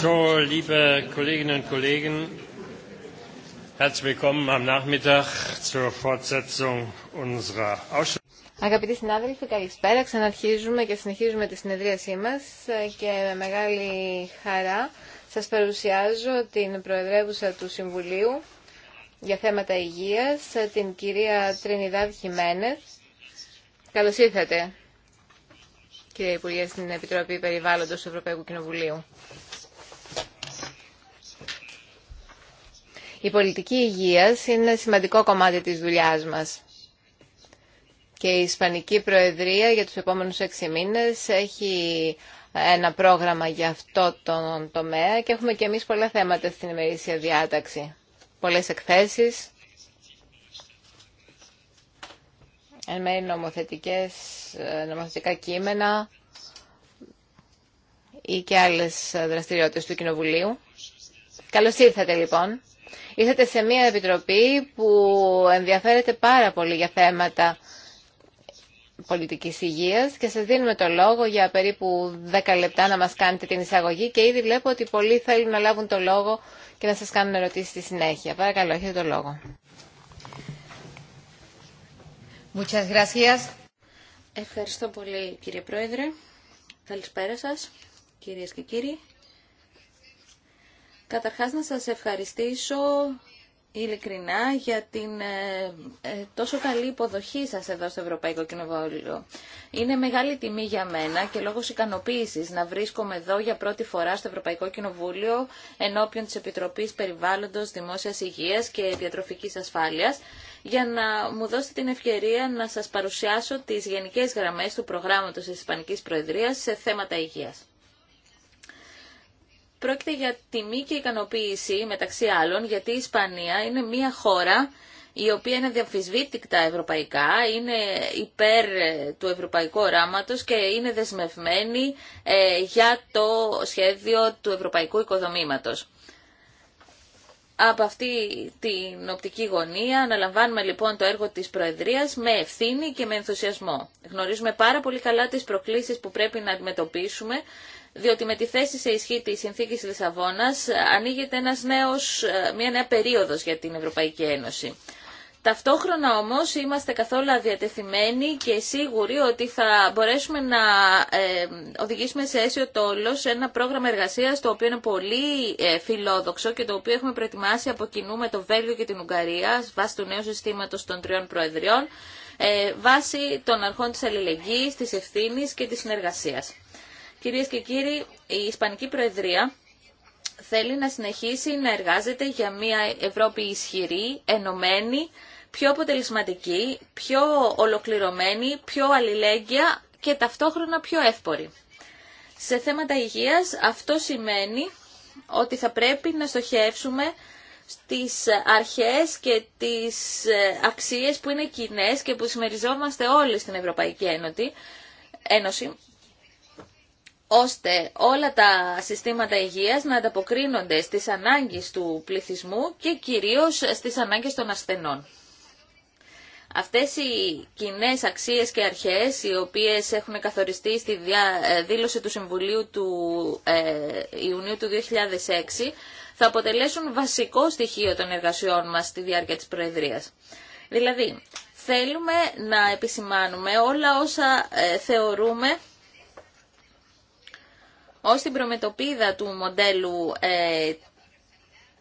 So, Αγαπητοί συνάδελφοι, καλησπέρα. Ξαναρχίζουμε και συνεχίζουμε τη συνεδρίασή μας και με μεγάλη χαρά σας παρουσιάζω την Προεδρεύουσα του Συμβουλίου για θέματα υγείας, την κυρία Τρινιδάδ Χιμένες. Καλώς ήρθατε κύριε Υπουργέ, στην Επιτροπή Περιβάλλοντος του Ευρωπαϊκού Κοινοβουλίου. Η πολιτική υγείας είναι σημαντικό κομμάτι της δουλειάς μας. Και η Ισπανική Προεδρία για τους επόμενους έξι μήνες έχει ένα πρόγραμμα για αυτό το τομέα και έχουμε και εμείς πολλά θέματα στην ημερήσια διάταξη. Πολλές εκθέσεις εν μέρει νομοθετικές, ε, νομοθετικά κείμενα ή και άλλες δραστηριότητες του Κοινοβουλίου. Καλώς ήρθατε λοιπόν. Ήρθατε σε μια επιτροπή που ενδιαφέρεται πάρα πολύ για θέματα πολιτικής υγείας και σας δίνουμε το λόγο για περίπου 10 λεπτά να μας κάνετε την εισαγωγή και ήδη βλέπω ότι πολλοί θέλουν να λάβουν το λόγο και να σας κάνουν ερωτήσεις στη συνέχεια. Παρακαλώ, έχετε το λόγο. Ευχαριστώ πολύ κύριε Πρόεδρε. Καλησπέρα σας κυρίες και κύριοι. Καταρχάς να σας ευχαριστήσω ειλικρινά για την ε, ε, τόσο καλή υποδοχή σας εδώ στο Ευρωπαϊκό Κοινοβούλιο. Είναι μεγάλη τιμή για μένα και λόγος ικανοποίησης να βρίσκομαι εδώ για πρώτη φορά στο Ευρωπαϊκό Κοινοβούλιο ενώπιον της Επιτροπής Περιβάλλοντος Δημόσιας Υγείας και Διατροφικής Ασφάλειας για να μου δώσετε την ευκαιρία να σας παρουσιάσω τις γενικές γραμμές του προγράμματος της Ισπανικής Προεδρίας σε θέματα υγείας. Πρόκειται για τιμή και ικανοποίηση μεταξύ άλλων, γιατί η Ισπανία είναι μια χώρα η οποία είναι διαφυσβήτηκτα ευρωπαϊκά, είναι υπέρ του ευρωπαϊκού οράματος και είναι δεσμευμένη ε, για το σχέδιο του ευρωπαϊκού οικοδομήματος από αυτή την οπτική γωνία αναλαμβάνουμε λοιπόν το έργο της Προεδρίας με ευθύνη και με ενθουσιασμό. Γνωρίζουμε πάρα πολύ καλά τις προκλήσεις που πρέπει να αντιμετωπίσουμε, διότι με τη θέση σε ισχύ της Συνθήκης Λισαβόνας ανοίγεται ένας νέος, ε, μια νέα περίοδος για την Ευρωπαϊκή Ένωση. Ταυτόχρονα όμως είμαστε καθόλου αδιατεθειμένοι και σίγουροι ότι θα μπορέσουμε να ε, οδηγήσουμε σε αίσιο σε ένα πρόγραμμα εργασίας το οποίο είναι πολύ ε, φιλόδοξο και το οποίο έχουμε προετοιμάσει από κοινού με το Βέλγιο και την Ουγγαρία βάσει του νέου συστήματος των τριών προεδριών ε, βάσει των αρχών της αλληλεγγύης, της ευθύνης και της συνεργασίας. Κυρίες και κύριοι, η Ισπανική Προεδρία θέλει να συνεχίσει να εργάζεται για μια Ευρώπη ισχυρή, ενωμένη, πιο αποτελεσματική, πιο ολοκληρωμένη, πιο αλληλέγγυα και ταυτόχρονα πιο εύπορη. Σε θέματα υγείας αυτό σημαίνει ότι θα πρέπει να στοχεύσουμε στις αρχές και τις ε, αξίες που είναι κοινέ και που συμμεριζόμαστε όλοι στην Ευρωπαϊκή Ένωση, ώστε όλα τα συστήματα υγείας να ανταποκρίνονται στις ανάγκες του πληθυσμού και κυρίως στις ανάγκες των ασθενών. Αυτές οι κοινέ αξίες και αρχές οι οποίες έχουν καθοριστεί στη ε, δήλωση του Συμβουλίου του ε, Ιουνίου του 2006 θα αποτελέσουν βασικό στοιχείο των εργασιών μας στη διάρκεια της Προεδρίας. Δηλαδή, θέλουμε να επισημάνουμε όλα όσα ε, θεωρούμε ως την προμετωπίδα του μοντέλου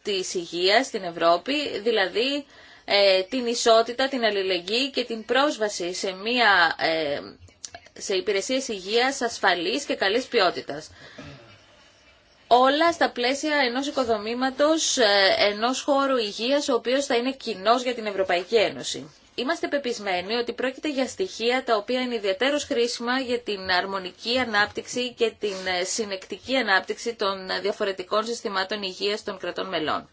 της υγείας στην Ευρώπη, δηλαδή ε, την ισότητα, την αλληλεγγύη και την πρόσβαση σε, μια, ε, σε υπηρεσίες υγείας ασφαλής και καλής ποιότητας. Όλα στα πλαίσια ενός οικοδομήματος, ε, ενός χώρου υγείας, ο οποίος θα είναι κοινός για την Ευρωπαϊκή Ένωση. Είμαστε πεπισμένοι ότι πρόκειται για στοιχεία τα οποία είναι ιδιαίτερω χρήσιμα για την αρμονική ανάπτυξη και την συνεκτική ανάπτυξη των διαφορετικών συστημάτων υγείας των κρατών μελών.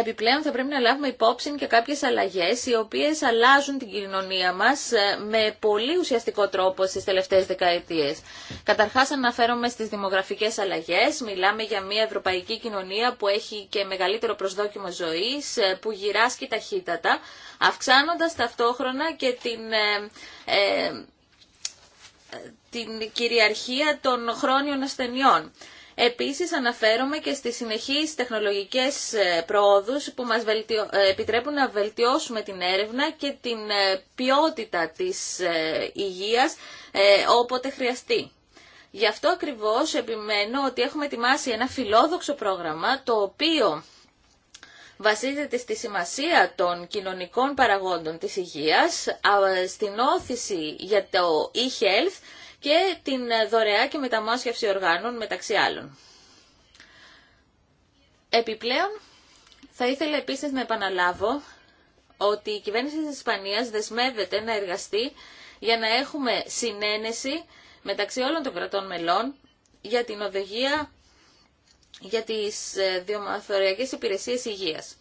Επιπλέον θα πρέπει να λάβουμε υπόψη και κάποιες αλλαγές οι οποίες αλλάζουν την κοινωνία μας ε, με πολύ ουσιαστικό τρόπο στις τελευταίες δεκαετίες. Καταρχάς αναφέρομαι στις δημογραφικές αλλαγές. Μιλάμε για μια ευρωπαϊκή κοινωνία που έχει και μεγαλύτερο προσδόκιμο ζωής, ε, που γυράσκει ταχύτατα, αυξάνοντας ταυτόχρονα και την... Ε, ε την κυριαρχία των χρόνιων ασθενειών. Επίσης αναφέρομαι και στις συνεχείς τεχνολογικές ε, προόδους που μας ε, επιτρέπουν να βελτιώσουμε την έρευνα και την ε, ποιότητα της υγείας όποτε χρειαστεί. Γι' αυτό ακριβώς επιμένω ότι έχουμε ετοιμάσει ένα φιλόδοξο πρόγραμμα το οποίο βασίζεται στη σημασία των κοινωνικών παραγόντων της υγείας, στην όθηση για το e-health και την ε, δωρεά και μεταμόσχευση οργάνων μεταξύ άλλων. Επιπλέον, θα ήθελα επίσης να επαναλάβω ότι η κυβέρνηση της Ισπανίας δεσμεύεται να εργαστεί για να έχουμε συνένεση μεταξύ όλων των κρατών μελών για την οδηγία για τις ε, διομαθοριακές υπηρεσίες υγείας.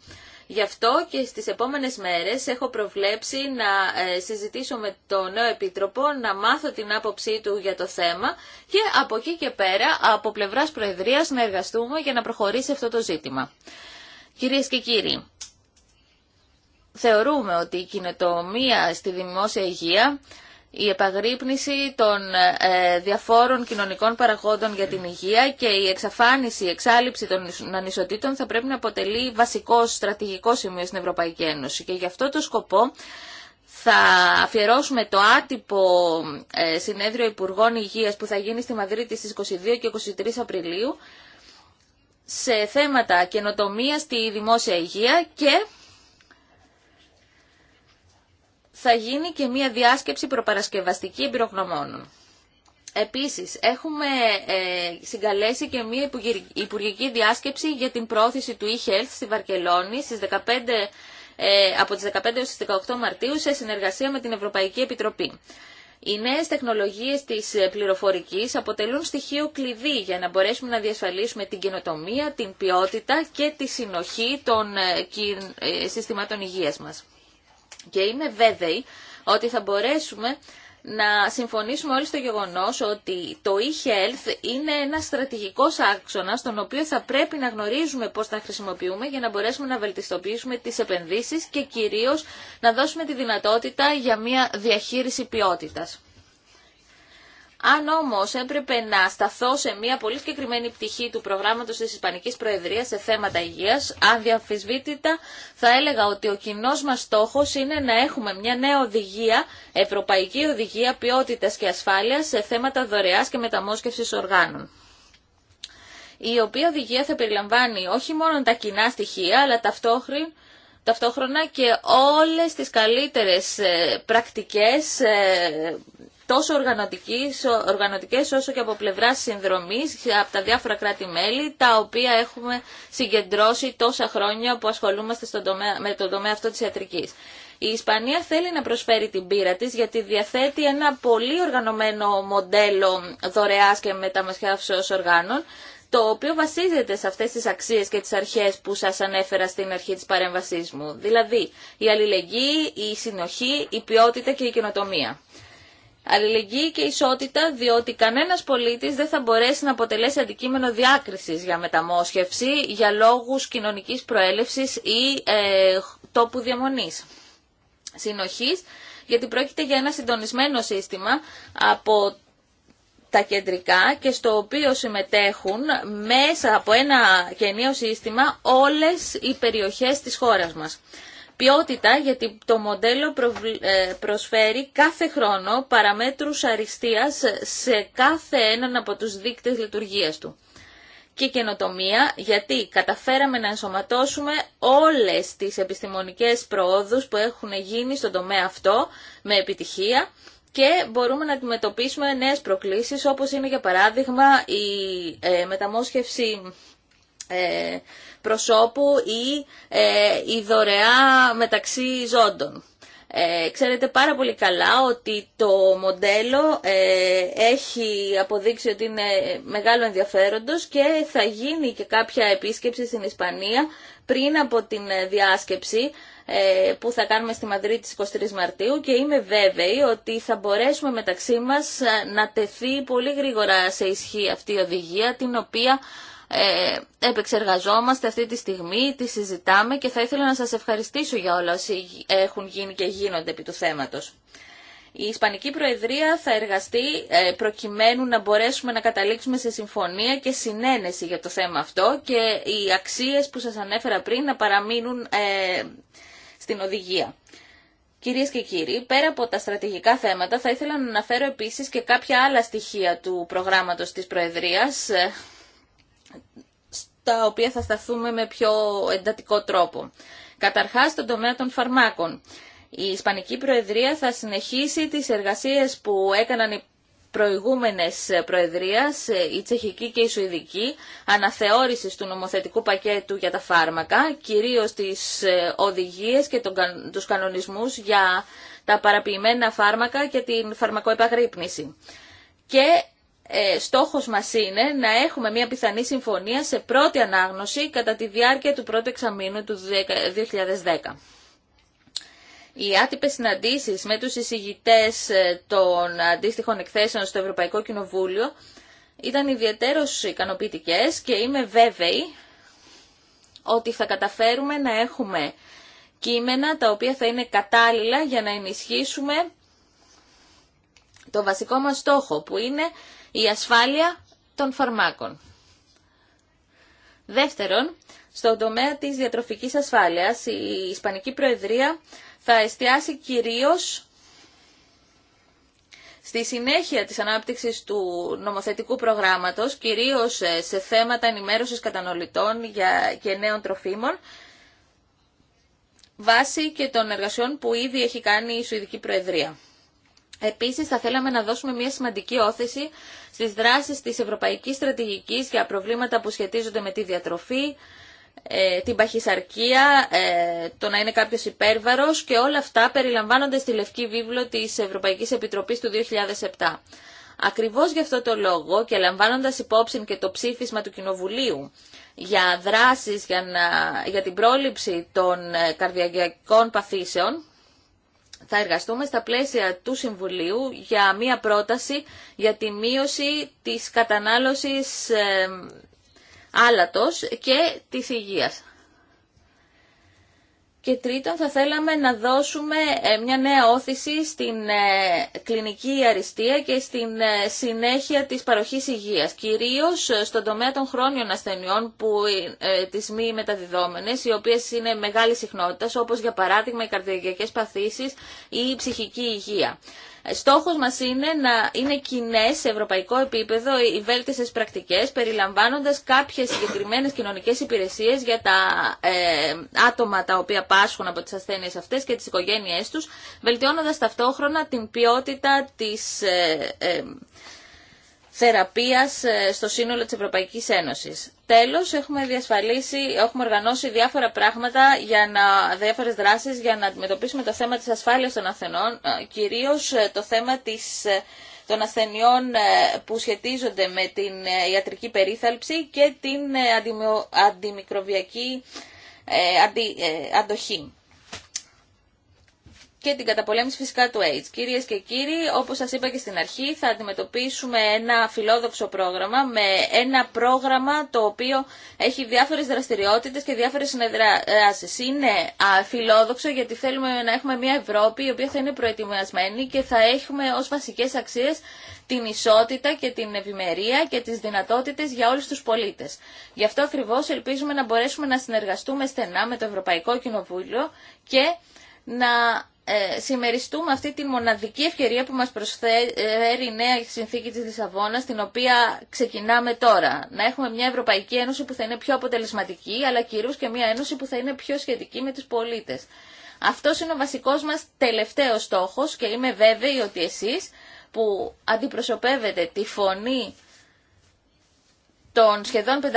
Γι' αυτό και στις επόμενες μέρες έχω προβλέψει να ε, συζητήσω με τον νέο Επίτροπο, να μάθω την άποψή του για το θέμα και από εκεί και πέρα, από πλευράς Προεδρίας, να εργαστούμε για να προχωρήσει αυτό το ζήτημα. Κυρίες και κύριοι, θεωρούμε ότι η κοινοτομία στη δημόσια υγεία η επαγρύπνηση των ε, διαφόρων κοινωνικών παραγόντων για την υγεία και η εξαφάνιση, η εξάλληψη των ανισοτήτων θα πρέπει να αποτελεί βασικό στρατηγικό σημείο στην Ευρωπαϊκή Ένωση. Και γι' αυτό το σκοπό θα αφιερώσουμε το άτυπο ε, συνέδριο Υπουργών Υγείας που θα γίνει στη Μαδρίτη στις 22 και 23 Απριλίου σε θέματα καινοτομία στη δημόσια υγεία και θα γίνει και μία διάσκεψη προπαρασκευαστική εμπειρογνωμόνων. Επίσης, έχουμε ε, συγκαλέσει και μία υπουργική διάσκεψη για την πρόθεση του e-health στη Βαρκελόνη στις 15 ε, από τις 15 έως τις 18 Μαρτίου σε συνεργασία με την Ευρωπαϊκή Επιτροπή. Οι νέες τεχνολογίες της πληροφορικής αποτελούν στοιχείο κλειδί για να μπορέσουμε να διασφαλίσουμε την καινοτομία, την ποιότητα και τη συνοχή των ε, ε, συστημάτων υγείας μας. Και είμαι βέβαιη ότι θα μπορέσουμε να συμφωνήσουμε όλοι στο γεγονός ότι το e-health είναι ένα στρατηγικός άξονας τον οποίο θα πρέπει να γνωρίζουμε πώς θα χρησιμοποιούμε για να μπορέσουμε να βελτιστοποιήσουμε τις επενδύσεις και κυρίως να δώσουμε τη δυνατότητα για μια διαχείριση ποιότητας. Αν όμω έπρεπε να σταθώ σε μια πολύ συγκεκριμένη πτυχή του προγράμματο τη Ισπανική Προεδρία σε θέματα αν οποία οδηγία θα έλεγα ότι ο κοινό μα στόχο είναι να έχουμε μια νέα οδηγία, ευρωπαϊκή οδηγία ποιότητα και ασφάλεια σε θέματα δωρεά και μεταμόσχευση οργάνων η οποία οδηγία θα περιλαμβάνει όχι μόνο τα κοινά στοιχεία, αλλά ταυτόχρονα ταυτόχρονα και όλες τις καλύτερες ε, πρακτικές ε, τόσο οργανωτικές όσο και από πλευρά συνδρομής από τα διάφορα κράτη-μέλη τα οποία έχουμε συγκεντρώσει τόσα χρόνια που ασχολούμαστε στον τομέα, με τον τομέα αυτό της ιατρικής. Η Ισπανία θέλει να προσφέρει την πείρα της γιατί διαθέτει ένα πολύ οργανωμένο μοντέλο δωρεάς και μεταμεσχεύσεω οργάνων το οποίο βασίζεται σε αυτές τις αξίες και τις αρχές που σας ανέφερα στην αρχή της παρέμβασής μου. Δηλαδή, η αλληλεγγύη, η συνοχή, η ποιότητα και η καινοτομία αλληλεγγύη και ισότητα, διότι κανένας πολίτης δεν θα μπορέσει να αποτελέσει αντικείμενο διάκρισης για μεταμόσχευση, για λόγους κοινωνικής προέλευσης ή ε, τόπου διαμονής. Συνοχής, γιατί πρόκειται για ένα συντονισμένο σύστημα από τα κεντρικά και στο οποίο συμμετέχουν μέσα από ένα καινείο σύστημα όλες οι περιοχές της χώρας μας. Ποιότητα γιατί το μοντέλο ε, προσφέρει κάθε χρόνο παραμέτρους αριστείας σε κάθε έναν από τους δείκτες λειτουργίας του. Και καινοτομία γιατί καταφέραμε να ενσωματώσουμε όλες τις επιστημονικές προόδους που έχουν γίνει στον τομέα αυτό με επιτυχία και μπορούμε να αντιμετωπίσουμε νέες προκλήσεις όπως είναι για παράδειγμα η ε, μεταμόσχευση ε, προσώπου ή ε, η δωρεά μεταξύ ζώντων. Ε, ξέρετε πάρα πολύ καλά ότι το μοντέλο ε, έχει αποδείξει ότι είναι μεγάλο ενδιαφέροντος και θα γίνει και κάποια επίσκεψη στην Ισπανία πριν από την διάσκεψη που θα κάνουμε στη Μαδρίτη της 23 Μαρτίου και είμαι βέβαιη ότι θα μπορέσουμε μεταξύ μας να τεθεί πολύ γρήγορα σε ισχύ αυτή η οδηγία την οποία ε, επεξεργαζόμαστε αυτή τη στιγμή, τη συζητάμε και θα ήθελα να σας ευχαριστήσω για όλα όσοι έχουν γίνει και γίνονται επί του θέματος. Η Ισπανική Προεδρία θα εργαστεί ε, προκειμένου να μπορέσουμε να καταλήξουμε σε συμφωνία και συνένεση για το θέμα αυτό και οι αξίες που σας ανέφερα πριν να παραμείνουν ε, στην οδηγία. Κυρίες και κύριοι, πέρα από τα στρατηγικά θέματα θα ήθελα να αναφέρω επίσης και κάποια άλλα στοιχεία του προγράμματος της Προεδρίας τα οποία θα σταθούμε με πιο εντατικό τρόπο. Καταρχάς, στον τομέα των φαρμάκων. Η Ισπανική Προεδρία θα συνεχίσει τις εργασίες που έκαναν οι προηγούμενες προεδρίας, η Τσεχική και η Σουηδική, αναθεώρησης του νομοθετικού πακέτου για τα φάρμακα, κυρίως τις ε, οδηγίες και τους κανονισμούς για τα παραποιημένα φάρμακα και την φαρμακοεπαγρύπνηση. Και ε, στόχος μας είναι να έχουμε μια πιθανή συμφωνία σε πρώτη ανάγνωση κατά τη διάρκεια του πρώτου εξαμήνου του 2010. Οι άτυπες συναντήσεις με τους εισηγητές ε, των αντίστοιχων εκθέσεων στο Ευρωπαϊκό Κοινοβούλιο ήταν ιδιαίτερως ικανοποιητικές και είμαι βέβαιη ότι θα καταφέρουμε να έχουμε κείμενα τα οποία θα είναι κατάλληλα για να ενισχύσουμε το βασικό μας στόχο που είναι η ασφάλεια των φαρμάκων. Δεύτερον, στον τομέα της διατροφικής ασφάλειας, η Ισπανική Προεδρία θα εστιάσει κυρίως στη συνέχεια της ανάπτυξης του νομοθετικού προγράμματος, κυρίως ε, σε θέματα ενημέρωσης κατανοητών και νέων τροφίμων, βάσει και των εργασιών που ήδη έχει κάνει η Σουηδική Προεδρία. Επίσης θα θέλαμε να δώσουμε μια σημαντική όθεση στις δράσεις της Ευρωπαϊκής Στρατηγικής για προβλήματα που σχετίζονται με τη διατροφή, ε, την παχυσαρκία, ε, το να είναι κάποιος υπέρβαρος και όλα αυτά περιλαμβάνονται στη Λευκή Βίβλο της Ευρωπαϊκής Επιτροπής του 2007. Ακριβώς γι' αυτό το λόγο και λαμβάνοντας υπόψη και το ψήφισμα του Κοινοβουλίου για δράσεις για, να, για την πρόληψη των ε, καρδιακών παθήσεων, θα εργαστούμε στα πλαίσια του Συμβουλίου για μία πρόταση για τη μείωση της κατανάλωσης ε, άλατος και της υγείας. Και τρίτον, θα θέλαμε να δώσουμε ε, μια νέα όθηση στην ε, κλινική αριστεία και στην ε, συνέχεια της παροχής υγείας, κυρίως στον τομέα των χρόνιων ασθενειών που τις μη μεταδιδόμενες, οι οποίες είναι μεγάλη συχνότητα, όπως για παράδειγμα οι καρδιακές παθήσεις ή η ψυχική υγεία. Στόχος μας είναι να είναι κοινέ σε ευρωπαϊκό επίπεδο οι βέλτιστες πρακτικές περιλαμβάνοντας κάποιες συγκεκριμένες κοινωνικές υπηρεσίες για τα ε, άτομα τα οποία πάσχουν από τις ασθένειες αυτές και τις οικογένειές τους βελτιώνοντας ταυτόχρονα την ποιότητα της ε, ε, θεραπείας ε, στο σύνολο της Ευρωπαϊκής Ένωσης. Τέλος, έχουμε διασφαλίσει, έχουμε οργανώσει διάφορα πράγματα, για να, διάφορες δράσεις για να αντιμετωπίσουμε το θέμα της ασφάλειας των ασθενών, ε, κυρίως ε, το θέμα της, των ασθενειών που σχετίζονται με την ιατρική περίθαλψη και την αντιμικροβιακή αντοχή και την καταπολέμηση φυσικά του AIDS. Κυρίε και κύριοι, όπω σα είπα και στην αρχή, θα αντιμετωπίσουμε ένα φιλόδοξο πρόγραμμα με ένα πρόγραμμα το οποίο έχει διάφορε δραστηριότητε και διάφορε συνεδράσει. Είναι φιλόδοξο γιατί θέλουμε να έχουμε μια Ευρώπη η οποία θα είναι προετοιμασμένη και θα έχουμε ω βασικέ αξίε την ισότητα και την ευημερία και τις δυνατότητες για όλους τους πολίτες. Γι' αυτό ακριβώς ελπίζουμε να μπορέσουμε να συνεργαστούμε στενά με το Ευρωπαϊκό Κοινοβούλιο και να ε, συμμεριστούμε αυτή τη μοναδική ευκαιρία που μας προσφέρει η νέα συνθήκη της Λισαβόνας, την οποία ξεκινάμε τώρα. Να έχουμε μια Ευρωπαϊκή Ένωση που θα είναι πιο αποτελεσματική, αλλά κυρίως και μια Ένωση που θα είναι πιο σχετική με τους πολίτες. Αυτό είναι ο βασικός μας τελευταίος στόχος και είμαι βέβαιη ότι εσείς που αντιπροσωπεύετε τη φωνή των σχεδόν 500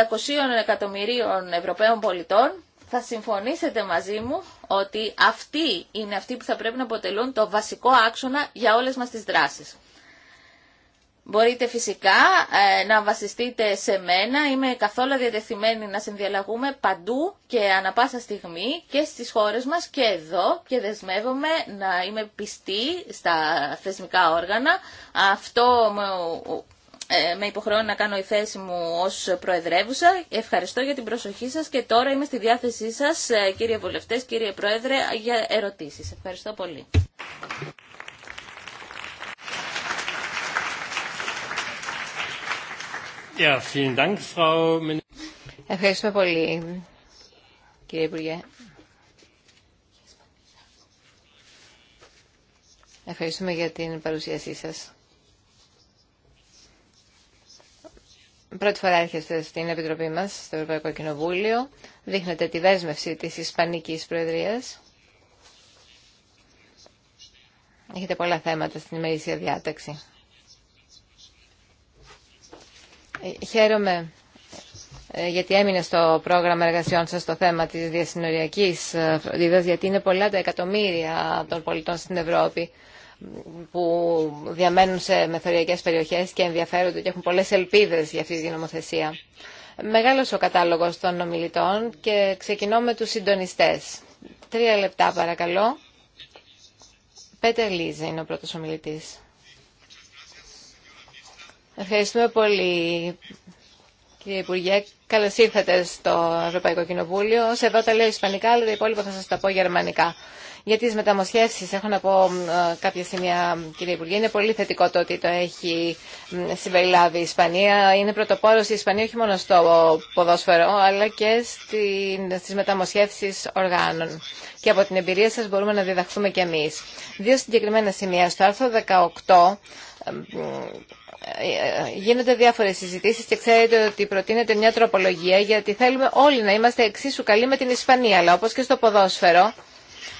εκατομμυρίων Ευρωπαίων πολιτών θα συμφωνήσετε μαζί μου ότι αυτοί είναι αυτοί που θα πρέπει να αποτελούν το βασικό άξονα για όλες μας τις δράσεις. Μπορείτε φυσικά ε, να βασιστείτε σε μένα. Είμαι καθόλου διατεθειμένη να συνδιαλλαγούμε παντού και ανα πάσα στιγμή και στις χώρες μας και εδώ και δεσμεύομαι να είμαι πιστή στα θεσμικά όργανα. Αυτό ε, με υποχρεώνει να κάνω η θέση μου ως Προεδρεύουσα. Ευχαριστώ για την προσοχή σας και τώρα είμαι στη διάθεσή σας, ε, κύριε Βουλευτές, κύριε Πρόεδρε, για ερωτήσεις. Ευχαριστώ πολύ. Ευχαριστούμε πολύ, κύριε Υπουργέ. Ευχαριστούμε για την παρουσίασή σας. Πρώτη φορά έρχεστε στην Επιτροπή μας, στο Ευρωπαϊκό Κοινοβούλιο. Δείχνετε τη δέσμευση της Ισπανικής Προεδρίας. Έχετε πολλά θέματα στην ημερήσια διάταξη. Ε, χαίρομαι ε, γιατί έμεινε στο πρόγραμμα εργασιών σας το θέμα της διασυνοριακής ε, φροντίδας, γιατί είναι πολλά τα εκατομμύρια των πολιτών στην Ευρώπη που διαμένουν σε μεθοριακές περιοχές και ενδιαφέρονται και έχουν πολλές ελπίδες για αυτή τη νομοθεσία. Μεγάλος ο κατάλογος των ομιλητών και ξεκινώ με τους συντονιστές. Τρία λεπτά παρακαλώ. Πέτερ Λίζε είναι ο πρώτος ομιλητής. Ευχαριστούμε πολύ κύριε Υπουργέ. Καλώ ήρθατε στο Ευρωπαϊκό Κοινοβούλιο. Σε εδώ τα λέω ισπανικά, αλλά τα υπόλοιπα θα σα τα πω γερμανικά. Για τις μεταμοσχεύσεις έχω να πω ε, κάποια σημεία κύριε Υπουργέ. Είναι πολύ θετικό το ότι το έχει συμπεριλάβει η Ισπανία. Είναι πρωτοπόρος η Ισπανία όχι μόνο στο ποδόσφαιρο αλλά και στις μεταμοσχεύσεις οργάνων. Και από την εμπειρία σας μπορούμε να διδαχθούμε κι εμείς. Δύο συγκεκριμένα σημεία. Στο άρθρο 18 ε, γίνονται διάφορε συζητήσει και ξέρετε ότι προτείνεται μια τροπολογία γιατί θέλουμε όλοι να είμαστε εξίσου καλοί με την Ισπανία. Αλλά όπω και στο ποδόσφαιρο,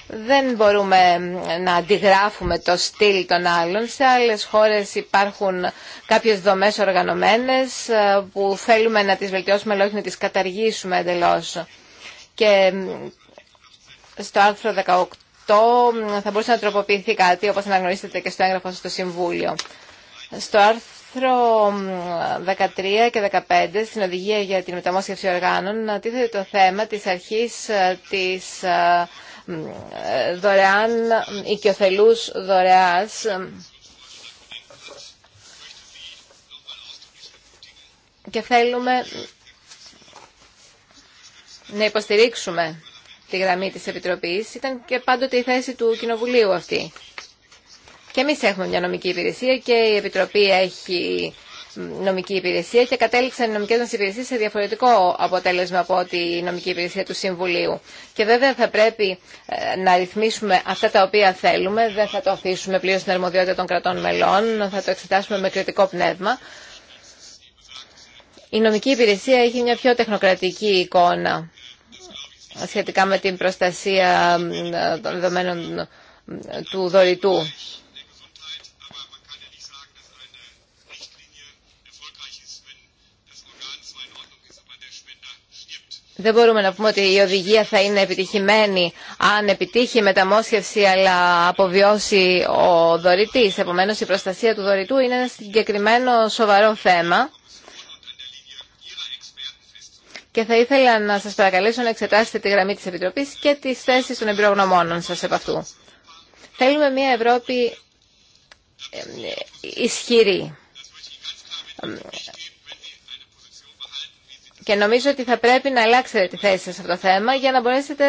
δεν μπορούμε να αντιγράφουμε το στυλ των άλλων. Σε άλλες χώρες υπάρχουν κάποιες δομές οργανωμένες ε, που θέλουμε να τις βελτιώσουμε αλλά όχι να τις καταργήσουμε εντελώς. Και στο άρθρο 18 θα μπορούσε να τροποποιηθεί κάτι όπως αναγνωρίσετε και στο έγγραφο στο Συμβούλιο. Στο άρθρο 13 και 15 στην Οδηγία για την Μεταμόσχευση Οργάνων τίθεται το θέμα της αρχής ε, της ε, δωρεάν οικειοθελούς δωρεάς και θέλουμε να υποστηρίξουμε τη γραμμή της Επιτροπής. Ήταν και πάντοτε η θέση του Κοινοβουλίου αυτή. Και εμείς έχουμε μια νομική υπηρεσία και η Επιτροπή έχει νομική υπηρεσία και κατέληξαν οι νομικέ μα υπηρεσίε σε διαφορετικό αποτέλεσμα από ότι η νομική υπηρεσία του Συμβουλίου. Και βέβαια θα πρέπει ε, να ρυθμίσουμε αυτά τα οποία θέλουμε, δεν θα το αφήσουμε πλήρω στην αρμοδιότητα των κρατών μελών, θα το εξετάσουμε με κριτικό πνεύμα. Η νομική υπηρεσία έχει μια πιο τεχνοκρατική εικόνα σχετικά με την προστασία ε, των δεδομένων του δωρητού. Δεν μπορούμε να πούμε ότι η οδηγία θα είναι επιτυχημένη αν επιτύχει η μεταμόσχευση αλλά αποβιώσει ο δωρητής. Επομένως η προστασία του δωρητού είναι ένα συγκεκριμένο σοβαρό θέμα. Και θα ήθελα να σας παρακαλέσω να εξετάσετε τη γραμμή της Επιτροπής και τις θέσεις των εμπειρογνωμόνων σας επ' αυτού. Θέλουμε μια Ευρώπη ε, ισχυρή. Και νομίζω ότι θα πρέπει να αλλάξετε τη θέση σας σε αυτό το θέμα για να μπορέσετε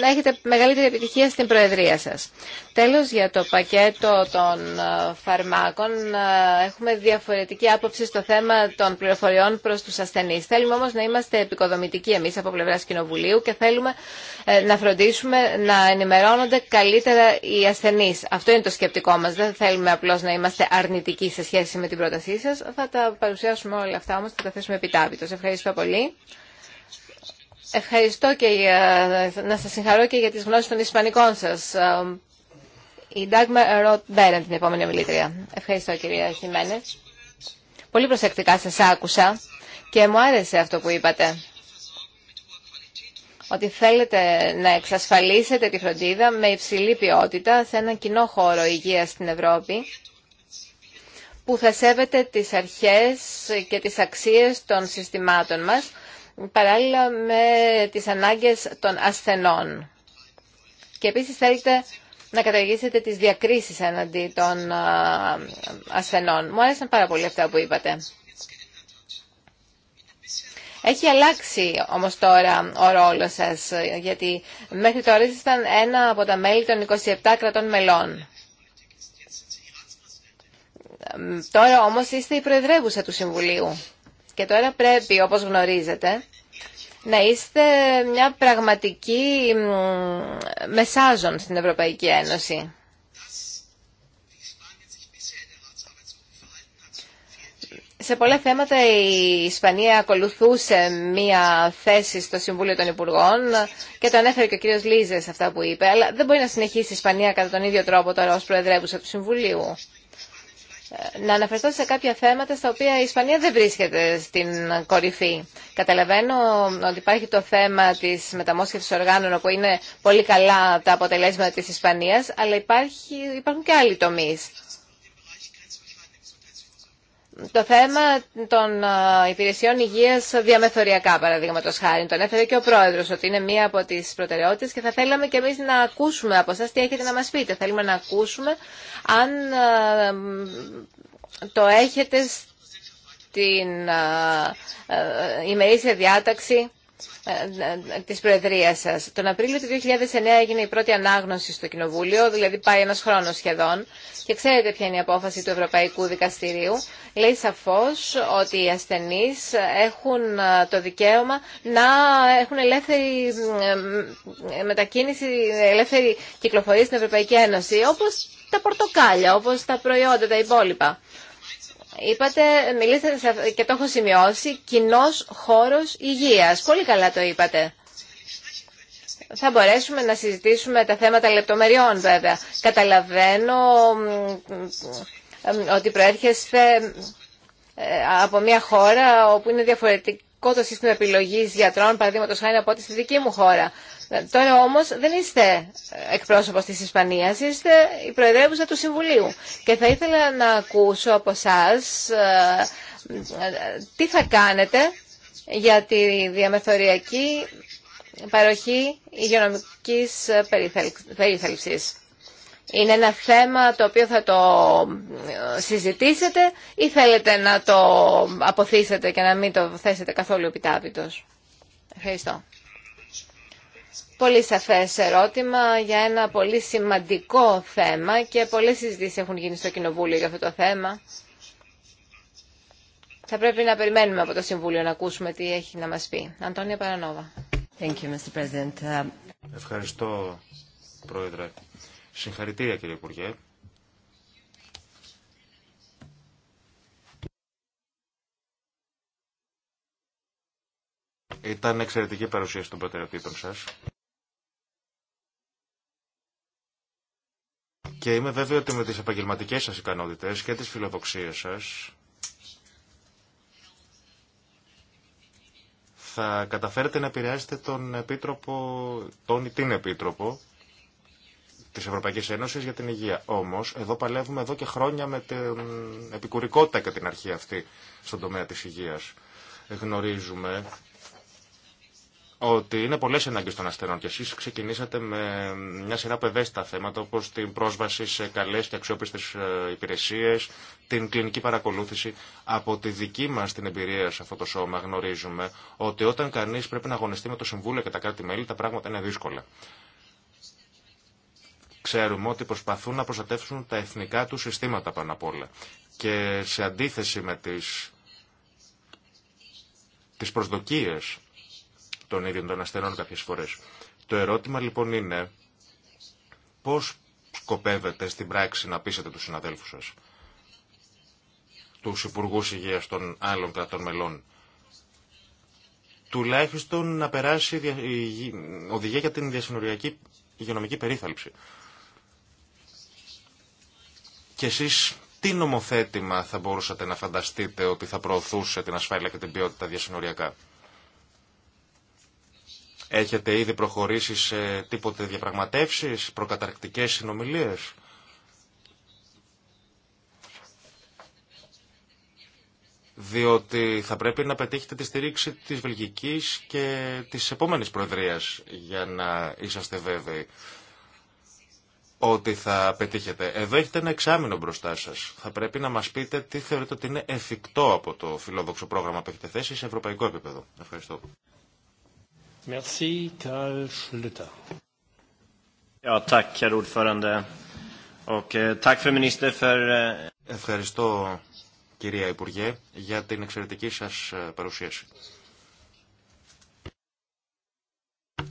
να έχετε μεγαλύτερη επιτυχία στην Προεδρία σας. Τέλος, για το πακέτο των ε, φαρμάκων, ε, έχουμε διαφορετική άποψη στο θέμα των πληροφοριών προς τους ασθενείς. Θέλουμε όμως να είμαστε επικοδομητικοί εμείς από πλευράς Κοινοβουλίου και θέλουμε ε, να φροντίσουμε να ενημερώνονται καλύτερα οι ασθενείς. Αυτό είναι το σκεπτικό μας. Δεν θέλουμε απλώς να είμαστε αρνητικοί σε σχέση με την πρότασή σας. Θα τα παρουσιάσουμε όλα αυτά όμως, θα τα θέσουμε επιτάπητος. Ευχαριστώ πολύ. Ευχαριστώ και ε, να σας συγχαρώ και για τις γνώσεις των Ισπανικών σας. Ε, η Ντάγμα Ροτ την επόμενη ομιλήτρια. Ευχαριστώ κυρία Χιμένε. Πολύ προσεκτικά σας άκουσα και μου άρεσε αυτό που είπατε. Ότι θέλετε να εξασφαλίσετε τη φροντίδα με υψηλή ποιότητα σε έναν κοινό χώρο υγείας στην Ευρώπη που θα σέβεται τις αρχές και τις αξίες των συστημάτων μας, παράλληλα με τις ανάγκες των ασθενών. Και επίσης θέλετε να καταργήσετε τις διακρίσεις εναντί των ασθενών. Μου άρεσαν πάρα πολύ αυτά που είπατε. Έχει αλλάξει όμως τώρα ο ρόλος σας, γιατί μέχρι τώρα ήσασταν ένα από τα μέλη των 27 κρατών μελών. Τώρα όμως είστε η Προεδρεύουσα του Συμβουλίου και τώρα πρέπει, όπως γνωρίζετε, να είστε μια πραγματική μεσάζων στην Ευρωπαϊκή Ένωση. Σε πολλά θέματα η Ισπανία ακολουθούσε μία θέση στο Συμβούλιο των Υπουργών και το ανέφερε και ο κύριος Λίζες αυτά που είπε, αλλά δεν μπορεί να συνεχίσει η Ισπανία κατά τον ίδιο τρόπο τώρα ως Προεδρεύουσα του Συμβουλίου. Ε, να αναφερθώ σε κάποια θέματα στα οποία η Ισπανία δεν βρίσκεται στην κορυφή. Καταλαβαίνω ότι υπάρχει το θέμα της μεταμόσχευσης οργάνων όπου είναι πολύ καλά τα αποτελέσματα της Ισπανίας, αλλά υπάρχουν και άλλοι τομείς το θέμα των υπηρεσιών υγείας διαμεθοριακά, παραδείγματο χάρη, τον έφερε και ο πρόεδρος ότι είναι μία από τις προτεραιότητε, και θα θέλαμε και εμείς να ακούσουμε από εσά, τι έχετε να μας πείτε. Θέλουμε να ακούσουμε αν το έχετε στην ημερήσια διάταξη Τη προεδρία σα. Τον Απρίλιο του 2009 έγινε η πρώτη ανάγνωση στο Κοινοβούλιο, δηλαδή πάει ένας χρόνος σχεδόν. Και ξέρετε ποια είναι η απόφαση του Ευρωπαϊκού Δικαστηρίου. Λέει σαφώ ότι οι ασθενείς έχουν ε, το δικαίωμα να έχουν ελεύθερη ε, μετακίνηση, ελεύθερη κυκλοφορία στην Ευρωπαϊκή Ένωση, όπω τα πορτοκάλια, όπω τα προϊόντα, τα υπόλοιπα. Είπατε, μιλήσατε και το έχω σημειώσει, κοινό χώρο υγείας. Πολύ καλά το είπατε. Θα μπορέσουμε να συζητήσουμε τα θέματα λεπτομεριών βέβαια. Καταλαβαίνω ότι προέρχεστε ε, από μια χώρα όπου είναι διαφορετικό το σύστημα επιλογής γιατρών, παραδείγματος χάρη από ό,τι στη δική μου χώρα. Ε, τώρα όμως δεν είστε εκπρόσωπος της Ισπανίας, είστε η Προεδρεύουσα του Συμβουλίου. Και θα ήθελα να ακούσω από εσά ε, τι θα κάνετε για τη διαμεθοριακή παροχή υγειονομικής περίθαλψης. Είναι ένα θέμα το οποίο θα το ε, συζητήσετε ή θέλετε να το αποθήσετε και να μην το θέσετε καθόλου επιτάπητος. Ευχαριστώ πολύ σαφές ερώτημα για ένα πολύ σημαντικό θέμα και πολλές συζητήσεις έχουν γίνει στο Κοινοβούλιο για αυτό το θέμα. Θα πρέπει να περιμένουμε από το Συμβούλιο να ακούσουμε τι έχει να μας πει. Αντώνια Παρανόβα. Thank you, Mr. President. Ευχαριστώ, Πρόεδρε. Συγχαρητήρια, κύριε Υπουργέ. Ήταν εξαιρετική παρουσίαση των προτεραιοτήτων σας. Και είμαι βέβαιο ότι με τις επαγγελματικές σας ικανότητες και τις φιλοδοξίες σας θα καταφέρετε να επηρεάσετε τον επίτροπο, τον ή την επίτροπο της Ευρωπαϊκής Ένωσης για την υγεία. Όμως, εδώ παλεύουμε εδώ και χρόνια με την επικουρικότητα και την αρχή αυτή στον τομέα της υγείας. Γνωρίζουμε ότι είναι πολλέ ανάγκε των ασθενών και εσεί ξεκινήσατε με μια σειρά από ευαίσθητα θέματα όπω την πρόσβαση σε καλέ και αξιόπιστε υπηρεσίε, την κλινική παρακολούθηση. Από τη δική μα την εμπειρία σε αυτό το σώμα γνωρίζουμε ότι όταν κανεί πρέπει να αγωνιστεί με το Συμβούλιο και τα κράτη-μέλη τα πράγματα είναι δύσκολα. Ξέρουμε ότι προσπαθούν να προστατεύσουν τα εθνικά του συστήματα πάνω απ' όλα. Και σε αντίθεση με τις, τις των ίδιων των ασθενών κάποιε φορές. Το ερώτημα λοιπόν είναι πώς σκοπεύετε στην πράξη να πείσετε τους συναδέλφους σας, του Υπουργού Υγεία των άλλων κρατών μελών, τουλάχιστον να περάσει η οδηγία για την διασυνοριακή υγειονομική περίθαλψη. Και εσείς τι νομοθέτημα θα μπορούσατε να φανταστείτε ότι θα προωθούσε την ασφάλεια και την ποιότητα διασυνοριακά. Έχετε ήδη προχωρήσει σε τίποτε διαπραγματεύσεις, προκαταρκτικές συνομιλίες. διότι θα πρέπει να πετύχετε τη στήριξη της Βελγικής και της επόμενης Προεδρίας για να είσαστε βέβαιοι ότι θα πετύχετε. Εδώ έχετε ένα εξάμεινο μπροστά σας. Θα πρέπει να μας πείτε τι θεωρείτε ότι είναι εφικτό από το φιλόδοξο πρόγραμμα που έχετε θέσει σε ευρωπαϊκό επίπεδο. Ευχαριστώ. Ευχαριστώ, κυρία Υπουργέ, για την εξαιρετική σας ε, παρουσίαση.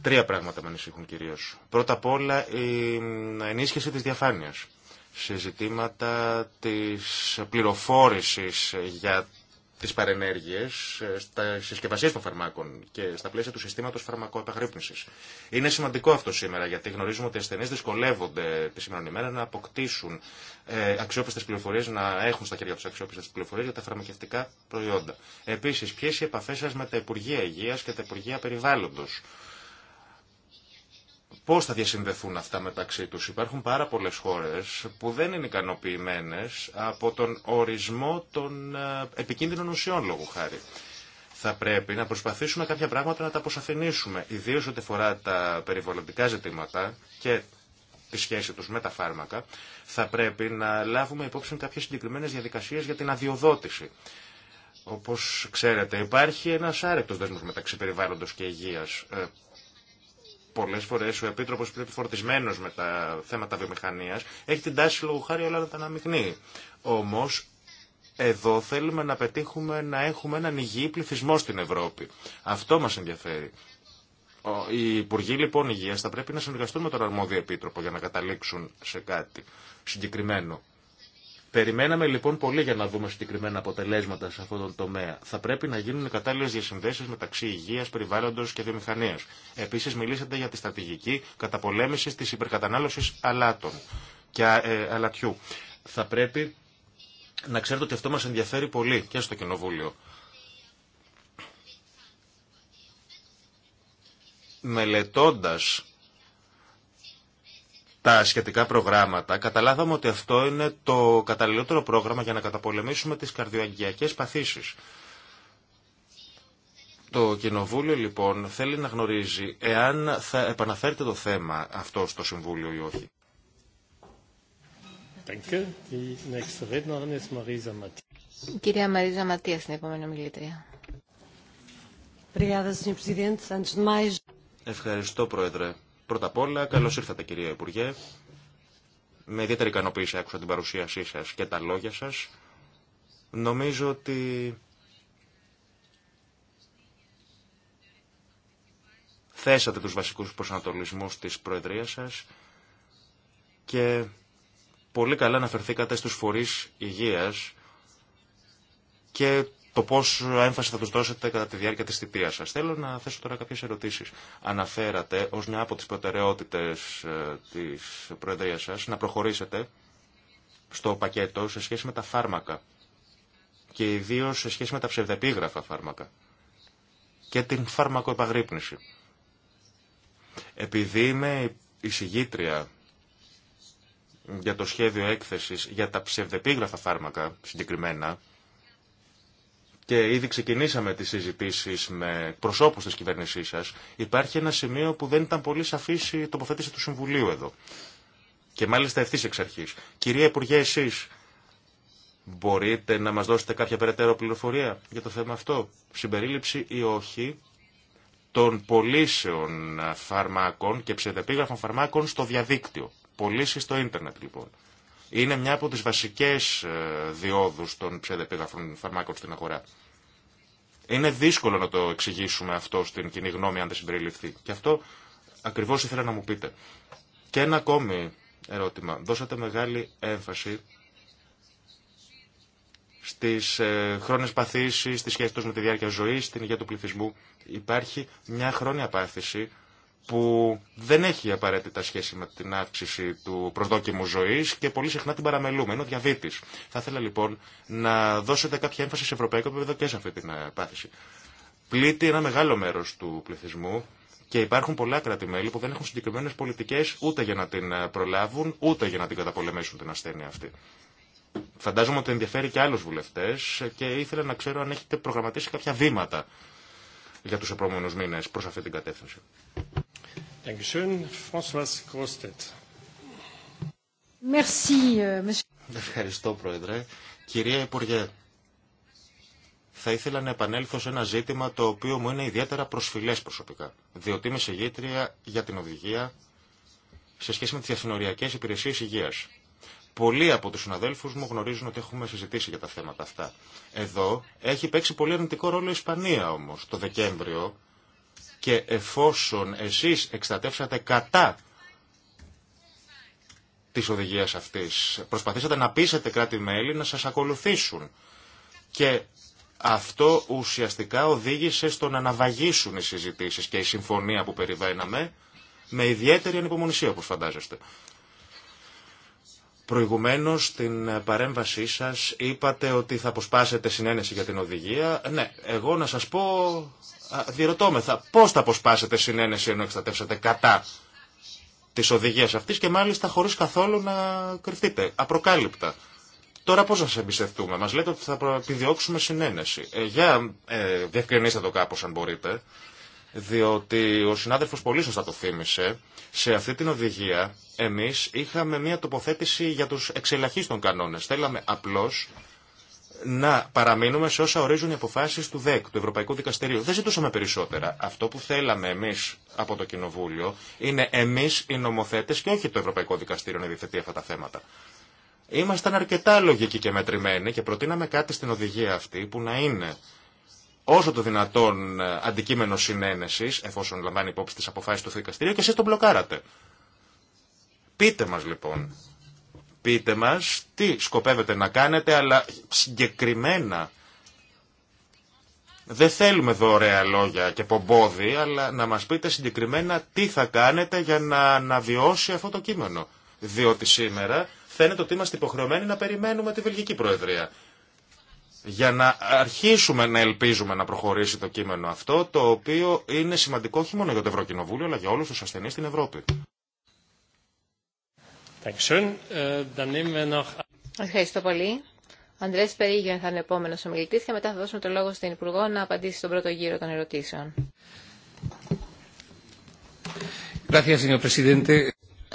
Τρία πράγματα με ανησυχούν κυρίως. Πρώτα απ' όλα, η ε, ενίσχυση της διαφάνειας σε ζητήματα της πληροφόρησης για τις παρενέργειες ε, στα συσκευασίες των φαρμάκων και στα πλαίσια του συστήματος φαρμακοεπαγρύπνηση. Είναι σημαντικό αυτό σήμερα γιατί γνωρίζουμε ότι οι ασθενεί δυσκολεύονται τη σημερινή μέρα να αποκτήσουν ε, αξιόπιστες πληροφορίες, να έχουν στα χέρια του αξιόπιστες πληροφορίες για τα φαρμακευτικά προϊόντα. Επίση, ποιε οι επαφέ σα με τα Υπουργεία υγεία και τα Υπουργεία περιβάλλοντο. Πώ θα διασυνδεθούν αυτά μεταξύ του. Υπάρχουν πάρα πολλέ χώρε που δεν είναι ικανοποιημένε από τον ορισμό των ε, επικίνδυνων ουσιών λόγου χάρη. Θα πρέπει να προσπαθήσουμε κάποια πράγματα να τα αποσαφηνίσουμε, ιδίω ό,τι αφορά τα περιβαλλοντικά ζητήματα και τη σχέση του με τα φάρμακα. Θα πρέπει να λάβουμε υπόψη κάποιε συγκεκριμένε διαδικασίε για την αδειοδότηση. Όπω ξέρετε, υπάρχει ένα άρεκτο δεσμό μεταξύ περιβάλλοντο και υγεία ε, Πολλέ φορέ ο επίτροπο που είναι φορτισμένος με τα θέματα βιομηχανία, έχει την τάση λόγω χάρη όλα να τα αναμειγνύει. Όμω, εδώ θέλουμε να πετύχουμε να έχουμε έναν υγιή πληθυσμό στην Ευρώπη. Αυτό μα ενδιαφέρει. Οι Υπουργοί λοιπόν Υγεία θα πρέπει να συνεργαστούν με τον αρμόδιο Επίτροπο για να καταλήξουν σε κάτι συγκεκριμένο. Περιμέναμε λοιπόν πολύ για να δούμε συγκεκριμένα αποτελέσματα σε αυτόν τον τομέα. Θα πρέπει να γίνουν κατάλληλε διασυνδέσει μεταξύ υγεία, περιβάλλοντο και βιομηχανία. Επίση, μιλήσατε για τη στρατηγική καταπολέμηση τη υπερκατανάλωση αλάτων και ε, αλατιού. Θα πρέπει να ξέρετε ότι αυτό μα ενδιαφέρει πολύ και στο Κοινοβούλιο. Μελετώντας τα σχετικά προγράμματα, καταλάβαμε ότι αυτό είναι το καταλληλότερο πρόγραμμα για να καταπολεμήσουμε τις καρδιοαγγειακές παθήσεις. Το Κοινοβούλιο λοιπόν θέλει να γνωρίζει εάν θα επαναφέρεται το θέμα αυτό στο Συμβούλιο ή όχι. Κυρία Μαρίζα Ματία, στην επόμενη μιλήτρια. Ευχαριστώ, Πρόεδρε. Πρώτα απ' όλα, καλώ ήρθατε κυρία Υπουργέ. Με ιδιαίτερη ικανοποίηση άκουσα την παρουσίασή σα και τα λόγια σα. Νομίζω ότι θέσατε τους βασικούς προσανατολισμούς της Προεδρίας σας και πολύ καλά αναφερθήκατε στους φορείς υγείας και το πόσο έμφαση θα του δώσετε κατά τη διάρκεια τη θητεία σα. Θέλω να θέσω τώρα κάποιε ερωτήσει. Αναφέρατε ω μια από τι προτεραιότητε ε, τη Προεδρία σα να προχωρήσετε στο πακέτο σε σχέση με τα φάρμακα και ιδίω σε σχέση με τα ψευδεπίγραφα φάρμακα και την φαρμακοεπαγρύπνηση. Επειδή είμαι εισηγήτρια για το σχέδιο έκθεσης για τα ψευδεπίγραφα φάρμακα συγκεκριμένα, και ήδη ξεκινήσαμε τις συζητήσεις με προσώπους της κυβέρνησής σας, υπάρχει ένα σημείο που δεν ήταν πολύ σαφής η τοποθέτηση του Συμβουλίου εδώ. Και μάλιστα ευθύς εξ αρχή. Κυρία Υπουργέ, εσείς μπορείτε να μας δώσετε κάποια περαιτέρω πληροφορία για το θέμα αυτό. Συμπερίληψη ή όχι των πωλήσεων φαρμάκων και ψευδεπίγραφων φαρμάκων στο διαδίκτυο. Πωλήσει στο ίντερνετ λοιπόν είναι μια από τις βασικές ε, διόδους των ψευδεπίγραφων φαρμάκων στην αγορά. Είναι δύσκολο να το εξηγήσουμε αυτό στην κοινή γνώμη αν δεν συμπεριληφθεί. Και αυτό ακριβώς ήθελα να μου πείτε. Και ένα ακόμη ερώτημα. Δώσατε μεγάλη έμφαση στις ε, χρόνες παθήσεις, στις σχέσεις με τη διάρκεια ζωής, στην υγεία του πληθυσμού. Υπάρχει μια χρόνια πάθηση που δεν έχει απαραίτητα σχέση με την αύξηση του προσδόκιμου ζωή και πολύ συχνά την παραμελούμε. Είναι ο διαβήτη. Θα ήθελα λοιπόν να δώσετε κάποια έμφαση σε ευρωπαϊκό επίπεδο και σε αυτή την ε, πάθηση. Πλήττει ένα μεγάλο μέρο του πληθυσμού και υπάρχουν πολλά κράτη-μέλη που δεν έχουν συγκεκριμένε πολιτικέ ούτε για να την ε, προλάβουν ούτε για να την καταπολεμήσουν την ασθένεια αυτή. Φαντάζομαι ότι ενδιαφέρει και άλλου βουλευτέ και ήθελα να ξέρω αν έχετε προγραμματίσει κάποια βήματα για του επόμενου μήνε προ αυτή την κατεύθυνση. Euh, Ευχαριστώ, Πρόεδρε. Κυρία Υπουργέ, θα ήθελα να επανέλθω σε ένα ζήτημα το οποίο μου είναι ιδιαίτερα προσφυλές προσωπικά, διότι είμαι συγγήτρια για την οδηγία σε σχέση με τις διασυνοριακέ υπηρεσίες υγείας. Πολλοί από τους συναδέλφους μου γνωρίζουν ότι έχουμε συζητήσει για τα θέματα αυτά. Εδώ έχει παίξει πολύ αρνητικό ρόλο η Ισπανία όμως. Το Δεκέμβριο και εφόσον εσείς εξτατεύσατε κατά της οδηγίας αυτής, προσπαθήσατε να πείσετε κράτη-μέλη να σας ακολουθήσουν. Και αυτό ουσιαστικά οδήγησε στο να αναβαγίσουν οι συζητήσεις και η συμφωνία που περιβαίναμε με ιδιαίτερη ανυπομονησία όπως φαντάζεστε. Προηγουμένως στην παρέμβασή σας είπατε ότι θα αποσπάσετε συνένεση για την οδηγία. Ναι, εγώ να σας πω διερωτώμεθα πώς θα αποσπάσετε συνένεση ενώ εξτατεύσετε κατά της οδηγίας αυτής και μάλιστα χωρίς καθόλου να κρυφτείτε, απροκάλυπτα. Τώρα πώς θα σε εμπιστευτούμε, μας λέτε ότι θα επιδιώξουμε συνένεση. Ε, για ε, διευκρινίστε το κάπω αν μπορείτε, διότι ο συνάδελφο πολύ σωστά το θύμισε, σε αυτή την οδηγία εμεί είχαμε μια τοποθέτηση για τους εξελαχίστων κανόνε. Θέλαμε απλώ να παραμείνουμε σε όσα ορίζουν οι αποφάσει του ΔΕΚ, του Ευρωπαϊκού Δικαστηρίου. Δεν ζητούσαμε περισσότερα. Αυτό που θέλαμε εμεί από το Κοινοβούλιο είναι εμεί οι νομοθέτε και όχι το Ευρωπαϊκό Δικαστήριο να διευθετεί αυτά τα θέματα. Ήμασταν αρκετά λογικοί και μετρημένοι και προτείναμε κάτι στην οδηγία αυτή που να είναι όσο το δυνατόν αντικείμενο συνένεση, εφόσον λαμβάνει υπόψη τις αποφάσει του δικαστηρίου και εσεί τον μπλοκάρατε. Πείτε μας λοιπόν πείτε μας τι σκοπεύετε να κάνετε, αλλά συγκεκριμένα. Δεν θέλουμε εδώ λόγια και πομπόδι, αλλά να μας πείτε συγκεκριμένα τι θα κάνετε για να αναβιώσει αυτό το κείμενο. Διότι σήμερα φαίνεται ότι είμαστε υποχρεωμένοι να περιμένουμε τη Βελγική Προεδρία. Για να αρχίσουμε να ελπίζουμε να προχωρήσει το κείμενο αυτό, το οποίο είναι σημαντικό όχι μόνο για το Ευρωκοινοβούλιο, αλλά για όλους τους ασθενείς στην Ευρώπη. Äh, Ευχαριστώ πολύ. Ο Αντρέ Περίγιον θα είναι επόμενο ομιλητή και μετά θα δώσουμε το λόγο στην Υπουργό να απαντήσει στον πρώτο γύρο των ερωτήσεων.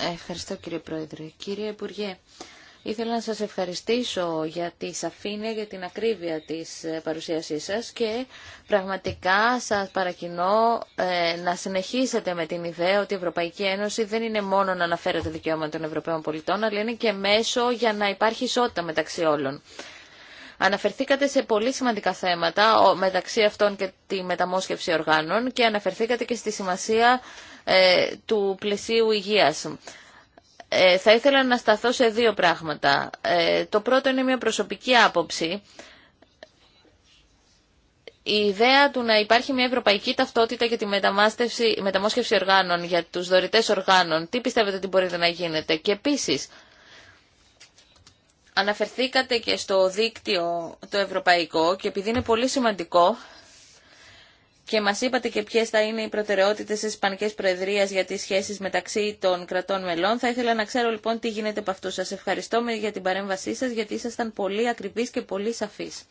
Ευχαριστώ κύριε Πρόεδρε. Κύριε Υπουργέ, Ήθελα να σας ευχαριστήσω για τη σαφήνεια, για την ακρίβεια της ε, παρουσίασής σας και πραγματικά σας παρακινώ ε, να συνεχίσετε με την ιδέα ότι η Ευρωπαϊκή Ένωση δεν είναι μόνο να αναφέρεται δικαιώματα των Ευρωπαίων πολιτών, αλλά είναι και μέσο για να υπάρχει ισότητα μεταξύ όλων. Αναφερθήκατε σε πολύ σημαντικά θέματα, μεταξύ αυτών και τη μεταμόσχευση οργάνων και αναφερθήκατε και στη σημασία ε, του πλαισίου υγείας. Ε, θα ήθελα να σταθώ σε δύο πράγματα. Ε, το πρώτο είναι μια προσωπική άποψη. Η ιδέα του να υπάρχει μια ευρωπαϊκή ταυτότητα για τη μεταμόσχευση οργάνων, για τους δωρητές οργάνων, τι πιστεύετε ότι μπορείτε να γίνεται. Και επίσης, αναφερθήκατε και στο δίκτυο το ευρωπαϊκό και επειδή είναι πολύ σημαντικό, και μας είπατε και ποιες θα είναι οι προτεραιότητες της Ισπανικής Προεδρίας για τις σχέσεις μεταξύ των κρατών μελών. Θα ήθελα να ξέρω λοιπόν τι γίνεται από αυτού. Σας ευχαριστώ για την παρέμβασή σας γιατί ήσασταν πολύ ακριβείς και πολύ σαφείς.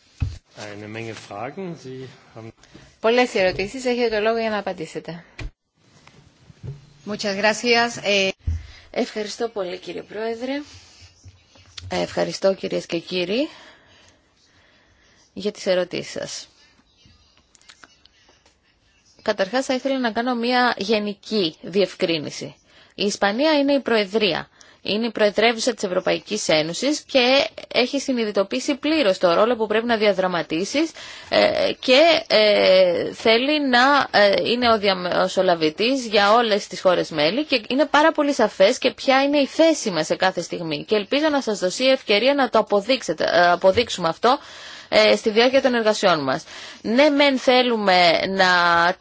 Πολλές ερωτήσεις. Έχετε το λόγο για να απαντήσετε. Ε, ευχαριστώ πολύ κύριε Πρόεδρε. Ευχαριστώ κυρίες και κύριοι για τις ερωτήσεις σας. Καταρχάς θα ήθελα να κάνω μια γενική διευκρίνηση. Η Ισπανία είναι η Προεδρία. Είναι η Προεδρεύουσα της Ευρωπαϊκής Ένωσης και έχει συνειδητοποιήσει πλήρως το ρόλο που πρέπει να διαδραματίσει ε, και ε, θέλει να ε, είναι ο διαμεσολαβητής για όλες τις χώρες μέλη και είναι πάρα πολύ σαφές και ποια είναι η θέση μας σε κάθε στιγμή. Και ελπίζω να σας δώσει ευκαιρία να το αποδείξουμε αυτό ε, στη διάρκεια των εργασιών μα. Ναι, μεν θέλουμε να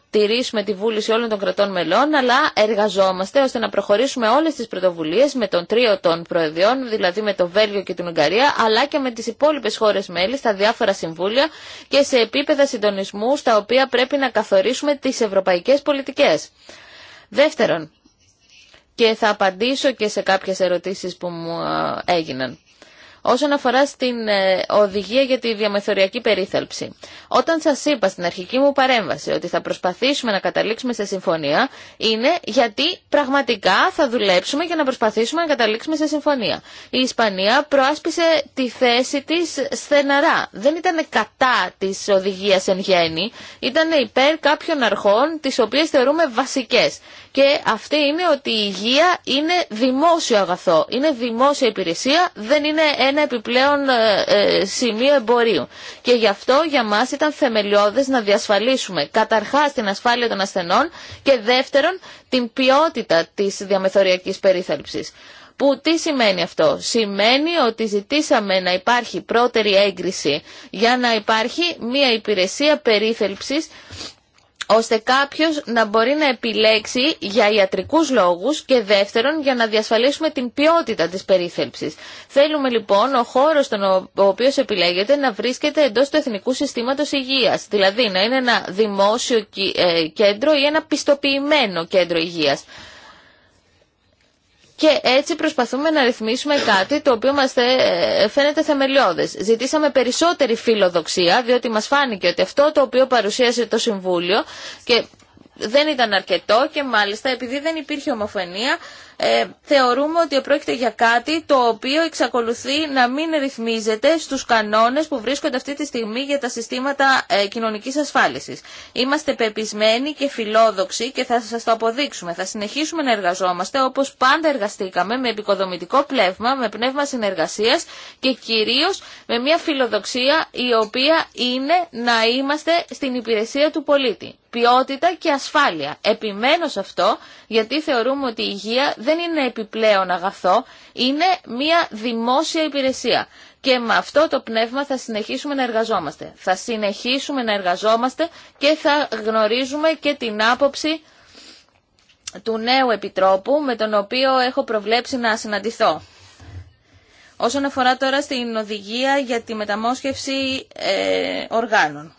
τηρήσουμε τη βούληση όλων των κρατών μελών, αλλά εργαζόμαστε ώστε να προχωρήσουμε όλε τι πρωτοβουλίε με τον τρίο των προεδιών, δηλαδή με το Βέλγιο και την Ουγγαρία, αλλά και με τι υπόλοιπε χώρε μέλη στα διάφορα συμβούλια και σε επίπεδα συντονισμού στα οποία πρέπει να καθορίσουμε τι ευρωπαϊκέ πολιτικέ. Δεύτερον, και θα απαντήσω και σε κάποιες ερωτήσεις που μου ε, έγιναν όσον αφορά στην ε, οδηγία για τη διαμεθοριακή περίθαλψη. Όταν σα είπα στην αρχική μου παρέμβαση ότι θα προσπαθήσουμε να καταλήξουμε σε συμφωνία, είναι γιατί πραγματικά θα δουλέψουμε για να προσπαθήσουμε να καταλήξουμε σε συμφωνία. Η Ισπανία προάσπισε τη θέση της στεναρά. Δεν ήταν κατά της οδηγία εν γέννη, ήταν υπέρ κάποιων αρχών τι οποίε θεωρούμε βασικές και αυτή είναι ότι η υγεία είναι δημόσιο αγαθό, είναι δημόσια υπηρεσία, δεν είναι ένα επιπλέον ε, ε, σημείο εμπορίου. Και γι' αυτό για μας ήταν θεμελιώδες να διασφαλίσουμε καταρχάς την ασφάλεια των ασθενών και δεύτερον την ποιότητα της διαμεθοριακής περίθαλψης. Που τι σημαίνει αυτό. Σημαίνει ότι ζητήσαμε να υπάρχει πρώτερη έγκριση για να υπάρχει μια υπηρεσία περίθελψης ώστε κάποιος να μπορεί να επιλέξει για ιατρικούς λόγους και δεύτερον για να διασφαλίσουμε την ποιότητα της περιθέψης. Θέλουμε λοιπόν ο χώρος τον ο οποίος επιλέγεται να βρίσκεται εντός του Εθνικού Συστήματος Υγείας, δηλαδή να είναι ένα δημόσιο ε, κέντρο ή ένα πιστοποιημένο κέντρο υγείας. Και έτσι προσπαθούμε να ρυθμίσουμε κάτι το οποίο μας φαίνεται θεμελιώδες. Ζητήσαμε περισσότερη φιλοδοξία, διότι μας φάνηκε ότι αυτό το οποίο παρουσίασε το Συμβούλιο και δεν ήταν αρκετό και μάλιστα επειδή δεν υπήρχε ομοφωνία ε, θεωρούμε ότι πρόκειται για κάτι το οποίο εξακολουθεί να μην ρυθμίζεται στους κανόνες που βρίσκονται αυτή τη στιγμή για τα συστήματα ε, κοινωνικής ασφάλισης. Είμαστε πεπισμένοι και φιλόδοξοι και θα σας το αποδείξουμε. Θα συνεχίσουμε να εργαζόμαστε όπως πάντα εργαστήκαμε με επικοδομητικό πλεύμα, με πνεύμα συνεργασίας και κυρίως με μια φιλοδοξία η οποία είναι να είμαστε στην υπηρεσία του πολίτη. Ποιότητα και ασφάλεια. Επιμένω σε αυτό γιατί θεωρούμε ότι η υγεία δεν είναι επιπλέον αγαθό, είναι μια δημόσια υπηρεσία. Και με αυτό το πνεύμα θα συνεχίσουμε να εργαζόμαστε. Θα συνεχίσουμε να εργαζόμαστε και θα γνωρίζουμε και την άποψη του νέου Επιτρόπου με τον οποίο έχω προβλέψει να συναντηθώ. Όσον αφορά τώρα στην οδηγία για τη μεταμόσχευση ε, οργάνων.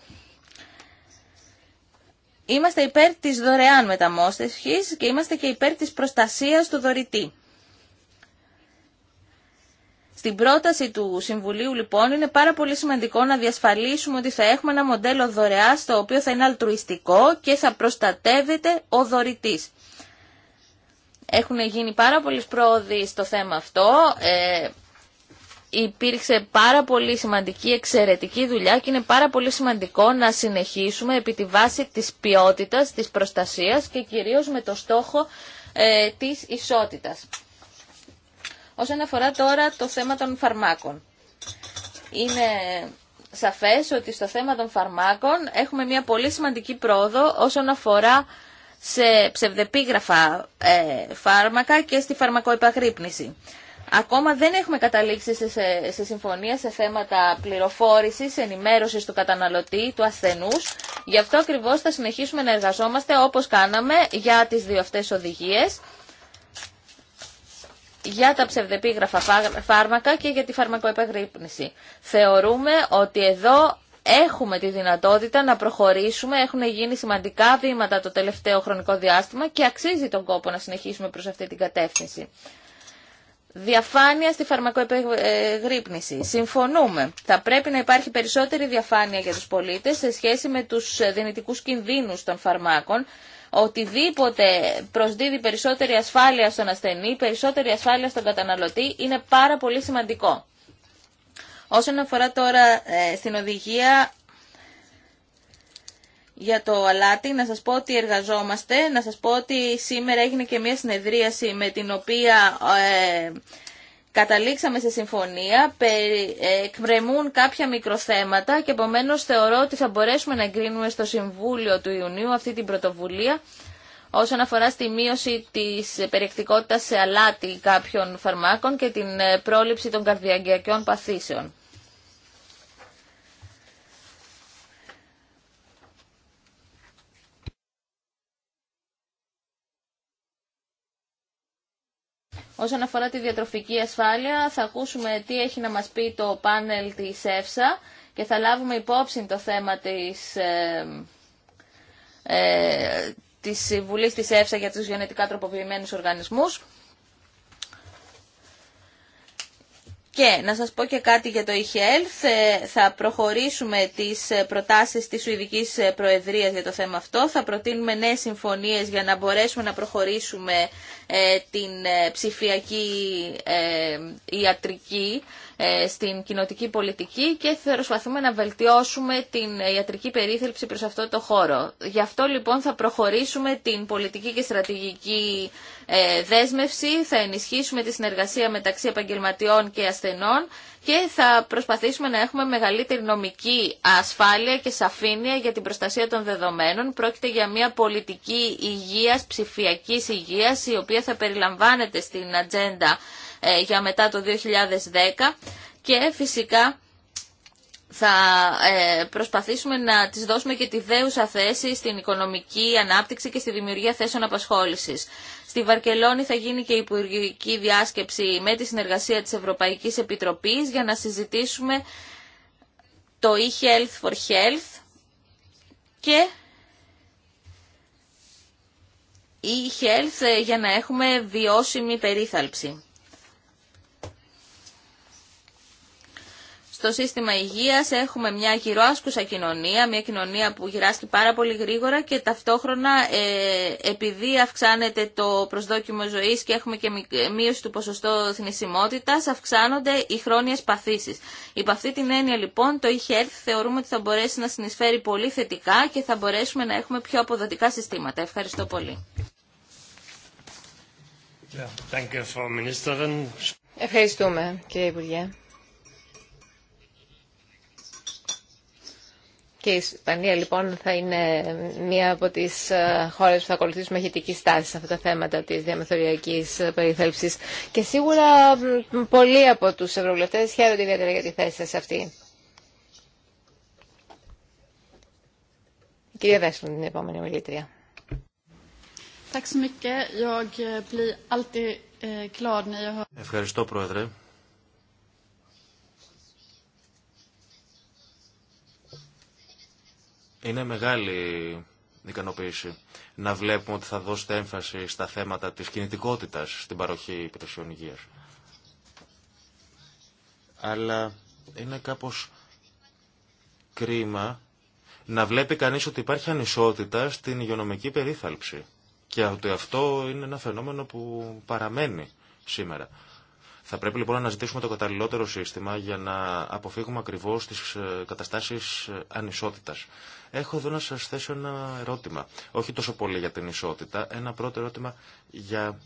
Είμαστε υπέρ της δωρεάν μεταμόσχευσης και είμαστε και υπέρ της προστασίας του δωρητή. Στην πρόταση του Συμβουλίου λοιπόν είναι πάρα πολύ σημαντικό να διασφαλίσουμε ότι θα έχουμε ένα μοντέλο δωρεά το οποίο θα είναι αλτρουιστικό και θα προστατεύεται ο δωρητής. Έχουν γίνει πάρα πολλέ πρόοδοι στο θέμα αυτό. Ε, υπήρξε πάρα πολύ σημαντική, εξαιρετική δουλειά και είναι πάρα πολύ σημαντικό να συνεχίσουμε επί τη βάση της ποιότητας, της προστασίας και κυρίως με το στόχο ε, της ισότητας. Όσον αφορά τώρα το θέμα των φαρμάκων. Είναι σαφές ότι στο θέμα των φαρμάκων έχουμε μια πολύ σημαντική πρόοδο όσον αφορά σε ψευδεπίγραφα ε, φάρμακα και στη φαρμακοεπαγρύπνηση. Ακόμα δεν έχουμε καταλήξει σε συμφωνία σε θέματα πληροφόρησης, ενημέρωσης του καταναλωτή, του ασθενούς. Γι' αυτό ακριβώς θα συνεχίσουμε να εργαζόμαστε όπως κάναμε για τις δύο αυτές οδηγίες, για τα ψευδεπίγραφα φάρμακα και για τη φαρμακοεπαγρύπνηση. Θεωρούμε ότι εδώ έχουμε τη δυνατότητα να προχωρήσουμε, έχουν γίνει σημαντικά βήματα το τελευταίο χρονικό διάστημα και αξίζει τον κόπο να συνεχίσουμε προς αυτή την κατεύθυνση. Διαφάνεια στη φαρμακοεπιγρύπνηση. Συμφωνούμε. Θα πρέπει να υπάρχει περισσότερη διαφάνεια για τους πολίτες σε σχέση με τους δυνητικούς κινδύνους των φαρμάκων. Οτιδήποτε προσδίδει περισσότερη ασφάλεια στον ασθενή, περισσότερη ασφάλεια στον καταναλωτή είναι πάρα πολύ σημαντικό. Όσον αφορά τώρα ε, στην οδηγία για το αλάτι, να σας πω ότι εργαζόμαστε, να σας πω ότι σήμερα έγινε και μια συνεδρίαση με την οποία ε, καταλήξαμε σε συμφωνία, ε, εκπρεμούν κάποια μικροθέματα και επομένως θεωρώ ότι θα μπορέσουμε να εγκρίνουμε στο Συμβούλιο του Ιουνίου αυτή την πρωτοβουλία όσον αφορά στη μείωση της περιεκτικότητας σε αλάτι κάποιων φαρμάκων και την ε, πρόληψη των καρδιαγκιακών παθήσεων. Όσον αφορά τη διατροφική ασφάλεια, θα ακούσουμε τι έχει να μας πει το πάνελ της ΕΦΣΑ και θα λάβουμε υπόψη το θέμα της, ε, ε, της Βουλής της ΕΦΣΑ για τους γενετικά τροποποιημένους οργανισμούς. Και να σας πω και κάτι για το eHealth. Ε, θα προχωρήσουμε τις ε, προτάσεις της Σουηδικής ε, Προεδρίας για το θέμα αυτό. Θα προτείνουμε νέες συμφωνίες για να μπορέσουμε να προχωρήσουμε την ψηφιακή ιατρική ε, στην κοινοτική πολιτική και προσπαθούμε να βελτιώσουμε την ιατρική περίθαλψη προς αυτό το χώρο. Γι' αυτό λοιπόν θα προχωρήσουμε την πολιτική και στρατηγική ε, δέσμευση, θα ενισχύσουμε τη συνεργασία μεταξύ επαγγελματιών και ασθενών και θα προσπαθήσουμε να έχουμε μεγαλύτερη νομική ασφάλεια και σαφήνεια για την προστασία των δεδομένων. Πρόκειται για μια πολιτική υγείας, ψηφιακής υγείας, η οποία θα περιλαμβάνεται στην ατζέντα ε, για μετά το 2010 και φυσικά θα ε, προσπαθήσουμε να τις δώσουμε και τη δέουσα θέση στην οικονομική ανάπτυξη και στη δημιουργία θέσεων απασχόλησης. Στη Βαρκελόνη θα γίνει και η υπουργική διάσκεψη με τη συνεργασία της Ευρωπαϊκής Επιτροπής για να συζητήσουμε το e-health for health και e-health ε, για να έχουμε βιώσιμη περίθαλψη. στο σύστημα υγείας έχουμε μια γυροάσκουσα κοινωνία, μια κοινωνία που γυράσκει πάρα πολύ γρήγορα και ταυτόχρονα ε, επειδή αυξάνεται το προσδόκιμο ζωής και έχουμε και μείωση του ποσοστό θνησιμότητας, αυξάνονται οι χρόνιες παθήσεις. Υπ' αυτή την έννοια λοιπόν το e-health θεωρούμε ότι θα μπορέσει να συνεισφέρει πολύ θετικά και θα μπορέσουμε να έχουμε πιο αποδοτικά συστήματα. Ευχαριστώ πολύ. Ευχαριστούμε κύριε Υπουργέ. Και η Ισπανία λοιπόν θα είναι μία από τις ε, χώρες που θα ακολουθήσουμε ηγετική στάση σε αυτά τα θέματα της διαμεθοριακής περιθέλψης. Και σίγουρα πολλοί από τους ευρωβουλευτές χαίρονται ιδιαίτερα για τη θέση σας αυτή. Η κυρία Βέσλουν την επόμενη ομιλήτρια. Ευχαριστώ, Πρόεδρε. Είναι μεγάλη ικανοποίηση να βλέπουμε ότι θα δώσετε έμφαση στα θέματα της κινητικότητας στην παροχή υπηρεσιών υγείας. Αλλά είναι κάπως κρίμα να βλέπει κανείς ότι υπάρχει ανισότητα στην υγειονομική περίθαλψη και ότι αυτό είναι ένα φαινόμενο που παραμένει σήμερα. Θα πρέπει λοιπόν να αναζητήσουμε το καταλληλότερο σύστημα για να αποφύγουμε ακριβώς τις ε, καταστάσεις ε, ανισότητας. Έχω εδώ να σας θέσω ένα ερώτημα. Όχι τόσο πολύ για την ισότητα. Ένα πρώτο ερώτημα για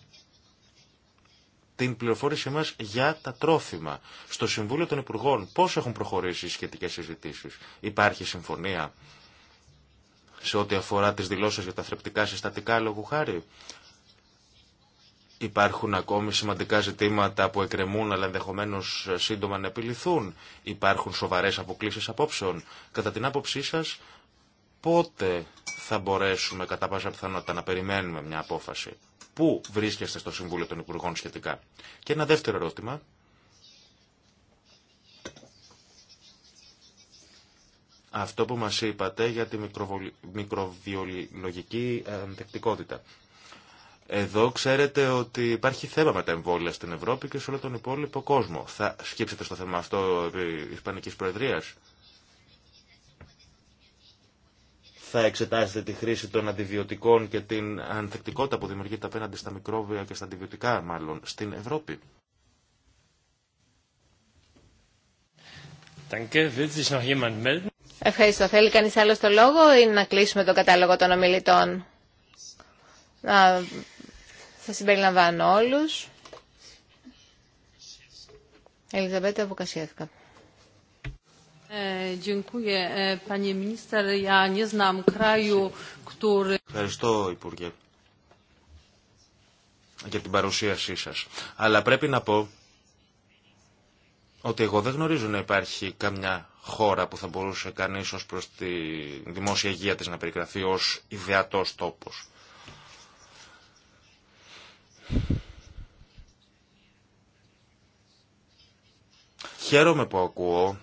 την πληροφόρησή μας για τα τρόφιμα. Στο Συμβούλιο των Υπουργών πώς έχουν προχωρήσει οι σχετικές συζητήσεις. Υπάρχει συμφωνία σε ό,τι αφορά τις δηλώσεις για τα θρεπτικά συστατικά λόγου χάρη. Υπάρχουν ακόμη σημαντικά ζητήματα που εκκρεμούν αλλά ενδεχομένω σύντομα να επιληθούν. Υπάρχουν σοβαρές αποκλήσεις απόψεων. Κατά την άποψή σα πότε θα μπορέσουμε κατά πάσα πιθανότητα να περιμένουμε μια απόφαση. Πού βρίσκεστε στο Συμβούλιο των Υπουργών σχετικά. Και ένα δεύτερο ερώτημα. Αυτό που μας είπατε για τη μικροβιολογική αντεκτικότητα. Εδώ ξέρετε ότι υπάρχει θέμα με τα εμβόλια στην Ευρώπη και σε όλο τον υπόλοιπο κόσμο. Θα σκύψετε στο θέμα αυτό επί Ισπανικής Προεδρίας. θα εξετάσετε τη χρήση των αντιβιωτικών και την ανθεκτικότητα που δημιουργείται απέναντι στα μικρόβια και στα αντιβιωτικά μάλλον στην Ευρώπη. Ευχαριστώ. Θέλει κανείς άλλο το λόγο ή να κλείσουμε τον κατάλογο των ομιλητών. Να... Θα συμπεριλαμβάνω όλους. Ελιζαμπέτα Βουκασιέφκα. Ευχαριστώ, Υπουργέ, για την παρουσίασή σας. Αλλά πρέπει να πω ότι εγώ δεν γνωρίζω να υπάρχει καμιά χώρα που θα μπορούσε κάνει ως προς τη δημόσια υγεία της να περιγραφεί ως ιδεατός τόπος. Χαίρομαι που ακούω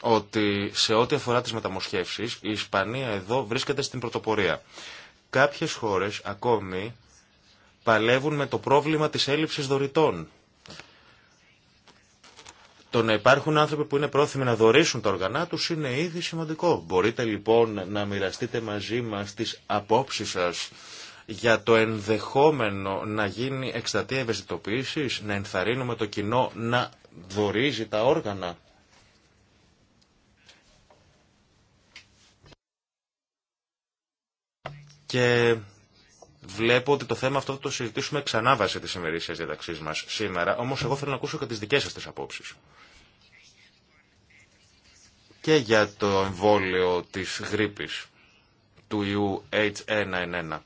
ότι σε ό,τι αφορά τις μεταμοσχεύσεις η Ισπανία εδώ βρίσκεται στην πρωτοπορία. Κάποιες χώρες ακόμη παλεύουν με το πρόβλημα της έλλειψης δωρητών. Το να υπάρχουν άνθρωποι που είναι πρόθυμοι να δωρήσουν τα οργανά τους είναι ήδη σημαντικό. Μπορείτε λοιπόν να μοιραστείτε μαζί μας τις απόψεις σας για το ενδεχόμενο να γίνει εξτατεία ευαισθητοποίησης, να ενθαρρύνουμε το κοινό να δωρίζει τα όργανα. Και βλέπω ότι το θέμα αυτό θα το συζητήσουμε ξανά βάσει τη ημερήσια διαταξή μα σήμερα. Όμω, εγώ θέλω να ακούσω και τι δικέ σα απόψει. Και για το εμβόλιο τη γρήπη του ιού H1N1.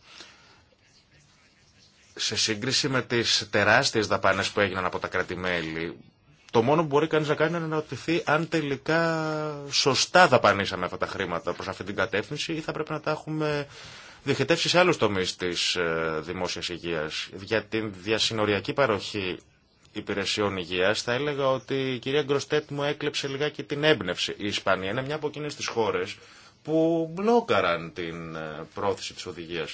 Σε σύγκριση με τι τεράστιε δαπανέ που έγιναν από τα κρατη το μόνο που μπορεί κανεί να κάνει είναι να ρωτηθεί αν τελικά σωστά δαπανίσαμε αυτά τα χρήματα προ αυτή την κατεύθυνση ή θα πρέπει να τα έχουμε διοχετεύσει σε άλλου τομεί τη ε, δημόσια υγεία. Για την διασυνοριακή παροχή υπηρεσιών υγεία, θα έλεγα ότι η κυρία Γκροστέτ μου έκλεψε λιγάκι την έμπνευση. Η Ισπανία είναι μια από εκείνε τι χώρε που μπλόκαραν την ε, πρόθεση τη οδηγία.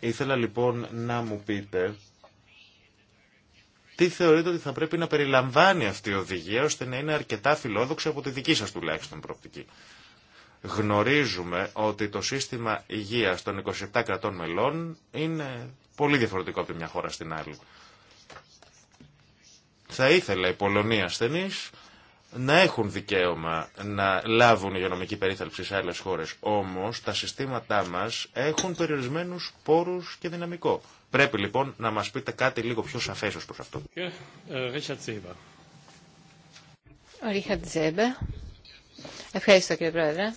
Ήθελα λοιπόν να μου πείτε τι θεωρείτε ότι θα πρέπει να περιλαμβάνει αυτή η οδηγία ώστε να είναι αρκετά φιλόδοξη από τη δική σας τουλάχιστον προοπτική. Γνωρίζουμε ότι το σύστημα υγείας των 27 κρατών μελών είναι πολύ διαφορετικό από τη μια χώρα στην άλλη. Θα ήθελα η Πολωνία ασθενής να έχουν δικαίωμα να λάβουν υγειονομική περίθαλψη σε άλλες χώρες. Όμως τα συστήματά μας έχουν περιορισμένους πόρους και δυναμικό. Πρέπει λοιπόν να μας πείτε κάτι λίγο πιο σαφές ως προς αυτό. Ε, ε, Ευχαριστώ κύριε Πρόεδρε.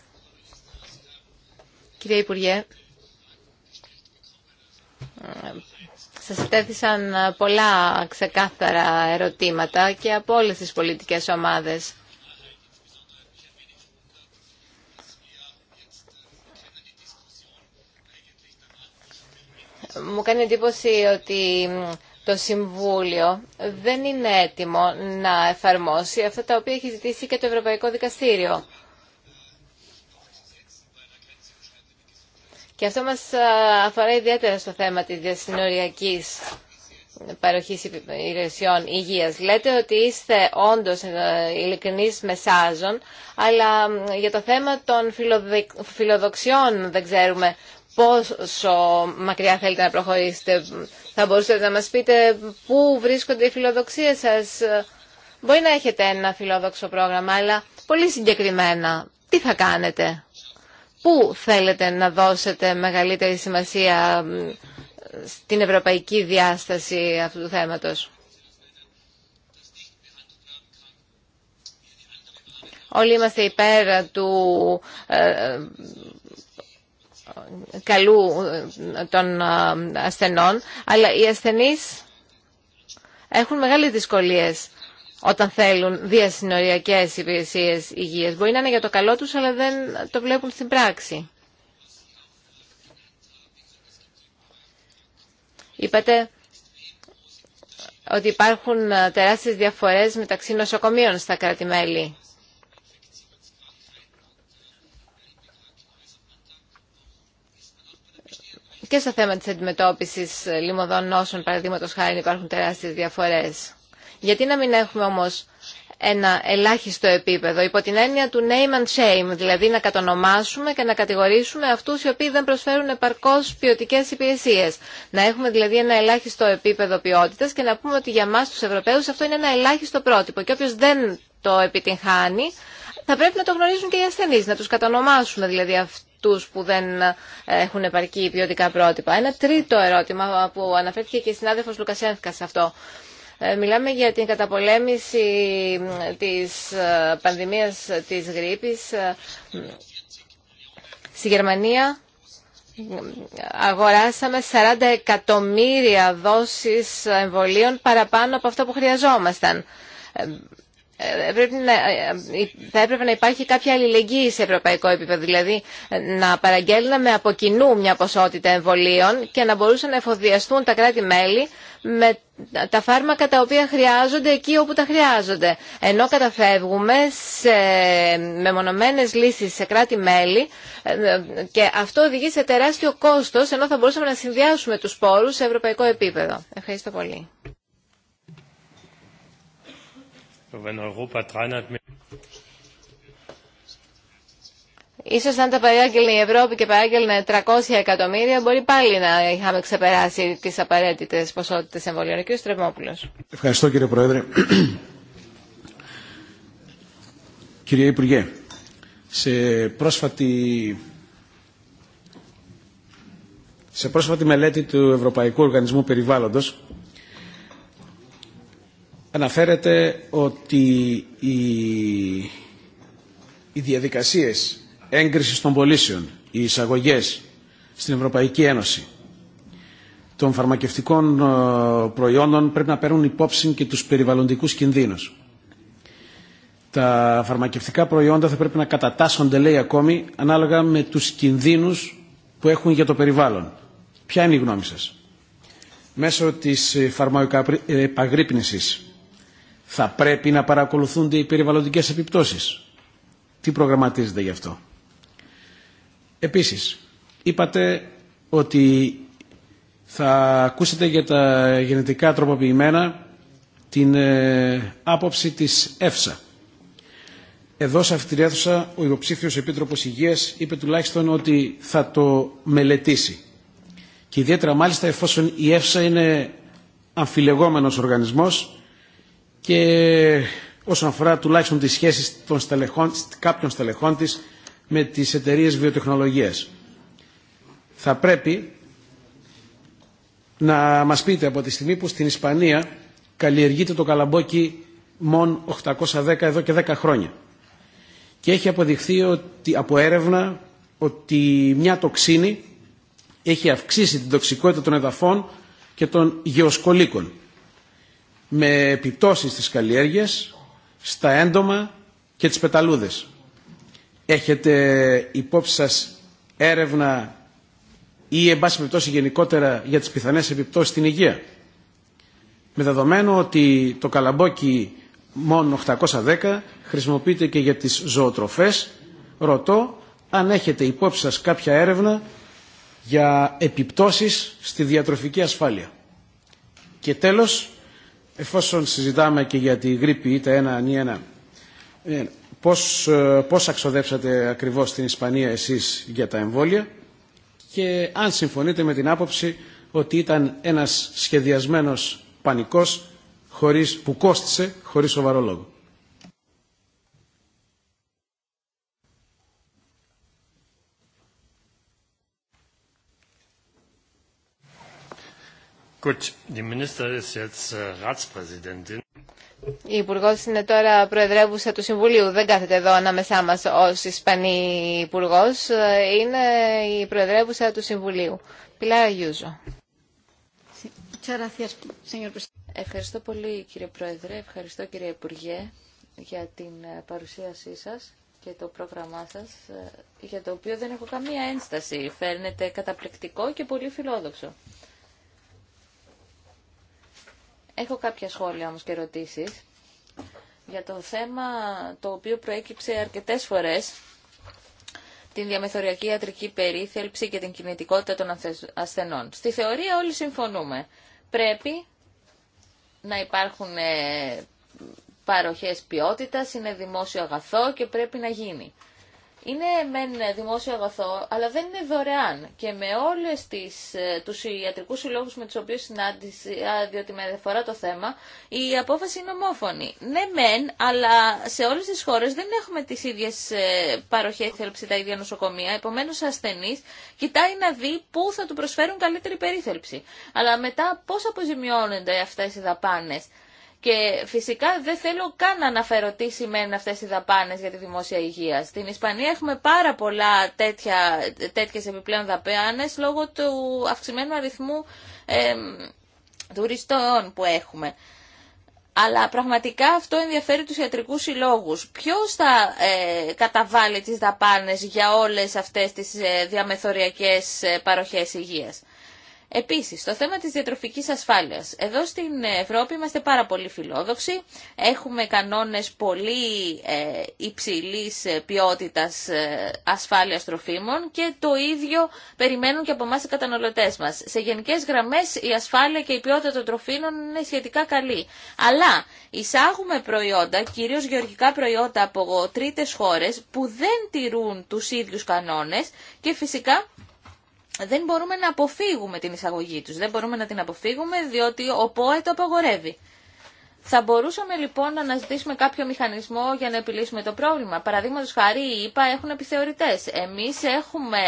Κύριε Υπουργέ, σας τέθησαν ε, πολλά ξεκάθαρα ερωτήματα και από όλες τις πολιτικές ομάδες. Μου κάνει εντύπωση ότι το Συμβούλιο δεν είναι έτοιμο να εφαρμόσει αυτά τα οποία έχει ζητήσει και το Ευρωπαϊκό Δικαστήριο. Και αυτό μας αφορά ιδιαίτερα στο θέμα της διασυνοριακής παροχής υπηρεσιών υγείας. Λέτε ότι είστε όντως ε, ειλικρινείς μεσάζων, αλλά για το θέμα των φιλοδοξιών δεν ξέρουμε πόσο μακριά θέλετε να προχωρήσετε. Θα μπορούσατε να μας πείτε πού βρίσκονται οι φιλοδοξίες σας. Μπορεί να έχετε ένα φιλόδοξο πρόγραμμα, αλλά πολύ συγκεκριμένα. Τι θα κάνετε πού θέλετε να δώσετε μεγαλύτερη σημασία στην ευρωπαϊκή διάσταση αυτού του θέματος. Όλοι είμαστε υπέρ του ε, ε, καλού ε, των ασθενών, αλλά οι ασθενείς έχουν μεγάλες δυσκολίες όταν θέλουν διασυνοριακές υπηρεσίες υγείας. Μπορεί να είναι για το καλό τους, αλλά δεν το βλέπουν στην πράξη. Είπατε ότι υπάρχουν τεράστιες διαφορές μεταξύ νοσοκομείων στα κράτη-μέλη. Και στο θέμα της αντιμετώπισης λιμωδών νόσων, παραδείγματος χάρη, υπάρχουν τεράστιες διαφορές. Γιατί να μην έχουμε όμως ένα ελάχιστο επίπεδο, υπό την έννοια του name and shame, δηλαδή να κατονομάσουμε και να κατηγορήσουμε αυτούς οι οποίοι δεν προσφέρουν επαρκώς ποιοτικέ υπηρεσίες. Να έχουμε δηλαδή ένα ελάχιστο επίπεδο ποιότητας και να πούμε ότι για μας τους Ευρωπαίους αυτό είναι ένα ελάχιστο πρότυπο και όποιος δεν το επιτυγχάνει θα πρέπει να το γνωρίζουν και οι ασθενείς, να τους κατονομάσουμε δηλαδή αυτό αυτούς που δεν ε, έχουν επαρκή ποιοτικά πρότυπα. Ένα τρίτο ερώτημα που αναφέρθηκε και η συνάδελφος Λουκασένθηκα σε αυτό. Ε, μιλάμε για την καταπολέμηση της ε, πανδημίας της γρήπης. Ε, στη Γερμανία αγοράσαμε 40 εκατομμύρια δόσεις εμβολίων παραπάνω από αυτό που χρειαζόμασταν. Ε, ε, θα έπρεπε να υπάρχει κάποια αλληλεγγύη σε ευρωπαϊκό επίπεδο. Δηλαδή ε, να παραγγέλναμε από κοινού μια ποσότητα εμβολίων και να μπορούσαν να εφοδιαστούν τα κράτη-μέλη με τα φάρμακα τα οποία χρειάζονται εκεί όπου τα χρειάζονται. Ενώ καταφεύγουμε με μεμονωμένες λύσεις σε κράτη-μέλη και αυτό οδηγεί σε τεράστιο κόστος ενώ θα μπορούσαμε να συνδυάσουμε τους πόρους σε ευρωπαϊκό επίπεδο. Ευχαριστώ πολύ. Wenn Ίσως αν τα παράγγελνε η Ευρώπη και παράγγελνε 300 εκατομμύρια, μπορεί πάλι να είχαμε ξεπεράσει τις απαραίτητες ποσότητες εμβολίων. Ο Στρεμόπουλος. Ευχαριστώ κύριε Πρόεδρε. Κύριε Υπουργέ, σε πρόσφατη... σε πρόσφατη μελέτη του Ευρωπαϊκού Οργανισμού Περιβάλλοντος αναφέρεται ότι οι, οι διαδικασίες έγκρισης των πωλήσεων, οι εισαγωγές στην Ευρωπαϊκή Ένωση των φαρμακευτικών ε, προϊόντων πρέπει να παίρνουν υπόψη και τους περιβαλλοντικούς κινδύνους. Τα φαρμακευτικά προϊόντα θα πρέπει να κατατάσσονται, λέει ακόμη, ανάλογα με τους κινδύνους που έχουν για το περιβάλλον. Ποια είναι η γνώμη σας. Μέσω της φαρμακοεπαγρύπνησης ε, θα πρέπει να παρακολουθούνται οι περιβαλλοντικές επιπτώσεις. Τι προγραμματίζεται γι' αυτό. Επίσης, είπατε ότι θα ακούσετε για τα γενετικά τροποποιημένα την ε, άποψη της ΕΦΣΑ. Εδώ σε αυτή την αίθουσα ο υποψήφιος Επίτροπος Υγείας είπε τουλάχιστον ότι θα το μελετήσει. Και ιδιαίτερα μάλιστα εφόσον η ΕΦΣΑ είναι αμφιλεγόμενος οργανισμός και όσον αφορά τουλάχιστον τις σχέσεις των στελεχών, κάποιων στελεχών της με τις εταιρείες βιοτεχνολογίας. Θα πρέπει να μας πείτε από τη στιγμή που στην Ισπανία καλλιεργείται το καλαμπόκι μόν 810 εδώ και 10 χρόνια. Και έχει αποδειχθεί ότι, από έρευνα ότι μια τοξίνη έχει αυξήσει την τοξικότητα των εδαφών και των γεωσκολίκων με επιπτώσεις στις καλλιέργειες, στα έντομα και τις πεταλούδες. Έχετε υπόψη σας έρευνα ή εν πάση γενικότερα για τις πιθανές επιπτώσεις στην υγεία. Με δεδομένο ότι το καλαμπόκι μόνο 810 χρησιμοποιείται και για τις ζωοτροφές, ρωτώ αν έχετε υπόψη σας κάποια έρευνα για επιπτώσεις στη διατροφική ασφάλεια. Και τέλος, Εφόσον συζητάμε και για τη γρήπη είτε ένα ή ένα, ε, πώς, ε, πώς αξοδέψατε ακριβώς την Ισπανία εσείς για τα εμβόλια και αν συμφωνείτε με την άποψη ότι ήταν ένας σχεδιασμένος πανικός χωρίς, που κόστησε χωρίς σοβαρό λόγο. Äh, η Υπουργό είναι τώρα Προεδρεύουσα του Συμβουλίου. Δεν κάθεται εδώ ανάμεσά μα ω Ισπανή Υπουργό. Είναι η Προεδρεύουσα του Συμβουλίου. Πιλάρα Γιούζο. Ευχαριστώ πολύ κύριε Πρόεδρε, ευχαριστώ κύριε Υπουργέ για την ε, παρουσίασή σα και το πρόγραμμά σα, ε, για το οποίο δεν έχω καμία ένσταση. Φαίνεται καταπληκτικό και πολύ φιλόδοξο. Έχω κάποια σχόλια όμως και ερωτήσεις για το θέμα το οποίο προέκυψε αρκετές φορές την διαμεθοριακή ιατρική περίθελψη και την κινητικότητα των ασθενών. Στη θεωρία όλοι συμφωνούμε. Πρέπει να υπάρχουν ε, παροχές ποιότητας, είναι δημόσιο αγαθό και πρέπει να γίνει είναι μεν δημόσιο αγαθό, αλλά δεν είναι δωρεάν. Και με όλες τις, ε, τους ιατρικούς συλλόγους με τους οποίους συνάντησα, διότι με αφορά το θέμα, η απόφαση είναι ομόφωνη. Ναι μεν, αλλά σε όλες τις χώρες δεν έχουμε τις ίδιες ε, παροχές θέλψη τα ίδια νοσοκομεία, επομένως ασθενής κοιτάει να δει πού θα του προσφέρουν καλύτερη περίθελψη. Αλλά μετά πώς αποζημιώνονται αυτές οι δαπάνες. Και φυσικά δεν θέλω καν να αναφέρω τι σημαίνουν αυτές οι δαπάνες για τη δημόσια υγεία. Στην Ισπανία έχουμε πάρα πολλά τέτοια, τέτοιες επιπλέον δαπάνες λόγω του αυξημένου αριθμού ε, τουριστών που έχουμε. Αλλά πραγματικά αυτό ενδιαφέρει τους ιατρικούς συλλόγους. Ποιος θα ε, καταβάλει τις δαπάνες για όλες αυτές τις ε, διαμεθοριακές ε, παροχές υγείας. Επίσης, το θέμα της διατροφικής ασφάλειας. Εδώ στην Ευρώπη είμαστε πάρα πολύ φιλόδοξοι. Έχουμε κανόνες πολύ ε, υψηλής ε, ποιότητας ε, ασφάλειας τροφίμων και το ίδιο περιμένουν και από εμάς οι καταναλωτές μας. Σε γενικές γραμμές η ασφάλεια και η ποιότητα των τροφίμων είναι σχετικά καλή. Αλλά εισάγουμε προϊόντα, κυρίως γεωργικά προϊόντα από τρίτες χώρες που δεν τηρούν τους ίδιους κανόνες και φυσικά δεν μπορούμε να αποφύγουμε την εισαγωγή τους. Δεν μπορούμε να την αποφύγουμε διότι ο ΠΟΕ το απαγορεύει. Θα μπορούσαμε λοιπόν να αναζητήσουμε κάποιο μηχανισμό για να επιλύσουμε το πρόβλημα. Παραδείγματο χάρη, οι ΗΠΑ έχουν επιθεωρητέ. Εμεί έχουμε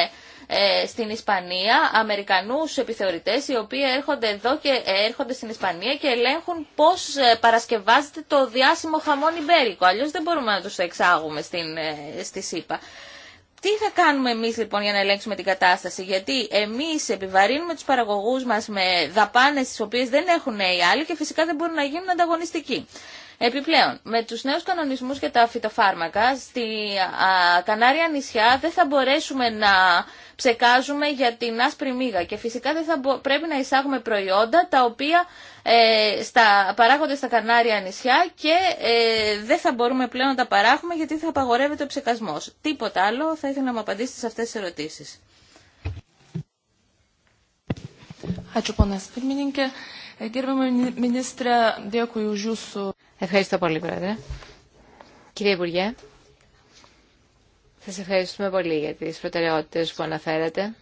ε, στην Ισπανία Αμερικανού επιθεωρητέ, οι οποίοι έρχονται εδώ και έρχονται στην Ισπανία και ελέγχουν πώ ε, παρασκευάζεται το διάσημο χαμόνι μπέρικο. Αλλιώ δεν μπορούμε να του εξάγουμε στην, ε, τι θα κάνουμε εμείς λοιπόν για να ελέγξουμε την κατάσταση, γιατί εμείς επιβαρύνουμε τους παραγωγούς μας με δαπάνες τις οποίες δεν έχουν οι άλλοι και φυσικά δεν μπορούν να γίνουν ανταγωνιστικοί. Επιπλέον, με τους νέους κανονισμούς για τα φυτοφάρμακα, στη Κανάρια νησιά δεν θα μπορέσουμε να ψεκάζουμε για την άσπρη μύγα και φυσικά δεν θα πρέπει να εισάγουμε προϊόντα τα οποία ε, στα... παράγονται στα Κανάρια νησιά και ε, δεν θα μπορούμε πλέον να τα παράγουμε γιατί θα απαγορεύεται ο ψεκασμός. Τίποτα άλλο, θα ήθελα να μου απαντήσετε σε αυτές τις ερωτήσεις. Ε, Ευχαριστώ πολύ, Πρόεδρε. Κύριε Υπουργέ, σας ευχαριστούμε πολύ για τις προτεραιότητες που αναφέρατε.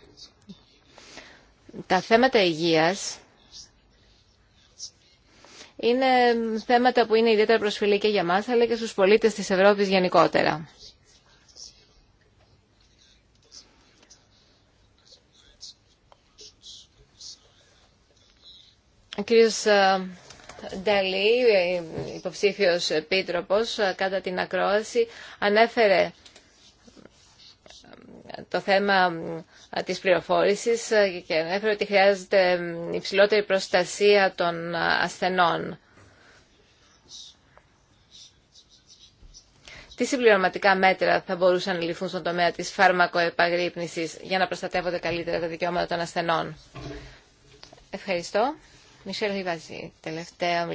Τα θέματα υγείας είναι θέματα που είναι ιδιαίτερα προσφυλή και για μας, αλλά και στους πολίτες της Ευρώπης γενικότερα. Ο κύριος ε, Νταλή, ε, υποψήφιος επίτροπος, ε, κατά την ακρόαση, ανέφερε το θέμα της πληροφόρησης και ανέφερε ότι χρειάζεται υψηλότερη προστασία των ασθενών. Τι συμπληρωματικά μέτρα θα μπορούσαν να ληφθούν στον τομέα της φάρμακοεπαγρύπνησης για να προστατεύονται καλύτερα τα δικαιώματα των ασθενών. Ευχαριστώ. Μισελ Ριβαζή, τελευταία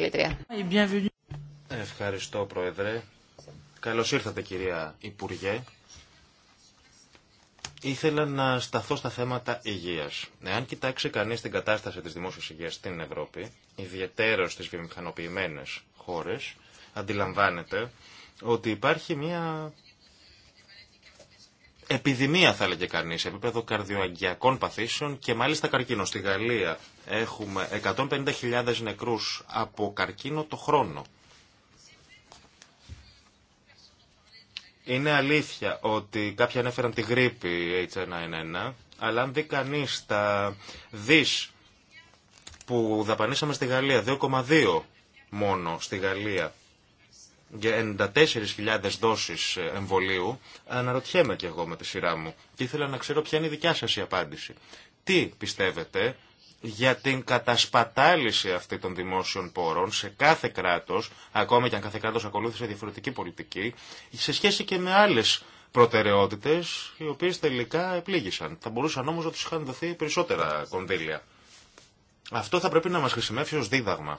Ευχαριστώ, Πρόεδρε. Καλώ ήρθατε, κυρία Υπουργέ. Ήθελα να σταθώ στα θέματα υγείας. Εάν κοιτάξει κανείς την κατάσταση της δημόσιας υγείας στην Ευρώπη, ιδιαίτερο στι βιομηχανοποιημένε χώρες, αντιλαμβάνεται ότι υπάρχει μια επιδημία θα έλεγε κανείς, επίπεδο καρδιοαγγειακών παθήσεων και μάλιστα καρκίνο. Στη Γαλλία έχουμε 150.000 νεκρούς από καρκίνο το χρόνο. Είναι αλήθεια ότι κάποιοι ανέφεραν τη γρήπη H1N1, αλλά αν δει κανεί τα δις που δαπανίσαμε στη Γαλλία, 2,2 μόνο στη Γαλλία, για 94.000 δόσεις εμβολίου, αναρωτιέμαι κι εγώ με τη σειρά μου και ήθελα να ξέρω ποια είναι η δικιά σας η απάντηση. Τι πιστεύετε για την κατασπατάληση αυτή των δημόσιων πόρων σε κάθε κράτος, ακόμα και αν κάθε κράτος ακολούθησε διαφορετική πολιτική, σε σχέση και με άλλες προτεραιότητες, οι οποίες τελικά επλήγησαν. Θα μπορούσαν όμως να τους είχαν δοθεί περισσότερα κονδύλια. Αυτό θα πρέπει να μας χρησιμεύσει ως δίδαγμα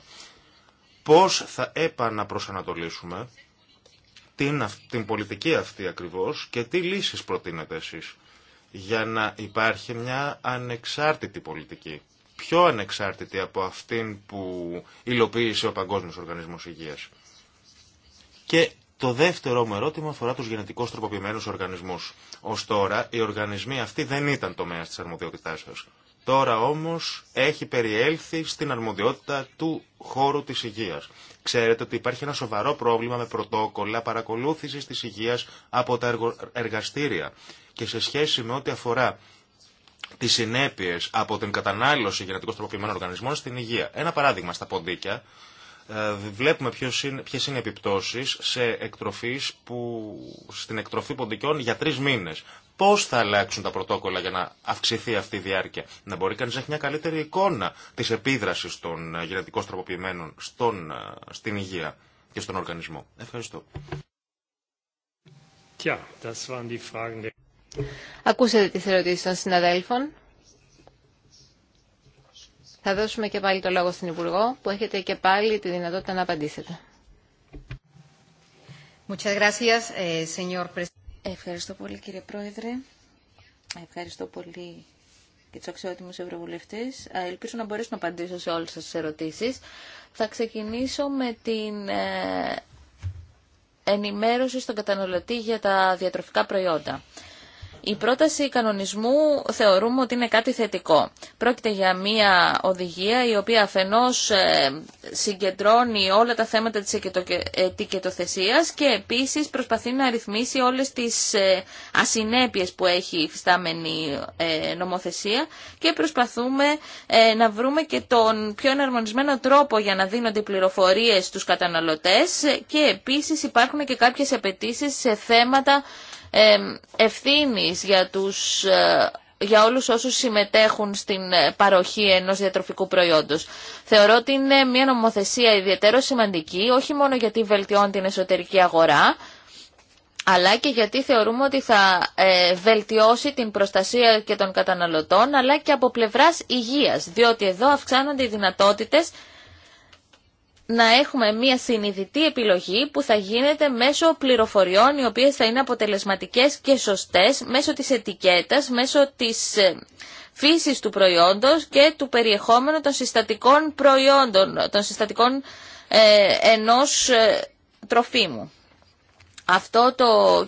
πώς θα επαναπροσανατολίσουμε την, την πολιτική αυτή ακριβώς και τι λύσεις προτείνετε εσείς για να υπάρχει μια ανεξάρτητη πολιτική. Πιο ανεξάρτητη από αυτήν που υλοποίησε ο Παγκόσμιος Οργανισμός Υγείας. Και το δεύτερο μου ερώτημα αφορά τους γενετικώς τροποποιημένους οργανισμούς. Ως τώρα οι οργανισμοί αυτοί δεν ήταν τομέας της αρμοδιότητάς σας. Τώρα όμως έχει περιέλθει στην αρμοδιότητα του χώρου της υγείας. Ξέρετε ότι υπάρχει ένα σοβαρό πρόβλημα με πρωτόκολλα παρακολούθησης της υγείας από τα εργαστήρια και σε σχέση με ό,τι αφορά τις συνέπειες από την κατανάλωση γενετικώς τροποποιημένων οργανισμών στην υγεία. Ένα παράδειγμα στα ποντίκια, ε, βλέπουμε ποιες είναι, οι επιπτώσεις σε εκτροφής που, στην εκτροφή ποντικών για τρεις μήνες πώ θα αλλάξουν τα πρωτόκολλα για να αυξηθεί αυτή η διάρκεια. Να μπορεί κανεί να έχει μια καλύτερη εικόνα τη επίδραση των γενετικώ τροποποιημένων στον, ε, στην υγεία και στον οργανισμό. Ευχαριστώ. Ακούσατε τις ερωτήσεις των συναδέλφων. Θα δώσουμε και πάλι το λόγο στην Υπουργό που έχετε και πάλι τη δυνατότητα να απαντήσετε. Eh, Ευχαριστώ πολύ κύριε Πρόεδρε. Ευχαριστώ πολύ και του αξιότιμους ευρωβουλευτέ. Ελπίζω να μπορέσω να απαντήσω σε όλες σα τι Θα ξεκινήσω με την ε, ενημέρωση στον καταναλωτή για τα διατροφικά προϊόντα. Η πρόταση κανονισμού θεωρούμε ότι είναι κάτι θετικό. Πρόκειται για μία οδηγία η οποία αφενός ε, συγκεντρώνει όλα τα θέματα της ετικετοθεσίας και επίσης προσπαθεί να ρυθμίσει όλες τις ε, ασυνέπειες που έχει η φυστάμενη ε, νομοθεσία και προσπαθούμε να βρούμε και τον πιο εναρμονισμένο τρόπο για να δίνονται πληροφορίες στους καταναλωτές και επίσης υπάρχουν και κάποιες απαιτήσει σε θέματα ευθύνης για τους ε, για όλους όσους συμμετέχουν στην ε, παροχή ενός διατροφικού προϊόντος. Θεωρώ ότι είναι μια νομοθεσία ιδιαίτερο σημαντική, όχι μόνο γιατί βελτιώνει την εσωτερική αγορά, αλλά και γιατί θεωρούμε ότι θα ε, βελτιώσει την προστασία και των καταναλωτών, αλλά και από πλευράς υγείας, διότι εδώ αυξάνονται οι δυνατότητες να έχουμε μια συνειδητή επιλογή που θα γίνεται μέσω πληροφοριών οι οποίες θα είναι αποτελεσματικές και σωστές μέσω της ετικέτας, μέσω της ε, φύσης του προϊόντος και του περιεχόμενου των συστατικών προϊόντων, των συστατικών ε, ενός ε, τροφίμου αυτό το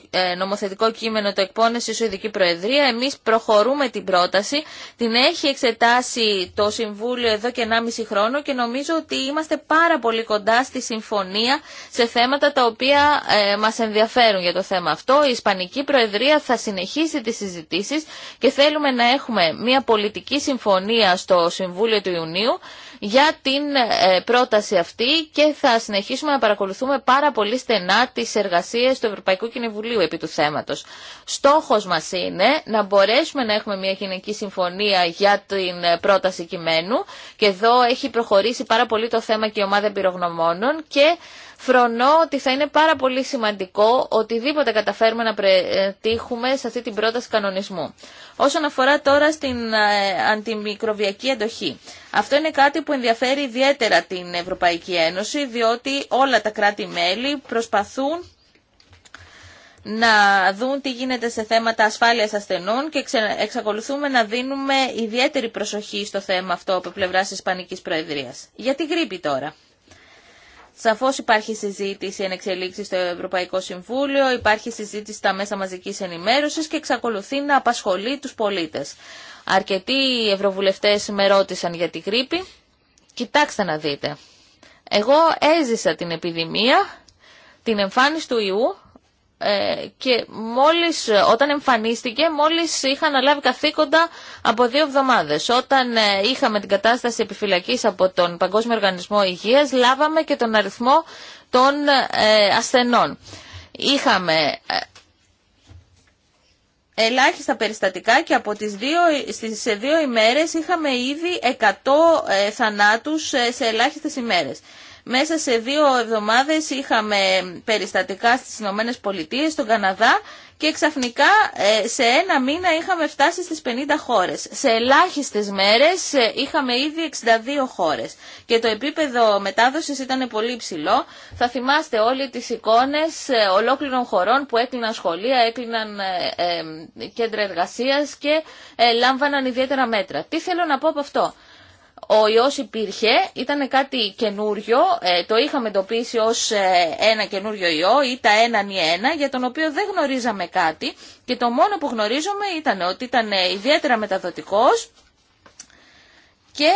ε, νομοθετικό κείμενο το εκπώνεσε η Σουηδική Προεδρία. Εμείς προχωρούμε την πρόταση. Την έχει εξετάσει το Συμβούλιο εδώ και 1,5 χρόνο και νομίζω ότι είμαστε πάρα πολύ κοντά στη συμφωνία σε θέματα τα οποία ε, μας ενδιαφέρουν για το θέμα αυτό. Η Ισπανική Προεδρία θα συνεχίσει τις συζητήσεις και θέλουμε να έχουμε μια πολιτική συμφωνία στο Συμβούλιο του Ιουνίου για την ε, πρόταση αυτή και θα συνεχίσουμε να παρακολουθούμε πάρα πολύ στενά τις εργασίες του Ευρωπαϊκού Κοινοβουλίου επί του θέματος. Στόχος μας είναι να μπορέσουμε να έχουμε μια γενική συμφωνία για την ε, πρόταση κειμένου και εδώ έχει προχωρήσει πάρα πολύ το θέμα και η ομάδα εμπειρογνωμόνων και φρονώ ότι θα είναι πάρα πολύ σημαντικό οτιδήποτε καταφέρουμε να πετύχουμε σε αυτή την πρόταση κανονισμού. Όσον αφορά τώρα στην ε, αντιμικροβιακή εντοχή. Αυτό είναι κάτι που ενδιαφέρει ιδιαίτερα την Ευρωπαϊκή Ένωση, διότι όλα τα κράτη-μέλη προσπαθούν να δουν τι γίνεται σε θέματα ασφάλειας ασθενών και εξακολουθούμε να δίνουμε ιδιαίτερη προσοχή στο θέμα αυτό από πλευράς Ισπανικής Προεδρίας. Για τη γρήπη τώρα. Σαφώς υπάρχει συζήτηση εν εξελίξει στο Ευρωπαϊκό Συμβούλιο, υπάρχει συζήτηση στα μέσα μαζικής ενημέρωσης και εξακολουθεί να απασχολεί τους πολίτες. Αρκετοί ευρωβουλευτές με ρώτησαν για την γρήπη. Κοιτάξτε να δείτε. Εγώ έζησα την επιδημία, την εμφάνιση του ιού ε, και μόλις όταν εμφανίστηκε μόλις είχαν αναλάβει καθήκοντα από δύο εβδομάδες. Όταν ε, είχαμε την κατάσταση επιφυλακής από τον Παγκόσμιο Οργανισμό Υγείας λάβαμε και τον αριθμό των ε, ασθενών. Είχαμε ελάχιστα περιστατικά και από τις δύο, στις δύο ημέρες είχαμε ήδη 100 θανάτους σε ελάχιστες ημέρες. Μέσα σε δύο εβδομάδες είχαμε περιστατικά στις Ηνωμένες Πολιτείες, στον Καναδά και ξαφνικά ε, σε ένα μήνα είχαμε φτάσει στις 50 χώρες. Σε ελάχιστες μέρες ε, είχαμε ήδη 62 χώρες και το επίπεδο μετάδοσης ήταν πολύ ψηλό. Θα θυμάστε όλοι τις εικόνες ε, ολόκληρων χωρών που έκλειναν σχολεία, έκλειναν κέντρα εργασίας και λάμβαναν ιδιαίτερα μέτρα. Τι θέλω να πω από αυτό. Ο ιός υπήρχε, ήταν κάτι καινούριο, ε, το είχαμε εντοπίσει ως ε, ένα καινούριο ιό ή τα έναν ή ένα, για τον οποίο δεν γνωρίζαμε κάτι και το μόνο που γνωρίζουμε ήταν ότι ήταν ιδιαίτερα μεταδοτικός και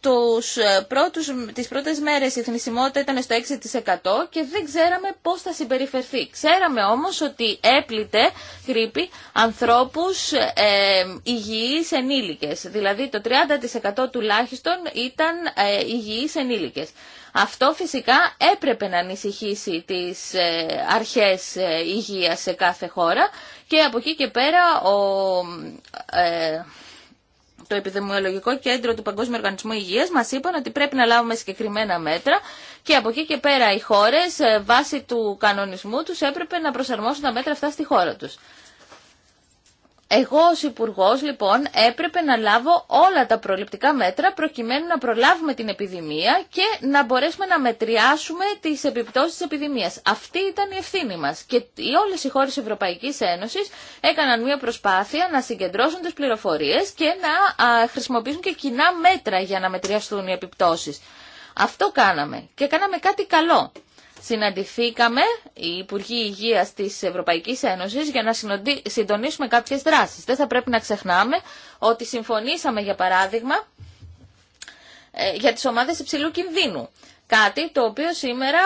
τους ε, πρώτους, τις πρώτες μέρες η θνησιμότητα ήταν στο 6% και δεν ξέραμε πώς θα συμπεριφερθεί. Ξέραμε όμως ότι έπλητε γρήπη ανθρώπους ε, υγιείς ενήλικες. Δηλαδή το 30% τουλάχιστον ήταν ε, υγιείς ενήλικες. Αυτό φυσικά έπρεπε να ανησυχήσει τις ε, αρχές ε, υγείας σε κάθε χώρα και από εκεί και πέρα ο το Επιδημιολογικό Κέντρο του Παγκόσμιου Οργανισμού Υγείας μας είπαν ότι πρέπει να λάβουμε συγκεκριμένα μέτρα και από εκεί και πέρα οι χώρες ε, βάσει του κανονισμού τους έπρεπε να προσαρμόσουν τα μέτρα αυτά στη χώρα τους. Εγώ ως υπουργό λοιπόν έπρεπε να λάβω όλα τα προληπτικά μέτρα προκειμένου να προλάβουμε την επιδημία και να μπορέσουμε να μετριάσουμε τις επιπτώσεις της επιδημίας. Αυτή ήταν η ευθύνη μας και οι όλες οι χώρες Ευρωπαϊκής Ένωσης έκαναν μια προσπάθεια να συγκεντρώσουν τις πληροφορίες και να χρησιμοποιήσουν και κοινά μέτρα για να μετριαστούν οι επιπτώσεις. Αυτό κάναμε και κάναμε κάτι καλό συναντηθήκαμε, οι Υπουργοί Υγείας της Ευρωπαϊκής Ένωσης, για να συντονίσουμε κάποιες δράσεις. Δεν θα πρέπει να ξεχνάμε ότι συμφωνήσαμε, για παράδειγμα, ε, για τις ομάδες υψηλού κινδύνου. Κάτι το οποίο σήμερα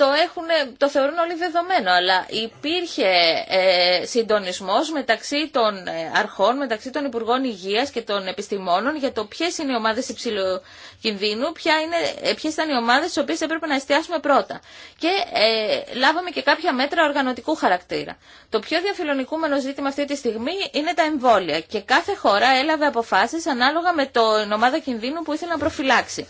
το, έχουν, το θεωρούν όλοι δεδομένο, αλλά υπήρχε ε, συντονισμός μεταξύ των ε, αρχών, μεταξύ των Υπουργών Υγείας και των επιστημόνων για το ποιες είναι οι ομάδες υψηλού κινδύνου, ποια είναι, ε, ποιες ήταν οι ομάδες στις οποίες έπρεπε να εστιάσουμε πρώτα. Και ε, λάβαμε και κάποια μέτρα οργανωτικού χαρακτήρα. Το πιο διαφιλονικούμενο ζήτημα αυτή τη στιγμή είναι τα εμβόλια και κάθε χώρα έλαβε αποφάσεις ανάλογα με την ομάδα κινδύνου που ήθελε να προφυλάξει.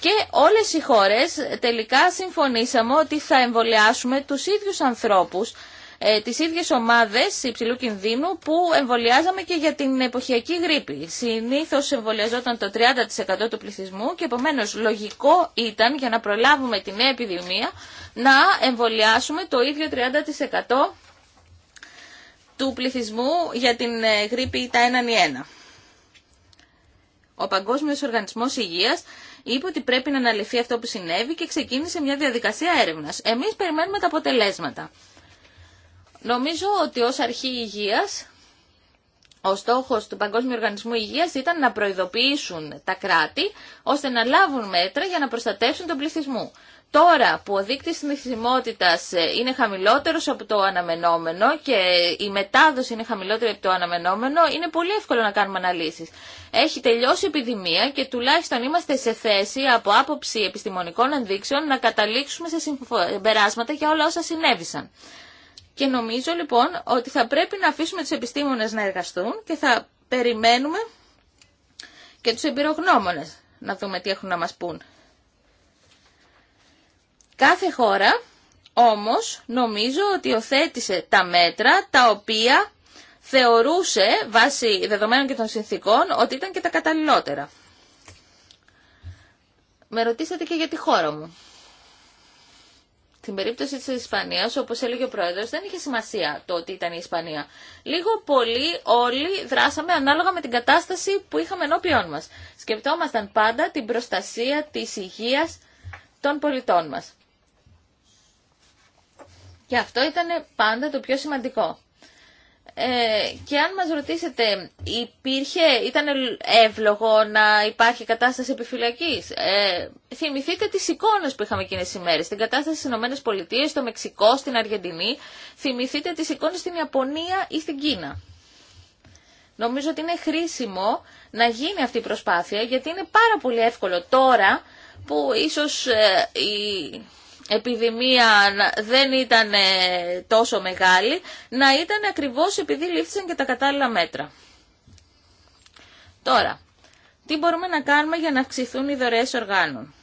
Και όλες οι χώρες τελικά συμφωνήσαμε ότι θα εμβολιάσουμε τους ίδιους ανθρώπους, ε, τις ίδιες ομάδες υψηλού κινδύνου που εμβολιάζαμε και για την εποχιακή γρήπη. Συνήθως εμβολιαζόταν το 30% του πληθυσμού και επομένως λογικό ήταν για να προλάβουμε την νέα επιδημία να εμβολιάσουμε το ίδιο 30% του πληθυσμού για την ε, γρήπη τα 1 1. Ο Παγκόσμιος Οργανισμός Υγείας είπε ότι πρέπει να αναλυθεί αυτό που συνέβη και ξεκίνησε μια διαδικασία έρευνας. Εμείς περιμένουμε τα αποτελέσματα. Νομίζω ότι ω αρχή υγείας ο στόχος του Παγκόσμιου Οργανισμού Υγείας ήταν να προειδοποιήσουν τα κράτη ώστε να λάβουν μέτρα για να προστατεύσουν τον πληθυσμό. Τώρα που ο δείκτης θνησιμότητας ε, είναι χαμηλότερος από το αναμενόμενο και η μετάδοση είναι χαμηλότερη από το αναμενόμενο, είναι πολύ εύκολο να κάνουμε αναλύσεις. Έχει τελειώσει η επιδημία και τουλάχιστον είμαστε σε θέση από άποψη επιστημονικών ενδείξεων να καταλήξουμε σε συμπεράσματα για όλα όσα συνέβησαν. Και νομίζω λοιπόν ότι θα πρέπει να αφήσουμε τους επιστήμονες να εργαστούν και θα περιμένουμε και τους εμπειρογνώμονες να δούμε τι έχουν να μας πούν. Κάθε χώρα όμως νομίζω ότι οθέτησε τα μέτρα τα οποία θεωρούσε βάσει δεδομένων και των συνθήκων ότι ήταν και τα καταλληλότερα. Με ρωτήσατε και για τη χώρα μου. Στην περίπτωση της Ισπανίας, όπως έλεγε ο Πρόεδρος, δεν είχε σημασία το ότι ήταν η Ισπανία. Λίγο πολύ όλοι δράσαμε ανάλογα με την κατάσταση που είχαμε ενώπιόν μας. Σκεπτόμασταν πάντα την προστασία της υγείας των πολιτών μας. Και αυτό ήταν πάντα το πιο σημαντικό. Ε, και αν μας ρωτήσετε, υπήρχε, ήταν εύλογο να υπάρχει κατάσταση επιφυλακής. Ε, θυμηθείτε τις εικόνες που είχαμε εκείνες τις ημέρες, την κατάσταση στις Ηνωμένες Πολιτείες, στο Μεξικό, στην Αργεντινή. Θυμηθείτε τις εικόνες στην Ιαπωνία ή στην Κίνα. Νομίζω ότι είναι χρήσιμο να γίνει αυτή η προσπάθεια, γιατί είναι πάρα πολύ εύκολο τώρα που ίσως ε, η επιδημία δεν ήταν τόσο μεγάλη, να ήταν ακριβώς επειδή λήφθησαν και τα κατάλληλα μέτρα. Τώρα, τι μπορούμε να κάνουμε για να αυξηθούν οι δωρεές οργάνων.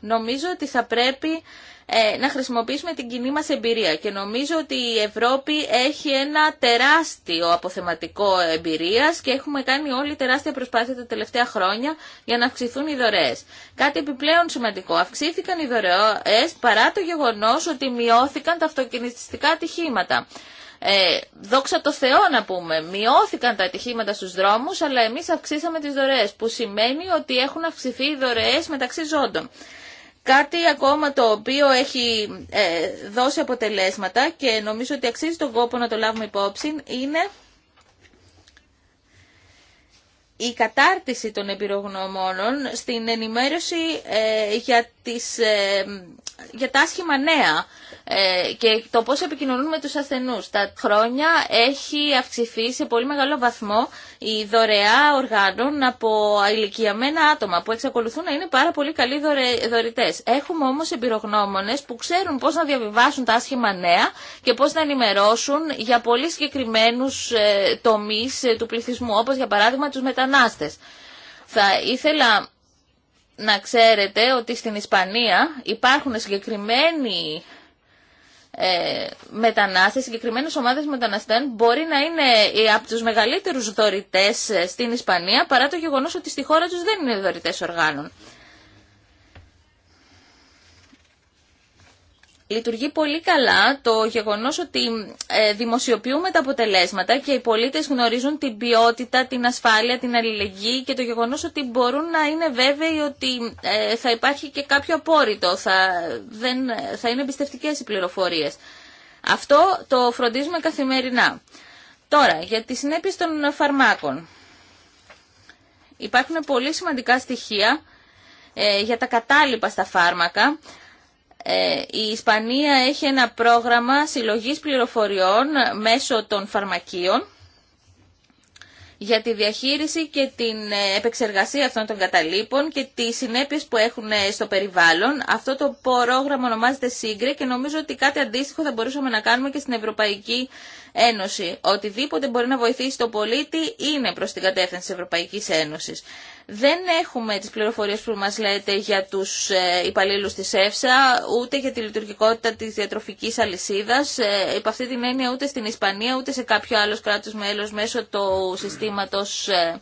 Νομίζω ότι θα πρέπει ε, να χρησιμοποιήσουμε την κοινή μας εμπειρία και νομίζω ότι η Ευρώπη έχει ένα τεράστιο αποθεματικό εμπειρίας και έχουμε κάνει όλη τεράστια προσπάθεια τα τελευταία χρόνια για να αυξηθούν οι δωρεές. Κάτι επιπλέον σημαντικό, αυξήθηκαν οι δωρεές παρά το γεγονός ότι μειώθηκαν τα αυτοκινητιστικά ατυχήματα. Ε, δόξα το Θεό να πούμε, μειώθηκαν τα ατυχήματα στους δρόμους, αλλά εμείς αυξήσαμε τις δωρεές, που σημαίνει ότι έχουν αυξηθεί οι δωρεές μεταξύ ζώντων. Κάτι ακόμα το οποίο έχει ε, δώσει αποτελέσματα και νομίζω ότι αξίζει τον κόπο να το λάβουμε υπόψη είναι η κατάρτιση των επιρογνωμόνων στην ενημέρωση ε, για, τις, ε, για τα άσχημα νέα ε, και το πώς επικοινωνούν με τους ασθενούς. Τα χρόνια έχει αυξηθεί σε πολύ μεγάλο βαθμό η δωρεά οργάνων από ηλικιαμένα άτομα που εξακολουθούν να είναι πάρα πολύ καλοί δωρητές. Έχουμε όμως εμπειρογνώμονες που ξέρουν πώς να διαβιβάσουν τα άσχημα νέα και πώς να ενημερώσουν για πολύ συγκεκριμένους ε, τομείς ε, του πληθυσμού, όπως για παράδειγμα τους μετανάστες. Θα ήθελα να ξέρετε ότι στην Ισπανία υπάρχουν συγκεκριμένοι ε, μετανάστες, συγκεκριμένες ομάδες μεταναστών μπορεί να είναι από τους μεγαλύτερους δωρητές ε, στην Ισπανία παρά το γεγονός ότι στη χώρα τους δεν είναι δωρητές οργάνων. Λειτουργεί πολύ καλά το γεγονός ότι ε, δημοσιοποιούμε τα αποτελέσματα και οι πολίτες γνωρίζουν την ποιότητα, την ασφάλεια, την αλληλεγγύη και το γεγονός ότι μπορούν να είναι βέβαιοι ότι ε, θα υπάρχει και κάποιο απόρριτο, θα, δεν, θα είναι εμπιστευτικέ οι πληροφορίες. Αυτό το φροντίζουμε καθημερινά. Τώρα, για τις συνέπειες των φαρμάκων. Υπάρχουν πολύ σημαντικά στοιχεία ε, για τα κατάλοιπα στα φάρμακα ε, η Ισπανία έχει ένα πρόγραμμα συλλογής πληροφοριών μέσω των φαρμακείων για τη διαχείριση και την ε, επεξεργασία αυτών των καταλήπων και τις συνέπειες που έχουν ε, στο περιβάλλον. Αυτό το πρόγραμμα ονομάζεται Σύγκρε και νομίζω ότι κάτι αντίστοιχο θα μπορούσαμε να κάνουμε και στην Ευρωπαϊκή Ένωση. Οτιδήποτε μπορεί να βοηθήσει το πολίτη είναι προς την κατεύθυνση της Ευρωπαϊκής Ένωσης. Δεν έχουμε τις πληροφορίες που μας λέτε για τους ε, υπαλλήλους της ΕΦΣΑ, ούτε για τη λειτουργικότητα της διατροφικής αλυσίδας. Ε, υπ' αυτή την έννοια ούτε στην Ισπανία, ούτε σε κάποιο άλλο κράτος μέλος μέσω του συστήματος ε,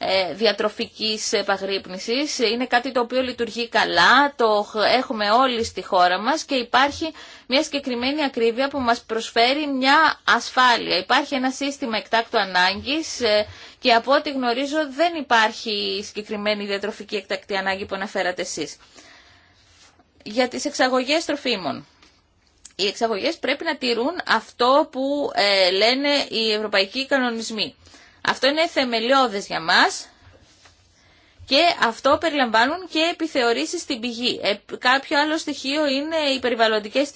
ε, διατροφικής επαγρύπνησης. Είναι κάτι το οποίο λειτουργεί καλά, το έχουμε όλοι στη χώρα μας και υπάρχει μια συγκεκριμένη ακρίβεια που μας προσφέρει μια ασφάλεια. Υπάρχει ένα σύστημα εκτάκτου ανάγκης ε, και από ό,τι γνωρίζω δεν υπάρχει συγκεκριμένη διατροφική εκτακτή ανάγκη που αναφέρατε εσείς. Για τις εξαγωγές τροφίμων. Οι εξαγωγές πρέπει να τηρούν αυτό που ε, λένε οι ευρωπαϊκοί κανονισμοί. Αυτό είναι θεμελιώδες για μας και αυτό περιλαμβάνουν και επιθεωρήσεις στην πηγή. Ε, κάποιο άλλο στοιχείο είναι οι περιβαλλοντικές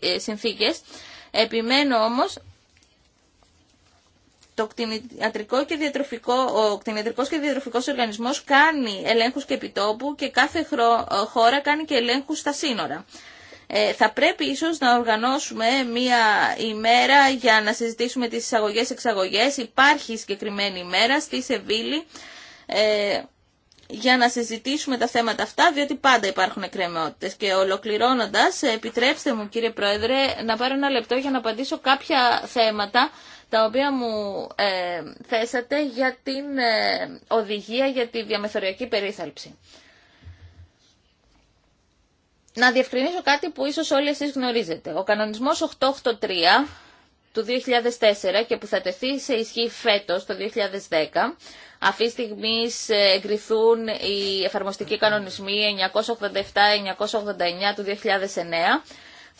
ε, συνθήκες. Επιμένω όμως το κτηνιατρικό και διατροφικό, ο κτηνιατρικός και διατροφικός οργανισμός κάνει ελέγχους και επιτόπου και κάθε ε, χώρα κάνει και ελέγχους στα σύνορα. Ε, θα πρέπει ίσως να οργανώσουμε μία ημέρα για να συζητήσουμε τις εισαγωγές-εξαγωγές. Υπάρχει συγκεκριμένη ημέρα στη Σεβίλη ε, για να συζητήσουμε τα θέματα αυτά, διότι πάντα υπάρχουν εκκρεμότητες. Και ολοκληρώνοντας, ε, επιτρέψτε μου κύριε Πρόεδρε να πάρω ένα λεπτό για να απαντήσω κάποια θέματα τα οποία μου θέσατε για την οδηγία για τη διαμεθοριακή περίθαλψη να διευκρινίσω κάτι που ίσως όλοι εσείς γνωρίζετε. Ο κανονισμός 883 του 2004 και που θα τεθεί σε ισχύ φέτος το 2010. Αυτή τη στιγμή εγκριθούν οι εφαρμοστικοί κανονισμοί 987-989 του 2009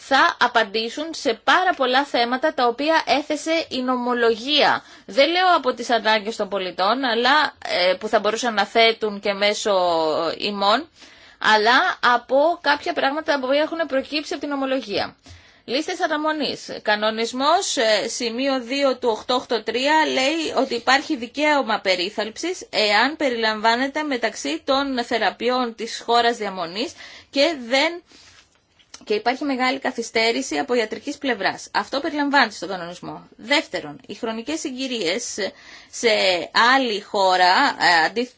θα απαντήσουν σε πάρα πολλά θέματα τα οποία έθεσε η νομολογία. Δεν λέω από τις ανάγκες των πολιτών, αλλά ε, που θα μπορούσαν να θέτουν και μέσω ε, ημών, αλλά από κάποια πράγματα που έχουν προκύψει από την ομολογία. Λίστε αναμονή. Κανονισμό ε, σημείο 2 του 883 λέει ότι υπάρχει δικαίωμα περίθαλψη εάν περιλαμβάνεται μεταξύ των θεραπείων τη χώρα διαμονή και δεν και υπάρχει μεγάλη καθυστέρηση από ιατρικής πλευράς. Αυτό περιλαμβάνεται στον κανονισμό. Δεύτερον, οι χρονικές συγκυρίες σε άλλη χώρα, ε, ε,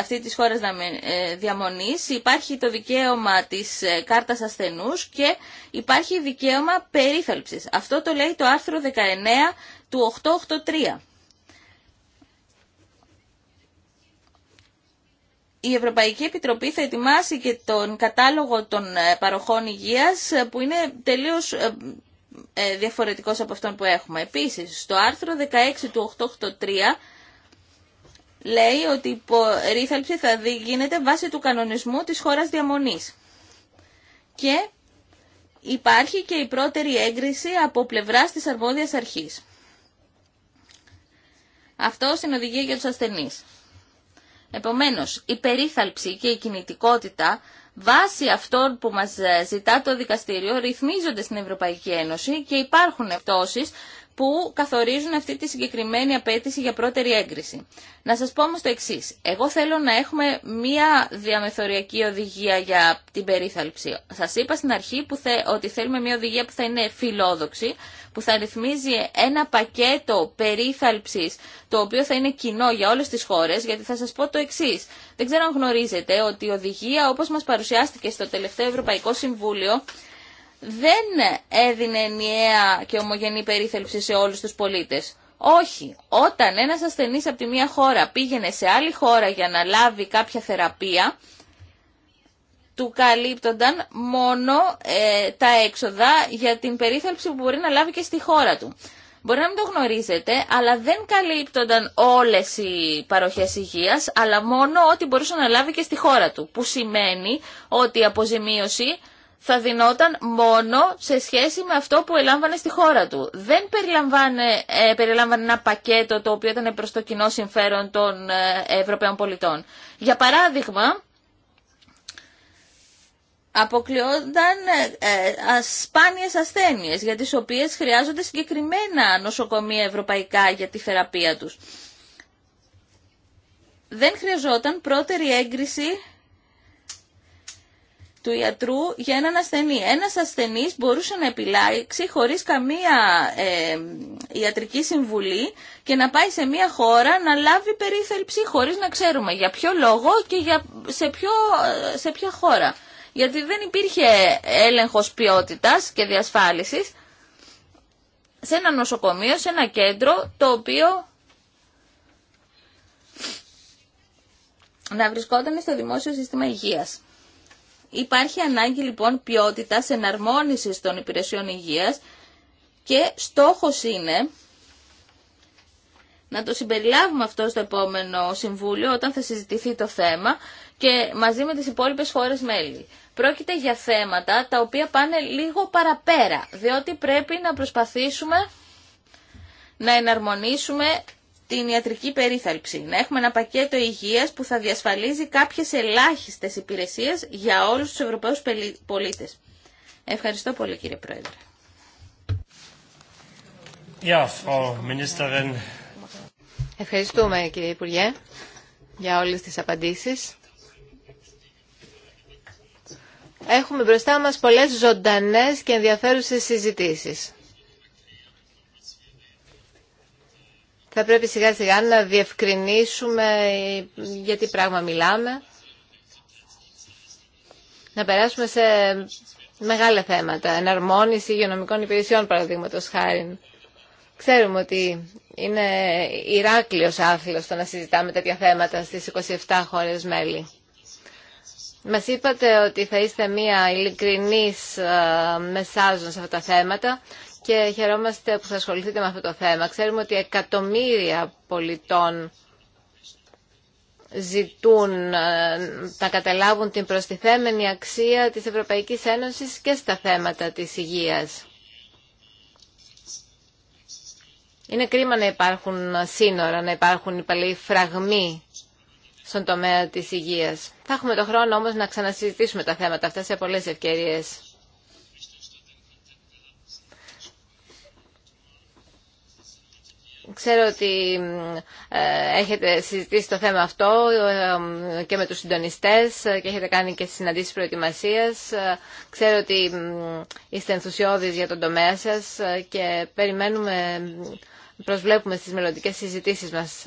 αυτή της χώρας ε, διαμονή. υπάρχει το δικαίωμα της κάρτας ασθενούς και υπάρχει δικαίωμα περίθαλψης. Αυτό το λέει το άρθρο 19 του 883. η Ευρωπαϊκή Επιτροπή θα ετοιμάσει και τον κατάλογο των ε, παροχών υγείας ε, που είναι τελείως ε, διαφορετικός από αυτόν που έχουμε. Επίσης, στο άρθρο 16 του 883 λέει ότι η ρήθαλψη θα γίνεται βάσει του κανονισμού της χώρας διαμονής. Και υπάρχει και η πρώτερη έγκριση από πλευράς της αρμόδιας αρχής. Αυτό στην οδηγία για τους ασθενείς. Επομένως, η περίθαλψη και η κινητικότητα βάσει αυτών που μας ζητά το δικαστήριο ρυθμίζονται στην Ευρωπαϊκή Ένωση και υπάρχουν εκτόσεις που καθορίζουν αυτή τη συγκεκριμένη απέτηση για πρώτερη έγκριση. Να σας πω όμως το εξής. Εγώ θέλω να έχουμε μία διαμεθοριακή οδηγία για την περίθαλψη. Σας είπα στην αρχή που θε, ότι θέλουμε μία οδηγία που θα είναι φιλόδοξη, που θα ρυθμίζει ένα πακέτο περίθαλψης, το οποίο θα είναι κοινό για όλες τις χώρες, γιατί θα σας πω το εξή. Δεν ξέρω αν γνωρίζετε ότι η οδηγία, όπως μας παρουσιάστηκε στο τελευταίο Ευρωπαϊκό Συμβούλιο, δεν έδινε ενιαία και ομογενή περίθαλψη σε όλους τους πολίτες. Όχι. Όταν ένας ασθενής από τη μία χώρα πήγαινε σε άλλη χώρα για να λάβει κάποια θεραπεία, του καλύπτονταν μόνο ε, τα έξοδα για την περίθαλψη που μπορεί να λάβει και στη χώρα του. Μπορεί να μην το γνωρίζετε, αλλά δεν καλύπτονταν όλες οι παροχές υγείας, αλλά μόνο ό,τι μπορούσε να λάβει και στη χώρα του. Που σημαίνει ότι η αποζημίωση θα δινόταν μόνο σε σχέση με αυτό που ελάμβανε στη χώρα του. Δεν περιλαμβάνε, ε, ένα πακέτο το οποίο ήταν προς το κοινό συμφέρον των ε, Ευρωπαίων πολιτών. Για παράδειγμα, αποκλειόνταν ε, ε σπάνιες ασθένειες για τις οποίες χρειάζονται συγκεκριμένα νοσοκομεία ευρωπαϊκά για τη θεραπεία τους. Δεν χρειαζόταν πρώτερη έγκριση του ιατρού για έναν ασθενή. Ένας ασθενής μπορούσε να επιλάξει χωρίς καμία ε, ιατρική συμβουλή και να πάει σε μια χώρα να λάβει περίθαλψη χωρίς να ξέρουμε για ποιο λόγο και για, σε, ποιο, ε, σε ποια χώρα. Γιατί δεν υπήρχε έλεγχος ποιότητας και διασφάλισης σε ένα νοσοκομείο, σε ένα κέντρο το οποίο να βρισκόταν στο δημόσιο σύστημα υγείας. Υπάρχει ανάγκη λοιπόν ποιότητας εναρμόνισης των υπηρεσιών υγείας και στόχος είναι να το συμπεριλάβουμε αυτό στο επόμενο Συμβούλιο όταν θα συζητηθεί το θέμα και μαζί με τις υπόλοιπες χώρες μέλη. Πρόκειται για θέματα τα οποία πάνε λίγο παραπέρα, διότι πρέπει να προσπαθήσουμε να εναρμονίσουμε την ιατρική περίθαλψη. Να έχουμε ένα πακέτο υγείας που θα διασφαλίζει κάποιες ελάχιστες υπηρεσίες για όλους τους Ευρωπαίους πολίτες. Ευχαριστώ πολύ κύριε Πρόεδρε. Frau Ευχαριστούμε κύριε Υπουργέ για όλες τις απαντήσεις. Έχουμε μπροστά μας πολλές ζωντανές και ενδιαφέρουσες συζητήσεις. θα πρέπει σιγά σιγά να διευκρινίσουμε για τι πράγμα μιλάμε, να περάσουμε σε μεγάλα θέματα, εναρμόνιση υγειονομικών υπηρεσιών παραδείγματο χάρη. Ξέρουμε ότι είναι Ηράκλειος άθλος το να συζητάμε τέτοια θέματα στις 27 χώρες μέλη. Μας είπατε ότι θα είστε μία ειλικρινής ε, μεσάζων σε αυτά τα θέματα και χαιρόμαστε που θα ασχοληθείτε με αυτό το θέμα. Ξέρουμε ότι εκατομμύρια πολιτών ζητούν ε, να καταλάβουν την προστιθέμενη αξία της Ευρωπαϊκής Ένωσης και στα θέματα της υγείας. Είναι κρίμα να υπάρχουν σύνορα, να υπάρχουν υπαλλήλοι φραγμοί στον τομέα της υγείας. Θα έχουμε το χρόνο όμως να ξανασυζητήσουμε τα θέματα αυτά σε πολλές ευκαιρίες. Ξέρω ότι ε, έχετε συζητήσει το θέμα αυτό ε, και με τους συντονιστές ε, και έχετε κάνει και συναντήσεις προετοιμασίας. Ξέρω ότι είστε ενθουσιώδεις για τον τομέα σας και περιμένουμε, προσβλέπουμε στις μελλοντικέ συζητήσεις μας.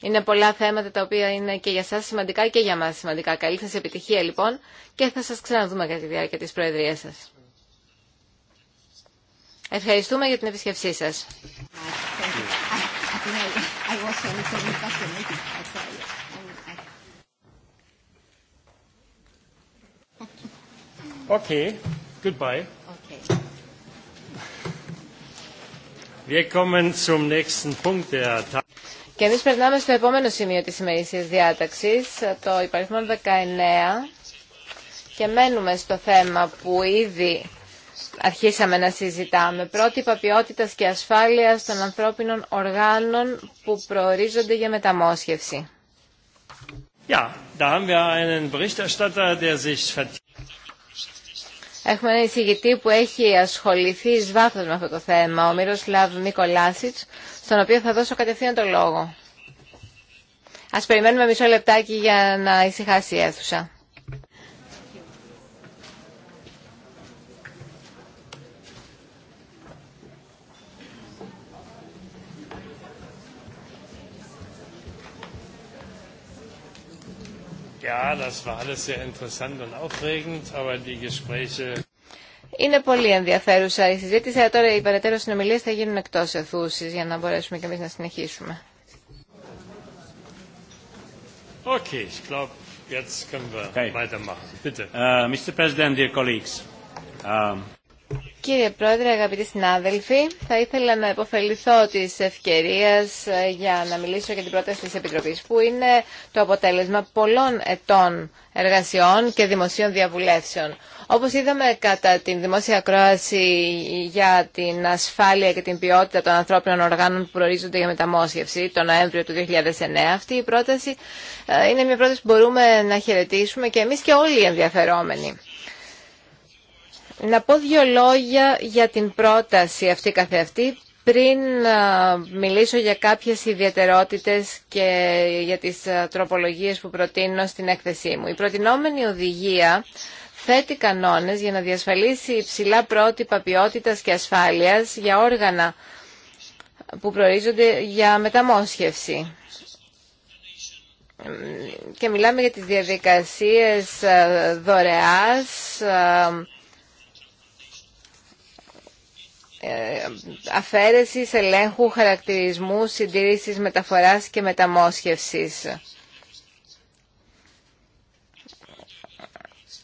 Είναι πολλά θέματα τα οποία είναι και για σας σημαντικά και για μας σημαντικά. Καλή σας επιτυχία λοιπόν και θα σας ξαναδούμε κατά τη διάρκεια της Προεδρίας σας. Ευχαριστούμε για την επισκεψή σας. Okay, goodbye. Okay. Wir kommen zum nächsten Punkt der Και εμείς περνάμε στο επόμενο σημείο της ημερήσιας διάταξης, το υπαριθμό 19, και μένουμε στο θέμα που ήδη αρχίσαμε να συζητάμε. Πρότυπα ποιότητας και ασφάλειας των ανθρώπινων οργάνων που προορίζονται για μεταμόσχευση. Έχουμε έναν εισηγητή που έχει ασχοληθεί εις βάθος με αυτό το θέμα, ο μιροσλάβ Μικολάσιτς, στον οποίο θα δώσω κατευθείαν το λόγο. Ας περιμένουμε μισό λεπτάκι για να ησυχάσει η αίθουσα. Ja, das war alles sehr interessant und aufregend, aber die Gespräche... Είναι πολύ ενδιαφέρουσα η συζήτηση, αλλά τώρα οι περαιτέρω συνομιλίε θα γίνουν εκτό αιθούση για να μπορέσουμε και εμεί να συνεχίσουμε. Okay, ich glaube, jetzt können wir okay. weitermachen. Bitte. Uh, Mr. President, dear colleagues. Um, Κύριε Πρόεδρε, αγαπητοί συνάδελφοι, θα ήθελα να επωφεληθώ τη ευκαιρία ε, για να μιλήσω για την πρόταση τη Επιτροπή, που είναι το αποτέλεσμα πολλών ετών εργασιών και δημοσίων διαβουλεύσεων. Όπω είδαμε κατά την δημόσια ακρόαση για την ασφάλεια και την ποιότητα των ανθρώπινων οργάνων που προορίζονται για μεταμόσχευση το Νοέμβριο του 2009, αυτή η πρόταση ε, είναι μια πρόταση που μπορούμε να χαιρετήσουμε και εμεί και όλοι οι ενδιαφερόμενοι. Να πω δύο λόγια για την πρόταση αυτή καθεαυτή πριν μιλήσω για κάποιες ιδιαιτερότητες και για τις τροπολογίες που προτείνω στην έκθεσή μου. Η προτινόμενη οδηγία θέτει κανόνες για να διασφαλίσει υψηλά πρότυπα ποιότητας και ασφάλειας για όργανα που προορίζονται για μεταμόσχευση. Και μιλάμε για τις διαδικασίες δωρεάς, ε, αφαίρεση ελέγχου χαρακτηρισμού συντήρησης μεταφοράς και μεταμόσχευσης.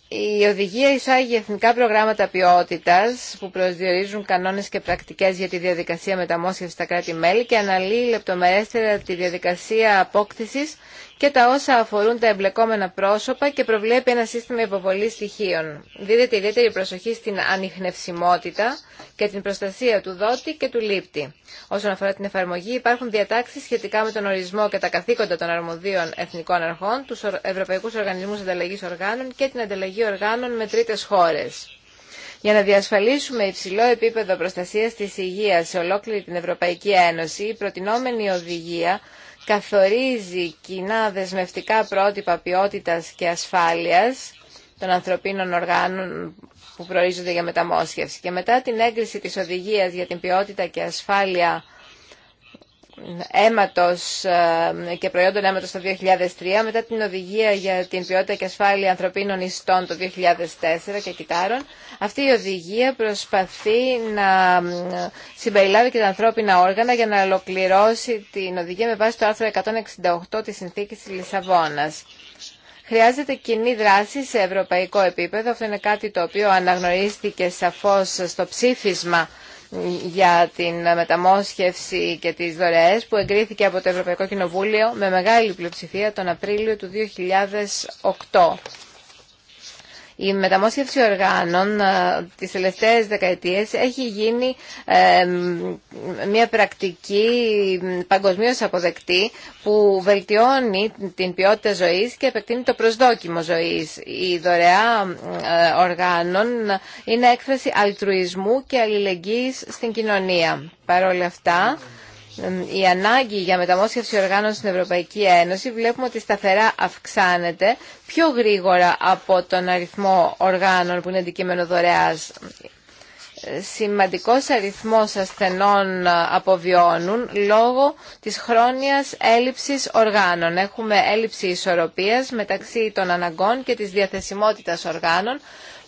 Η οδηγία εισάγει εθνικά προγράμματα ποιότητα που προσδιορίζουν κανόνε και πρακτικέ για τη διαδικασία μεταμόσχευση στα κράτη-μέλη και αναλύει λεπτομερέστερα τη διαδικασία απόκτηση και τα όσα αφορούν τα εμπλεκόμενα πρόσωπα και προβλέπει ένα σύστημα υποβολή στοιχείων. Δίδεται ιδιαίτερη προσοχή στην ανιχνευσιμότητα και την προστασία του δότη και του λήπτη. Όσον αφορά την εφαρμογή, υπάρχουν διατάξει σχετικά με τον ορισμό και τα καθήκοντα των αρμοδίων εθνικών αρχών, του Ευρωπαϊκού Οργανισμού Ανταλλαγή Οργάνων και την ανταλλαγή οργάνων με τρίτε χώρε. Για να διασφαλίσουμε υψηλό επίπεδο προστασία τη υγεία σε ολόκληρη την Ευρωπαϊκή Ένωση, η προτινόμενη οδηγία καθορίζει κοινά δεσμευτικά πρότυπα ποιότητας και ασφάλειας των ανθρωπίνων οργάνων που προορίζονται για μεταμόσχευση. Και μετά την έγκριση της οδηγίας για την ποιότητα και ασφάλεια αίματος ε, και προϊόντων αίματος το 2003, μετά την οδηγία για την ποιότητα και ασφάλεια ανθρωπίνων ιστών το 2004 και κυτάρων, αυτή η οδηγία προσπαθεί να συμπεριλάβει και τα ανθρώπινα όργανα για να ολοκληρώσει την οδηγία με βάση το άρθρο 168 της Συνθήκης της Λισαβόνας. Χρειάζεται κοινή δράση σε ευρωπαϊκό επίπεδο. Αυτό είναι κάτι το οποίο αναγνωρίστηκε σαφώς στο ψήφισμα για την μεταμόσχευση και τις δωρεές που εγκρίθηκε από το Ευρωπαϊκό Κοινοβούλιο με μεγάλη πλειοψηφία τον Απρίλιο του 2008. Η μεταμόσχευση οργάνων ε, τις τελευταίες δεκαετίες έχει γίνει ε, μια πρακτική παγκοσμίως αποδεκτή που βελτιώνει την ποιότητα ζωής και επεκτείνει το προσδόκιμο ζωής. Η δωρεά ε, οργάνων είναι έκφραση αλτρουισμού και αλληλεγγύης στην κοινωνία. Παρ' αυτά, η ανάγκη για μεταμόσχευση οργάνων στην Ευρωπαϊκή Ένωση βλέπουμε ότι σταθερά αυξάνεται πιο γρήγορα από τον αριθμό οργάνων που είναι αντικείμενο δωρεάς. Σημαντικός αριθμός ασθενών ε, αποβιώνουν λόγω της χρόνιας έλλειψης οργάνων. Έχουμε έλλειψη ισορροπίας μεταξύ των αναγκών και της διαθεσιμότητας οργάνων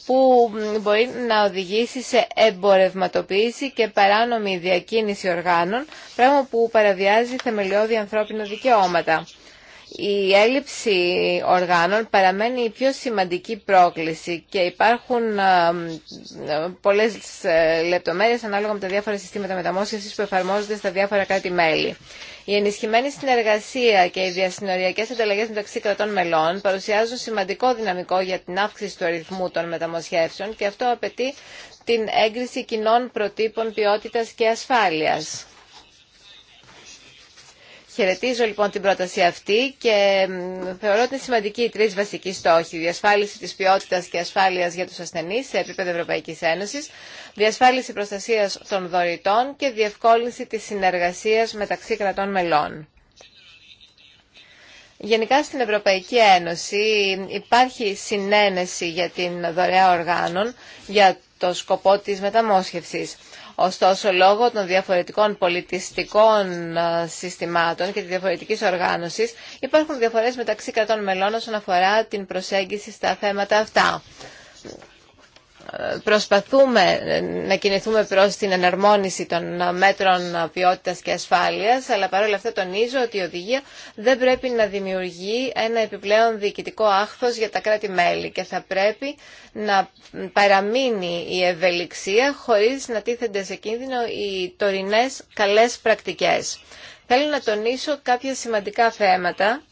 που μπορεί να οδηγήσει σε εμπορευματοποίηση και παράνομη διακίνηση οργάνων, πράγμα που παραβιάζει θεμελιώδη ανθρώπινα δικαιώματα. Η έλλειψη οργάνων παραμένει η πιο σημαντική πρόκληση και υπάρχουν ε, πολλές ε, λεπτομέρειες ανάλογα με τα διάφορα συστήματα μεταμόσχευσης που εφαρμόζονται στα διάφορα κράτη-μέλη. Η ενισχυμένη συνεργασία και οι διασυνοριακέ ανταλλαγέ μεταξύ κρατών μελών παρουσιάζουν σημαντικό δυναμικό για την αύξηση του αριθμού των μεταμοσχεύσεων και αυτό απαιτεί την έγκριση κοινών προτύπων ποιότητα και ασφάλεια. Χαιρετίζω λοιπόν την πρόταση αυτή και θεωρώ ότι είναι σημαντική οι τρεις βασικοί στόχοι. Διασφάλιση τη ποιότητα και ασφάλεια για του ασθενεί σε επίπεδο Ευρωπαϊκή Ένωση, διασφάλιση προστασία των δωρητών και διευκόλυνση τη συνεργασία μεταξύ κρατών μελών. Γενικά στην Ευρωπαϊκή Ένωση υπάρχει συνένεση για την δωρεά οργάνων, για το σκοπό της μεταμόσχευσης. Ωστόσο, λόγω των διαφορετικών πολιτιστικών ε, συστημάτων και τη διαφορετική οργάνωση, υπάρχουν διαφορέ μεταξύ κρατών μελών όσον αφορά την προσέγγιση στα θέματα αυτά προσπαθούμε να κινηθούμε προς την εναρμόνιση των μέτρων ποιότητας και ασφάλειας, αλλά παρόλα αυτά τονίζω ότι η οδηγία δεν πρέπει να δημιουργεί ένα επιπλέον διοικητικό άχθος για τα κράτη-μέλη και θα πρέπει να παραμείνει η ευελιξία χωρίς να τίθενται σε κίνδυνο οι τωρινές καλές πρακτικές. Θέλω να τονίσω κάποια σημαντικά θέματα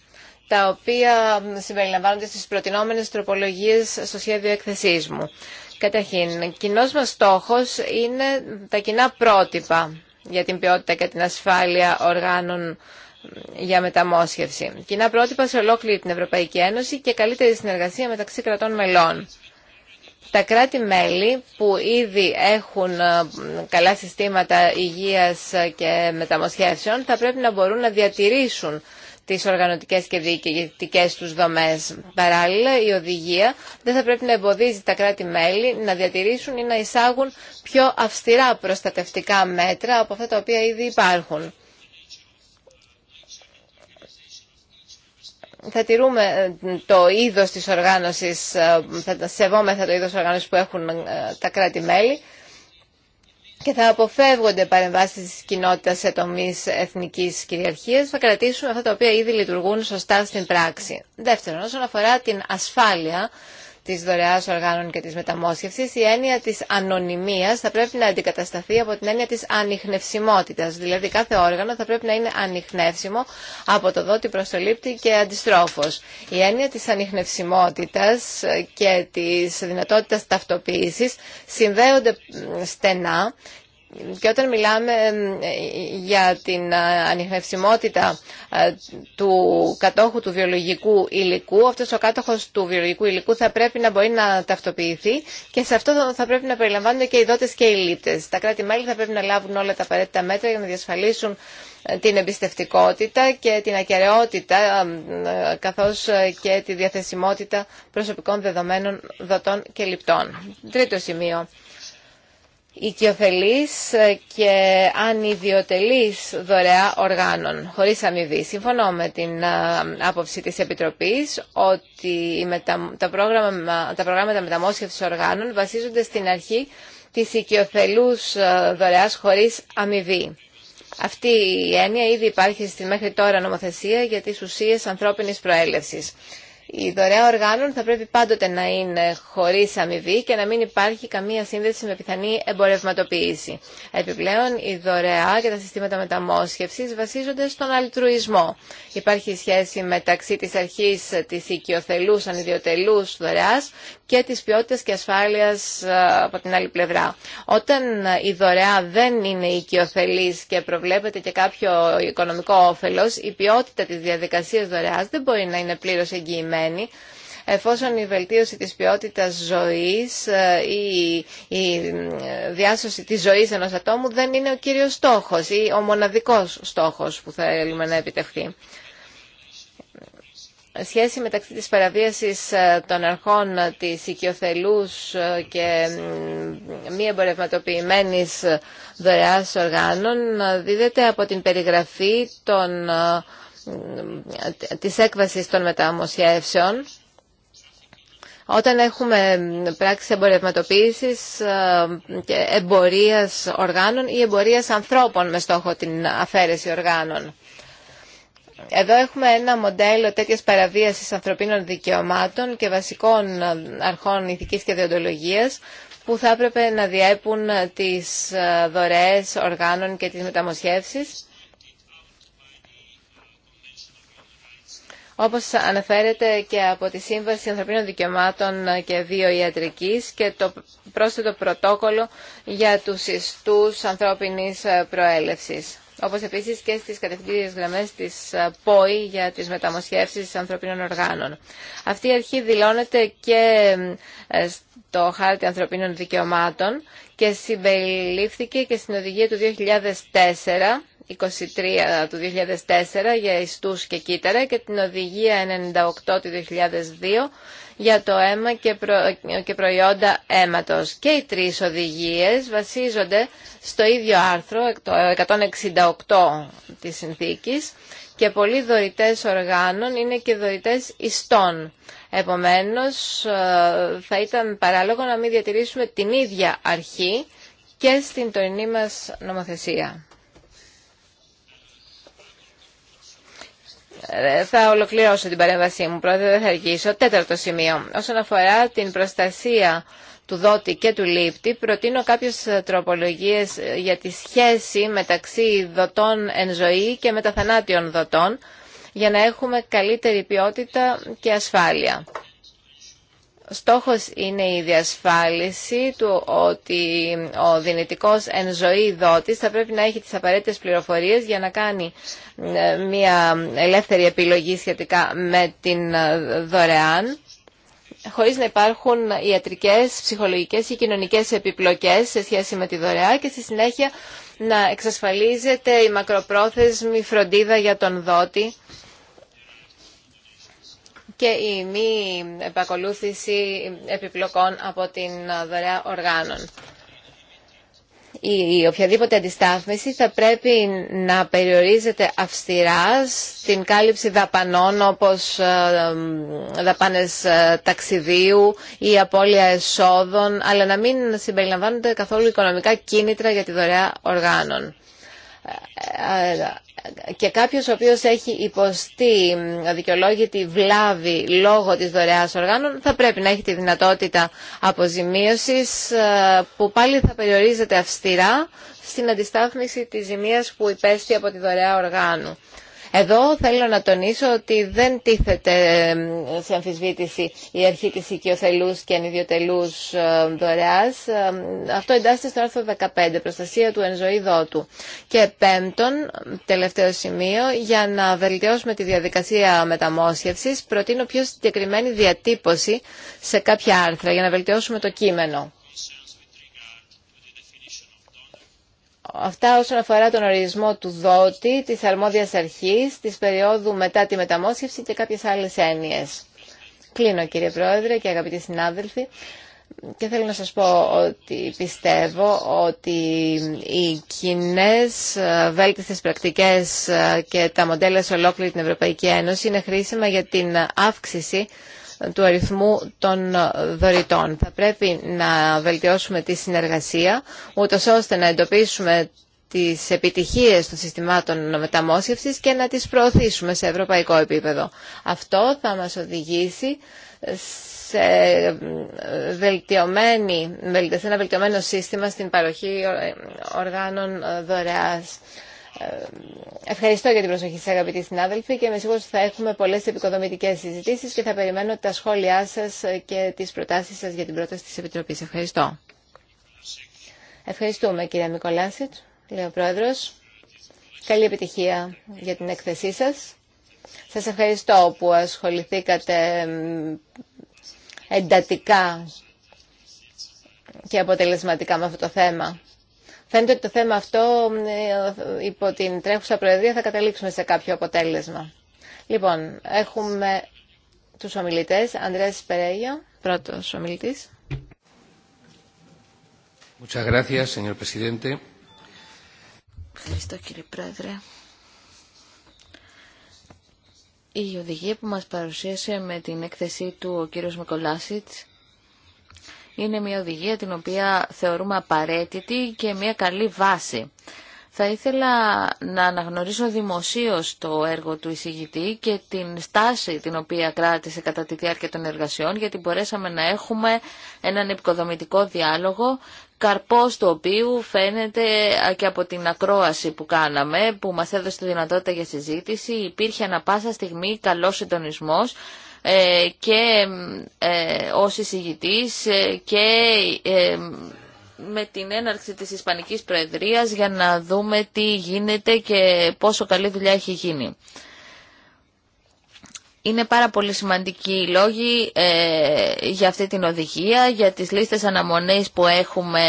τα οποία συμπεριλαμβάνονται στις προτινόμενες τροπολογίες στο σχέδιο έκθεσής μου. Καταρχήν, κοινός μας στόχος είναι τα κοινά πρότυπα για την ποιότητα και την ασφάλεια οργάνων για μεταμόσχευση. Κοινά πρότυπα σε ολόκληρη την Ευρωπαϊκή Ένωση και καλύτερη συνεργασία μεταξύ κρατών μελών. Τα κράτη-μέλη που ήδη έχουν καλά συστήματα υγείας και μεταμοσχεύσεων θα πρέπει να μπορούν να διατηρήσουν τις οργανωτικές και διοικητικές τους δομές. Παράλληλα, η οδηγία δεν θα πρέπει να εμποδίζει τα κράτη-μέλη να διατηρήσουν ή να εισάγουν πιο αυστηρά προστατευτικά μέτρα από αυτά τα οποία ήδη υπάρχουν. θα τηρούμε ε, το είδος της οργάνωσης, ε, θα σεβόμεθα το είδος οργάνωσης που έχουν ε, τα κράτη-μέλη και θα αποφεύγονται παρεμβάσει τη κοινότητα σε τομεί εθνική κυριαρχία. Θα κρατήσουμε αυτά τα οποία ήδη λειτουργούν σωστά στην πράξη. Δεύτερον, όσον αφορά την ασφάλεια, της δωρεάς οργάνων και της μεταμόσχευσης, η έννοια της ανωνυμίας θα πρέπει να αντικατασταθεί από την έννοια της ανιχνευσιμότητας. Δηλαδή κάθε όργανο θα πρέπει να είναι ανιχνεύσιμο από το δότη προς το λήπτη και αντιστρόφος Η έννοια της ανιχνευσιμότητας και της δυνατότητας ταυτοποίησης συνδέονται στενά και όταν μιλάμε για την ανιχνευσιμότητα του κατόχου του βιολογικού υλικού, αυτός ο κάτοχος του βιολογικού υλικού θα πρέπει να μπορεί να ταυτοποιηθεί και σε αυτό θα πρέπει να περιλαμβάνονται και οι δότες και οι λύτες. Τα κράτη-μέλη θα πρέπει να λάβουν όλα τα απαραίτητα μέτρα για να διασφαλίσουν ε, την εμπιστευτικότητα και την ακαιρεότητα ε, ε, καθώς και τη διαθεσιμότητα προσωπικών δεδομένων δοτών και λιπτών. Τρίτο σημείο οικειοθελής ε, και ανιδιοτελής δωρεά οργάνων, χωρίς αμοιβή. Συμφωνώ με την ε, άποψη της Επιτροπής ότι τα, τα προγράμματα μεταμόσχευσης οργάνων βασίζονται στην αρχή της οικειοθελούς ε, δωρεάς χωρίς αμοιβή. Αυτή η έννοια ήδη υπάρχει στην μέχρι τώρα νομοθεσία για τις ουσίες ανθρώπινης προέλευσης η δωρεά οργάνων θα πρέπει πάντοτε να είναι χωρί αμοιβή και να μην υπάρχει καμία σύνδεση με πιθανή εμπορευματοποίηση. Επιπλέον, η δωρεά και τα συστήματα μεταμόσχευση βασίζονται στον αλτρουισμό. Υπάρχει σχέση μεταξύ της αρχής τη οικειοθελού ανιδιοτελού δωρεά και τη ποιότητα και ασφάλεια ε, από την άλλη πλευρά. Όταν η δωρεά δεν είναι οικειοθελή και προβλέπεται και κάποιο οικονομικό όφελο, η ποιότητα τη διαδικασία δωρεά δεν μπορεί να είναι πλήρω εγγυημένη εφόσον η βελτίωση της ποιότητας ζωής ή ε, η ε, διάσωση της ζωής ενός ατόμου δεν είναι ο κύριος στόχος ή ο μοναδικός στόχος που θέλουμε να επιτευχθεί σχέση μεταξύ της παραβίασης ε, των αρχών της οικειοθελούς και μη εμπορευματοποιημένη δωρεάς οργάνων δίδεται από την περιγραφή των της έκβασης των μεταμοσιεύσεων όταν έχουμε πράξεις εμπορευματοποίησης ε, και εμπορίας οργάνων ή εμπορίας ανθρώπων με στόχο την αφαίρεση οργάνων. Εδώ έχουμε ένα μοντέλο τέτοιας παραβίασης ανθρωπίνων δικαιωμάτων και βασικών αρχών ηθικής και διοντολογίας που θα έπρεπε να διέπουν τις ε, δωρεές οργάνων και τις μεταμοσχεύσεις όπως αναφέρεται και από τη Σύμβαση Ανθρωπίνων Δικαιωμάτων και ιατρικής και το πρόσθετο πρωτόκολλο για τους ιστούς ανθρώπινης προέλευσης. Όπως επίσης και στις κατευθυντήριες γραμμές της ΠΟΗ για τις μεταμοσχεύσεις ανθρωπίνων οργάνων. Αυτή η αρχή δηλώνεται και ε, στο Χάρτη Ανθρωπίνων Δικαιωμάτων και συμπεριλήφθηκε και στην οδηγία του 2004 23 του 2004 για ιστούς και κύτταρα και την οδηγία 98 του 2002 για το αίμα και, και προϊόντα αίματος. Και οι τρεις οδηγίες βασίζονται στο ίδιο άρθρο, το 168 της συνθήκης και πολλοί δωρητές οργάνων είναι και δωρητές ιστών. Επομένως, ε, θα ήταν παράλογο να μην διατηρήσουμε την ίδια αρχή και στην τωρινή μας νομοθεσία. Ε, θα ολοκληρώσω την παρέμβασή μου, πρώτα, δεν θα αργήσω. Τέταρτο σημείο. Όσον αφορά την προστασία του δότη και του λήπτη, προτείνω κάποιες τροπολογίες ε, για τη σχέση μεταξύ δοτών εν ζωή και μεταθανάτιων δοτών, για να έχουμε καλύτερη ποιότητα και ασφάλεια. Στόχος είναι η διασφάλιση του ότι ο δυνητικός εν ζωή δότης θα πρέπει να έχει τις απαραίτητες πληροφορίες για να κάνει ε, μια ελεύθερη επιλογή σχετικά με την ε, δωρεάν χωρίς να υπάρχουν ιατρικές, ψυχολογικές ή κοινωνικές επιπλοκές σε σχέση με τη δωρεά και στη συνέχεια να εξασφαλίζεται η μακροπρόθεσμη φροντίδα για τον δότη και η μη επακολούθηση επιπλοκών από την δωρεά οργάνων. Η οποιαδήποτε αντιστάθμιση θα πρέπει να περιορίζεται αυστηρά στην κάλυψη δαπανών όπως ε, δαπάνες ε, ταξιδίου ή απώλεια εσόδων, αλλά να μην συμπεριλαμβάνονται καθόλου οικονομικά κίνητρα για τη δωρεά οργάνων. Ε, και κάποιος ο οποίος έχει υποστεί αδικαιολόγητη βλάβη λόγω της δωρεάς οργάνων θα πρέπει να έχει τη δυνατότητα αποζημίωσης ε, που πάλι θα περιορίζεται αυστηρά στην αντιστάθμιση της ζημίας που υπέστη από τη δωρεά οργάνου. Εδώ θέλω να τονίσω ότι δεν τίθεται σε αμφισβήτηση η αρχή της οικειοθελούς και ανιδιοτελούς δωρεάς. Αυτό εντάσσεται στο άρθρο 15, προστασία του ενζοηδότου. Και πέμπτον, τελευταίο σημείο, για να βελτιώσουμε τη διαδικασία μεταμόσχευσης, προτείνω πιο συγκεκριμένη διατύπωση σε κάποια άρθρα για να βελτιώσουμε το κείμενο. Αυτά όσον αφορά τον ορισμό του δότη, της αρμόδιας αρχής, της περίοδου μετά τη μεταμόσχευση και κάποιες άλλες έννοιες. Κλείνω κύριε Πρόεδρε και αγαπητοί συνάδελφοι και θέλω να σας πω ότι πιστεύω ότι οι κοινέ ε, βέλτιστες πρακτικές ε, και τα μοντέλα σε ολόκληρη την Ευρωπαϊκή Ένωση είναι χρήσιμα για την αύξηση του αριθμού των δωρητών. Θα πρέπει να βελτιώσουμε τη συνεργασία, ούτως ώστε να εντοπίσουμε τις επιτυχίες των συστημάτων μεταμόσχευσης και να τις προωθήσουμε σε ευρωπαϊκό επίπεδο. Αυτό θα μας οδηγήσει σε, βελτιωμένη, σε ένα βελτιωμένο σύστημα στην παροχή οργάνων δωρεάς Ευχαριστώ για την προσοχή σας αγαπητοί συνάδελφοι και με σίγουρος ότι θα έχουμε πολλές επικοδομητικές συζητήσεις και θα περιμένω τα σχόλιά σας και τις προτάσεις σας για την πρόταση της Επιτροπής. Ευχαριστώ. Ευχαριστούμε κύριε Μικολάσιτ, λέει ο Πρόεδρος. Καλή επιτυχία για την έκθεσή σας. Σας ευχαριστώ που ασχοληθήκατε εντατικά και αποτελεσματικά με αυτό το θέμα. Φαίνεται ότι το θέμα αυτό ε, υπό την τρέχουσα προεδρία θα καταλήξουμε σε κάποιο αποτέλεσμα. Λοιπόν, έχουμε τους ομιλητές. Ανδρέας Περέγιο, πρώτος ομιλητής. Ευχαριστώ κύριε Πρόεδρε. Η οδηγία που μας παρουσίασε με την έκθεσή του ο κύριος Μικολάσιτς είναι μια οδηγία την οποία θεωρούμε απαραίτητη και μια καλή βάση. Θα ήθελα να αναγνωρίσω δημοσίως το έργο του εισηγητή και την στάση την οποία κράτησε κατά τη διάρκεια των εργασιών, γιατί μπορέσαμε να έχουμε έναν επικοδομητικό διάλογο, καρπός του οποίου φαίνεται και από την ακρόαση που κάναμε, που μας έδωσε τη δυνατότητα για συζήτηση, υπήρχε ανα πάσα στιγμή καλός συντονισμός, ε, και ε, ως εισηγητής ε, και με την έναρξη της Ισπανικής Προεδρίας για να δούμε τι γίνεται και πόσο καλή δουλειά έχει γίνει. Είναι πάρα πολύ σημαντικοί οι λόγοι ε, για αυτή την οδηγία, για τις λίστες αναμονής που έχουμε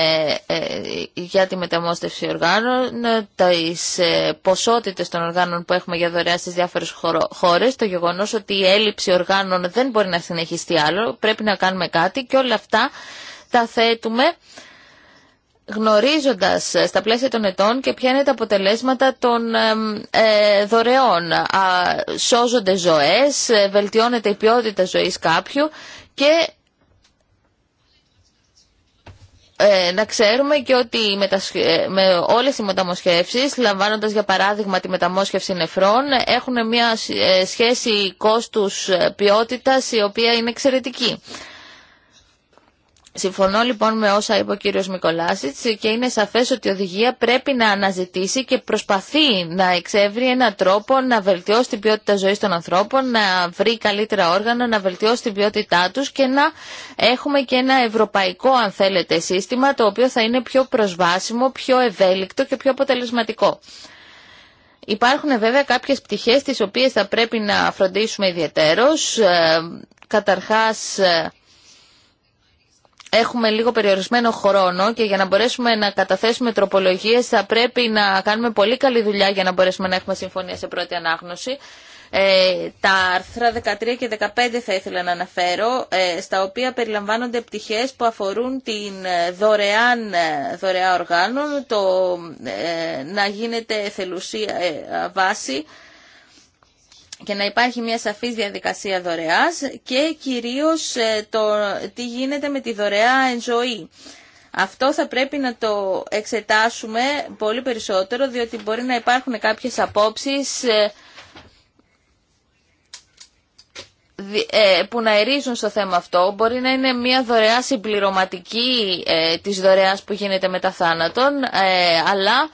ε, για τη μεταμόστευση οργάνων, τις ε, ποσότητες των οργάνων που έχουμε για δωρεά στις διάφορες χώρες, το γεγονός ότι η έλλειψη οργάνων δεν μπορεί να συνεχιστεί άλλο, πρέπει να κάνουμε κάτι και όλα αυτά τα θέτουμε γνωρίζοντας ε, στα πλαίσια των ετών και ποια είναι τα αποτελέσματα των ε, δωρεών. σώζονται ζωές, ε, βελτιώνεται η ποιότητα ζωής κάποιου και ε, να ξέρουμε και ότι με, τα, με όλες οι μεταμοσχεύσεις, λαμβάνοντας για παράδειγμα τη μεταμόσχευση νεφρών, έχουν μια σχέση κόστους ποιότητας η οποία είναι εξαιρετική. Συμφωνώ λοιπόν με όσα είπε ο κύριος Μικολάσιτς και είναι σαφές ότι η οδηγία πρέπει να αναζητήσει και προσπαθεί να εξεύρει έναν τρόπο να βελτιώσει την ποιότητα ζωής των ανθρώπων, να βρει καλύτερα όργανα, να βελτιώσει την ποιότητά τους και να έχουμε και ένα ευρωπαϊκό αν θέλετε σύστημα το οποίο θα είναι πιο προσβάσιμο, πιο ευέλικτο και πιο αποτελεσματικό. Υπάρχουν βέβαια κάποιες πτυχές τις οποίες θα πρέπει να φροντίσουμε ιδιαίτερως. Ε, καταρχάς ε, έχουμε λίγο περιορισμένο χρόνο και για να μπορέσουμε να καταθέσουμε τροπολογίε, θα πρέπει να κάνουμε πολύ καλή δουλειά για να μπορέσουμε να έχουμε συμφωνία σε πρώτη ανάγνωση. Ε, τα άρθρα 13 και 15 θα ήθελα να αναφέρω, ε, στα οποία περιλαμβάνονται πτυχές που αφορούν την ε, δωρεάν ε, δωρεά οργάνων, το να γίνεται θελουσία βάση, και να υπάρχει μια σαφής διαδικασία δωρεάς και κυρίως ε, το τι γίνεται με τη δωρεά εν ζωή. Αυτό θα πρέπει να το εξετάσουμε πολύ περισσότερο, διότι μπορεί να υπάρχουν κάποιες απόψεις ε, ε, που να ερίζουν στο θέμα αυτό. Μπορεί να είναι μια δωρεά συμπληρωματική της δωρεάς που γίνεται μετά θάνατον, αλλά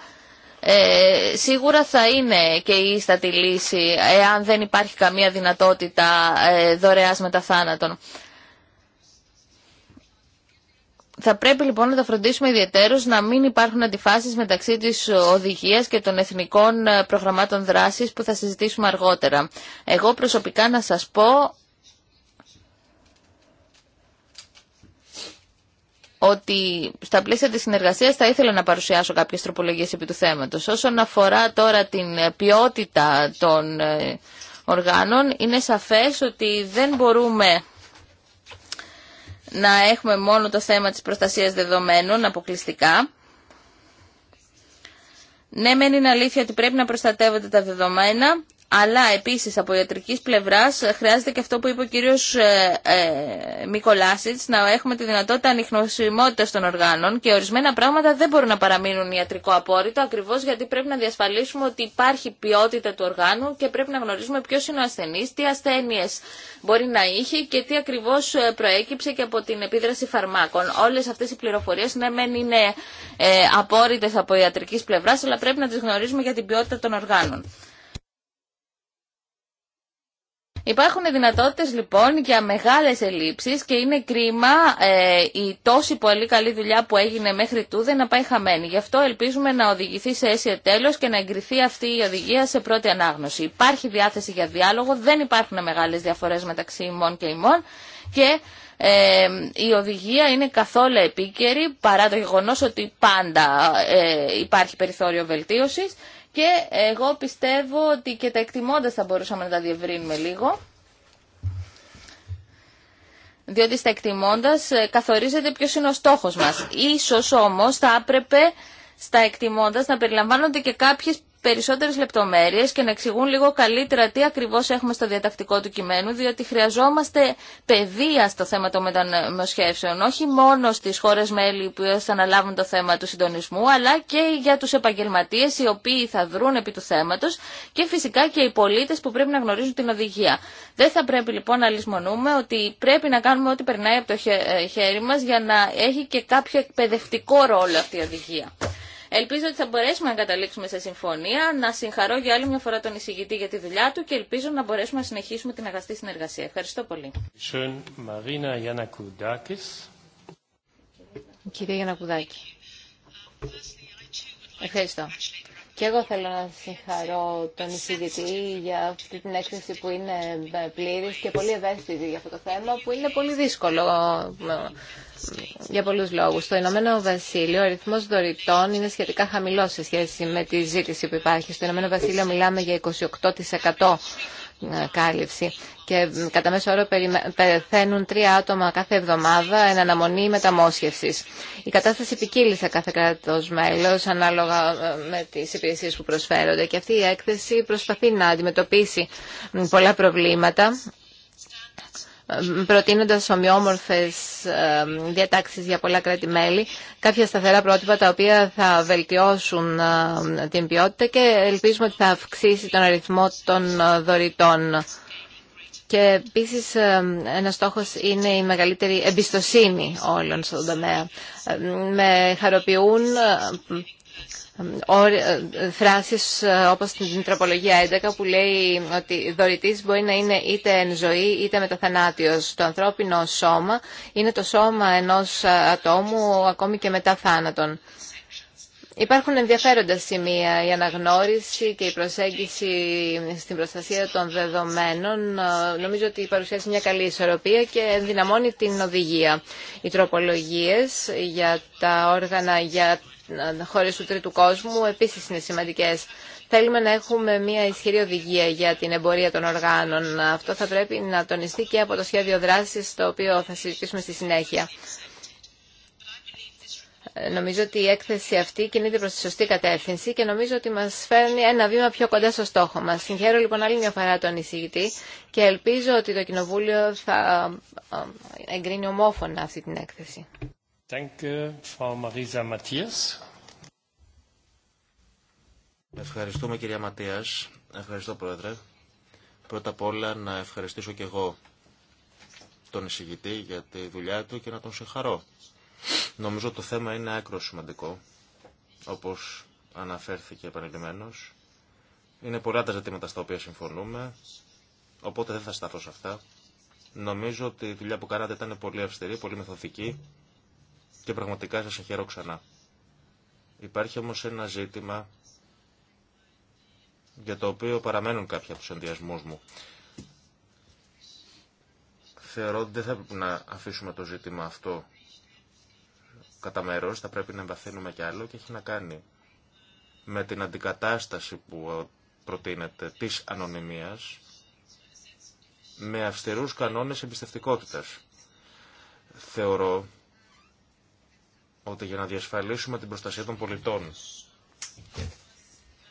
ε, σίγουρα θα είναι και η ίστατη λύση εάν δεν υπάρχει καμία δυνατότητα ε, δωρεάς μεταθάνατων. Θα πρέπει λοιπόν να τα φροντίσουμε ιδιαίτερως να μην υπάρχουν αντιφάσεις μεταξύ της οδηγίας και των εθνικών ε, προγραμμάτων δράσης που θα συζητήσουμε αργότερα. Εγώ προσωπικά να σας πω ότι στα πλαίσια της συνεργασίας θα ήθελα να παρουσιάσω κάποιες τροπολογίες επί του θέματος. Όσον αφορά τώρα την ποιότητα των ε, οργάνων, είναι σαφές ότι δεν μπορούμε να έχουμε μόνο το θέμα της προστασίας δεδομένων αποκλειστικά. Ναι, μεν είναι αλήθεια ότι πρέπει να προστατεύονται τα δεδομένα, αλλά επίσης από ιατρικής πλευράς χρειάζεται και αυτό που είπε ο κύριος ε, ε, Μικολάσιτς να έχουμε τη δυνατότητα ανιχνωσιμότητας των οργάνων και ορισμένα πράγματα δεν μπορούν να παραμείνουν ιατρικό απόρριτο ακριβώς γιατί πρέπει να διασφαλίσουμε ότι υπάρχει ποιότητα του οργάνου και πρέπει να γνωρίζουμε ποιο είναι ο ασθενής, τι ασθένειες μπορεί να είχε και τι ακριβώς ε, προέκυψε και από την επίδραση φαρμάκων. Όλες αυτές οι πληροφορίες ναι μεν είναι ε, απόρριτες από ιατρικής πλευράς αλλά πρέπει να τις γνωρίζουμε για την ποιότητα των οργάνων. Υπάρχουν δυνατότητες λοιπόν για μεγάλες ελλείψεις και είναι κρίμα ε, η τόση πολύ καλή δουλειά που έγινε μέχρι τούδε να πάει χαμένη. Γι' αυτό ελπίζουμε να οδηγηθεί σε αίσιο τέλος και να εγκριθεί αυτή η οδηγία σε πρώτη ανάγνωση. Υπάρχει διάθεση για διάλογο, δεν υπάρχουν μεγάλες διαφορές μεταξύ ημών και ημών και ε, η οδηγία είναι καθόλου επίκαιρη παρά το γεγονός ότι πάντα ε, υπάρχει περιθώριο βελτίωσης και εγώ πιστεύω ότι και τα εκτιμώντας θα μπορούσαμε να τα διευρύνουμε λίγο διότι στα εκτιμώντας ε, καθορίζεται ποιος είναι ο στόχος μας. Ίσως όμως θα έπρεπε στα εκτιμώντας να περιλαμβάνονται και κάποιες περισσότερες λεπτομέρειες και να εξηγούν λίγο καλύτερα τι ακριβώς έχουμε στο διατακτικό του κειμένου, διότι χρειαζόμαστε παιδεία στο θέμα των μετανοσχεύσεων, όχι μόνο στις χώρες μέλη που θα αναλάβουν το θέμα του συντονισμού, αλλά και για τους επαγγελματίες οι οποίοι θα δρούν επί του θέματος και φυσικά και οι πολίτες που πρέπει να γνωρίζουν την οδηγία. Δεν θα πρέπει λοιπόν να λησμονούμε ότι πρέπει να κάνουμε ό,τι περνάει από το ε, χέρι μας για να έχει και κάποιο εκπαιδευτικό ρόλο αυτή η οδηγία. Ελπίζω ότι θα μπορέσουμε να καταλήξουμε σε συμφωνία. Να συγχαρώ για άλλη μια φορά τον εισηγητή για τη δουλειά του και ελπίζω να μπορέσουμε να συνεχίσουμε την αγαστή συνεργασία. Ευχαριστώ πολύ. Κυρία Γιανακουδάκη. Ευχαριστώ. Και εγώ θέλω να συγχαρώ τον εισηγητή για αυτή την έκθεση που είναι πλήρης και πολύ ευαίσθητη για αυτό το θέμα που είναι πολύ δύσκολο ε, για πολλούς λόγους. Στο Ηνωμένο Βασίλειο ο αριθμό δωρητών είναι σχετικά χαμηλός σε σχέση με τη ζήτηση που υπάρχει. Στο Ηνωμένο Βασίλειο μιλάμε για 28% ε, κάλυψη και κατά μέσο όρο πεθαίνουν τρία άτομα κάθε εβδομάδα εν αναμονή μεταμόσχευσης. Η κατάσταση ποικίλει σε κάθε κρατό μέλο ανάλογα ε, με τι υπηρεσίε που προσφέρονται και αυτή η έκθεση προσπαθεί να αντιμετωπίσει πολλά προβλήματα προτείνοντας ομοιόμορφες ε, διατάξεις για πολλά κράτη-μέλη, κάποια σταθερά πρότυπα τα οποία θα βελτιώσουν ε, την ποιότητα και ελπίζουμε ότι θα αυξήσει τον αριθμό των ε, δωρητών. Και επίση ένα στόχο είναι η μεγαλύτερη εμπιστοσύνη όλων στον τομέα. Με χαροποιούν φράσεις ε, ε, όπως την τροπολογία 11 που λέει ότι δωρητής μπορεί να είναι είτε εν ζωή είτε μεταθανάτιος. Το ανθρώπινο σώμα είναι το σώμα ενός ε, ατόμου ακόμη και μετά θάνατον. Υπάρχουν ενδιαφέροντα σημεία, η αναγνώριση και η προσέγγιση στην προστασία των δεδομένων. Νομίζω ότι παρουσιάζει μια καλή ισορροπία και ενδυναμώνει την οδηγία. Οι τροπολογίες για τα όργανα για χώρες του τρίτου κόσμου επίσης είναι σημαντικές. Θέλουμε να έχουμε μια ισχυρή οδηγία για την εμπορία των οργάνων. Αυτό θα πρέπει να τονιστεί και από το σχέδιο δράσης το οποίο θα συζητήσουμε στη συνέχεια. Νομίζω ότι η έκθεση αυτή κινείται προς τη σωστή κατεύθυνση και νομίζω ότι μας φέρνει ένα βήμα πιο κοντά στο στόχο μας. Συγχαίρω λοιπόν άλλη μια φορά τον εισηγητή και ελπίζω ότι το Κοινοβούλιο θα εγκρίνει ομόφωνα αυτή την έκθεση. Ευχαριστούμε κυρία Ματίας. Ευχαριστώ πρόεδρε. Πρώτα απ' όλα να ευχαριστήσω και εγώ τον εισηγητή για τη δουλειά του και να τον συγχαρώ. Νομίζω το θέμα είναι άκρο σημαντικό, όπως αναφέρθηκε επανειλημμένος. Είναι πολλά τα ζητήματα στα οποία συμφωνούμε, οπότε δεν θα σταθώ σε αυτά. Νομίζω ότι η δουλειά που κάνατε ήταν πολύ αυστηρή, πολύ μεθοδική και πραγματικά σας συγχαίρω ξανά. Υπάρχει όμως ένα ζήτημα για το οποίο παραμένουν κάποιοι από τους μου. Θεωρώ ότι δεν θα πρέπει να αφήσουμε το ζήτημα αυτό κατά μέρος, θα πρέπει να εμβαθύνουμε κι άλλο και έχει να κάνει με την αντικατάσταση που προτείνεται της ανωνυμίας με αυστηρούς κανόνες εμπιστευτικότητας. Θεωρώ ότι για να διασφαλίσουμε την προστασία των πολιτών,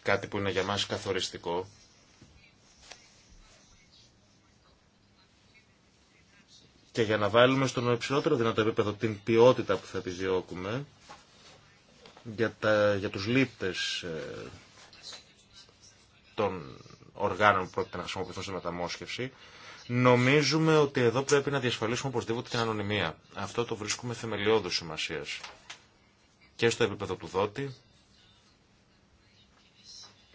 κάτι που είναι για μας καθοριστικό, και για να βάλουμε στον υψηλότερο δυνατό επίπεδο την ποιότητα που θα επιδιώκουμε, για, τα, για τους λήπτες ε, των οργάνων που πρόκειται να χρησιμοποιηθούν στη μεταμόσχευση, Νομίζουμε ότι εδώ πρέπει να διασφαλίσουμε οπωσδήποτε την ανωνυμία. Αυτό το βρίσκουμε θεμελιώδου σημασία. Και στο επίπεδο του δότη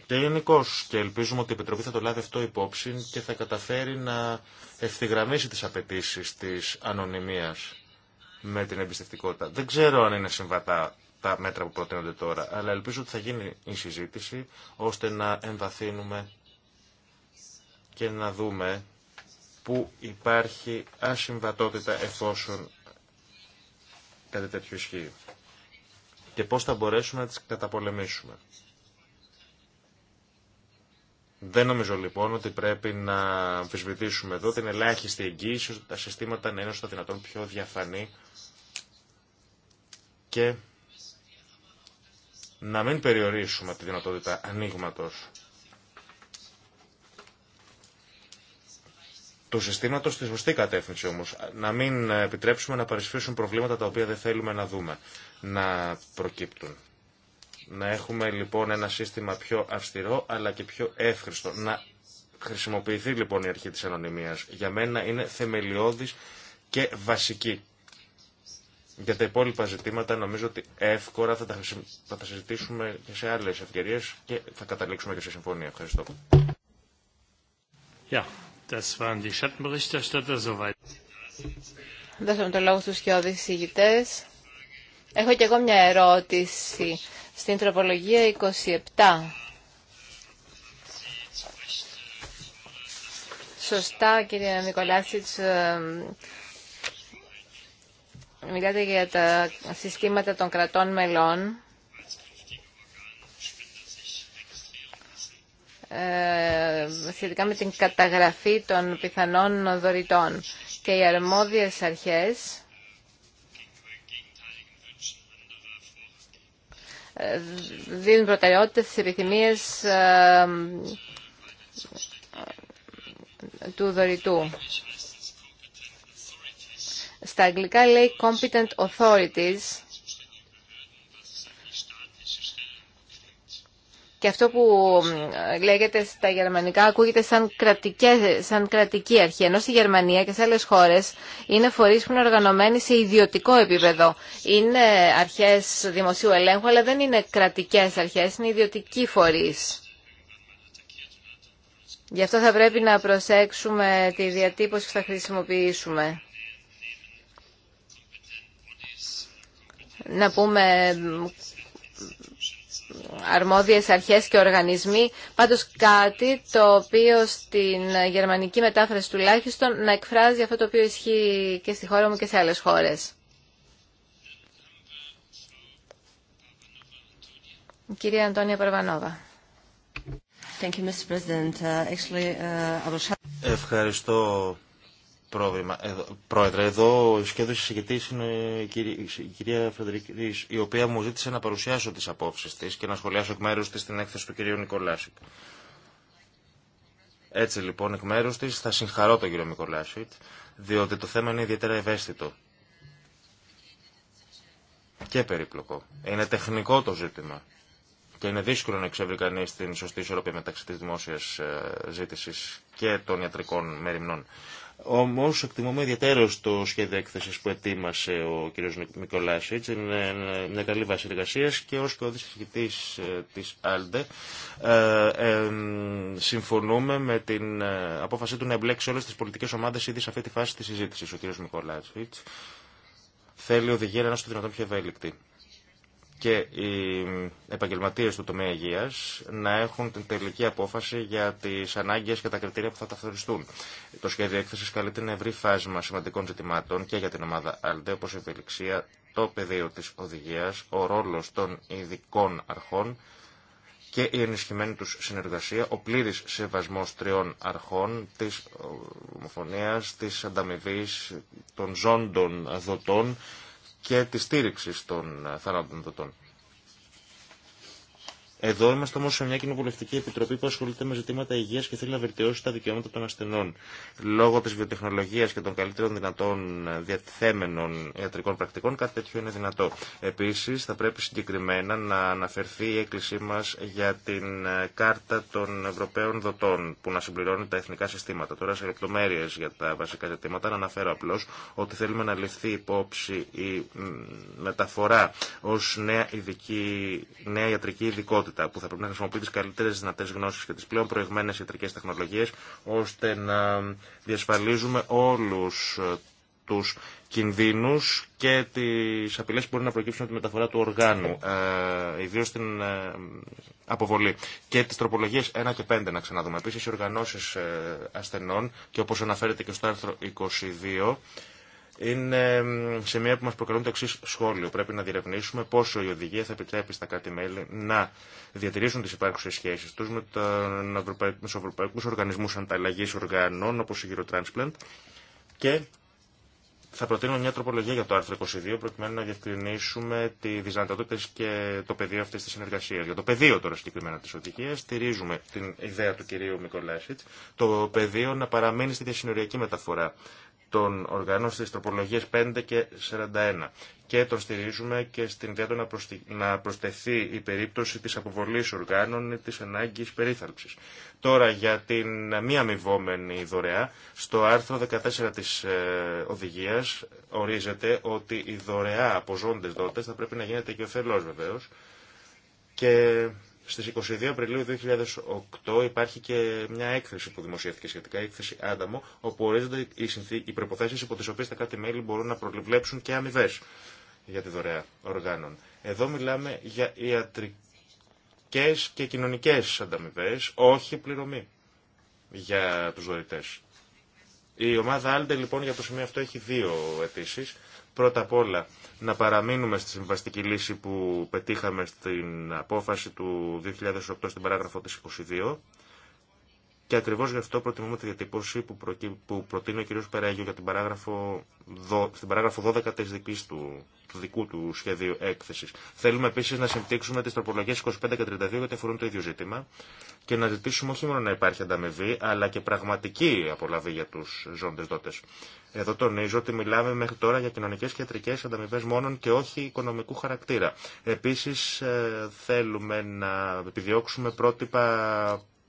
και γενικώ. Και ελπίζουμε ότι η Επιτροπή θα το λάβει αυτό υπόψη και θα καταφέρει να ευθυγραμμίσει τι απαιτήσει τη ανωνυμία με την εμπιστευτικότητα. Δεν ξέρω αν είναι συμβατά τα μέτρα που προτείνονται τώρα, αλλά ελπίζω ότι θα γίνει η συζήτηση ώστε να εμβαθύνουμε και να δούμε που υπάρχει ασυμβατότητα εφόσον κάτι τέτοιο ισχύει και πώς θα μπορέσουμε να τις καταπολεμήσουμε. Δεν νομίζω λοιπόν ότι πρέπει να αμφισβητήσουμε εδώ την ελάχιστη εγγύηση ότι τα συστήματα να είναι στο δυνατόν πιο διαφανή και να μην περιορίσουμε τη δυνατότητα ανοίγματο του συστήματο στη σωστή κατεύθυνση όμω Να μην επιτρέψουμε να παρισφύσουν προβλήματα τα οποία δεν θέλουμε να δούμε, να προκύπτουν. Να έχουμε λοιπόν ένα σύστημα πιο αυστηρό αλλά και πιο εύχριστο. Να χρησιμοποιηθεί λοιπόν η αρχή της ανωνυμίας. Για μένα είναι θεμελιώδης και βασική. Για τα υπόλοιπα ζητήματα νομίζω ότι εύκολα θα τα, θα τα συζητήσουμε και σε άλλες ευκαιρίες και θα καταλήξουμε και σε συμφωνία. Ευχαριστώ. Das waren Δώσαμε το λόγο στους ηγητές. Έχω και εγώ μια ερώτηση στην τροπολογία 27. Σωστά, κύριε Μικολάσιτς, ε, μιλάτε για τα συστήματα των κρατών μελών Ε, σχετικά με την καταγραφή των πιθανών δωρητών. Και οι αρμόδιες αρχές ε, δίνουν προτεραιότητα στις επιθυμίες ε, του δωρητού. Στα αγγλικά λέει competent authorities Και αυτό που λέγεται στα γερμανικά ακούγεται σαν, κρατικές, σαν κρατική αρχή, ενώ στη Γερμανία και σε άλλες χώρες είναι φορείς που είναι οργανωμένοι σε ιδιωτικό επίπεδο. Είναι αρχές δημοσίου ελέγχου, αλλά δεν είναι κρατικές αρχές, είναι ιδιωτικοί φορείς. Γι' αυτό θα πρέπει να προσέξουμε τη διατύπωση που θα χρησιμοποιήσουμε. Να πούμε αρμόδιες αρχές και οργανισμοί, πάντως κάτι το οποίο στην γερμανική μετάφραση τουλάχιστον να εκφράζει αυτό το οποίο ισχύει και στη χώρα μου και σε άλλες χώρες. κυρία Αντώνια Παρβανόβα. Thank you, Mr. President. Uh, actually, uh, Ευχαριστώ, πρόβλημα. Εδώ, πρόεδρε, εδώ ο σχέδιος είναι η κυρία Φεδρική, η οποία μου ζήτησε να παρουσιάσω τις απόψεις της και να σχολιάσω εκ μέρους της την έκθεση του κυρίου Νικολάσικ. Έτσι λοιπόν εκ μέρους της θα συγχαρώ τον κύριο Νικολάσιτ, διότι το θέμα είναι ιδιαίτερα ευαίσθητο και περίπλοκο. Είναι τεχνικό το ζήτημα. Και είναι δύσκολο να εξεύρει κανεί την σωστή ισορροπία μεταξύ τη δημόσια ε, ζήτηση και των ιατρικών μεριμνών. Όμω, εκτιμούμε ιδιαίτερω το σχέδιο έκθεση που ετοίμασε ο κ. Μικολάσιτ. Είναι μια καλή βάση εργασία και ω και ο ε, τη ΑΛΔΕ ε, ε, συμφωνούμε με την απόφαση του να εμπλέξει όλε τι πολιτικέ ομάδε ήδη σε αυτή τη φάση τη συζήτηση. Ο κ. Μικολάσιτ θέλει οδηγία να είναι στο δυνατόν πιο ευέλικτη και οι επαγγελματίες του τομέα υγείας να έχουν την τελική απόφαση για τις ανάγκες και τα κριτήρια που θα ταυτοριστούν. Το σχέδιο έκθεσης καλεί την ευρύ φάσμα σημαντικών ζητημάτων και για την ομάδα ΑΛΔΕ, όπως η ευελιξία, το πεδίο της οδηγίας, ο ρόλος των ειδικών αρχών, και η ενισχυμένη τους συνεργασία, ο πλήρης σεβασμός τριών αρχών, της ομοφωνίας, της ανταμοιβή των ζώντων δοτών και τη στήριξη των θανάτων δοτών. Εδώ είμαστε όμω σε μια κοινοβουλευτική επιτροπή που ασχολείται με ζητήματα υγεία και θέλει να βελτιώσει τα δικαιώματα των ασθενών. Λόγω τη βιοτεχνολογία και των καλύτερων δυνατών διατηθέμενων ιατρικών πρακτικών, κάτι τέτοιο είναι δυνατό. Επίση, θα πρέπει συγκεκριμένα να αναφερθεί η έκκλησή μα για την ε, κάρτα των Ευρωπαίων δοτών που να συμπληρώνει τα εθνικά συστήματα. Τώρα, σε λεπτομέρειε για τα βασικά ζητήματα, να αναφέρω απλώ ότι θέλουμε να ληφθεί υπόψη η μεταφορά ω νέα, νέα ιατρική ειδικότητα που θα πρέπει να χρησιμοποιεί τι καλύτερε δυνατέ γνώσει και τι πλέον προηγμένε ιατρικέ τεχνολογίε ώστε να διασφαλίζουμε όλου ε, του κινδύνου και τι απειλέ που μπορεί να προκύψουν από τη μεταφορά του οργάνου, ε, ιδίω στην ε, αποβολή. Και τι τροπολογίε 1 και 5 να ξαναδούμε. Επίση, οι οργανώσει ε, ασθενών και όπω αναφέρεται και στο άρθρο 22 είναι σημεία που μα προκαλούν το εξή σχόλιο. Πρέπει να διερευνήσουμε πόσο η οδηγία θα επιτρέπει στα κράτη-μέλη να διατηρήσουν τι υπάρχουσε σχέσει του με του ευρωπαϊκού οργανισμού ανταλλαγή οργάνων όπω η Eurotransplant και θα προτείνω μια τροπολογία για το άρθρο 22 προκειμένου να διευκρινίσουμε τι δυνατότητε και το πεδίο αυτή τη συνεργασία. Για το πεδίο τώρα συγκεκριμένα τη οδηγία, στηρίζουμε την ιδέα του κυρίου Μικολάσιτ, το πεδίο να παραμείνει στη διασυνοριακή μεταφορά των οργάνων στις τροπολογίες 5 και 41 και τον στηρίζουμε και στην ιδέα να προσθεθεί η περίπτωση της αποβολής οργάνων ή της ανάγκης περίθαλψης. Τώρα για την μη αμοιβόμενη δωρεά, στο άρθρο 14 της ε, οδηγίας ορίζεται ότι η δωρεά από ζώντες δότες θα πρέπει να γίνεται και ο θελός βεβαίως και στις 22 Απριλίου 2008 υπάρχει και μια έκθεση που δημοσιεύτηκε σχετικά, η έκθεση Άνταμο, όπου ορίζονται οι, οι προποθέσει υπό τι οποίε τα κάτι μέλη μπορούν να προβλέψουν και αμοιβέ για τη δωρεά οργάνων. Εδώ μιλάμε για ιατρικές και κοινωνικέ ανταμοιβέ, όχι πληρωμή για τους δωρητές. Η ομάδα Άλντε λοιπόν για το σημείο αυτό έχει δύο αιτήσει. Πρώτα απ' όλα, να παραμείνουμε στη συμβαστική λύση που πετύχαμε στην απόφαση του 2008 στην παράγραφο της 22 και ακριβώς γι' αυτό προτιμούμε τη διατύπωση που, προτείνει ο κ. Περάγιο για την παράγραφο... στην παράγραφο 12 της δικής του... δικού του σχεδίου έκθεσης. Θέλουμε επίσης να συμπτύξουμε τις τροπολογίες 25 και 32 γιατί αφορούν το ίδιο ζήτημα και να ζητήσουμε όχι μόνο να υπάρχει ανταμοιβή, αλλά και πραγματική απολαβή για του ζώντε δότε. Εδώ τονίζω ότι μιλάμε μέχρι τώρα για κοινωνικέ και ιατρικέ ανταμοιβέ μόνον και όχι οικονομικού χαρακτήρα. Επίση, ε, θέλουμε να επιδιώξουμε πρότυπα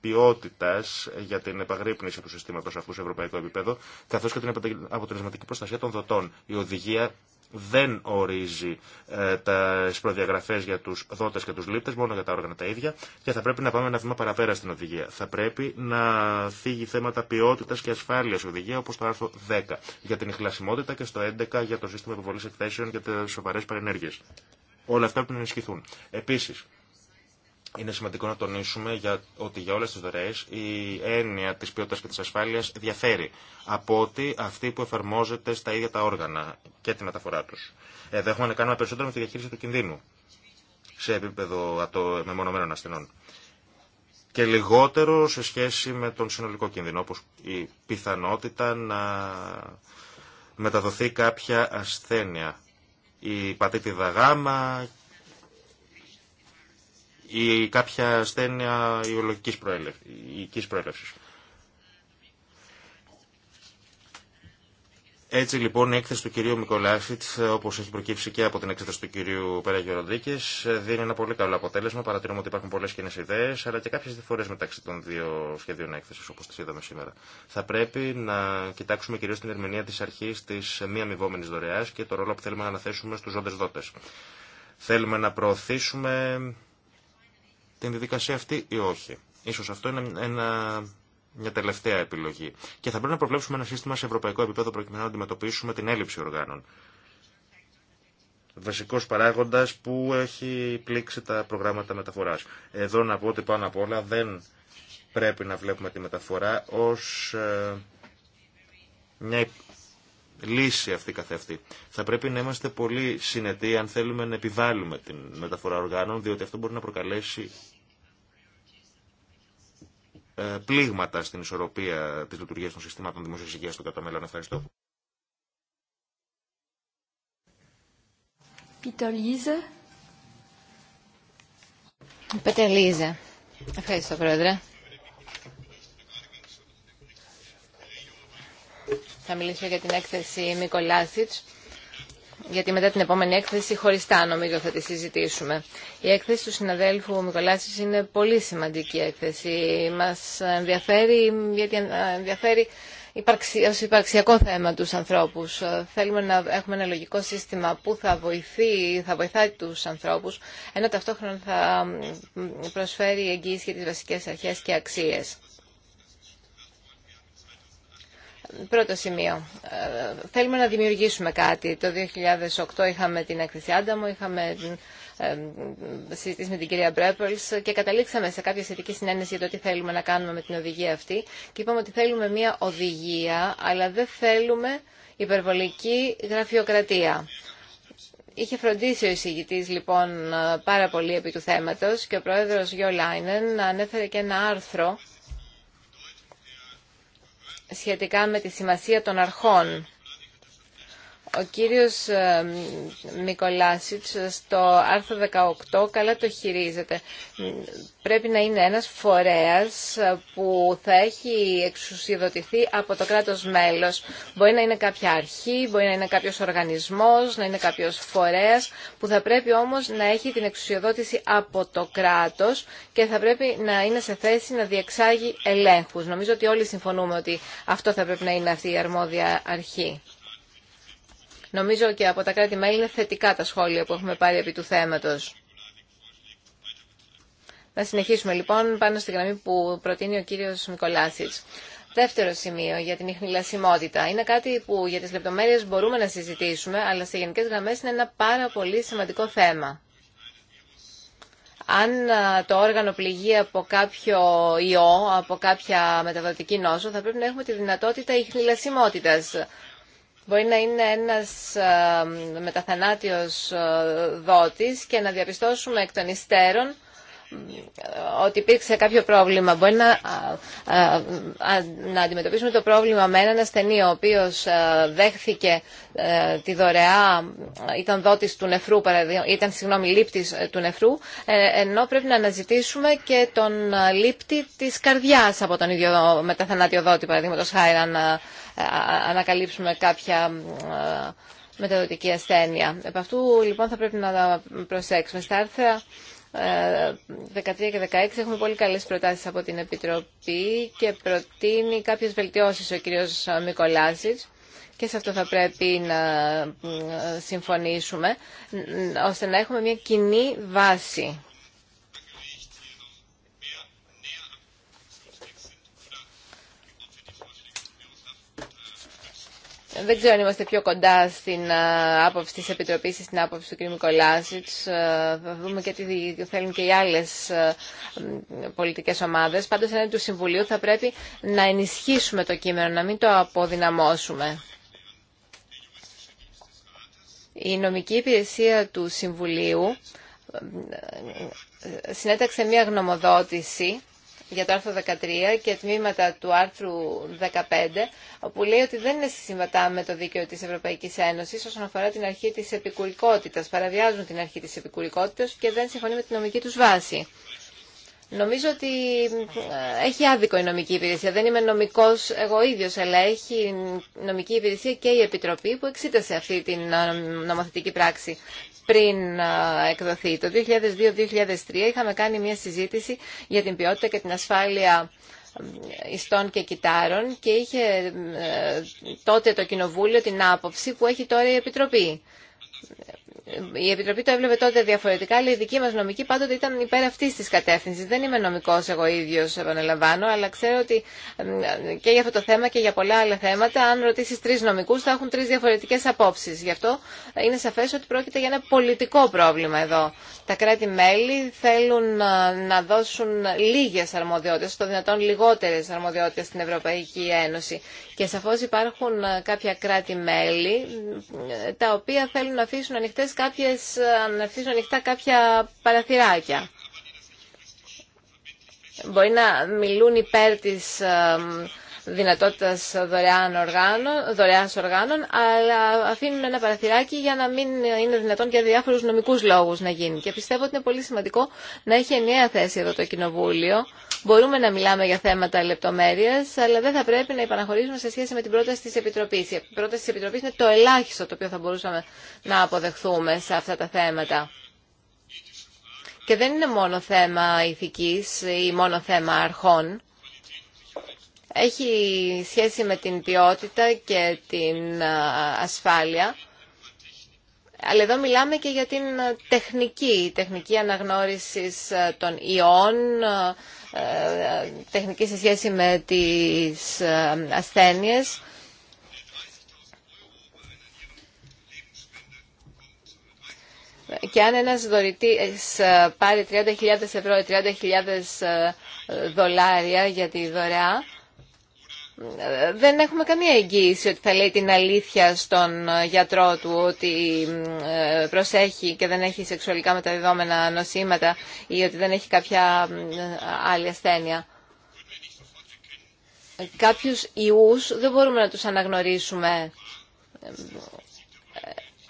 ποιότητα για την επαγρύπνηση του συστήματο αυτού σε ευρωπαϊκό επίπεδο, καθώ και την αποτελεσματική προστασία των δοτών. Η οδηγία δεν ορίζει ε, τι προδιαγραφέ για του δότε και του λήπτε, μόνο για τα όργανα τα ίδια και θα πρέπει να πάμε ένα βήμα παραπέρα στην οδηγία. Θα πρέπει να θίγει θέματα ποιότητα και ασφάλεια οδηγία, όπω το άρθρο 10 για την εχλασιμότητα και στο 11 για το σύστημα υποβολή εκθέσεων και τι σοβαρέ παρενέργειε. Όλα αυτά πρέπει να ενισχυθούν. Επίση, είναι σημαντικό να τονίσουμε για, ότι για όλες τις δωρεές η έννοια της ποιότητας και της ασφάλειας διαφέρει από ότι αυτή που εφαρμόζεται στα ίδια τα όργανα και τη μεταφορά τους. Εδώ έχουμε να κάνουμε περισσότερο με τη διαχείριση του κινδύνου σε επίπεδο μεμονωμένων ασθενών και λιγότερο σε σχέση με τον συνολικό κίνδυνο, όπως η πιθανότητα να μεταδοθεί κάποια ασθένεια. Η πατήτη δαγάμα ή κάποια ασθένεια ιολογικής προέλευσης. Έτσι λοιπόν η έκθεση του κυρίου Μικολάσιτ, όπω έχει προκύψει και από την έκθεση του κυρίου Πέρα Περαγιοροντίκη, δίνει ένα πολύ καλό αποτέλεσμα. Παρατηρούμε ότι υπάρχουν πολλέ κοινέ ιδέε, αλλά και κάποιε διαφορές μεταξύ των δύο σχεδίων έκθεση, όπω τις είδαμε σήμερα. Θα πρέπει να κοιτάξουμε κυρίω την ερμηνεία τη αρχή τη μη αμοιβόμενη δωρεά και το ρόλο που θέλουμε να αναθέσουμε στου ζώντες δότες. Θέλουμε να προωθήσουμε την διδικασία αυτή ή όχι. Ίσως αυτό είναι μια τελευταία επιλογή. Και θα πρέπει να προβλέψουμε ένα σύστημα σε ευρωπαϊκό επίπεδο προκειμένου να αντιμετωπίσουμε την έλλειψη οργάνων. Βασικός παράγοντας που έχει πλήξει τα προγράμματα μεταφοράς. Εδώ να πω ότι πάνω απ' όλα δεν πρέπει να βλέπουμε τη μεταφορά ως ε, μια λύση αυτή καθ' αυτή. Θα πρέπει να είμαστε πολύ συνετοί αν θέλουμε να επιβάλλουμε την μεταφορά οργάνων, διότι αυτό μπορεί να προκαλέσει ε, πλήγματα στην ισορροπία τη λειτουργία των συστημάτων δημόσια υγεία στο κατά μέλλον. Ευχαριστώ. Πίτερ Λίζε. Ευχαριστώ, Πρόεδρε. θα μιλήσω για την έκθεση Μικολάσιτς, γιατί μετά την επόμενη έκθεση χωριστά νομίζω θα τη συζητήσουμε. Η έκθεση του συναδέλφου Μικολάσιτς είναι πολύ σημαντική έκθεση. Μας ενδιαφέρει, γιατί ενδιαφέρει ως υπαρξιακό θέμα τους ανθρώπους. Θέλουμε να έχουμε ένα λογικό σύστημα που θα βοηθεί, θα βοηθάει τους ανθρώπους, ενώ ταυτόχρονα θα προσφέρει εγγύηση για τις βασικές αρχές και αξίες. Πρώτο σημείο. Ε, θέλουμε να δημιουργήσουμε κάτι. Το 2008 είχαμε την έκθεση μου, είχαμε ε, ε, συζητήσει με την κυρία Μπρέπελς και καταλήξαμε σε κάποια σχετική συνένεση για το τι θέλουμε να κάνουμε με την οδηγία αυτή και είπαμε ότι θέλουμε μια οδηγία αλλά δεν θέλουμε υπερβολική γραφειοκρατία. Είχε φροντίσει ο εισηγητή λοιπόν πάρα πολύ επί του θέματος και ο πρόεδρος Γιώ Λάινεν ανέφερε και ένα άρθρο σχετικά με τη σημασία των αρχών ο κύριος ε, Μικολάσιτς στο άρθρο 18 καλά το χειρίζεται. Πρέπει να είναι ένας φορέας που θα έχει εξουσιοδοτηθεί από το κράτος μέλος. Μπορεί να είναι κάποια αρχή, μπορεί να είναι κάποιος οργανισμός, να είναι κάποιος φορέας, που θα πρέπει όμως να έχει την εξουσιοδότηση από το κράτος και θα πρέπει να είναι σε θέση να διεξάγει ελέγχους. Νομίζω ότι όλοι συμφωνούμε ότι αυτό θα πρέπει να είναι αυτή η αρμόδια αρχή. Νομίζω και από τα κράτη-μέλη είναι θετικά τα σχόλια που έχουμε πάρει επί του θέματος. Να συνεχίσουμε λοιπόν πάνω στη γραμμή που προτείνει ο κύριος Μικολάσης. Δεύτερο σημείο για την ιχνηλασιμότητα. Είναι κάτι που για τις λεπτομέρειες μπορούμε να συζητήσουμε, αλλά σε γενικές γραμμές είναι ένα πάρα πολύ σημαντικό θέμα. Αν το όργανο πληγεί από κάποιο ιό, από κάποια μεταδοτική νόσο, θα πρέπει να έχουμε τη δυνατότητα ιχνηλασιμότητας. Μπορεί να είναι ένας ε, μεταθανάτιος ε, δότης και να διαπιστώσουμε εκ των υστέρων ότι υπήρξε κάποιο πρόβλημα. Μπορεί να, αντιμετωπίσουμε το πρόβλημα με έναν ασθενή ο οποίος δέχθηκε τη δωρεά, ήταν δότης του νεφρού, ήταν συγγνώμη λήπτης ε, του νεφρού, ε, ενώ πρέπει να αναζητήσουμε και τον λήπτη της καρδιάς από τον ίδιο μεταθανάτιο δότη, παραδείγματος χάρη, να ανακαλύψουμε κάποια μεταδοτική ασθένεια. Επ' αυτού λοιπόν θα πρέπει να προσέξουμε. Στα άρθρα 13 ε, και 16 έχουμε πολύ καλές προτάσεις από την Επιτροπή και προτείνει κάποιες βελτιώσεις ο κύριος Μικολάσης και σε αυτό θα πρέπει να συμφωνήσουμε ώστε να έχουμε μια κοινή βάση Δεν ξέρω αν είμαστε πιο κοντά στην άποψη της Επιτροπής ή στην άποψη του κ. Μικολάσιτς. Θα δούμε και τι θέλουν και οι άλλες πολιτικές ομάδες. Πάντως, ενάντια του Συμβουλίου θα πρέπει να ενισχύσουμε το κείμενο, να μην το αποδυναμώσουμε. Η νομική υπηρεσία του Συμβουλίου συνέταξε μία γνωμοδότηση για το άρθρο 13 και τμήματα του άρθρου 15, όπου λέει ότι δεν είναι συμβατά με το δίκαιο της Ευρωπαϊκής Ένωσης όσον αφορά την αρχή της επικουρικότητας. Παραβιάζουν την αρχή της επικουρικότητας και δεν συμφωνεί με την νομική τους βάση. Νομίζω ότι ε, έχει άδικο η νομική υπηρεσία. Δεν είμαι νομικός εγώ ίδιος, αλλά έχει νομική υπηρεσία και η Επιτροπή που εξήτασε αυτή την ε, νομοθετική πράξη πριν εκδοθεί. Το 2002-2003 είχαμε κάνει μια συζήτηση για την ποιότητα και την ασφάλεια ιστών και κιτάρων και είχε ε, τότε το Κοινοβούλιο την άποψη που έχει τώρα η Επιτροπή. Η Επιτροπή το έβλεπε τότε διαφορετικά, αλλά η δική μα νομική πάντοτε ήταν υπέρ αυτή τη κατεύθυνση. Δεν είμαι νομικό εγώ ίδιο, επαναλαμβάνω, αλλά ξέρω ότι και για αυτό το θέμα και για πολλά άλλα θέματα, αν ρωτήσει τρει νομικού, θα έχουν τρει διαφορετικέ απόψει. Γι' αυτό ε, είναι σαφέ ότι πρόκειται για ένα πολιτικό πρόβλημα εδώ. Τα κράτη-μέλη θέλουν ε, να δώσουν λίγε αρμοδιότητε, το δυνατόν λιγότερε αρμοδιότητε στην Ευρωπαϊκή Ένωση. Και σαφώ υπάρχουν ε, κάποια κράτη-μέλη τα οποία θέλουν να αφήσουν ανοιχτέ κάποιες, να αφήσουν ανοιχτά κάποια παραθυράκια. Μπορεί να μιλούν υπέρ της δυνατότητας δωρεάν οργάνων, δωρεάς οργάνων, αλλά αφήνουν ένα παραθυράκι για να μην είναι δυνατόν για διάφορους νομικούς λόγους να γίνει. Και πιστεύω ότι είναι πολύ σημαντικό να έχει ενιαία θέση εδώ το Κοινοβούλιο, Μπορούμε να μιλάμε για θέματα λεπτομέρεια, αλλά δεν θα πρέπει να υπαναχωρήσουμε σε σχέση με την πρόταση τη Επιτροπή. Η πρόταση τη Επιτροπή είναι το ελάχιστο το οποίο θα μπορούσαμε να αποδεχθούμε σε αυτά τα θέματα. Και δεν είναι μόνο θέμα ηθικής ή μόνο θέμα αρχών. Έχει σχέση με την ποιότητα και την ασφάλεια. Αλλά εδώ μιλάμε και για την τεχνική, τεχνική αναγνώρισης των ιών, ε, τεχνική σε σχέση με τις ε, ασθένειες. Και αν ένας δωρητής ε, πάρει 30.000 ευρώ ή 30.000 δολάρια για τη δωρεά, δεν έχουμε καμία εγγύηση ότι θα λέει την αλήθεια στον ε, γιατρό του ότι ε, προσέχει και δεν έχει σεξουαλικά μεταδιδόμενα νοσήματα ή ότι δεν έχει κάποια άλλη ασθένεια. Κάποιους ιούς δεν μπορούμε να τους αναγνωρίσουμε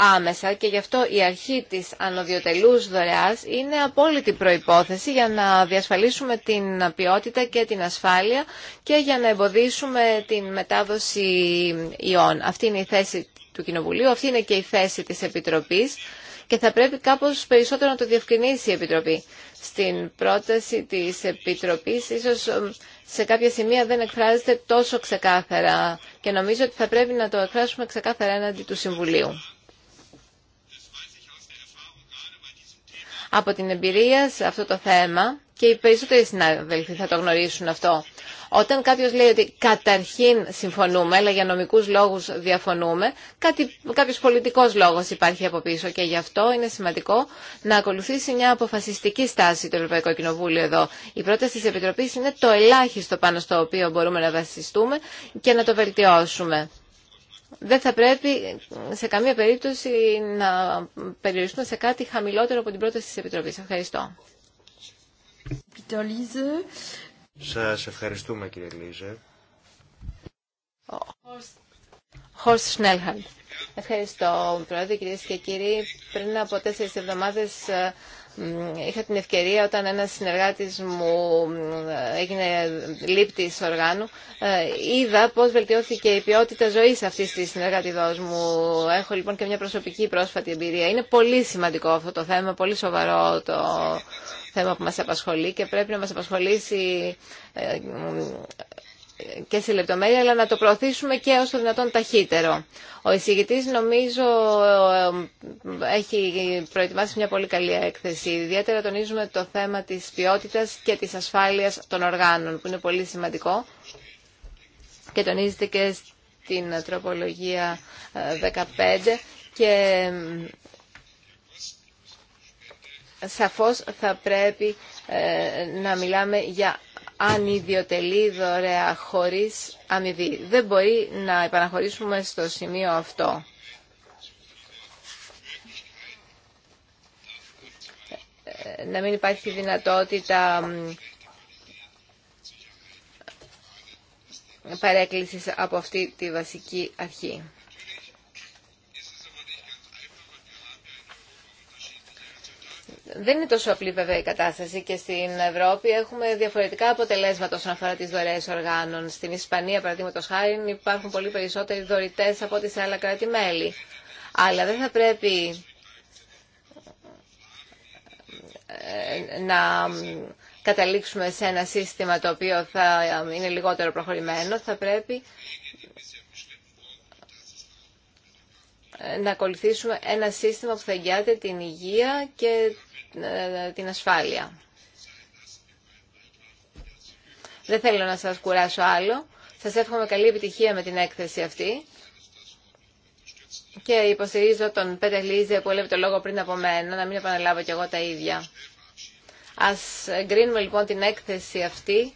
άμεσα και γι' αυτό η αρχή της ανοδιοτελούς δωρεάς είναι απόλυτη προϋπόθεση για να διασφαλίσουμε την ποιότητα και την ασφάλεια και για να εμποδίσουμε την μετάδοση ιών. Αυτή είναι η θέση του Κοινοβουλίου, αυτή είναι και η θέση της Επιτροπής και θα πρέπει κάπως περισσότερο να το διευκρινίσει η Επιτροπή. Στην πρόταση της Επιτροπής ίσως σε κάποια σημεία δεν εκφράζεται τόσο ξεκάθαρα και νομίζω ότι θα πρέπει να το εκφράσουμε ξεκάθαρα έναντι του Συμβουλίου. από την εμπειρία σε αυτό το θέμα και οι περισσότεροι συνάδελφοι θα το γνωρίσουν αυτό. Όταν κάποιος λέει ότι καταρχήν συμφωνούμε, αλλά για νομικούς λόγους διαφωνούμε, κάτι, κάποιος πολιτικός λόγος υπάρχει από πίσω και γι' αυτό είναι σημαντικό να ακολουθήσει μια αποφασιστική στάση το Ευρωπαϊκό Κοινοβούλιο εδώ. Η πρόταση της Επιτροπής είναι το ελάχιστο πάνω στο οποίο μπορούμε να βασιστούμε και να το βελτιώσουμε δεν θα πρέπει σε καμία περίπτωση να περιοριστούμε σε κάτι χαμηλότερο από την πρόταση της Επιτροπής. Ευχαριστώ. Σας ευχαριστούμε κύριε Λίζε. Ευχαριστώ, Πρόεδρε, κυρίες και κύριοι. Πριν από τέσσερις εβδομάδες... Είχα την ευκαιρία όταν ένας συνεργάτης μου ε, έγινε λήπτης οργάνου, ε, είδα πώς βελτιώθηκε η ποιότητα ζωής αυτής της συνεργατηδός μου. Έχω λοιπόν και μια προσωπική πρόσφατη εμπειρία. Είναι πολύ σημαντικό αυτό το θέμα, πολύ σοβαρό το θέμα που μας απασχολεί και πρέπει να μας απασχολήσει ε, και σε λεπτομέρεια, αλλά να το προωθήσουμε και όσο το δυνατόν ταχύτερο. Ο εισηγητή νομίζω έχει προετοιμάσει μια πολύ καλή έκθεση. Ιδιαίτερα τονίζουμε το θέμα της ποιότητας και της ασφάλειας των οργάνων, που είναι πολύ σημαντικό και τονίζεται και στην τροπολογία 15 ε, και ε, σαφώς θα πρέπει ε, να μιλάμε για ιδιωτελεί δωρεά χωρίς αμοιβή. Δεν μπορεί να επαναχωρήσουμε στο σημείο αυτό. Ε, να μην υπάρχει δυνατότητα παρέκκλησης από αυτή τη βασική αρχή. Δεν είναι τόσο απλή βέβαια η κατάσταση και στην Ευρώπη έχουμε διαφορετικά αποτελέσματα όσον αφορά τι δωρεέ οργάνων. Στην Ισπανία, παραδείγματο χάρη, υπάρχουν πολύ περισσότεροι δωρητέ από ό,τι σε άλλα κράτη-μέλη. Αλλά δεν θα πρέπει ε, να καταλήξουμε σε ένα σύστημα το οποίο θα είναι λιγότερο προχωρημένο. Θα πρέπει ε, να ακολουθήσουμε ένα σύστημα που θα εγγυάται την υγεία και ε, την ασφάλεια. Δεν θέλω να σας κουράσω άλλο. Σας εύχομαι καλή επιτυχία με την έκθεση αυτή. Και υποστηρίζω τον Πέτερ Λίζε που έλεγε το λόγο πριν από μένα, να μην επαναλάβω κι εγώ τα ίδια. Ας εγκρίνουμε λοιπόν την έκθεση αυτή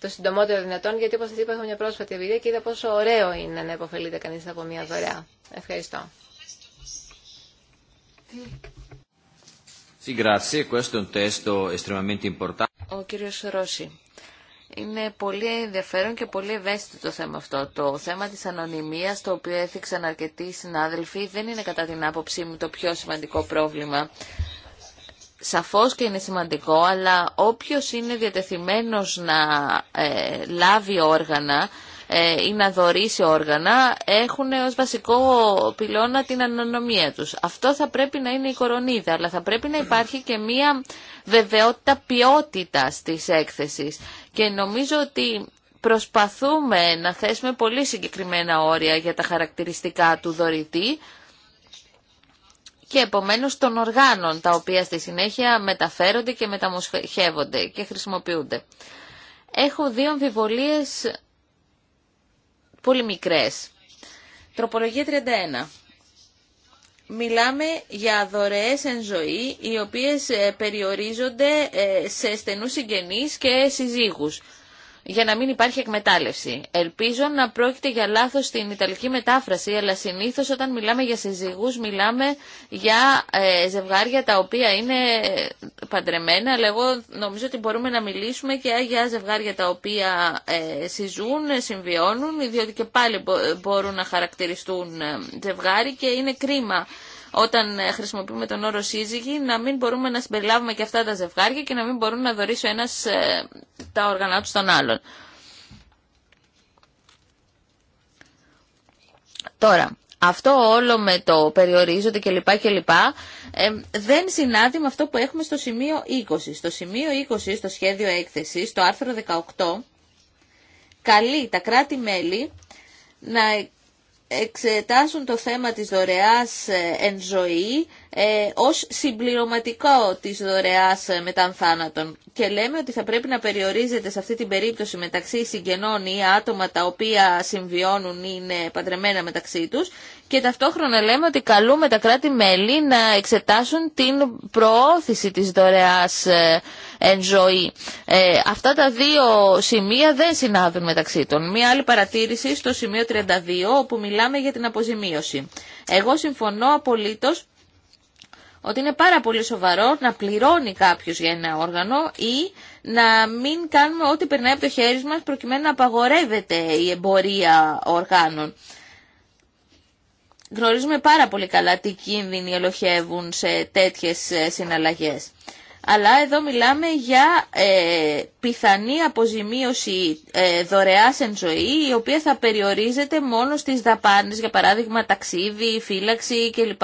το συντομότερο δυνατόν, γιατί όπως σας είπα έχω μια πρόσφατη εμπειρία και είδα πόσο ωραίο είναι να υποφελείται κανείς από μια δωρεά. Ευχαριστώ. Ο κύριο Ρώση. Είναι πολύ ενδιαφέρον και πολύ ευαίσθητο το θέμα αυτό. Το θέμα της ανωνυμίας, το οποίο έθιξαν αρκετοί συνάδελφοι, δεν είναι κατά την άποψή μου το πιο σημαντικό πρόβλημα. Σαφώς και είναι σημαντικό, αλλά όποιος είναι διατεθειμένος να ε, λάβει όργανα, ε, ή να δωρήσει όργανα έχουν ως βασικό πυλώνα την ανωνυμία τους. Αυτό θα πρέπει να είναι η κορονίδα, αλλά θα πρέπει να υπάρχει και μία βεβαιότητα ποιότητας της έκθεσης Και νομίζω ότι προσπαθούμε να θέσουμε πολύ συγκεκριμένα όρια για τα χαρακτηριστικά του δωρητή, και επομένως των οργάνων τα οποία στη συνέχεια μεταφέρονται και μεταμοσχεύονται και χρησιμοποιούνται. Έχω δύο αμφιβολίες πολύ μικρές. Τροπολογία 31. Μιλάμε για δωρεές εν ζωή, οι οποίες ε, περιορίζονται ε, σε στενούς συγγενείς και συζύγους για να μην υπάρχει εκμετάλλευση. Ελπίζω να πρόκειται για λάθος στην Ιταλική μετάφραση, αλλά συνήθως όταν μιλάμε για συζυγούς μιλάμε για ε, ζευγάρια τα οποία είναι ε, παντρεμένα, αλλά εγώ νομίζω ότι μπορούμε να μιλήσουμε και για ζευγάρια τα οποία ε, συζούν, συμβιώνουν, διότι και πάλι μπορούν να χαρακτηριστούν ζευγάρι και είναι κρίμα όταν ε, χρησιμοποιούμε τον όρο σύζυγη να μην μπορούμε να συμπεριλάβουμε και αυτά τα ζευγάρια και να μην μπορούν να δωρήσει ο ένας ε, τα όργανα του στον άλλον. Τώρα, αυτό όλο με το περιορίζονται κλπ. κλπ ε, δεν συνάδει με αυτό που έχουμε στο σημείο 20. Στο σημείο 20, στο σχέδιο έκθεση, στο άρθρο 18, καλεί τα κράτη-μέλη να εξετάσουν το θέμα της δωρεάς ε, εν ζωή ε, ως συμπληρωματικό της δωρεάς ε, μεταν θάνατον. Και λέμε ότι θα πρέπει να περιορίζεται σε αυτή την περίπτωση μεταξύ συγγενών ή άτομα τα οποία συμβιώνουν ή είναι παντρεμένα μεταξύ τους και ταυτόχρονα λέμε ότι καλούμε τα κράτη-μέλη να εξετάσουν την προώθηση της δωρεάς ε, εν ζωή. Ε, αυτά τα δύο σημεία δεν συνάδουν μεταξύ των. Μία άλλη παρατήρηση στο σημείο 32 όπου μιλάμε για την αποζημίωση. Εγώ συμφωνώ απολύτως ότι είναι πάρα πολύ σοβαρό να πληρώνει κάποιο για ένα όργανο ή να μην κάνουμε ό,τι περνάει από το χέρι μας προκειμένου να απαγορεύεται η εμπορία οργάνων. Γνωρίζουμε πάρα πολύ καλά τι κίνδυνοι ελοχεύουν σε τέτοιες συναλλαγές αλλά εδώ μιλάμε για ε, πιθανή αποζημίωση ε, δωρεάς εν ζωή, η οποία θα περιορίζεται μόνο στις δαπάνες, για παράδειγμα ταξίδι, φύλαξη κλπ.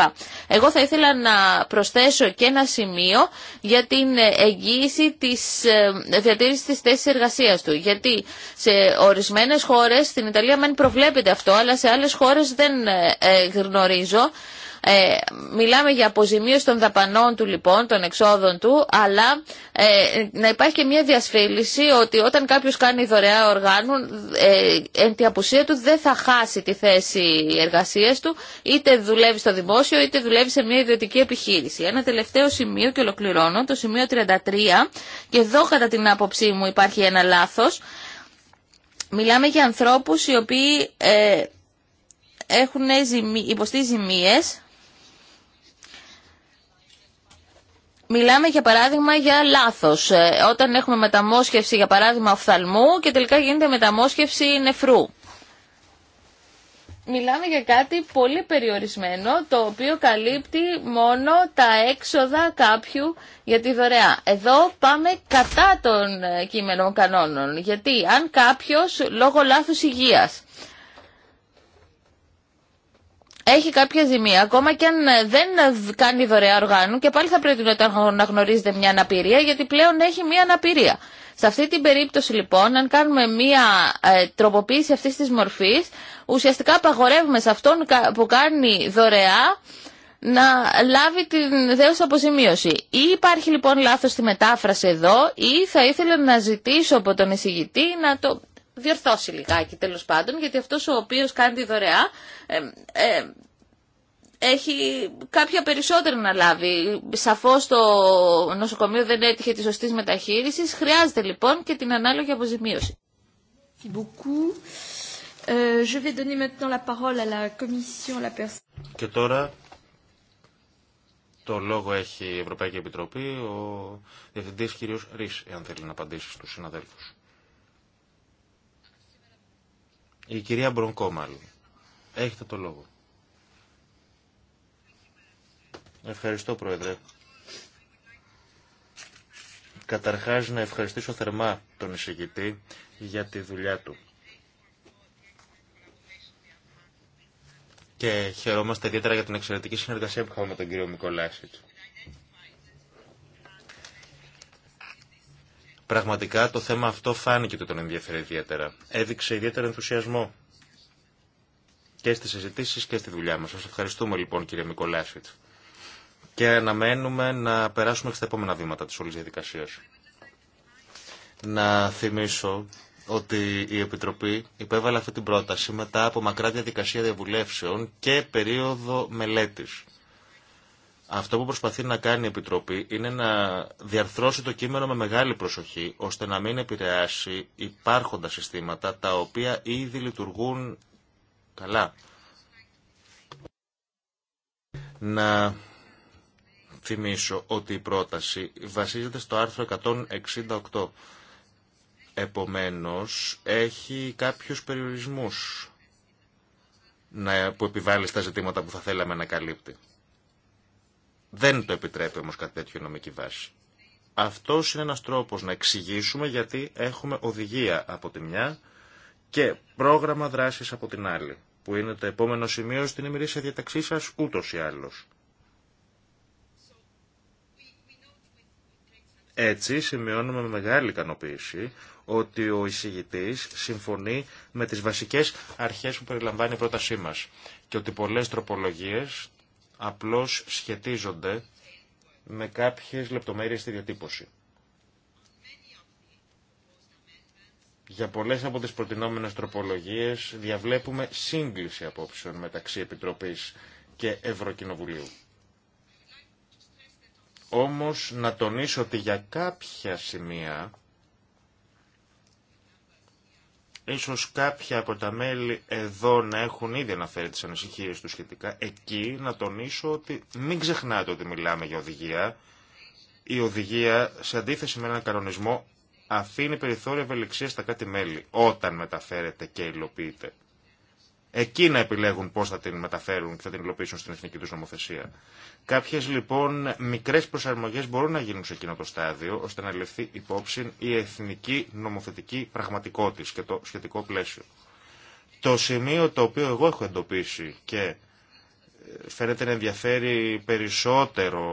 Εγώ θα ήθελα να προσθέσω και ένα σημείο για την εγγύηση της ε, διατήρησης της θέσης εργασίας του, γιατί σε ορισμένες χώρες, στην Ιταλία μεν προβλέπεται αυτό, αλλά σε άλλες χώρες δεν ε, ε, γνωρίζω, ε, μιλάμε για αποζημίωση των δαπανών του λοιπόν, των εξόδων του, αλλά ε, να υπάρχει και μια διασφίληση ότι όταν κάποιος κάνει δωρεά οργάνων ε, εν τη απουσία του δεν θα χάσει τη θέση εργασίας του, είτε δουλεύει στο δημόσιο, είτε δουλεύει σε μια ιδιωτική επιχείρηση. Ένα τελευταίο σημείο και ολοκληρώνω, το σημείο 33, και εδώ κατά την άποψή μου υπάρχει ένα λάθος, Μιλάμε για ανθρώπους οι οποίοι ε, έχουν υποστεί ζημίες Μιλάμε για παράδειγμα για λάθος. Ε, όταν έχουμε μεταμόσχευση για παράδειγμα οφθαλμού και τελικά γίνεται μεταμόσχευση νεφρού. Μιλάμε για κάτι πολύ περιορισμένο το οποίο καλύπτει μόνο τα έξοδα κάποιου για τη δωρεά. Εδώ πάμε κατά των ε, κείμενων κανόνων γιατί αν κάποιος λόγω λάθους υγείας έχει κάποια ζημία, ακόμα και αν ε, δεν ε, κάνει δωρεά οργάνου και πάλι θα πρέπει να γνωρίζετε μια αναπηρία γιατί πλέον έχει μια αναπηρία. Σε αυτή την περίπτωση λοιπόν, αν κάνουμε μία ε, τροποποίηση αυτής της μορφής, ουσιαστικά απαγορεύουμε σε αυτόν που κάνει δωρεά να λάβει την δέουσα αποζημίωση. Ή υπάρχει λοιπόν λάθος στη μετάφραση εδώ, ή θα ήθελα να ζητήσω από τον εισηγητή να το διορθώσει λιγάκι τέλος πάντων, γιατί αυτό ο οποίο κάνει τη δωρεά ε, ε, έχει κάποια περισσότερα να λάβει. Σαφώς το νοσοκομείο δεν έτυχε τη σωστή μεταχείριση. Χρειάζεται λοιπόν και την ανάλογη αποζημίωση. Και τώρα το λόγο έχει η Ευρωπαϊκή Επιτροπή, ο Διευθυντής κ. Ρης, εάν θέλει να απαντήσει στους συναδέλφους. Η κυρία Μπρονκό μάλλον. Έχετε το λόγο. Ευχαριστώ Πρόεδρε. Καταρχάς να ευχαριστήσω θερμά τον εισηγητή για τη δουλειά του. Και χαιρόμαστε ιδιαίτερα για την εξαιρετική συνεργασία που είχαμε με τον κύριο Μικολάσιτ. Πραγματικά το θέμα αυτό φάνηκε ότι τον ενδιαφέρει ιδιαίτερα. Έδειξε ιδιαίτερο ενθουσιασμό και στις συζητήσεις και στη δουλειά μας. Σας ευχαριστούμε λοιπόν κύριε Μικολάσιτ. Και αναμένουμε να περάσουμε στα επόμενα βήματα της όλης διαδικασίας. Να θυμίσω ότι η Επιτροπή υπέβαλε αυτή την πρόταση μετά από μακρά διαδικασία διαβουλεύσεων και περίοδο μελέτης. Αυτό που προσπαθεί να κάνει η Επιτροπή είναι να διαρθρώσει το κείμενο με μεγάλη προσοχή, ώστε να μην επηρεάσει υπάρχοντα συστήματα τα οποία ήδη λειτουργούν καλά. Να θυμίσω ότι η πρόταση βασίζεται στο άρθρο 168. Επομένως, έχει κάποιους περιορισμούς που επιβάλλει στα ζητήματα που θα θέλαμε να καλύπτει. Δεν το επιτρέπει όμως κάτι τέτοιο νομική βάση. Αυτό είναι ένας τρόπος να εξηγήσουμε γιατί έχουμε οδηγία από τη μια και πρόγραμμα δράσης από την άλλη, που είναι το επόμενο σημείο στην ημερήσια διαταξή σας ούτως ή άλλως. Έτσι σημειώνουμε με μεγάλη ικανοποίηση ότι ο εισηγητής συμφωνεί με τις βασικές αρχές που περιλαμβάνει η πρότασή μας και ότι πολλές τροπολογίες απλώς σχετίζονται με κάποιες λεπτομέρειες στη διατύπωση. Για πολλές από τις προτινόμενες τροπολογίες διαβλέπουμε σύγκληση απόψεων μεταξύ Επιτροπής και Ευρωκοινοβουλίου. Όμως να τονίσω ότι για κάποια σημεία Ίσως κάποια από τα μέλη εδώ να έχουν ήδη αναφέρει τις ανησυχίες του σχετικά. Εκεί να τονίσω ότι μην ξεχνάτε ότι μιλάμε για οδηγία. Η οδηγία, σε αντίθεση με έναν κανονισμό, αφήνει περιθώρια ευελιξία στα κάτι μέλη όταν μεταφέρεται και υλοποιείται. Εκεί να επιλέγουν πώς θα την μεταφέρουν και θα την υλοποιήσουν στην εθνική τους νομοθεσία. Κάποιες λοιπόν μικρές προσαρμογές μπορούν να γίνουν σε εκείνο το στάδιο ώστε να ληφθεί υπόψη η εθνική νομοθετική πραγματικότητα και το σχετικό πλαίσιο. Το σημείο το οποίο εγώ έχω εντοπίσει και ε, φαίνεται να ενδιαφέρει περισσότερο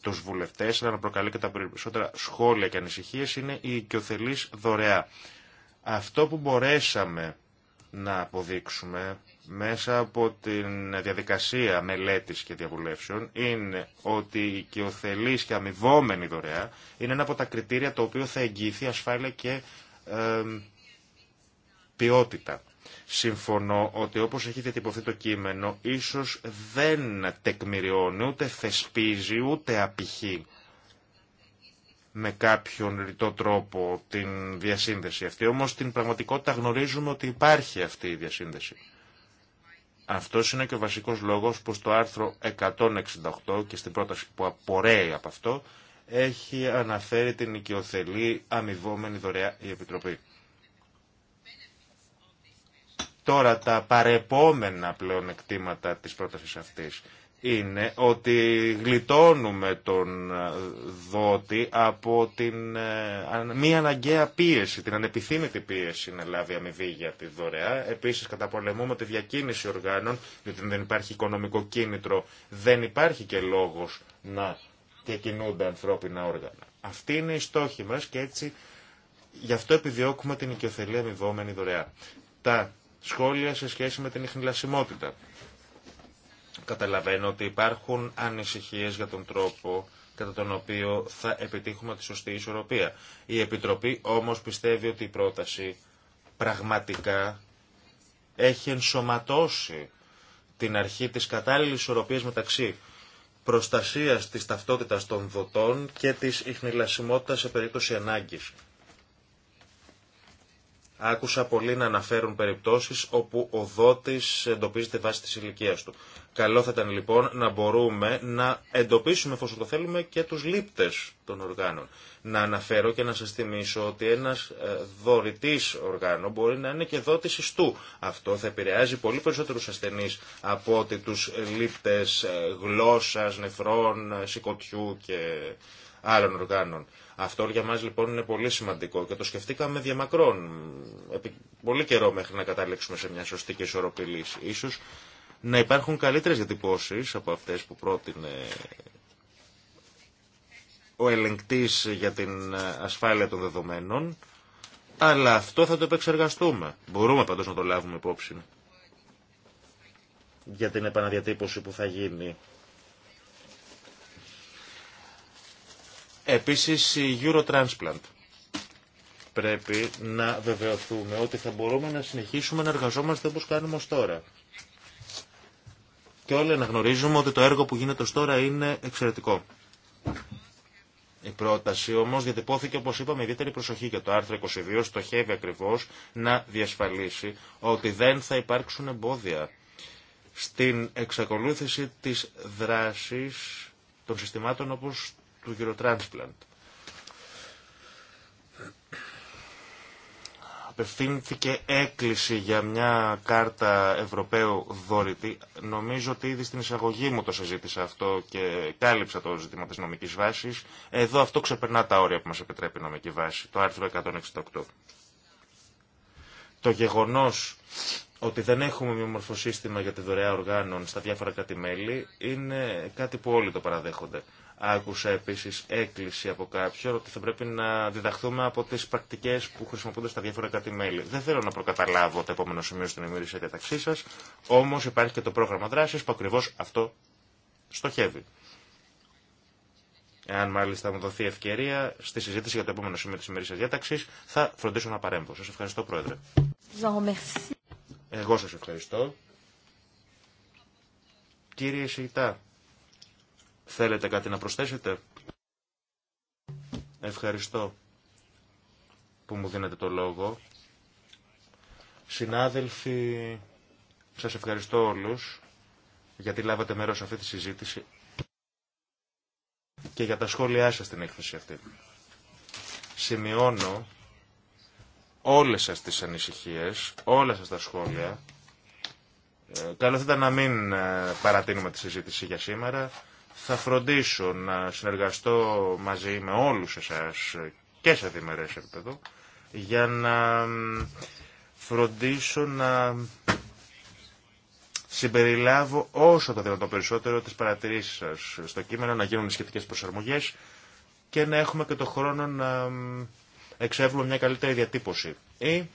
τους βουλευτές, αλλά να προκαλεί και τα περισσότερα σχόλια και ανησυχίες, είναι η οικειοθελής δωρεά. Αυτό που μπορέσαμε να αποδείξουμε μέσα από τη διαδικασία μελέτης και διαβουλεύσεων είναι ότι ο θελής και αμοιβόμενη δωρεά είναι ένα από τα κριτήρια το οποίο θα εγγυηθεί ασφάλεια και ποιότητα. Συμφωνώ ότι όπως έχει διατυπωθεί το κείμενο ίσως δεν τεκμηριώνει ούτε θεσπίζει ούτε απηχεί με κάποιον ρητό τρόπο την διασύνδεση αυτή. Όμως στην πραγματικότητα γνωρίζουμε ότι υπάρχει αυτή η διασύνδεση. Αυτό είναι και ο βασικός λόγος που στο άρθρο 168 και στην πρόταση που απορρέει από αυτό έχει αναφέρει την οικειοθελή αμοιβόμενη δωρεά η Επιτροπή. Τώρα τα παρεπόμενα πλεονεκτήματα της πρότασης αυτής είναι ότι γλιτώνουμε τον δότη από την ε, μη αναγκαία πίεση, την ανεπιθύμητη πίεση να λάβει αμοιβή για τη δωρεά. Επίσης καταπολεμούμε τη διακίνηση οργάνων, διότι δεν υπάρχει οικονομικό κίνητρο, δεν υπάρχει και λόγος να διακινούνται ανθρώπινα όργανα. Αυτή είναι η στόχη μας και έτσι γι' αυτό επιδιώκουμε την οικειοθελή αμοιβόμενη δωρεά. Τα σχόλια σε σχέση με την ιχνηλασιμότητα. Καταλαβαίνω ότι υπάρχουν ανησυχίες για τον τρόπο κατά τον οποίο θα επιτύχουμε τη σωστή ισορροπία. Η Επιτροπή όμως πιστεύει ότι η πρόταση πραγματικά έχει ενσωματώσει την αρχή της κατάλληλης ισορροπίας μεταξύ προστασίας της ταυτότητας των δοτών και της ιχνηλασιμότητας σε περίπτωση ανάγκης. Άκουσα πολλοί να αναφέρουν περιπτώσεις όπου ο δότης εντοπίζεται βάσει της ηλικία του. Καλό θα ήταν λοιπόν να μπορούμε να εντοπίσουμε εφόσον το θέλουμε και τους λήπτες των οργάνων. Να αναφέρω και να σας θυμίσω ότι ένας ε, δωρητής οργάνων μπορεί να είναι και δότης ιστού. Αυτό θα επηρεάζει πολύ περισσότερους ασθενείς από ότι τους λήπτες ε, γλώσσα, νεφρών, ε, σηκωτιού και άλλων οργάνων. Αυτό για μας λοιπόν είναι πολύ σημαντικό και το σκεφτήκαμε διαμακρών, επί πολύ καιρό μέχρι να καταλήξουμε σε μια σωστή και ισορροπή λύση. Ίσως να υπάρχουν καλύτερες διατυπώσεις από αυτές που πρότεινε ο ελεγκτής για την ασφάλεια των δεδομένων, αλλά αυτό θα το επεξεργαστούμε. Μπορούμε πάντως να το λάβουμε υπόψη για την επαναδιατύπωση που θα γίνει Επίσης η Eurotransplant. Πρέπει να βεβαιωθούμε ότι θα μπορούμε να συνεχίσουμε να εργαζόμαστε όπως κάνουμε ως τώρα. Και όλοι αναγνωρίζουμε ότι το έργο που γίνεται ως τώρα είναι εξαιρετικό. Η πρόταση όμω διατυπώθηκε, όπως είπαμε, ιδιαίτερη προσοχή για το άρθρο 22, στοχεύει ακριβώς να διασφαλίσει ότι δεν θα υπάρξουν εμπόδια στην εξακολούθηση της δράσης των συστημάτων όπως του γεροτρανσπλαντ. Απευθύνθηκε έκκληση για μια κάρτα Ευρωπαίου δόρητη. Νομίζω ότι ήδη στην εισαγωγή μου το συζήτησα αυτό και κάλυψα το ζήτημα της νομικής βάσης. Εδώ αυτό ξεπερνά τα όρια που μας επιτρέπει η νομική βάση, το άρθρο 168. Το γεγονός ότι δεν έχουμε μια για τη δωρεά οργάνων στα διάφορα κατημέλη μέλη είναι κάτι που όλοι το παραδέχονται. Άκουσα επίση έκκληση από κάποιον ότι θα πρέπει να διδαχθούμε από τι πρακτικέ που χρησιμοποιούνται στα διάφορα κράτη-μέλη. Δεν θέλω να προκαταλάβω το επόμενο σημείο στην ημερήσια διαταξή σα, όμω υπάρχει και το πρόγραμμα δράση που ακριβώ αυτό στοχεύει. Εάν μάλιστα μου δοθεί ευκαιρία στη συζήτηση για το επόμενο σημείο τη ημερήσια διάταξη, θα φροντίσω να παρέμβω. Σα ευχαριστώ, Πρόεδρε. Εγώ σα ευχαριστώ. Κύριε Σιγητά, Θέλετε κάτι να προσθέσετε. Ευχαριστώ που μου δίνετε το λόγο. Συνάδελφοι, σας ευχαριστώ όλους γιατί λάβατε μέρος σε αυτή τη συζήτηση και για τα σχόλιά σας στην έκθεση αυτή. Σημειώνω όλες σας τις ανησυχίες, όλα σας τα σχόλια. Ε, καλό θα ήταν να μην ε, παρατείνουμε τη συζήτηση για σήμερα. Θα φροντίσω να συνεργαστώ μαζί με όλους εσάς και σε διμερές επίπεδο για να φροντίσω να συμπεριλάβω όσο το δυνατόν περισσότερο τις παρατηρήσεις σας στο κείμενο, να γίνουν σχετικές προσαρμογές και να έχουμε και το χρόνο να εξεύρουμε μια καλύτερη διατύπωση ή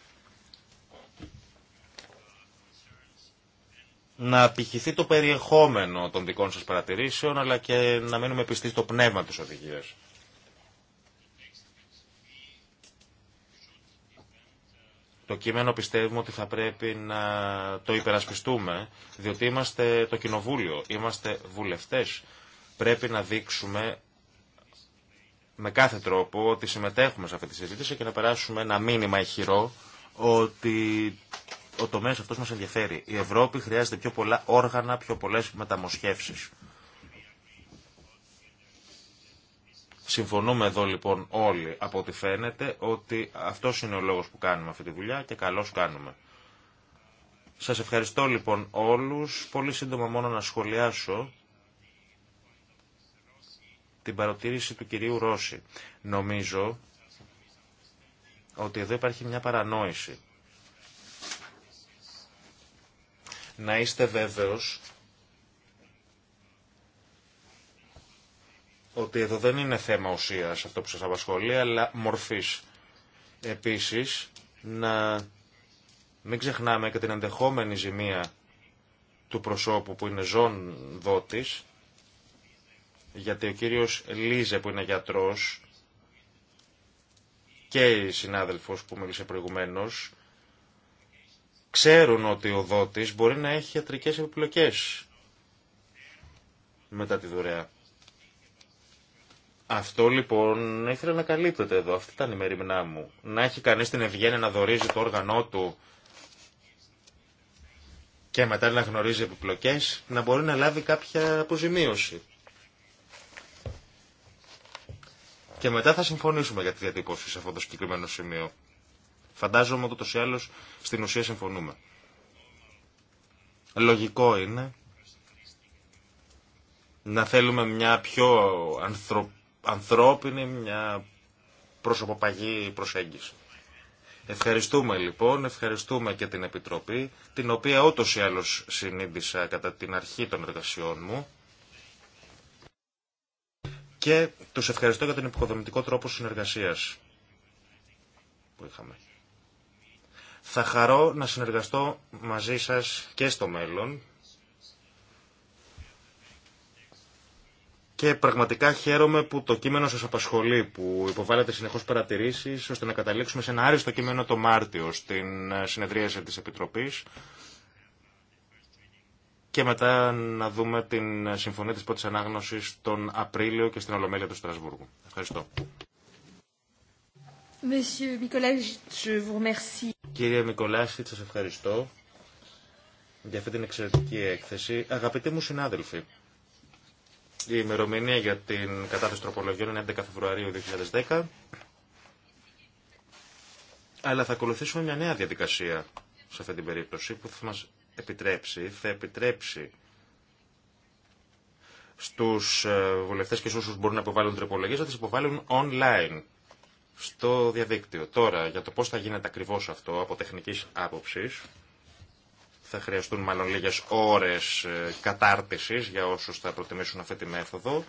να απηχηθεί το περιεχόμενο των δικών σας παρατηρήσεων, αλλά και να μείνουμε πιστοί στο πνεύμα της οδηγίας. Το κείμενο πιστεύουμε ότι θα πρέπει να το υπερασπιστούμε, διότι είμαστε το κοινοβούλιο, είμαστε βουλευτές. Πρέπει να δείξουμε με κάθε τρόπο ότι συμμετέχουμε σε αυτή τη συζήτηση και να περάσουμε ένα μήνυμα ηχηρό ότι ο τομέα αυτός μας ενδιαφέρει. Η Ευρώπη χρειάζεται πιο πολλά όργανα, πιο πολλέ μεταμοσχεύσεις. Συμφωνούμε εδώ λοιπόν όλοι από ό,τι φαίνεται ότι αυτό είναι ο λόγος που κάνουμε αυτή τη δουλειά και καλώ κάνουμε. Σας ευχαριστώ λοιπόν όλους. Πολύ σύντομα μόνο να σχολιάσω την παρατήρηση του κυρίου Ρώση. Νομίζω ότι εδώ υπάρχει μια παρανόηση. να είστε βέβαιος ότι εδώ δεν είναι θέμα ουσίας αυτό που σας απασχολεί, αλλά μορφής. Επίσης, να μην ξεχνάμε και την αντεχόμενη ζημία του προσώπου που είναι ζών δότης, γιατί ο κύριος Λίζε που είναι γιατρός και η συνάδελφος που μίλησε προηγουμένως ξέρουν ότι ο δότης μπορεί να έχει ιατρικές επιπλοκές μετά τη δωρεά. Αυτό λοιπόν ήθελα να καλύπτεται εδώ. Αυτή ήταν η μεριμνά μου. Να έχει κανείς την ευγένεια να δορίζει το όργανό του και μετά να γνωρίζει επιπλοκές, να μπορεί να λάβει κάποια αποζημίωση. Και μετά θα συμφωνήσουμε για τη διατύπωση σε αυτό το συγκεκριμένο σημείο. Φαντάζομαι ότι ούτως ή άλλως στην ουσία συμφωνούμε. Λογικό είναι να θέλουμε μια πιο ανθρώπινη, μια προσωποπαγή προσέγγιση. Ευχαριστούμε λοιπόν, ευχαριστούμε και την Επιτροπή, την οποία ότως ή άλλως συνείδησα κατά την αρχή των εργασιών μου και τους ευχαριστώ για τον υποδομητικό τρόπο συνεργασίας που είχαμε. Θα χαρώ να συνεργαστώ μαζί σας και στο μέλλον και πραγματικά χαίρομαι που το κείμενο σας απασχολεί, που υποβάλλετε συνεχώς παρατηρήσεις ώστε να καταλήξουμε σε ένα άριστο κείμενο το Μάρτιο στην ε, συνεδρίαση της Επιτροπής και μετά να δούμε την ε, συμφωνία της πρώτης ανάγνωσης τον Απρίλιο και στην Ολομέλεια του Στρασβούργου. Ευχαριστώ. Κύριε Μικολάση, σας ευχαριστώ για αυτή την εξαιρετική έκθεση. Αγαπητοί μου συνάδελφοι, η ημερομηνία για την κατάθεση τροπολογιών είναι 11 Φεβρουαρίου 2010, αλλά θα ακολουθήσουμε μια νέα διαδικασία σε αυτή την περίπτωση που θα μας επιτρέψει, θα επιτρέψει στους ε, βουλευτές και στους όσους μπορούν να υποβάλουν τροπολογίες να τις αποβάλουν online στο διαδίκτυο. Τώρα, για το πώς θα γίνεται ακριβώς αυτό από τεχνικής άποψης, θα χρειαστούν μάλλον λίγες ώρες ε, κατάρτισης για όσους θα προτιμήσουν αυτή τη μέθοδο.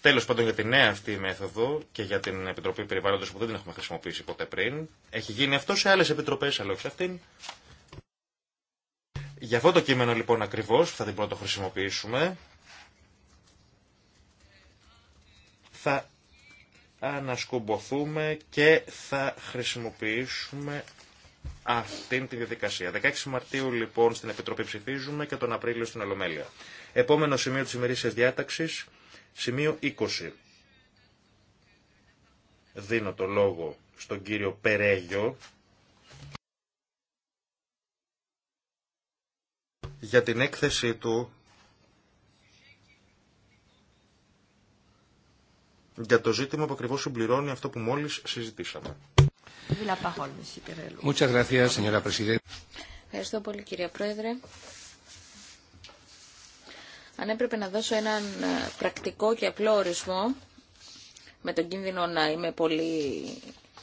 Τέλος πάντων, για τη νέα αυτή μέθοδο και για την Επιτροπή Περιβάλλοντος που δεν την έχουμε χρησιμοποιήσει ποτέ πριν, έχει γίνει αυτό σε άλλες επιτροπές, αλλά όχι αυτήν. Για αυτό το κείμενο λοιπόν ακριβώ θα την πρώτο χρησιμοποιήσουμε. Θα ανασκομποθούμε και θα χρησιμοποιήσουμε αυτήν τη διαδικασία. 16 Μαρτίου λοιπόν στην Επιτροπή ψηφίζουμε και τον Απρίλιο στην Ολομέλεια. Επόμενο σημείο της ημερήσιας διάταξης, σημείο 20. Δίνω το λόγο στον κύριο Περέγιο για την έκθεσή του για το ζήτημα που ακριβώς συμπληρώνει αυτό που μόλις συζητήσαμε. Ευχαριστώ πολύ κυρία Πρόεδρε. Αν έπρεπε να δώσω έναν ε, πρακτικό και απλό ορισμό, με τον κίνδυνο να είμαι πολύ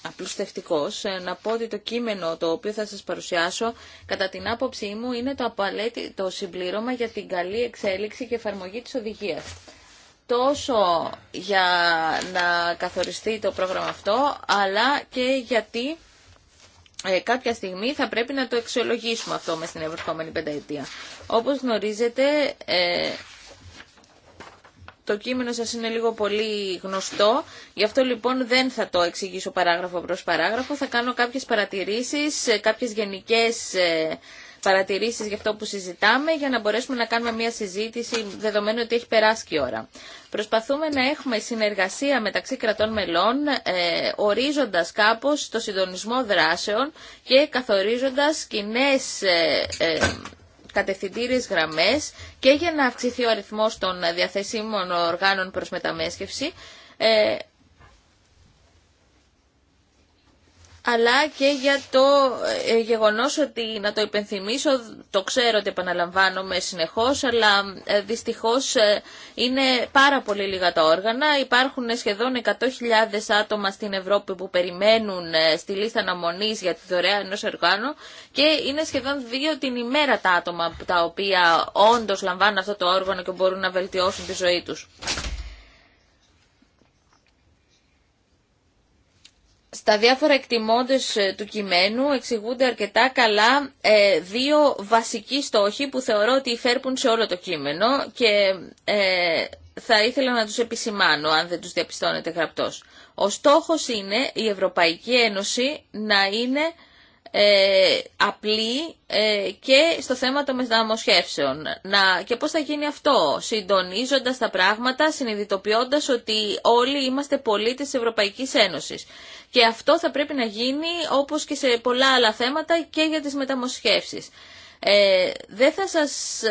απλουστευτικός, ε, να πω ότι το κείμενο το οποίο θα σας παρουσιάσω, κατά την άποψή μου, είναι το συμπλήρωμα για την καλή εξέλιξη και εφαρμογή της οδηγίας τόσο για να καθοριστεί το πρόγραμμα αυτό, αλλά και γιατί ε, κάποια στιγμή θα πρέπει να το αξιολογήσουμε αυτό με στην ευρωχόμενη πενταετία. Όπως γνωρίζετε, ε, το κείμενο σας είναι λίγο πολύ γνωστό, γι' αυτό λοιπόν δεν θα το εξηγήσω παράγραφο προς παράγραφο, θα κάνω κάποιες παρατηρήσεις, ε, κάποιες γενικές ε, παρατηρήσεις για αυτό που συζητάμε για να μπορέσουμε να κάνουμε μια συζήτηση δεδομένου ότι έχει περάσει και η ώρα. Προσπαθούμε να έχουμε συνεργασία μεταξύ κρατών μελών ε, ορίζοντας κάπως το συντονισμό δράσεων και καθορίζοντας κοινέ. Ε, ε, κατευθυντήριες γραμμές και για να αυξηθεί ο αριθμός των διαθέσιμων οργάνων προς μεταμέσχευση ε, αλλά και για το ε, γεγονός ότι, να το υπενθυμίσω, το ξέρω ότι επαναλαμβάνομαι συνεχώς, αλλά ε, δυστυχώς ε, είναι πάρα πολύ λίγα τα όργανα. Υπάρχουν σχεδόν 100.000 άτομα στην Ευρώπη που περιμένουν στη λίστα αναμονή για τη δωρεά ενός οργάνου και είναι σχεδόν δύο την ημέρα τα άτομα τα οποία όντως λαμβάνουν αυτό το όργανο και μπορούν να βελτιώσουν τη ζωή τους. στα διάφορα εκτιμώντες ε, του κειμένου εξηγούνται αρκετά καλά ε, δύο βασικοί στόχοι που θεωρώ ότι υφέρπουν σε όλο το κείμενο και ε, θα ήθελα να τους επισημάνω αν δεν τους διαπιστώνετε γραπτός. Ο στόχος είναι η Ευρωπαϊκή Ένωση να είναι ε, απλή ε, και στο θέμα των μεταμοσχεύσεων. Να, και πώς θα γίνει αυτό, συντονίζοντας τα πράγματα, συνειδητοποιώντας ότι όλοι είμαστε πολίτες της Ευρωπαϊκής Ένωσης. Και αυτό θα πρέπει να γίνει όπως και σε πολλά άλλα θέματα και για τις μεταμοσχεύσεις. Ε, δεν θα σας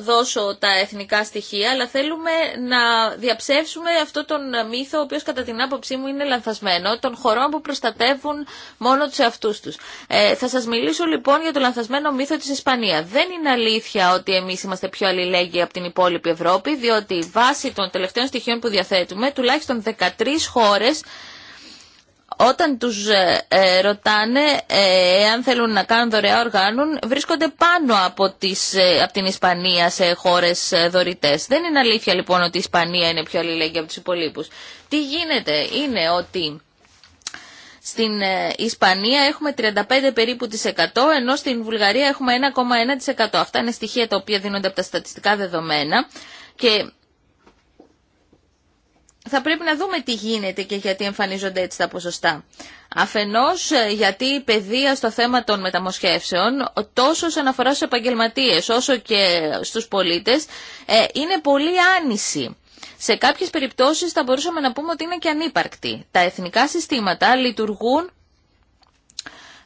δώσω τα εθνικά στοιχεία, αλλά θέλουμε να διαψεύσουμε αυτό τον μύθο, ο οποίος κατά την άποψή μου είναι λανθασμένο, των χωρών που προστατεύουν μόνο τους εαυτούς τους. Ε, θα σας μιλήσω λοιπόν για το λανθασμένο μύθο της Ισπανία. Δεν είναι αλήθεια ότι εμείς είμαστε πιο αλληλέγγυοι από την υπόλοιπη Ευρώπη, διότι βάσει των τελευταίων στοιχείων που διαθέτουμε, τουλάχιστον 13 χώρες όταν τους ε, ε, ρωτάνε αν ε, θέλουν να κάνουν δωρεά οργάνων, βρίσκονται πάνω από, την Ισπανία σε χώρες δωρητές. Δεν είναι αλήθεια λοιπόν ότι η Ισπανία είναι πιο αλληλέγγυα από τους υπολείπους. Τι γίνεται είναι ότι... Στην Ισπανία έχουμε 35 περίπου τις 100, ενώ στην Βουλγαρία έχουμε 1,1%. Αυτά είναι στοιχεία τα οποία δίνονται από τα στατιστικά δεδομένα και θα πρέπει να δούμε τι γίνεται και γιατί εμφανίζονται έτσι τα ποσοστά. Αφενός ε, γιατί η παιδεία στο θέμα των μεταμοσχεύσεων, τόσο σε αφορά στους επαγγελματίες όσο και στους πολίτες, ε, είναι πολύ άνηση. Σε κάποιες περιπτώσεις θα μπορούσαμε να πούμε ότι είναι και ανύπαρκτη. Τα εθνικά συστήματα λειτουργούν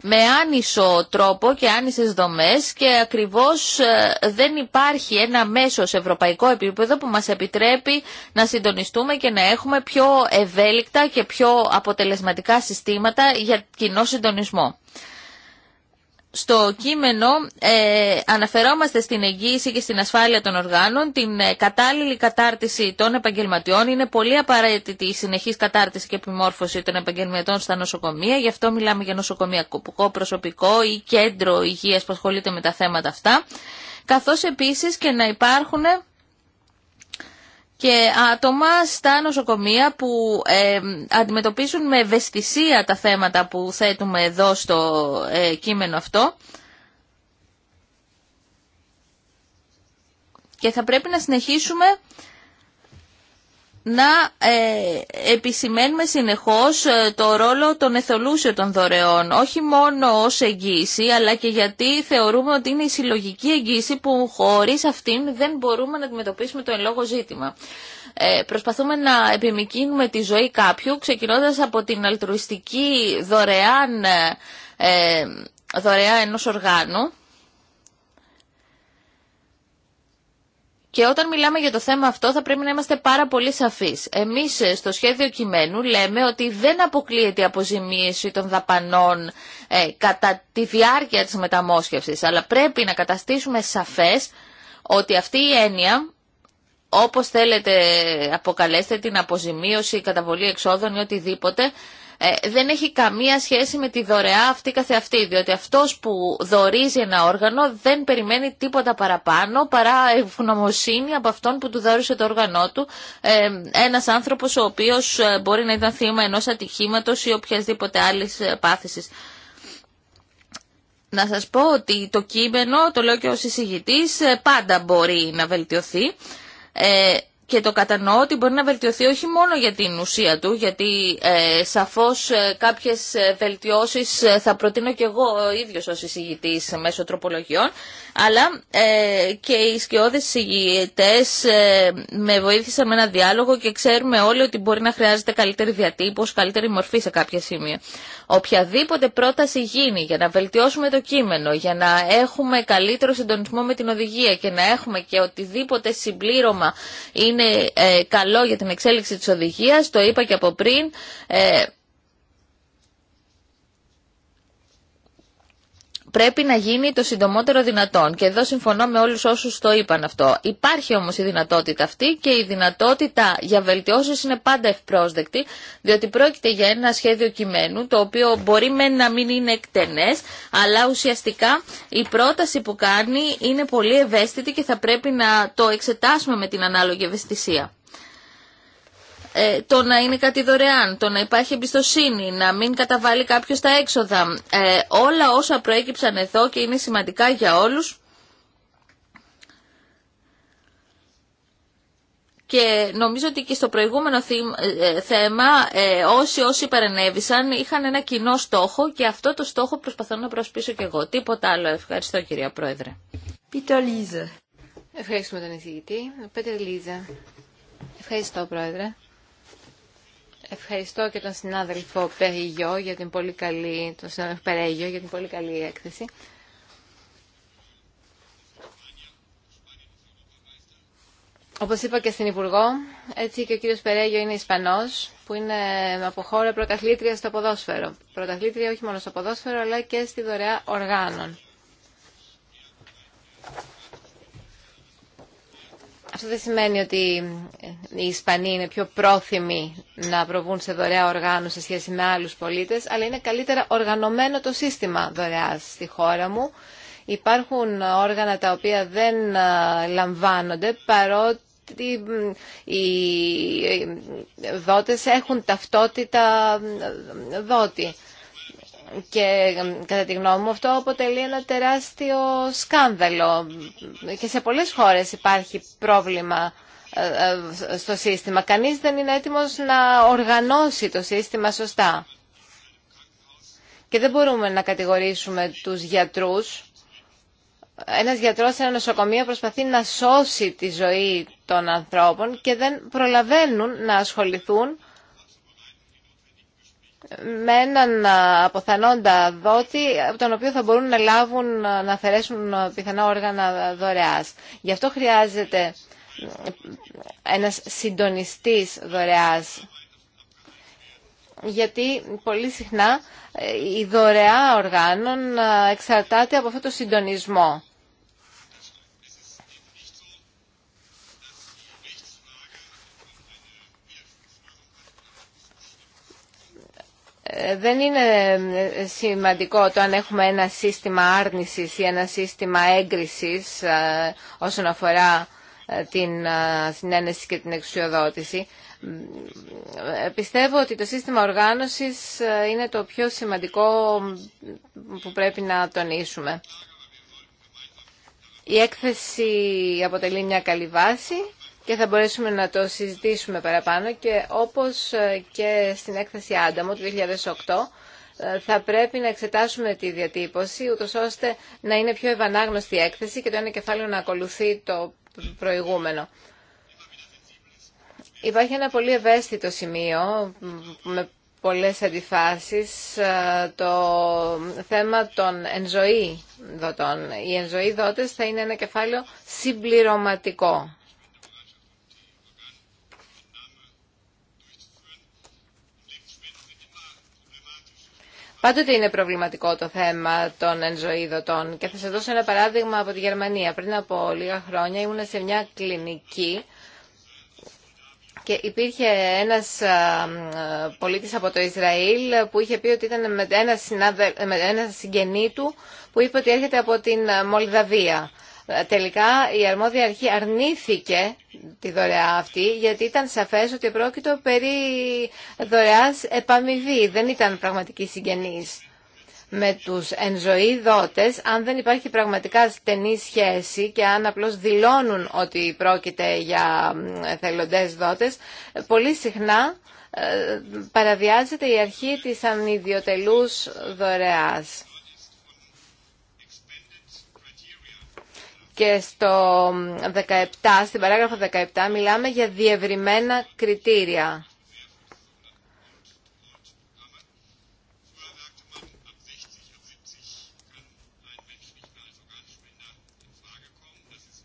με άνισο τρόπο και άνισες δομές και ακριβώς ε, δεν υπάρχει ένα μέσο σε ευρωπαϊκό επίπεδο που μας επιτρέπει να συντονιστούμε και να έχουμε πιο ευέλικτα και πιο αποτελεσματικά συστήματα για κοινό συντονισμό στο κείμενο ε, αναφερόμαστε στην εγγύηση και στην ασφάλεια των οργάνων, την ε, κατάλληλη κατάρτιση των επαγγελματιών. Είναι πολύ απαραίτητη η συνεχής κατάρτιση και επιμόρφωση των επαγγελματιών στα νοσοκομεία. Γι' αυτό μιλάμε για νοσοκομιακό προσωπικό ή κέντρο υγείας που ασχολείται με τα θέματα αυτά. Καθώς επίσης και να υπάρχουν και άτομα στα νοσοκομεία που ε, αντιμετωπίζουν με ευαισθησία τα θέματα που θέτουμε εδώ στο ε, κείμενο αυτό. Και θα πρέπει να συνεχίσουμε να ε, επισημαίνουμε συνεχώς ε, το ρόλο των των δωρεών, όχι μόνο ως εγγύηση, αλλά και γιατί θεωρούμε ότι είναι η συλλογική εγγύηση που χωρίς αυτήν δεν μπορούμε να αντιμετωπίσουμε το εν λόγω ζήτημα. Ε, προσπαθούμε να επιμηκύνουμε τη ζωή κάποιου, ξεκινώντας από την αλτρουιστική δωρεάν, ε, δωρεά ενός οργάνου, Και όταν μιλάμε για το θέμα αυτό θα πρέπει να είμαστε πάρα πολύ σαφείς. Εμείς ε, στο σχέδιο κειμένου λέμε ότι δεν αποκλείεται η αποζημίωση των δαπανών ε, κατά τη διάρκεια της μεταμόσχευσης, αλλά πρέπει να καταστήσουμε σαφές ότι αυτή η έννοια, όπως θέλετε αποκαλέστε την αποζημίωση, καταβολή εξόδων ή οτιδήποτε, ε, δεν έχει καμία σχέση με τη δωρεά αυτή καθεαυτή, διότι αυτός που δωρίζει ένα όργανο δεν περιμένει τίποτα παραπάνω παρά ευγνωμοσύνη από αυτόν που του δώρισε το όργανό του, ε, ένας άνθρωπος ο οποίος ε, μπορεί να ήταν θύμα ενός ατυχήματος ή οποιασδήποτε άλλης ε, πάθησης. Να σας πω ότι το κείμενο, το λέω και ως πάντα μπορεί να βελτιωθεί και το κατανοώ ότι μπορεί να βελτιωθεί όχι μόνο για την ουσία του, γιατί ε, σαφώς ε, κάποιες ε, βελτιώσεις ε, θα προτείνω και εγώ ο ίδιος ως εισηγητής μέσω τροπολογιών, αλλά ε, και οι σκιώδες εισηγητές ε, με βοήθησαν με ένα διάλογο και ξέρουμε όλοι ότι μπορεί να χρειάζεται καλύτερη διατύπωση, καλύτερη μορφή σε κάποια σημεία. Οποιαδήποτε πρόταση γίνει για να βελτιώσουμε το κείμενο, για να έχουμε καλύτερο συντονισμό με την οδηγία και να έχουμε και οτιδήποτε συμπλήρωμα είναι ε, καλό για την εξέλιξη της οδηγίας, το είπα και από πριν, ε, πρέπει να γίνει το συντομότερο δυνατόν. Και εδώ συμφωνώ με όλους όσους το είπαν αυτό. Υπάρχει όμως η δυνατότητα αυτή και η δυνατότητα για βελτιώσεις είναι πάντα ευπρόσδεκτη, διότι πρόκειται για ένα σχέδιο κειμένου, το οποίο μπορεί με να μην είναι εκτενές, αλλά ουσιαστικά η πρόταση που κάνει είναι πολύ ευαίσθητη και θα πρέπει να το εξετάσουμε με την ανάλογη ευαισθησία. Ε, το να είναι κάτι δωρεάν, το να υπάρχει εμπιστοσύνη, να μην καταβάλει κάποιος τα έξοδα. Ε, όλα όσα προέκυψαν εδώ και είναι σημαντικά για όλους. Και νομίζω ότι και στο προηγούμενο ε, θέμα όσοι όσοι παρενέβησαν είχαν ένα κοινό στόχο και αυτό το στόχο προσπαθώ να προσπίσω και εγώ. Τίποτα άλλο. Ευχαριστώ κυρία Πρόεδρε. Λίζα. Ευχαριστούμε τον εισηγητή. Πίτερ Λίζα. Ευχαριστώ Πρόεδρε. Ευχαριστώ και τον συνάδελφο Περίγιο για την πολύ καλή, τον συνάδελφο Περέγιο για την πολύ καλή έκθεση. Όπως είπα και στην Υπουργό, έτσι και ο κύριος Περέγιο είναι Ισπανός, που είναι από χώρα πρωταθλήτρια στο ποδόσφαιρο. Πρωταθλήτρια όχι μόνο στο ποδόσφαιρο, αλλά και στη δωρεά οργάνων. Αυτό δεν σημαίνει ότι οι Ισπανοί είναι πιο πρόθυμοι να προβούν σε δωρεά οργάνωση σε σχέση με άλλους πολίτες, αλλά είναι καλύτερα οργανωμένο το σύστημα δωρεάς στη χώρα μου. Υπάρχουν όργανα τα οποία δεν ε, λαμβάνονται παρότι οι ε, δότες έχουν ταυτότητα ε, δότη. Και κατά τη γνώμη μου αυτό αποτελεί ένα τεράστιο σκάνδαλο και σε πολλές χώρες υπάρχει πρόβλημα ε, ε, στο σύστημα. Κανείς δεν είναι έτοιμος να οργανώσει το σύστημα σωστά. Και δεν μπορούμε να κατηγορήσουμε τους γιατρούς. Ένας γιατρός σε ένα νοσοκομείο προσπαθεί να σώσει τη ζωή των ανθρώπων και δεν προλαβαίνουν να ασχοληθούν με έναν αποθανόντα δότη από τον οποίο θα μπορούν να λάβουν, να αφαιρέσουν πιθανά όργανα δωρεάς. Γι' αυτό χρειάζεται ένας συντονιστής δωρεάς. Γιατί πολύ συχνά ε, η δωρεά οργάνων εξαρτάται από αυτό το συντονισμό. δεν είναι ε, σημαντικό το αν έχουμε ένα σύστημα άρνησης ή ένα σύστημα έγκρισης ε, όσον αφορά ε, την συνένεση και την εξουσιοδότηση. Πιστεύω ότι το σύστημα οργάνωσης είναι το πιο σημαντικό που πρέπει να τονίσουμε. Η έκθεση αποτελεί μια καλή βάση και θα μπορέσουμε να το συζητήσουμε παραπάνω και όπως ε, και στην έκθεση Άνταμο του 2008 ε, θα πρέπει να εξετάσουμε τη διατύπωση ούτως ώστε να είναι πιο ευανάγνωστη η έκθεση και το ένα κεφάλαιο να ακολουθεί το προηγούμενο. Υπάρχει ένα πολύ ευαίσθητο σημείο με πολλές αντιφάσεις ε, το θέμα των ενζοή δοτών. Οι ενζοή δότες θα είναι ένα κεφάλαιο συμπληρωματικό Πάντοτε είναι προβληματικό το θέμα των ενζοειδωτών και θα σας δώσω ένα παράδειγμα από τη Γερμανία. Πριν από λίγα χρόνια ήμουν σε μια κλινική και υπήρχε ένας πολίτης από το Ισραήλ που είχε πει ότι ήταν με ένα, με ένα συγγενή του που είπε ότι έρχεται από την Μολδαβία. Τελικά η αρμόδια αρχή αρνήθηκε τη δωρεά αυτή γιατί ήταν σαφές ότι πρόκειτο περί δωρεάς επαμοιβή, δεν ήταν πραγματική συγγενής με τους εν ζωή δότες, αν δεν υπάρχει πραγματικά στενή σχέση και αν απλώς δηλώνουν ότι πρόκειται για θελοντές δότες, πολύ συχνά ε, παραβιάζεται η αρχή της ανιδιοτελούς δωρεάς. και στο 17, στην παράγραφο 17 μιλάμε για διευρυμένα κριτήρια.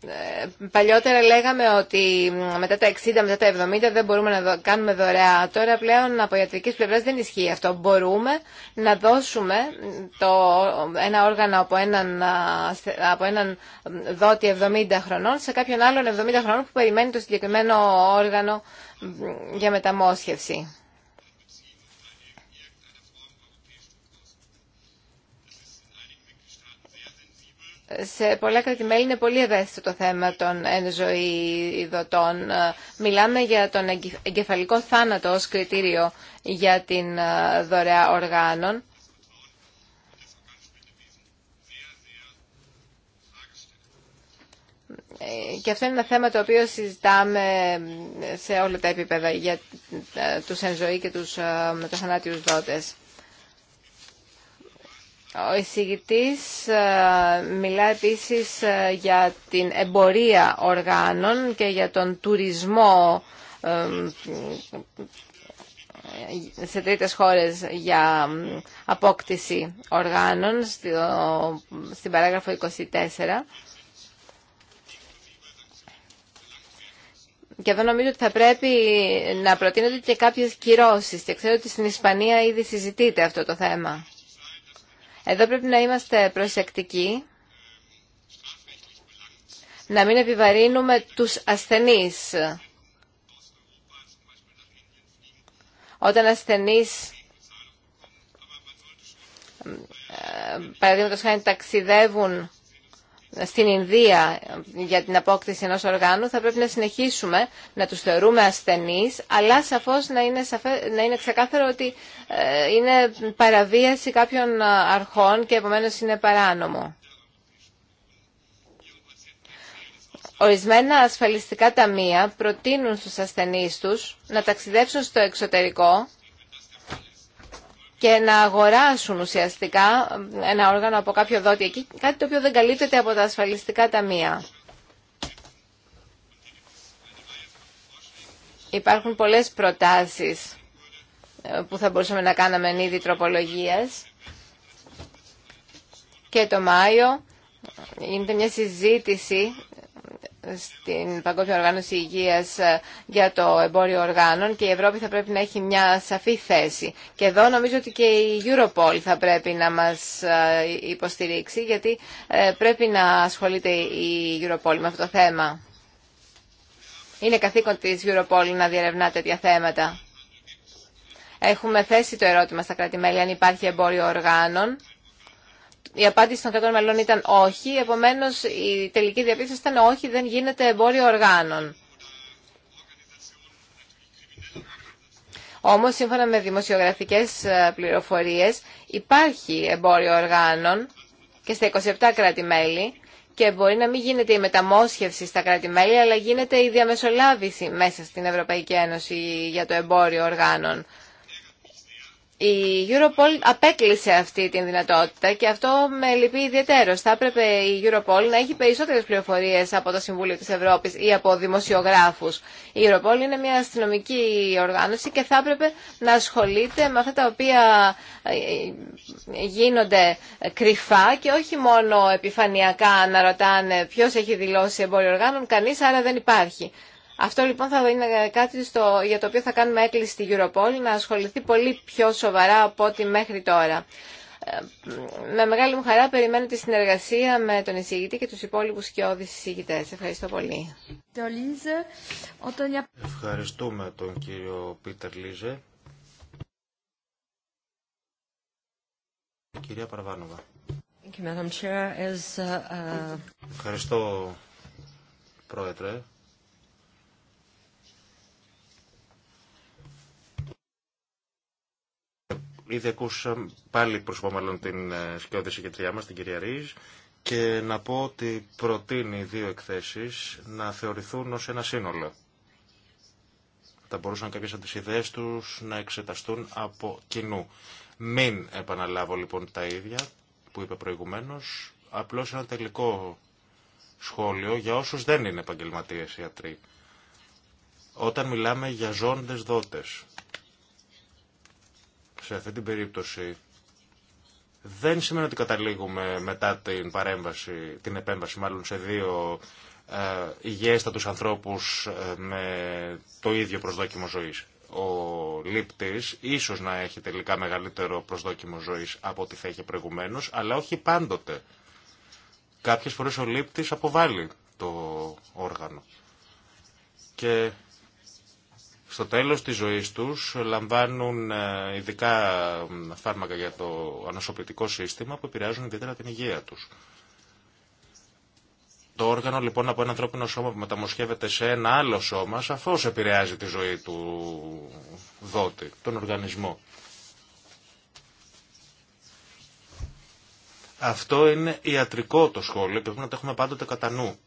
Ε, παλιότερα λέγαμε ότι μετά τα 60, μετά τα 70 δεν μπορούμε να κάνουμε δωρεά. Τώρα πλέον από ιατρικής πλευράς δεν ισχύει αυτό. Μπορούμε να δώσουμε το, ένα όργανο από έναν, από έναν δότη 70 χρονών σε κάποιον άλλον 70 χρονών που περιμένει το συγκεκριμένο όργανο για μεταμόσχευση. σε πολλά κρατημέλη είναι πολύ ευαίσθητο το θέμα των εν Μιλάμε για τον εγκεφαλικό θάνατο ως κριτήριο για την ε, δωρεά οργάνων. Ε, και αυτό είναι ένα θέμα το οποίο συζητάμε σε όλα τα επίπεδα για ε, τους εν και τους μεταθανάτιους δότες. Ο εισηγητής ε, μιλά επίσης ε, για την εμπορία οργάνων και για τον τουρισμό ε, σε τρίτες χώρες για απόκτηση οργάνων στην παράγραφο 24. Και εδώ νομίζω ότι θα πρέπει να προτείνονται και κάποιες κυρώσεις και ξέρω ότι στην Ισπανία ήδη συζητείται αυτό το θέμα. Εδώ πρέπει να είμαστε προσεκτικοί να μην επιβαρύνουμε τους ασθενείς. Όταν ασθενείς, ε, παραδείγματος χάρη, ταξιδεύουν στην Ινδία για την απόκτηση ενός οργάνου θα πρέπει να συνεχίσουμε να τους θεωρούμε ασθενείς αλλά σαφώς να είναι, σαφέ, να είναι ξεκάθαρο ότι ε, είναι παραβίαση κάποιων ε, αρχών και επομένως είναι παράνομο. Ορισμένα ασφαλιστικά ταμεία προτείνουν στους ασθενείς τους να ταξιδέψουν στο εξωτερικό και να αγοράσουν ουσιαστικά ένα όργανο από κάποιο δότη εκεί, κάτι το οποίο δεν καλύπτεται από τα ασφαλιστικά ταμεία. Υπάρχουν πολλές προτάσεις ε, που θα μπορούσαμε να κάναμε εν είδη τροπολογίας και το Μάιο ε, γίνεται μια συζήτηση στην Παγκόσμια Οργάνωση Υγείας ε, για το εμπόριο οργάνων και η Ευρώπη θα πρέπει να έχει μια σαφή θέση. Και εδώ νομίζω ότι και η Europol θα πρέπει να μας ε, υποστηρίξει γιατί ε, πρέπει να ασχολείται η Europol με αυτό το θέμα. Είναι καθήκον της Europol να διερευνά τέτοια θέματα. Έχουμε θέσει το ερώτημα στα κράτη-μέλη αν υπάρχει εμπόριο οργάνων η απάντηση των κρατών μελών ήταν όχι, επομένως η τελική διαπίστωση ήταν όχι, δεν γίνεται εμπόριο οργάνων. Όμως, σύμφωνα με δημοσιογραφικές ε, πληροφορίες, υπάρχει εμπόριο οργάνων και στα 27 κράτη-μέλη και μπορεί να μην γίνεται η μεταμόσχευση στα κράτη-μέλη, αλλά γίνεται η διαμεσολάβηση μέσα στην Ευρωπαϊκή Ένωση για το εμπόριο οργάνων. Η Europol απέκλεισε αυτή την δυνατότητα και αυτό με λυπεί ιδιαίτερο. Θα έπρεπε η Europol να έχει περισσότερε πληροφορίε από το Συμβούλιο τη Ευρώπης ή από δημοσιογράφους. Η Europol είναι μια αστυνομική οργάνωση και θα έπρεπε να ασχολείται με αυτά τα οποία ε, ε, γίνονται κρυφά και όχι μόνο επιφανειακά να ρωτάνε ποιο έχει δηλώσει εμπόριο οργάνων, κανείς άρα δεν υπάρχει. Αυτό λοιπόν θα είναι κάτι στο, για το οποίο θα κάνουμε έκκληση στη Europol να ασχοληθεί πολύ πιο σοβαρά από ό,τι μέχρι τώρα. Ε, με μεγάλη μου χαρά περιμένω τη συνεργασία με τον εισηγητή και τους υπόλοιπους όδης εισηγητές. Ευχαριστώ πολύ. Ευχαριστούμε τον κύριο Πίτερ Λίζε. Κυρία Παρβάνοβα. Uh, uh, Ευχαριστώ, Πρόεδρε. Ήδη ακούσα πάλι προσωπώ την ε, σκιώδη συγκεκριά μα, την κυρία Ρίζ, και να πω ότι προτείνει οι δύο εκθέσεις να θεωρηθούν ως ένα σύνολο. Θα μπορούσαν κάποιες από τις ιδέες τους να εξεταστούν από κοινού. Μην επαναλάβω λοιπόν τα ίδια που είπε προηγουμένως, απλώς ένα τελικό σχόλιο για όσους δεν είναι επαγγελματίες ιατροί. Όταν μιλάμε για ζώντες δότες, σε αυτή την περίπτωση δεν σημαίνει ότι καταλήγουμε μετά την παρέμβαση, την επέμβαση μάλλον σε δύο ε, ανθρώπους ε, με το ίδιο προσδόκιμο ζωής. Ο λήπτης ίσως να έχει τελικά μεγαλύτερο προσδόκιμο ζωής από ό,τι θα είχε προηγουμένως, αλλά όχι πάντοτε. Κάποιες φορές ο λήπτης αποβάλλει το όργανο. Και στο τέλος της ζωής τους λαμβάνουν ε, ειδικά φάρμακα για το ανοσοποιητικό σύστημα που επηρεάζουν ιδιαίτερα την υγεία τους. Το όργανο λοιπόν από ένα ανθρώπινο σώμα που μεταμοσχεύεται σε ένα άλλο σώμα σαφώς επηρεάζει τη ζωή του δότη, τον οργανισμό. Αυτό είναι ιατρικό το σχόλιο και πρέπει να το έχουμε πάντοτε κατά νου.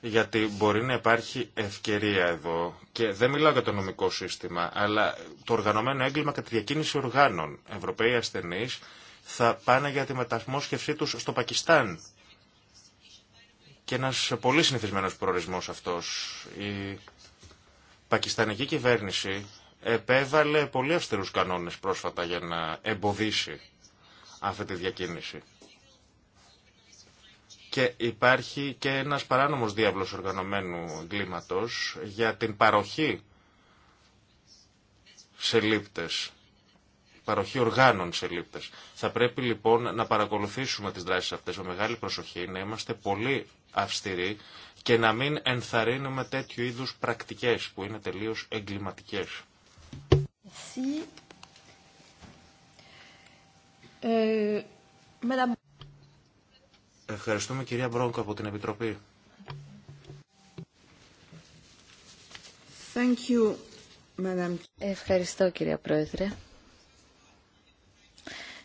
γιατί μπορεί να υπάρχει ευκαιρία εδώ και δεν μιλάω για το νομικό σύστημα, αλλά το οργανωμένο έγκλημα κατά τη διακίνηση οργάνων. Ευρωπαίοι ασθενεί θα πάνε για τη μεταμόσχευσή του στο Πακιστάν. Και ένα πολύ συνηθισμένο προορισμό αυτό. Η πακιστανική κυβέρνηση επέβαλε πολύ αυστηρού κανόνε πρόσφατα για να εμποδίσει αυτή τη διακίνηση. Και υπάρχει και ένας παράνομος διάβλος οργανωμένου εγκλήματος για την παροχή σε λήπτες, παροχή οργάνων σε λήπτες. Θα πρέπει λοιπόν να παρακολουθήσουμε τις δράσεις αυτές με μεγάλη προσοχή, να είμαστε πολύ αυστηροί και να μην ενθαρρύνουμε τέτοιου είδους πρακτικές που είναι τελείως εγκληματικές. Ε, Ευχαριστούμε κυρία Μπρόνκο από την Επιτροπή. Thank you, Madam. Ευχαριστώ κυρία Πρόεδρε.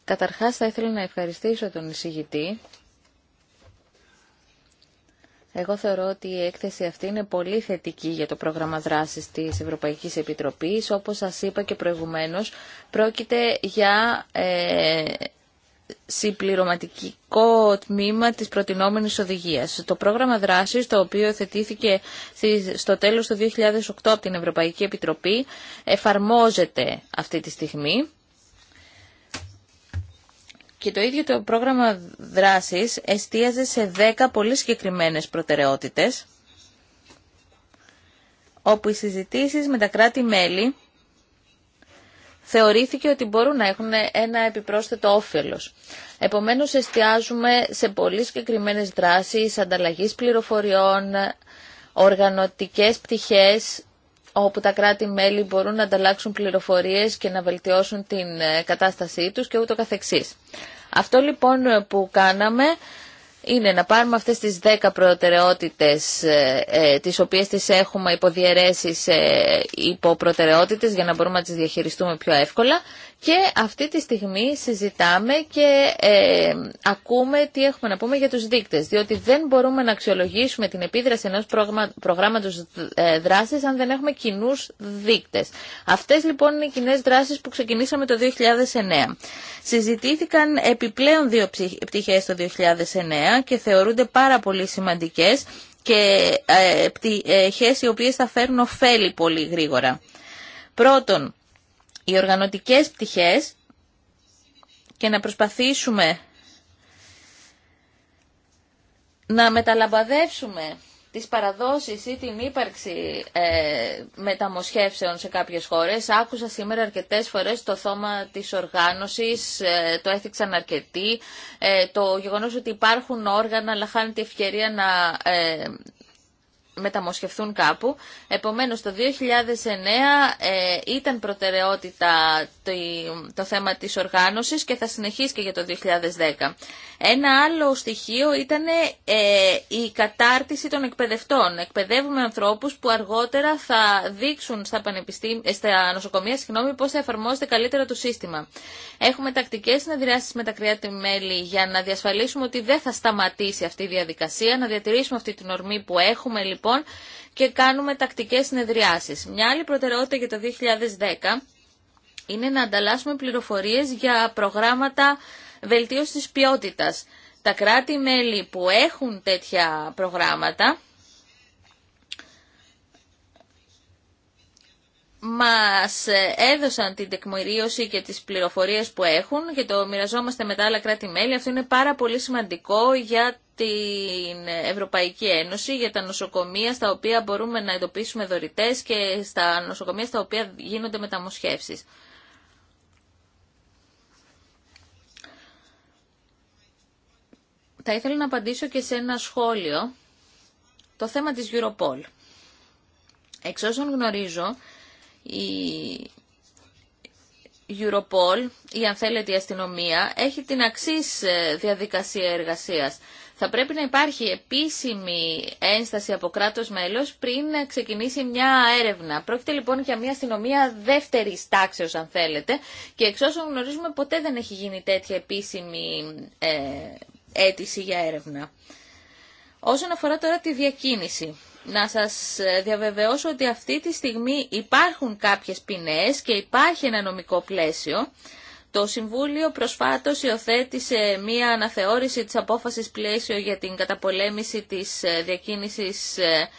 Καταρχάς θα ήθελα να ευχαριστήσω τον εισηγητή. Εγώ θεωρώ ότι η έκθεση αυτή είναι πολύ θετική για το πρόγραμμα δράσης της Ευρωπαϊκής Επιτροπής. Όπως σας είπα και προηγουμένως, πρόκειται για ε, συμπληρωματικό τμήμα της προτινόμενης οδηγίας. Το πρόγραμμα δράσης, το οποίο θετήθηκε στο τέλος του 2008 από την Ευρωπαϊκή Επιτροπή, εφαρμόζεται αυτή τη στιγμή. Και το ίδιο το πρόγραμμα δράσης εστίαζε σε 10 πολύ συγκεκριμένες προτεραιότητες, όπου οι συζητήσεις με τα κράτη-μέλη θεωρήθηκε ότι μπορούν να έχουν ένα επιπρόσθετο όφελος. Επομένως εστιάζουμε σε πολύ συγκεκριμένε δράσεις, ανταλλαγής πληροφοριών, οργανωτικές πτυχές, όπου τα κράτη-μέλη μπορούν να ανταλλάξουν πληροφορίες και να βελτιώσουν την ε, κατάστασή τους και ούτω καθεξής. Αυτό λοιπόν που κάναμε είναι να πάρουμε αυτές τις 10 προτεραιότητες ε, ε, τις οποίες τις έχουμε υποδιαιρέσει σε υποπροτεραιότητες για να μπορούμε να τις διαχειριστούμε πιο εύκολα και αυτή τη στιγμή συζητάμε και ε, ακούμε τι έχουμε να πούμε για τους δείκτες, διότι δεν μπορούμε να αξιολογήσουμε την επίδραση ενός προγράμματος ε, δράσης αν δεν έχουμε κοινού δείκτες. Αυτές λοιπόν είναι οι κοινέ δράσεις που ξεκινήσαμε το 2009. Συζητήθηκαν επιπλέον δύο πτυχές το 2009 και θεωρούνται πάρα πολύ σημαντικές και ε, πτυχές ε, οι οποίες θα φέρουν ωφέλη πολύ γρήγορα. Πρώτον, οι οργανωτικές πτυχές και να προσπαθήσουμε να μεταλαμπαδεύσουμε τις παραδόσεις ή την ύπαρξη ε, μεταμοσχεύσεων σε κάποιες χώρες. Άκουσα σήμερα αρκετές φορές το θόμα της οργάνωσης, ε, το έθιξαν αρκετοί. Ε, το γεγονός ότι υπάρχουν όργανα αλλά χάνεται ευκαιρία να ε, μεταμοσχευθούν κάπου. Επομένως, το 2009 ε, ήταν προτεραιότητα το, το θέμα της οργάνωσης και θα συνεχίσει και για το 2010. Ένα άλλο στοιχείο ήταν ε, η κατάρτιση των εκπαιδευτών. Εκπαιδεύουμε ανθρώπους που αργότερα θα δείξουν στα, ε, στα νοσοκομεία συγγνώμη, πώς θα εφαρμόζεται καλύτερα το σύστημα. Έχουμε τακτικές συνεδριάσεις με τα κρυάτη μέλη για να διασφαλίσουμε ότι δεν θα σταματήσει αυτή η διαδικασία, να διατηρήσουμε αυτή την ορμή που έχουμε λοιπόν Λοιπόν, και κάνουμε τακτικές συνεδριάσεις. Μια άλλη προτεραιότητα για το 2010 είναι να ανταλλάσσουμε πληροφορίες για προγράμματα βελτίωσης της ποιότητας. Τα κράτη-μέλη που έχουν τέτοια προγράμματα μας έδωσαν την τεκμηρίωση και τις πληροφορίες που έχουν και το μοιραζόμαστε με τα άλλα κράτη-μέλη. Αυτό είναι πάρα πολύ σημαντικό για την Ευρωπαϊκή Ένωση για τα νοσοκομεία στα οποία μπορούμε να εντοπίσουμε δωρητές και στα νοσοκομεία στα οποία γίνονται μεταμοσχεύσεις. Θα ήθελα να απαντήσω και σε ένα σχόλιο το θέμα της Europol. Εξ όσων γνωρίζω, η Europol, ή αν θέλετε η αστυνομία, έχει την αξής ε, διαδικασία εργασίας. Θα πρέπει να υπάρχει επίσημη ένσταση από κράτο μέλο πριν ξεκινήσει μια έρευνα. Πρόκειται λοιπόν για μια αστυνομία δεύτερη τάξεω, αν θέλετε, και εξ όσων γνωρίζουμε ποτέ δεν έχει γίνει τέτοια επίσημη ε, αίτηση για έρευνα. Όσον αφορά τώρα τη διακίνηση, να σας ε, διαβεβαιώσω ότι αυτή τη στιγμή υπάρχουν κάποιες ποινές και υπάρχει ένα νομικό πλαίσιο. Το Συμβούλιο προσφάτως υιοθέτησε μία αναθεώρηση της απόφασης πλαίσιο για την καταπολέμηση της ε, διακίνησης ε,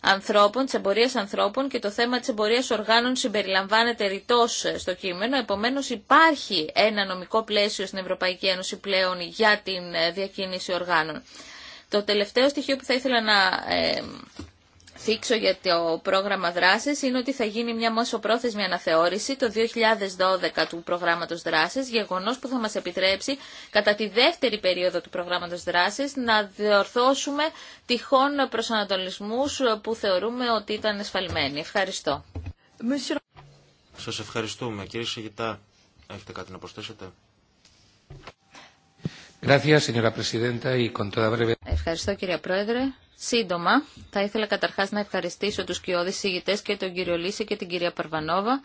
ανθρώπων, της εμπορίας ανθρώπων και το θέμα της εμπορίας οργάνων συμπεριλαμβάνεται ρητός ε, στο κείμενο. Επομένως υπάρχει ένα νομικό πλαίσιο στην Ευρωπαϊκή Ένωση πλέον για την διακίνηση οργάνων. Το τελευταίο στοιχείο που θα ήθελα να θίξω για το πρόγραμμα δράσης είναι ότι θα γίνει μια μεσοπρόθεσμη αναθεώρηση το 2012 του προγράμματος δράσης, γεγονό που θα μας επιτρέψει κατά τη δεύτερη περίοδο του προγράμματος δράσης να διορθώσουμε τυχόν προσανατολισμούς που θεωρούμε ότι ήταν εσφαλμένοι. Ευχαριστώ. Σας ευχαριστούμε. Κύριε Σιγητά, έχετε κάτι να προσθέσετε. Ευχαριστώ κύριε Πρόεδρε. Σύντομα, θα ήθελα καταρχάς να ευχαριστήσω τους κοιόδης ηγητές και τον κύριο Λύση και την κυρία Παρβανόβα.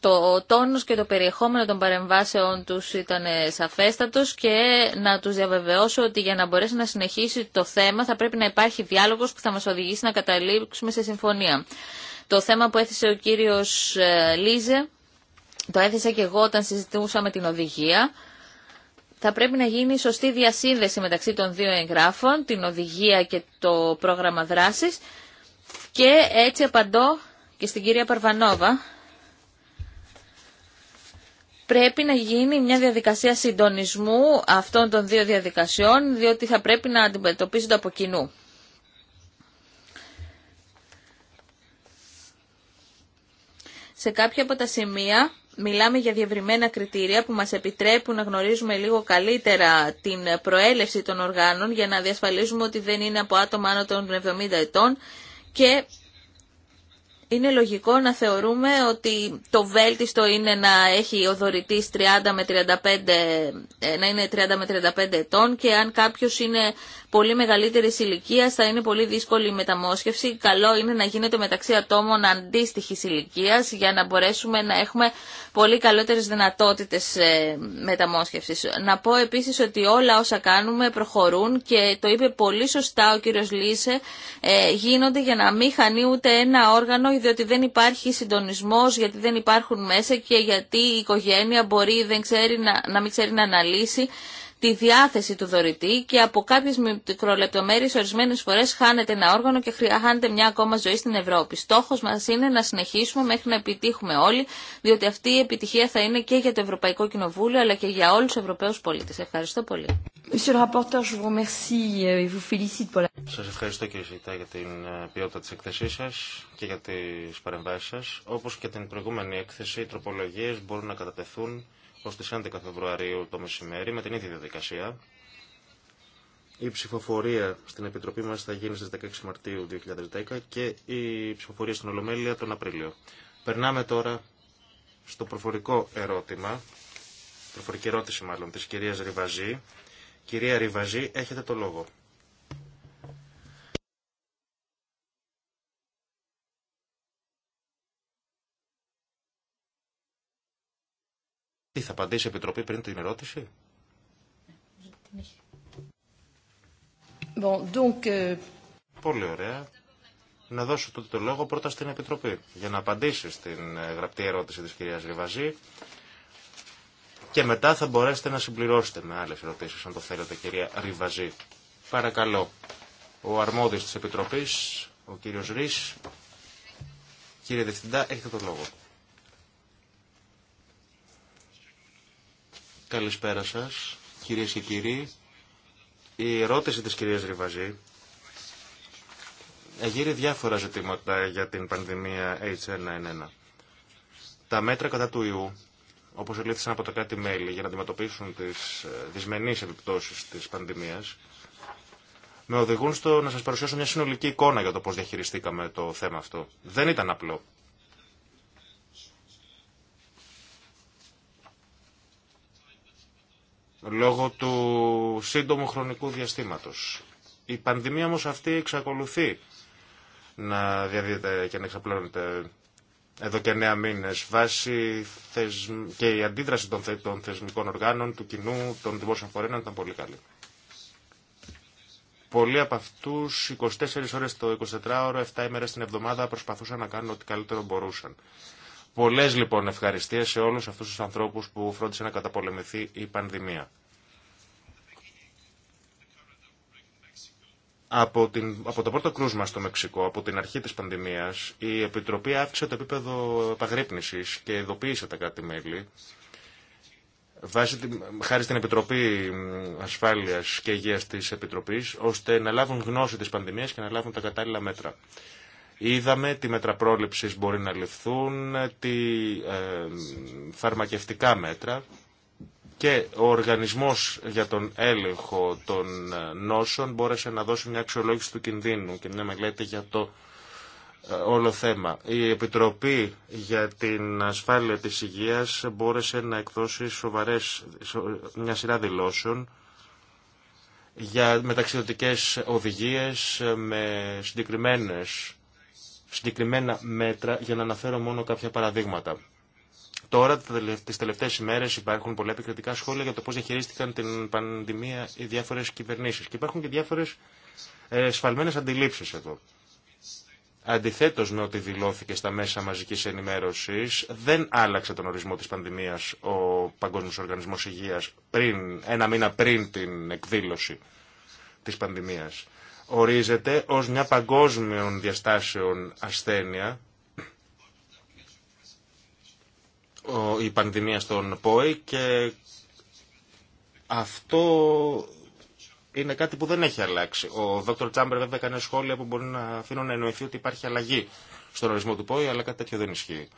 Το τόνος και το περιεχόμενο των παρεμβάσεων τους ήταν σαφέστατος και να τους διαβεβαιώσω ότι για να μπορέσει να συνεχίσει το θέμα θα πρέπει να υπάρχει διάλογος που θα μας οδηγήσει να καταλήξουμε σε συμφωνία. Το θέμα που έθεσε ο κύριος ε, Λίζε το έθεσα και εγώ όταν συζητούσαμε την οδηγία θα πρέπει να γίνει σωστή διασύνδεση μεταξύ των δύο εγγράφων, την οδηγία και το πρόγραμμα δράσης και έτσι απαντώ και στην κυρία Παρβανόβα. Πρέπει να γίνει μια διαδικασία συντονισμού αυτών των δύο διαδικασιών, διότι θα πρέπει να αντιμετωπίζονται από κοινού. Σε κάποια από τα σημεία Μιλάμε για διευρυμένα κριτήρια που μας επιτρέπουν να γνωρίζουμε λίγο καλύτερα την προέλευση των οργάνων για να διασφαλίζουμε ότι δεν είναι από άτομα άνω των 70 ετών και είναι λογικό να θεωρούμε ότι το βέλτιστο είναι να έχει ο 30 με 35, ε, να είναι 30 με 35 ετών και αν κάποιος είναι πολύ μεγαλύτερη ηλικία θα είναι πολύ δύσκολη η μεταμόσχευση. Καλό είναι να γίνεται μεταξύ ατόμων αντίστοιχη ηλικία για να μπορέσουμε να έχουμε πολύ καλύτερε δυνατότητε μεταμόσχευση. Να πω επίση ότι όλα όσα κάνουμε προχωρούν και το είπε πολύ σωστά ο κύριο Λίσε, ε, γίνονται για να μην χανεί ούτε ένα όργανο διότι δεν υπάρχει συντονισμός, γιατί δεν υπάρχουν μέσα και γιατί η οικογένεια μπορεί δεν ξέρει να, να μην ξέρει να αναλύσει τη διάθεση του δωρητή και από κάποιες μικρολεπτομέρειες ορισμένες φορές χάνεται ένα όργανο και χάνεται μια ακόμα ζωή στην Ευρώπη. Στόχος μας είναι να συνεχίσουμε μέχρι να επιτύχουμε όλοι, διότι αυτή η επιτυχία θα είναι και για το Ευρωπαϊκό Κοινοβούλιο αλλά και για όλους τους Ευρωπαίους πολίτες. Ευχαριστώ πολύ. Euh, σα ευχαριστώ κύριε Σιγητά, για την ε, ποιότητα τη εκθεσή σα και για τι παρεμβάσει σα. Όπω και την προηγούμενη έκθεση, οι τροπολογίε μπορούν να κατατεθούν ω τι 11 Φεβρουαρίου το μεσημέρι με την ίδια διαδικασία. Η ψηφοφορία στην Επιτροπή μα θα γίνει στι 16 Μαρτίου 2010 και η ψηφοφορία στην Ολομέλεια τον Απρίλιο. Περνάμε τώρα στο προφορικό ερώτημα, προφορική ερώτηση μάλλον, τη κυρία Ριβαζή Κυρία Ριβαζή, έχετε το λόγο. Τι θα απαντήσει η Επιτροπή πριν την ερώτηση. Bon, donc... Euh, Πολύ ωραία. Να δώσω τότε το λόγο πρώτα στην Επιτροπή για να απαντήσει στην ε, γραπτή ερώτηση της κυρίας Ριβαζή και μετά θα μπορέσετε να συμπληρώσετε με άλλες ερωτήσεις αν το θέλετε κυρία Ριβαζή. Παρακαλώ. Ο αρμόδιος της Επιτροπής, ο κύριος Ρης. Κύριε Δευθυντά, έχετε τον λόγο. Καλησπέρα σας, κυρίες και κύριοι. Η ερώτηση της κυρίας Ριβαζή γύρει διάφορα ζητήματα για την πανδημία H1N1. Τα μέτρα κατά του ιού όπω ελήφθησαν από τα κάτι μέλη για να αντιμετωπίσουν τις ε, δυσμενείς επιπτώσεις της πανδημίας, με οδηγούν στο να σας παρουσιάσω μια συνολική εικόνα για το πώς διαχειριστήκαμε το θέμα αυτό. Δεν ήταν απλό. Λόγω του σύντομου χρονικού διαστήματος. Η πανδημία όμως αυτή εξακολουθεί να διαδίδεται και να εξαπλώνεται εδώ και νέα μήνες βάσει και η αντίδραση των, θε... των θεσμικών οργάνων, του κοινού, των δημόσιων φορέων ήταν πολύ καλή. Πολλοί από αυτού 24 ώρε το 24ωρο, 7 ημέρε την εβδομάδα προσπαθούσαν να κάνουν ό,τι καλύτερο μπορούσαν. Πολλέ λοιπόν ευχαριστίε σε όλου αυτού του ανθρώπου που φρόντισαν να καταπολεμηθεί η πανδημία. Από, την, από το πρώτο κρούσμα στο Μεξικό, από την αρχή της πανδημίας, η Επιτροπή αύξησε το επίπεδο επαγρύπνησης και ειδοποίησε τα κράτη-μέλη. Χάρη στην Επιτροπή Ασφάλειας και Υγείας της Επιτροπής, ώστε να λάβουν γνώση της πανδημίας και να λάβουν τα κατάλληλα μέτρα. Είδαμε τι μέτρα πρόληψης μπορεί να ληφθούν, τι ε, φαρμακευτικά μέτρα και ο οργανισμός για τον έλεγχο των ε, νόσων μπόρεσε να δώσει μια αξιολόγηση του κινδύνου και μια μελέτη για το ε, όλο θέμα. Η Επιτροπή για την Ασφάλεια της Υγείας μπόρεσε να εκδώσει σοβαρές, μια σειρά δηλώσεων για μεταξιδοτικές οδηγίες ε, με συγκεκριμένες, συγκεκριμένα μέτρα για να αναφέρω μόνο κάποια παραδείγματα. Τώρα, τι τελευταίε ημέρε υπάρχουν πολλά επικριτικά σχόλια για το πώ διαχειρίστηκαν την πανδημία οι διάφορε κυβερνήσει. Και υπάρχουν και διάφορε σφαλμένε αντιλήψει εδώ. Αντιθέτω με ό,τι δηλώθηκε στα μέσα μαζική ενημέρωση, δεν άλλαξε τον ορισμό τη πανδημία ο Παγκόσμιο Οργανισμό Υγεία ένα μήνα πριν την εκδήλωση τη πανδημία. Ορίζεται ω μια παγκόσμιων διαστάσεων ασθένεια η πανδημία στον ΠΟΕ και αυτό είναι κάτι που δεν έχει αλλάξει. Ο Δόκτωρ Τσάμπερ βέβαια έκανε σχόλια που μπορεί να αφήνουν να εννοηθεί ότι υπάρχει αλλαγή στον ορισμό του ΠΟΕ, αλλά κάτι τέτοιο δεν ισχύει.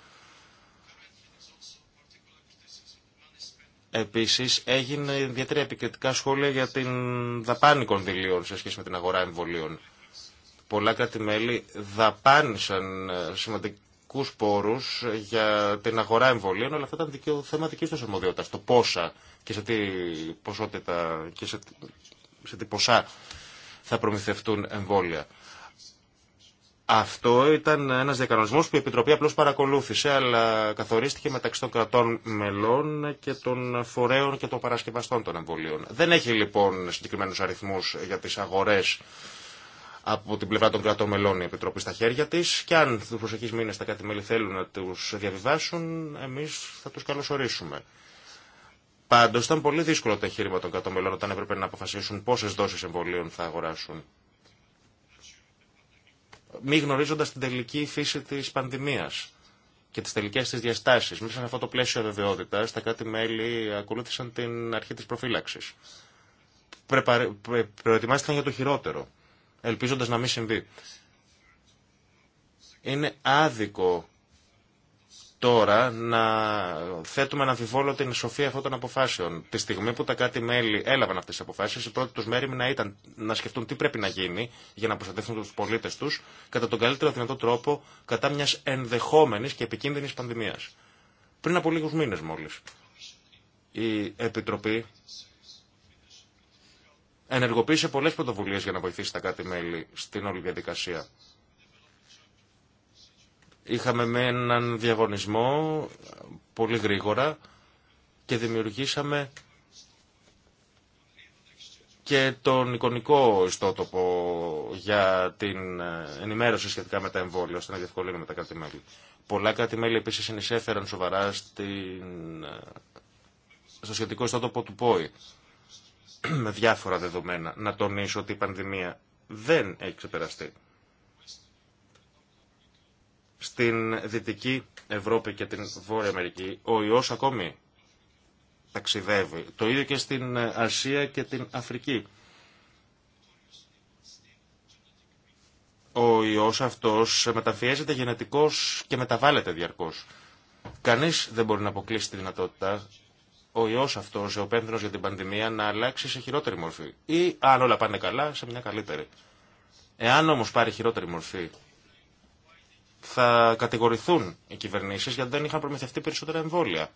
Επίσης έγινε ιδιαίτερα επικριτικά σχόλια για την δαπάνη κονδυλίων σε σχέση με την αγορά εμβολίων. Πολλά κράτη-μέλη δαπάνησαν ε, σημαντικά για την αγορά εμβολίων, αλλά αυτό ήταν δικαιο, θέμα δική του αρμοδιότητα. Το πόσα και σε τι ποσότητα και σε, τι ποσά θα προμηθευτούν εμβόλια. Αυτό ήταν ένα διακανονισμό που η Επιτροπή απλώ παρακολούθησε, αλλά καθορίστηκε μεταξύ των κρατών μελών και των φορέων και των παρασκευαστών των εμβολίων. Δεν έχει λοιπόν συγκεκριμένου αριθμού για τι αγορέ από την πλευρά των κρατών μελών η Επιτροπή στα χέρια τη και αν του προσεχεί μήνε τα κάτι μέλη θέλουν να του διαβιβάσουν, εμεί θα του καλωσορίσουμε. Πάντω ήταν πολύ δύσκολο το εγχείρημα των κρατών μελών όταν έπρεπε να αποφασίσουν πόσε δόσει εμβολίων θα αγοράσουν. Μη γνωρίζοντα την τελική φύση τη πανδημία και τι τελικέ τη διαστάσει. Μέσα σε αυτό το πλαίσιο αβεβαιότητα, τα κάτι μελη ακολούθησαν την αρχή τη προφύλαξη. Προετοιμάστηκαν για το χειρότερο ελπίζοντας να μην συμβεί. Είναι άδικο τώρα να θέτουμε να αμφιβόλω την σοφία αυτών των αποφάσεων. Τη στιγμή που τα κάτι μέλη έλαβαν αυτέ τι αποφάσει, η πρώτη του μέρη να ήταν να σκεφτούν τι πρέπει να γίνει για να προστατεύσουν του πολίτε του κατά τον καλύτερο δυνατό τρόπο κατά μια ενδεχόμενη και επικίνδυνη πανδημία. Πριν από λίγου μήνε μόλι, η Επιτροπή ενεργοποίησε πολλές πρωτοβουλίες για να βοηθήσει τα κάτι μελη στην όλη διαδικασία. Είχαμε με έναν διαγωνισμό πολύ γρήγορα και δημιουργήσαμε και τον εικονικό ιστότοπο για την ενημέρωση σχετικά με τα εμβόλια, ώστε να διευκολύνουμε τα κάτι μελη Πολλά κάτι επίσης συνεισέφεραν σοβαρά στην... στο σχετικό ιστότοπο του ΠΟΗ με διάφορα δεδομένα. Να τονίσω ότι η πανδημία δεν έχει ξεπεραστεί. Στην Δυτική Ευρώπη και την Βόρεια Αμερική ο ιός ακόμη ταξιδεύει. Το ίδιο και στην Ασία και την Αφρική. Ο ιός αυτός μεταφιέζεται γενετικός και μεταβάλλεται διαρκώς. Κανείς δεν μπορεί να αποκλείσει τη δυνατότητα ο ιό αυτό, ο επένδυνο για την πανδημία, να αλλάξει σε χειρότερη μορφή. Ή, αν όλα πάνε καλά, σε μια καλύτερη. Εάν όμω πάρει χειρότερη μορφή, θα κατηγορηθούν οι κυβερνήσει γιατί δεν είχαν προμηθευτεί περισσότερα εμβόλια.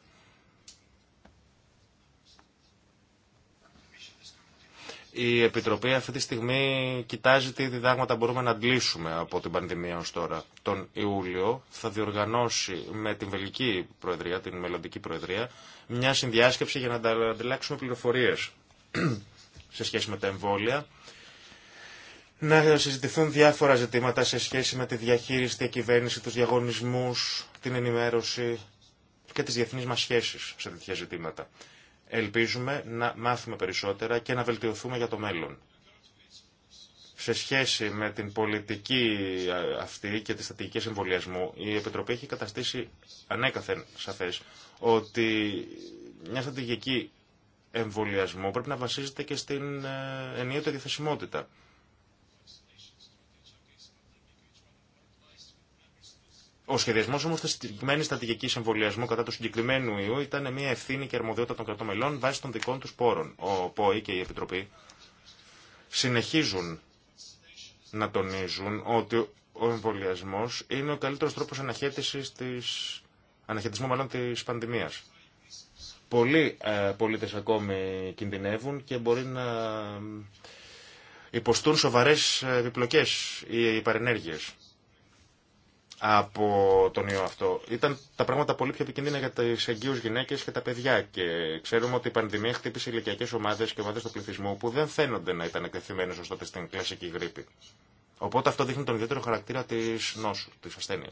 Η Επιτροπή αυτή τη στιγμή κοιτάζει τι διδάγματα μπορούμε να αντλήσουμε από την πανδημία ως τώρα. Τον Ιούλιο θα διοργανώσει με την Βελική Προεδρία, την Μελλοντική Προεδρία, μια συνδιάσκεψη για να ανταλλάξουμε πληροφορίες σε σχέση με τα εμβόλια, να συζητηθούν διάφορα ζητήματα σε σχέση με τη διαχείριση, τη κυβέρνηση, τους διαγωνισμούς, την ενημέρωση και τις διεθνείς μας σχέσεις σε τέτοια ζητήματα. Ελπίζουμε να μάθουμε περισσότερα και να βελτιωθούμε για το μέλλον. Σε σχέση με την πολιτική αυτή και τις στατικές εμβολιασμού, η Επιτροπή έχει καταστήσει ανέκαθεν σαφές ότι μια στρατηγική εμβολιασμού πρέπει να βασίζεται και στην ε, ενίοτε διαθεσιμότητα. Ο σχεδιασμό όμω τη συγκεκριμένη στρατηγική εμβολιασμού κατά του συγκεκριμένου ιού ήταν μια ευθύνη και αρμοδιότητα των κρατών μελών βάσει των δικών του πόρων. Ο ΠΟΗ και η Επιτροπή συνεχίζουν να τονίζουν ότι ο εμβολιασμό είναι ο καλύτερο τρόπο αναχέτηση τη. Αναχαιτισμό τη πανδημία. Πολλοί ε, πολίτε ακόμη κινδυνεύουν και μπορεί να ε, υποστούν σοβαρέ επιπλοκέ ή παρενέργειε από τον ιό αυτό. Ήταν τα πράγματα πολύ πιο επικίνδυνα για τι εγγύου γυναίκε και τα παιδιά. Και ξέρουμε ότι η πανδημία χτύπησε ηλικιακέ ομάδε και ομάδε του πληθυσμού που δεν φαίνονται να ήταν εκτεθειμένε ω τότε στην κλασική γρήπη. Οπότε αυτό δείχνει τον ιδιαίτερο χαρακτήρα τη νόσου, τη ασθένεια.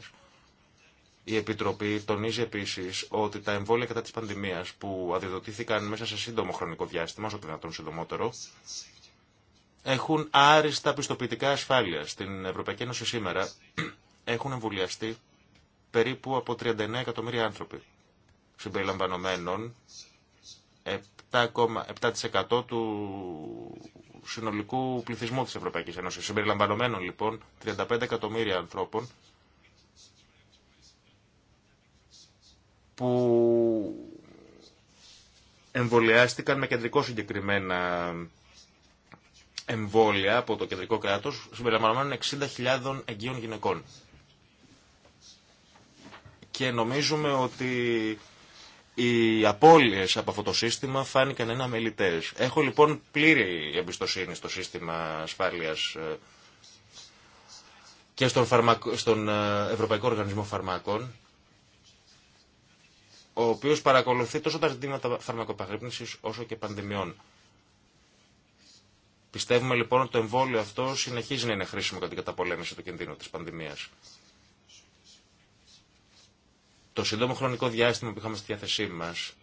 Η Επιτροπή τονίζει επίση ότι τα εμβόλια κατά τη πανδημία που αδειοδοτήθηκαν μέσα σε σύντομο χρονικό διάστημα, όσο δυνατόν συντομότερο, έχουν άριστα πιστοποιητικά ασφάλεια. Στην Ευρωπαϊκή Ένωση σήμερα έχουν εμβολιαστεί περίπου από 39 εκατομμύρια άνθρωποι, συμπεριλαμβανομένων 7,7% του συνολικού πληθυσμού της Ευρωπαϊκής Ένωσης. Συμπεριλαμβανομένων λοιπόν 35 εκατομμύρια ανθρώπων που εμβολιάστηκαν με κεντρικό συγκεκριμένα εμβόλια από το κεντρικό κράτος συμπεριλαμβανομένων 60.000 εγγύων γυναικών και νομίζουμε ότι οι απώλειες από αυτό το σύστημα φάνηκαν ένα μελιτές. Έχω λοιπόν πλήρη εμπιστοσύνη στο σύστημα ασφάλειας ε, και στον, ε, Ευρωπαϊκό Οργανισμό Φαρμάκων, ο οποίος παρακολουθεί τόσο τα ζητήματα φαρμακοπαγρύπνησης όσο και πανδημιών. Πιστεύουμε λοιπόν ότι το εμβόλιο αυτό συνεχίζει να είναι χρήσιμο κατά την καταπολέμηση του κινδύνου της πανδημίας. Το σύντομο χρονικό διάστημα που είχαμε στη διάθεσή μας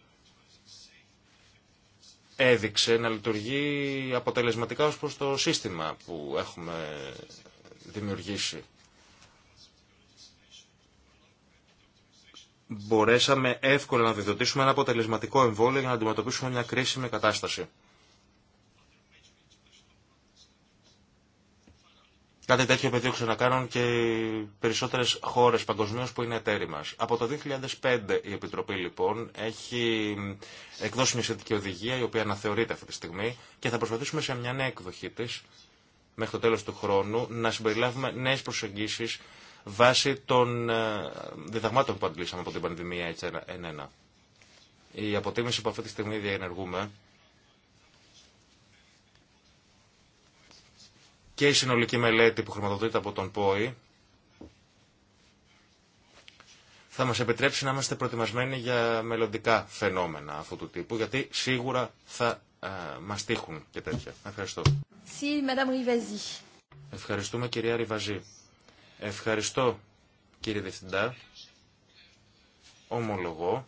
έδειξε να λειτουργεί αποτελεσματικά ως προς το σύστημα που έχουμε δημιουργήσει. Μπορέσαμε εύκολα να διδοτήσουμε ένα αποτελεσματικό εμβόλιο για να αντιμετωπίσουμε μια κρίσιμη κατάσταση. Κάτι τέτοιο να κάνουν και οι περισσότερε χώρε παγκοσμίω που είναι εταίροι μα. Από το 2005 η Επιτροπή λοιπόν έχει εκδώσει μια σχετική οδηγία η οποία αναθεωρείται αυτή τη στιγμή και θα προσπαθήσουμε σε μια νέα εκδοχή τη μέχρι το τέλο του χρόνου να συμπεριλάβουμε νέε προσεγγίσει βάσει των ε, διδαγμάτων που αντλήσαμε από την πανδημία H1N1. Η αποτίμηση που αυτή τη στιγμή διενεργούμε και η συνολική μελέτη που χρηματοδοτείται από τον ΠΟΗ θα μας επιτρέψει να είμαστε προετοιμασμένοι για μελλοντικά φαινόμενα αυτού του τύπου, γιατί σίγουρα θα α, ε, μας τύχουν και τέτοια. Ευχαριστώ. Ευχαριστούμε κυρία Ριβαζή. Ευχαριστώ κύριε Διευθυντά. Ομολογώ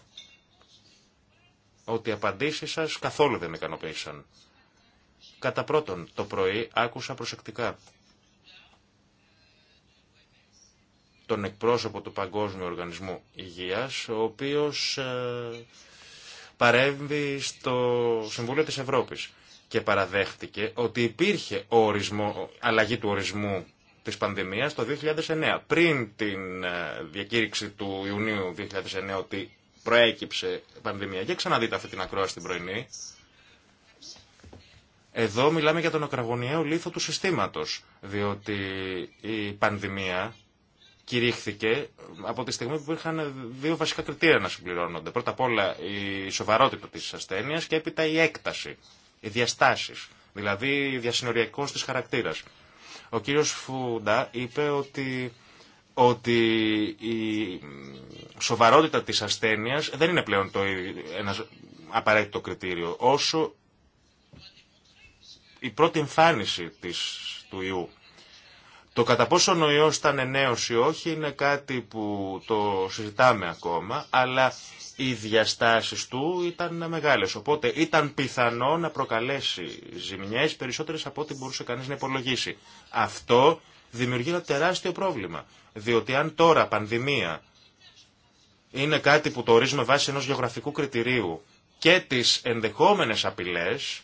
ότι οι απαντήσεις σας καθόλου δεν με ικανοποίησαν. Κατά πρώτον, το πρωί άκουσα προσεκτικά τον εκπρόσωπο του Παγκόσμιου Οργανισμού Υγείας, ο οποίος ε, παρέμβει στο Συμβούλιο της Ευρώπης και παραδέχτηκε ότι υπήρχε ορισμό, αλλαγή του ορισμού της πανδημίας το 2009, πριν την ε, διακήρυξη του Ιουνίου 2009 ότι προέκυψε πανδημία. Για ξαναδείτε αυτή την ακρόαση την πρωινή, εδώ μιλάμε για τον ακραγωνιαίο λίθο του συστήματος, διότι η πανδημία κηρύχθηκε από τη στιγμή που είχαν δύο βασικά κριτήρια να συμπληρώνονται. Πρώτα απ' όλα η σοβαρότητα της ασθένειας και έπειτα η έκταση, οι διαστάσεις, δηλαδή η διασυνοριακός της χαρακτήρας. Ο κύριος Φούντα είπε ότι ότι η σοβαρότητα της ασθένειας δεν είναι πλέον το, ένα απαραίτητο κριτήριο, όσο η πρώτη εμφάνιση της, του ιού. Το κατά πόσο ο ιός ήταν νέος ή όχι είναι κάτι που το συζητάμε ακόμα, αλλά οι διαστάσεις του ήταν μεγάλες. Οπότε ήταν πιθανό να προκαλέσει ζημιές περισσότερες από ό,τι μπορούσε κανείς να υπολογίσει. Αυτό δημιουργεί ένα τεράστιο πρόβλημα. Διότι αν τώρα πανδημία είναι κάτι που το ορίζουμε βάσει ενός γεωγραφικού κριτηρίου και τις ενδεχόμενες απειλές,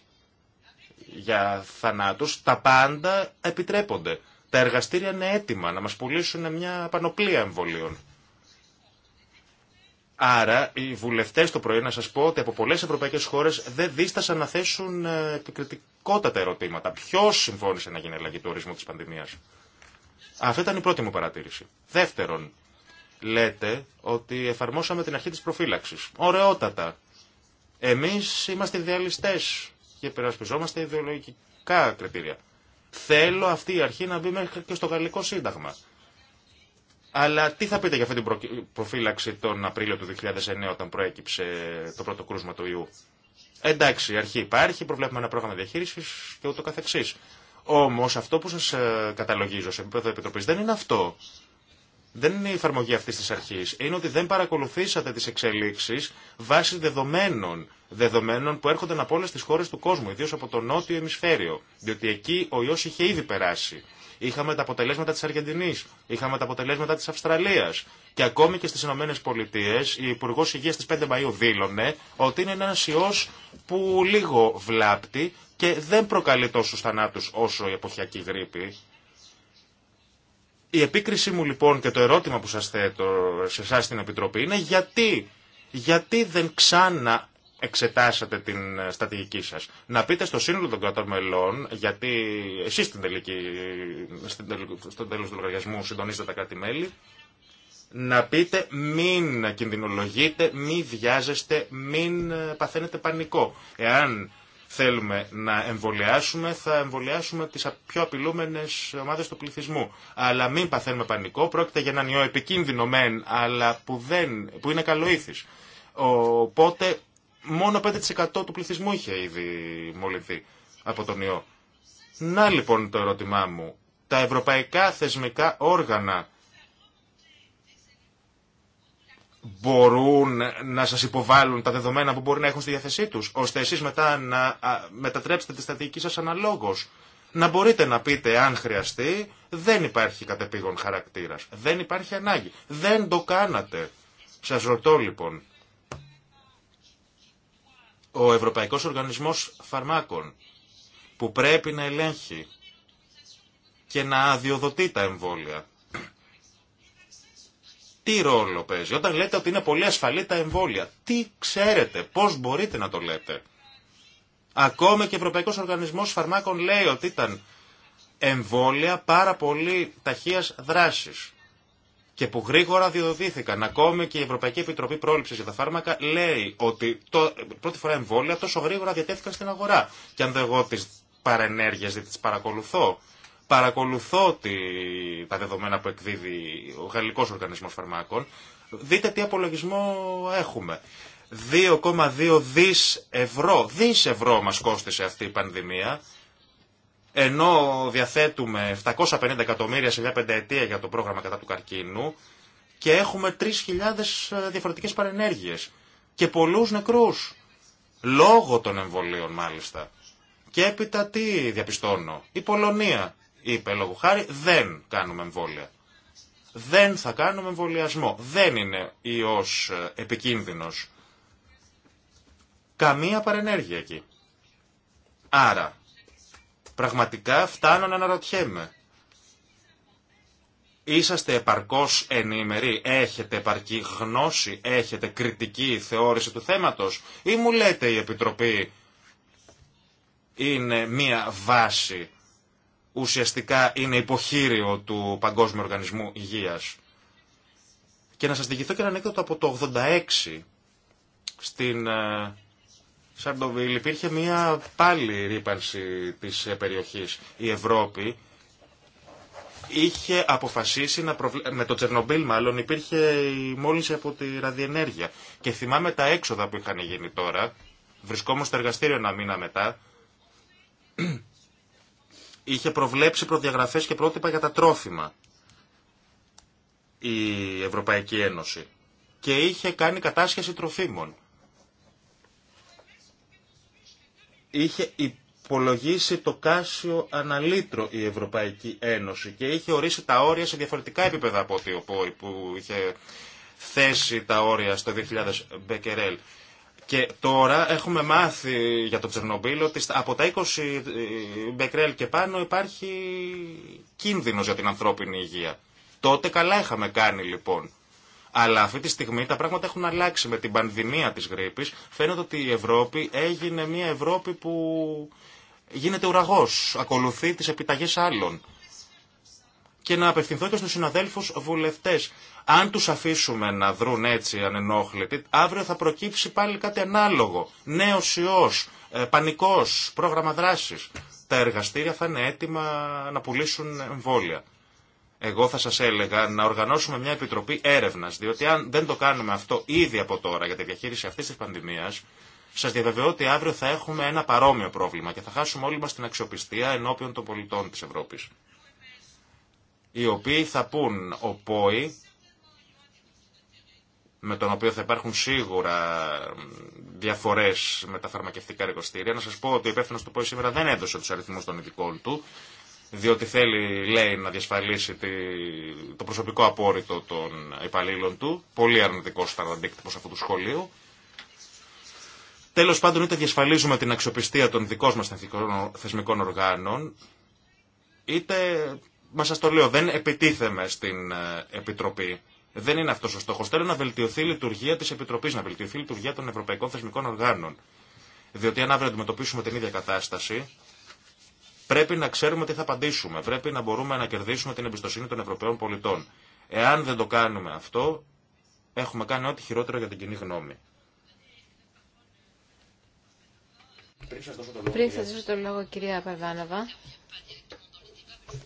για θανάτους, τα πάντα επιτρέπονται. Τα εργαστήρια είναι έτοιμα να μας πουλήσουν μια πανοπλία εμβολίων. Άρα, οι βουλευτές το πρωί να σα πω ότι από πολλές ευρωπαϊκές χώρες δεν δίστασαν να θέσουν ε, επικριτικότατα ερωτήματα. Ποιο συμφώνησε να γίνει αλλαγή του ορισμού τη πανδημία. Αυτή ήταν η πρώτη μου παρατήρηση. Δεύτερον, λέτε ότι εφαρμόσαμε την αρχή της προφύλαξης Ωραιότατα. εμείς είμαστε ιδεαλιστέ και περασπιζόμαστε ιδεολογικά κριτήρια. Θέλω αυτή η αρχή να μπει μέχρι και στο Γαλλικό Σύνταγμα. Αλλά τι θα πείτε για αυτή την προφύλαξη τον Απρίλιο του 2009 όταν προέκυψε το πρώτο κρούσμα του ιού. Εντάξει, η αρχή υπάρχει, προβλέπουμε ένα πρόγραμμα διαχείριση και ούτω καθεξή. Όμω αυτό που σα ε, καταλογίζω σε επίπεδο επιτροπή δεν είναι αυτό δεν είναι η εφαρμογή αυτή τη αρχή. Είναι ότι δεν παρακολουθήσατε τι εξελίξει βάσει δεδομένων. Δεδομένων που έρχονται από όλε τι χώρε του κόσμου, ιδίω από το νότιο ημισφαίριο. Διότι εκεί ο ιό είχε ήδη περάσει. Είχαμε τα αποτελέσματα τη Αργεντινή, είχαμε τα αποτελέσματα τη Αυστραλία. Και ακόμη και στι Ηνωμένε Πολιτείε, η Υπουργό Υγεία τη 5 Μαου δήλωνε ότι είναι ένα ιό που λίγο βλάπτει και δεν προκαλεί τόσου θανάτου όσο η εποχιακή γρήπη. Η επίκρισή μου λοιπόν και το ερώτημα που σας θέτω σε εσά στην Επιτροπή είναι γιατί, γιατί δεν ξανά εξετάσατε την στρατηγική σας. Να πείτε στο σύνολο των κρατών μελών, γιατί εσείς στην τελική, στην στο τέλος του λογαριασμού συντονίζετε τα κράτη-μέλη, να πείτε μην κινδυνολογείτε, μην βιάζεστε, μην παθαίνετε πανικό. Εάν θέλουμε να εμβολιάσουμε, θα εμβολιάσουμε τι πιο απειλούμενε ομάδε του πληθυσμού. Αλλά μην παθαίνουμε πανικό. Πρόκειται για έναν ιό επικίνδυνο μεν, αλλά που, δεν, που είναι καλοήθη. Οπότε μόνο 5% του πληθυσμού είχε ήδη μολυνθεί από τον ιό. Να λοιπόν το ερώτημά μου. Τα ευρωπαϊκά θεσμικά όργανα μπορούν να σας υποβάλουν τα δεδομένα που μπορεί να έχουν στη διάθεσή τους, ώστε εσείς μετά να μετατρέψετε τη στατική σας αναλόγως. Να μπορείτε να πείτε αν χρειαστεί, δεν υπάρχει κατεπήγον χαρακτήρας, δεν υπάρχει ανάγκη, δεν το κάνατε. Σας ρωτώ λοιπόν, ο Ευρωπαϊκός Οργανισμός Φαρμάκων που πρέπει να ελέγχει και να αδειοδοτεί τα εμβόλια τι ρόλο παίζει. Όταν λέτε ότι είναι πολύ ασφαλή τα εμβόλια, τι ξέρετε, πώς μπορείτε να το λέτε. Ακόμη και ο Ευρωπαϊκός Οργανισμός Φαρμάκων λέει ότι ήταν εμβόλια πάρα πολύ ταχείας δράσης και που γρήγορα διοδοτήθηκαν. Ακόμη και η Ευρωπαϊκή Επιτροπή Πρόληψη για τα Φάρμακα λέει ότι το, πρώτη φορά εμβόλια τόσο γρήγορα διατέθηκαν στην αγορά. Και αν δεν εγώ τι παρενέργειε δεν τι παρακολουθώ, παρακολουθώ τη, τα δεδομένα που εκδίδει ο Γαλλικός Οργανισμός Φαρμάκων, δείτε τι απολογισμό έχουμε. 2,2 δις ευρώ, δις ευρώ μας κόστησε αυτή η πανδημία, ενώ διαθέτουμε 750 εκατομμύρια σε μια πενταετία για το πρόγραμμα κατά του καρκίνου και έχουμε 3.000 ε, διαφορετικές παρενέργειες και πολλούς νεκρούς, λόγω των εμβολίων μάλιστα. Και έπειτα τι διαπιστώνω, η Πολωνία είπε λόγω χάρη δεν κάνουμε εμβόλια. Δεν θα κάνουμε εμβολιασμό. Δεν είναι ιός ε, επικίνδυνος. Καμία παρενέργεια εκεί. Άρα, πραγματικά φτάνω να αναρωτιέμαι. Είσαστε επαρκώς ενήμεροι, έχετε επαρκή γνώση, έχετε κριτική θεώρηση του θέματος ή μου λέτε η Επιτροπή είναι μία βάση ουσιαστικά είναι υποχείριο του Παγκόσμιου Οργανισμού Υγείας. Και να σας διηγηθώ και ένα έκδοτο από το 86 στην ε, Σαρντοβίλ υπήρχε μια πάλι ρήπανση της ε, περιοχής. Η Ευρώπη είχε αποφασίσει να με το Τσερνομπίλ μάλλον υπήρχε η μόλυνση από τη ραδιενέργεια και θυμάμαι τα έξοδα που είχαν γίνει τώρα βρισκόμουν στο εργαστήριο ένα μήνα μετά είχε προβλέψει προδιαγραφές και πρότυπα για τα τρόφιμα η Ευρωπαϊκή Ένωση και είχε κάνει κατάσχεση τροφίμων. Είχε υπολογίσει το κάσιο αναλύτρο η Ευρωπαϊκή Ένωση και είχε ορίσει τα όρια σε διαφορετικά επίπεδα από ό,τι που είχε θέσει τα όρια στο 2000 Μπεκερέλ. Και τώρα έχουμε μάθει για το Τσερνομπίλ ότι από τα 20 ε, μπεκρέλ και πάνω υπάρχει κίνδυνο για την ανθρώπινη υγεία. Τότε καλά είχαμε κάνει λοιπόν. Αλλά αυτή τη στιγμή τα πράγματα έχουν αλλάξει με την πανδημία της γρήπης. Φαίνεται ότι η Ευρώπη έγινε μια Ευρώπη που γίνεται ουραγός, ακολουθεί τις επιταγές άλλων και να απευθυνθώ και στους συναδέλφους βουλευτές. Αν τους αφήσουμε να δρουν έτσι ανενόχλητοι, αύριο θα προκύψει πάλι κάτι ανάλογο. Νέος ιός, ε, πανικός, πρόγραμμα δράσης. Τα εργαστήρια θα είναι έτοιμα να πουλήσουν εμβόλια. Εγώ θα σας έλεγα να οργανώσουμε μια επιτροπή έρευνας, διότι αν δεν το κάνουμε αυτό ήδη από τώρα για τη διαχείριση αυτής της πανδημίας, σας διαβεβαιώ ότι αύριο θα έχουμε ένα παρόμοιο πρόβλημα και θα χάσουμε όλοι μας την αξιοπιστία ενώπιον των πολιτών της Ευρώπης οι οποίοι θα πούν ο ΠΟΗ, με τον οποίο θα υπάρχουν σίγουρα διαφορές με τα φαρμακευτικά εργοστήρια. Να σας πω ότι ο υπεύθυνος του ΠΟΗ σήμερα δεν έδωσε τους αριθμούς των ειδικών του, διότι θέλει, λέει, να διασφαλίσει το προσωπικό απόρριτο των υπαλλήλων του. Πολύ αρνητικός ήταν ο αντίκτυπος αυτού του σχολείου. Τέλος πάντων, είτε διασφαλίζουμε την αξιοπιστία των δικών μας θεσμικών οργάνων, είτε Μα σα το λέω, δεν επιτίθεμαι στην ε, Επιτροπή. Δεν είναι αυτό ο στόχο. Θέλω να βελτιωθεί η λειτουργία τη Επιτροπή, να βελτιωθεί η λειτουργία των Ευρωπαϊκών Θεσμικών Οργάνων. Διότι αν αύριο αντιμετωπίσουμε την ίδια κατάσταση, πρέπει να ξέρουμε τι θα απαντήσουμε. Πρέπει να μπορούμε να κερδίσουμε την εμπιστοσύνη των Ευρωπαίων πολιτών. Εάν δεν το κάνουμε αυτό, έχουμε κάνει ό,τι χειρότερο για την κοινή γνώμη. Πριν σα δώσω το λόγο, κυρία Παρβάνοβα,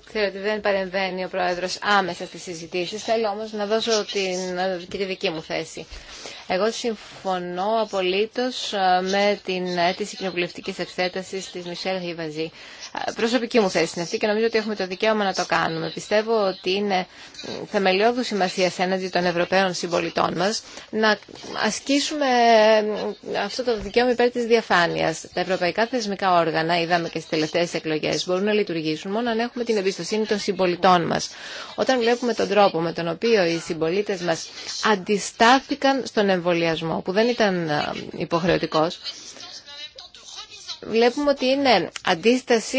Ξέρω ότι δεν παρεμβαίνει ο Πρόεδρος άμεσα στις συζητήσει, θέλω όμως να δώσω την, και τη δική μου θέση. Εγώ συμφωνώ απολύτως ε, με την αίτηση κοινοβουλευτική εξέτασης της Μισελ Χιβαζή. Προσωπική μου θέση είναι αυτή και νομίζω ότι έχουμε το δικαίωμα να το κάνουμε. Πιστεύω ότι είναι θεμελιώδου σημασία έναντι των Ευρωπαίων συμπολιτών μα να ασκήσουμε ε, αυτό το δικαίωμα υπέρ τη διαφάνεια. Τα ευρωπαϊκά θεσμικά όργανα, είδαμε και στι τελευταίε εκλογέ μπορούν να λειτουργήσουν μόνο αν έχουμε την εμπιστοσύνη των συμπολιτών μα. Όταν βλέπουμε τον τρόπο με τον οποίο οι συμπολίτε μα αντιστάθηκαν στον εμβολιασμό, που δεν ήταν ε, υποχρεωτικό βλέπουμε ότι είναι αντίσταση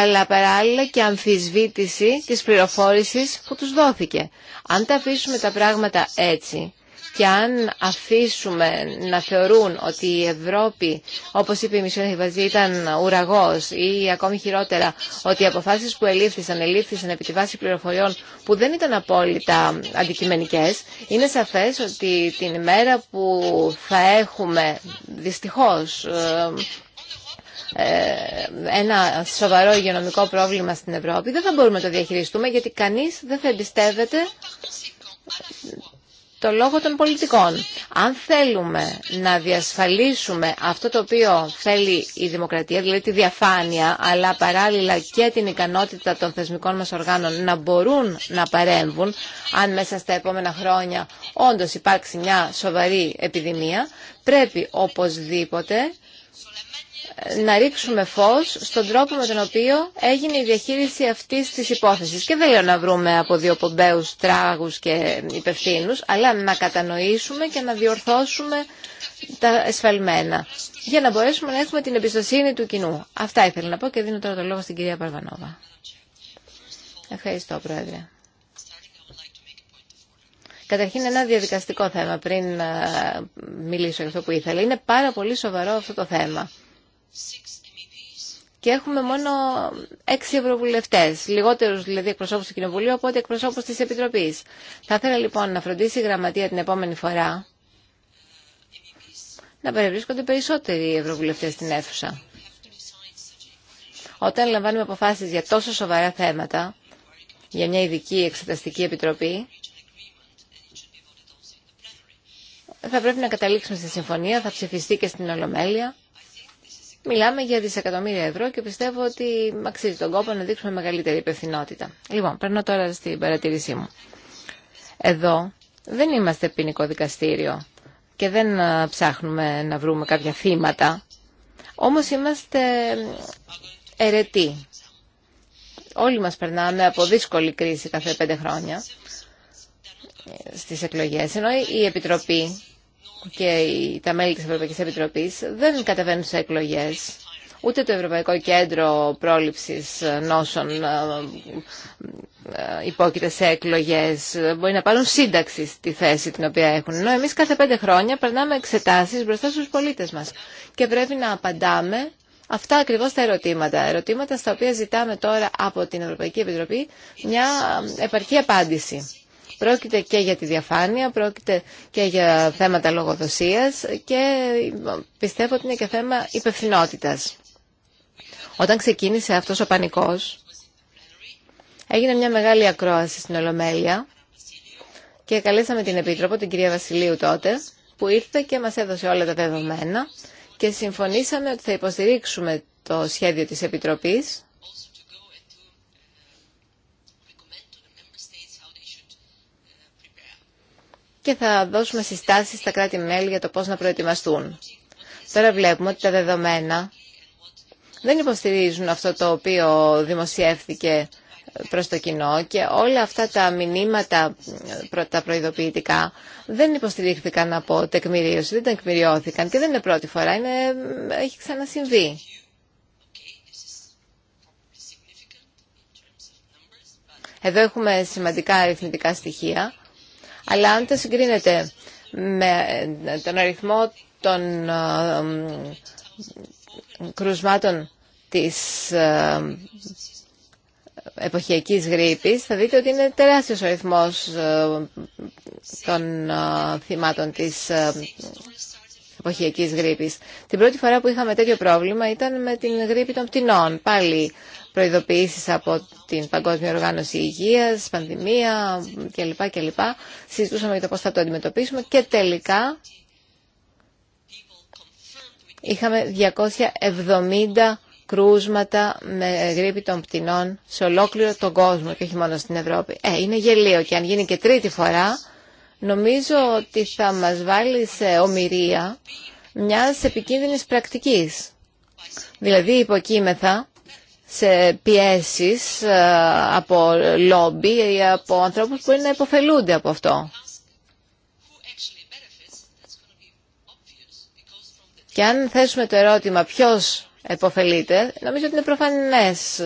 αλλά παράλληλα και αμφισβήτηση της πληροφόρησης που τους δόθηκε. Αν τα αφήσουμε τα πράγματα έτσι και αν αφήσουμε να θεωρούν ότι η Ευρώπη, όπως είπε η Μισελ Χιβαζή, ήταν ουραγός ή ακόμη χειρότερα ότι οι αποφάσεις που ελήφθησαν, ελήφθησαν επί τη βάση πληροφοριών που δεν ήταν απόλυτα αντικειμενικές, είναι σαφές ότι την ημέρα που θα έχουμε δυστυχώς ε, ε, ένα σοβαρό υγειονομικό πρόβλημα στην Ευρώπη, δεν θα μπορούμε να το διαχειριστούμε γιατί κανείς δεν θα εμπιστεύεται το λόγο των πολιτικών. Αν θέλουμε να διασφαλίσουμε αυτό το οποίο θέλει η δημοκρατία, δηλαδή τη διαφάνεια, αλλά παράλληλα και την ικανότητα των θεσμικών μας οργάνων να μπορούν να παρέμβουν, αν μέσα στα επόμενα χρόνια όντως υπάρξει μια σοβαρή επιδημία, πρέπει οπωσδήποτε να ρίξουμε φως στον τρόπο με τον οποίο έγινε η διαχείριση αυτής της υπόθεσης. Και δεν λέω να βρούμε από δύο πομπέους τράγους και υπευθύνου, αλλά να κατανοήσουμε και να διορθώσουμε τα εσφαλμένα για να μπορέσουμε να έχουμε την εμπιστοσύνη του κοινού. Αυτά ήθελα να πω και δίνω τώρα το λόγο στην κυρία Παρβανόβα. Ευχαριστώ, Πρόεδρε. Καταρχήν ένα διαδικαστικό θέμα πριν ε, μιλήσω για αυτό που ήθελα. Είναι πάρα πολύ σοβαρό αυτό το θέμα και έχουμε μόνο έξι ευρωβουλευτέ, λιγότερου δηλαδή εκπροσώπου του Κοινοβουλίου από ότι εκπροσώπου τη Επιτροπή. Θα ήθελα λοιπόν να φροντίσει η Γραμματεία την επόμενη φορά να περιβρίσκονται περισσότεροι ευρωβουλευτέ στην αίθουσα. Όταν λαμβάνουμε αποφάσει για τόσο σοβαρά θέματα, για μια ειδική εξεταστική επιτροπή, θα πρέπει να καταλήξουμε στη συμφωνία, θα ψηφιστεί και στην Ολομέλεια. Μιλάμε για δισεκατομμύρια ευρώ και πιστεύω ότι αξίζει τον κόπο να δείξουμε μεγαλύτερη υπευθυνότητα. Λοιπόν, περνώ τώρα στην παρατήρησή μου. Εδώ δεν είμαστε ποινικό δικαστήριο και δεν ψάχνουμε να βρούμε κάποια θύματα, όμως είμαστε ερετοί. Όλοι μας περνάμε από δύσκολη κρίση κάθε πέντε χρόνια ε, στις εκλογές, ενώ η Επιτροπή και τα μέλη της Ευρωπαϊκής Επιτροπής δεν κατεβαίνουν σε εκλογές. Ούτε το Ευρωπαϊκό Κέντρο Πρόληψης Νόσων ε, ε, υπόκειται σε εκλογές. Μπορεί να πάρουν σύνταξη στη θέση την οποία έχουν. Ενώ εμείς κάθε πέντε χρόνια περνάμε εξετάσεις μπροστά στους πολίτες μας. Και πρέπει να απαντάμε αυτά ακριβώς τα ερωτήματα. Ερωτήματα στα οποία ζητάμε τώρα από την Ευρωπαϊκή Επιτροπή μια ε, επαρκή απάντηση. Πρόκειται και για τη διαφάνεια, πρόκειται και για θέματα λογοδοσίας και πιστεύω ότι είναι και θέμα υπευθυνότητα. Όταν ξεκίνησε αυτός ο πανικός, έγινε μια μεγάλη ακρόαση στην Ολομέλεια και καλέσαμε την Επίτροπο, την κυρία Βασιλείου τότε, που ήρθε και μας έδωσε όλα τα δεδομένα και συμφωνήσαμε ότι θα υποστηρίξουμε το σχέδιο της Επιτροπής και θα δώσουμε συστάσεις στα κράτη-μέλη για το πώς να προετοιμαστούν. Τώρα βλέπουμε ότι τα δεδομένα δεν υποστηρίζουν αυτό το οποίο δημοσιεύθηκε προς το κοινό και όλα αυτά τα μηνύματα, τα προειδοποιητικά, δεν υποστηρίχθηκαν από τεκμηρίωση, δεν τεκμηριώθηκαν και δεν είναι πρώτη φορά, είναι, έχει ξανασυμβεί. Εδώ έχουμε σημαντικά αριθμητικά στοιχεία, αλλά αν τα συγκρίνετε με τον αριθμό των κρουσμάτων της εποχιακής γρήπης θα δείτε ότι είναι τεράστιος ο αριθμός των θυμάτων της εποχιακής γρήπης. Την πρώτη φορά που είχαμε τέτοιο πρόβλημα ήταν με την γρήπη των πτηνών. Πάλι προειδοποιήσεις από την Παγκόσμια Οργάνωση Υγείας, πανδημία κλπ. κλπ. Συζητούσαμε για το πώς θα το αντιμετωπίσουμε και τελικά είχαμε 270 κρούσματα με γρήπη των πτηνών σε ολόκληρο τον κόσμο και όχι μόνο στην Ευρώπη. Ε, είναι γελίο και αν γίνει και τρίτη φορά, νομίζω ότι θα μας βάλει σε ομοιρία μιας επικίνδυνης πρακτικής. Δηλαδή υποκείμεθα σε πιέσεις ε, από λόμπι ή από ανθρώπους που είναι να υποφελούνται από αυτό. Και αν θέσουμε το ερώτημα ποιος εποφελείται, νομίζω ότι είναι προφανές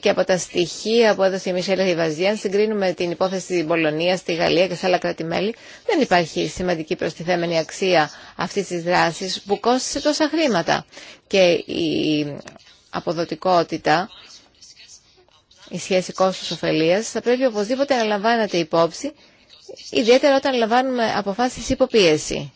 και από τα στοιχεία που έδωσε η Μισελ Ριβαζία, αν συγκρίνουμε την υπόθεση της Πολωνία, στη Γαλλία και σε άλλα κράτη-μέλη, δεν υπάρχει σημαντική προστιθέμενη αξία αυτής της δράσης που κόστησε τόσα χρήματα. Και η αποδοτικότητα, η σχέση κόστος-οφελίας, θα πρέπει οπωσδήποτε να λαμβάνεται υπόψη, ιδιαίτερα όταν λαμβάνουμε αποφάσεις υποπίεση.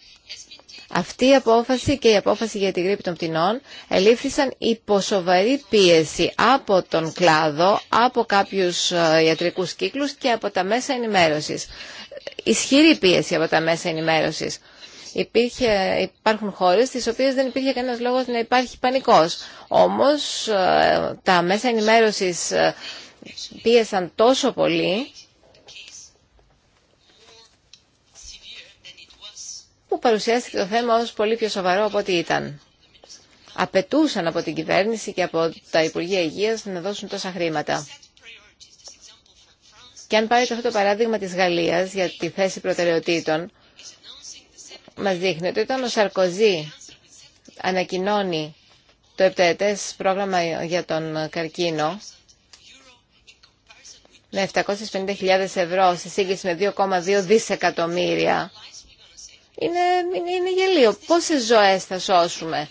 Αυτή η απόφαση και η απόφαση για την γρήπη των πτηνών ελήφθησαν υπό σοβαρή πίεση από τον κλάδο, από κάποιους ε, ιατρικούς κύκλους και από τα μέσα ενημέρωσης. Ισχυρή πίεση από τα μέσα ενημέρωσης. Υπήρχε, υπάρχουν χώρες στις οποίες δεν υπήρχε κανένας λόγος να υπάρχει πανικός. Όμως ε, τα μέσα ενημέρωσης ε, πίεσαν τόσο πολύ που παρουσιάστηκε το θέμα ως πολύ πιο σοβαρό από ό,τι ήταν. Απαιτούσαν από την κυβέρνηση και από τα Υπουργεία Υγείας να δώσουν τόσα χρήματα. Και αν πάρετε αυτό το παράδειγμα της Γαλλίας για τη θέση προτεραιοτήτων, μας δείχνει ότι όταν ο Σαρκοζή ανακοινώνει το επταετές πρόγραμμα για τον καρκίνο με 750.000 ευρώ σε σύγκριση με 2,2 δισεκατομμύρια είναι, είναι, είναι γελίο. Πόσες ζωές θα σώσουμε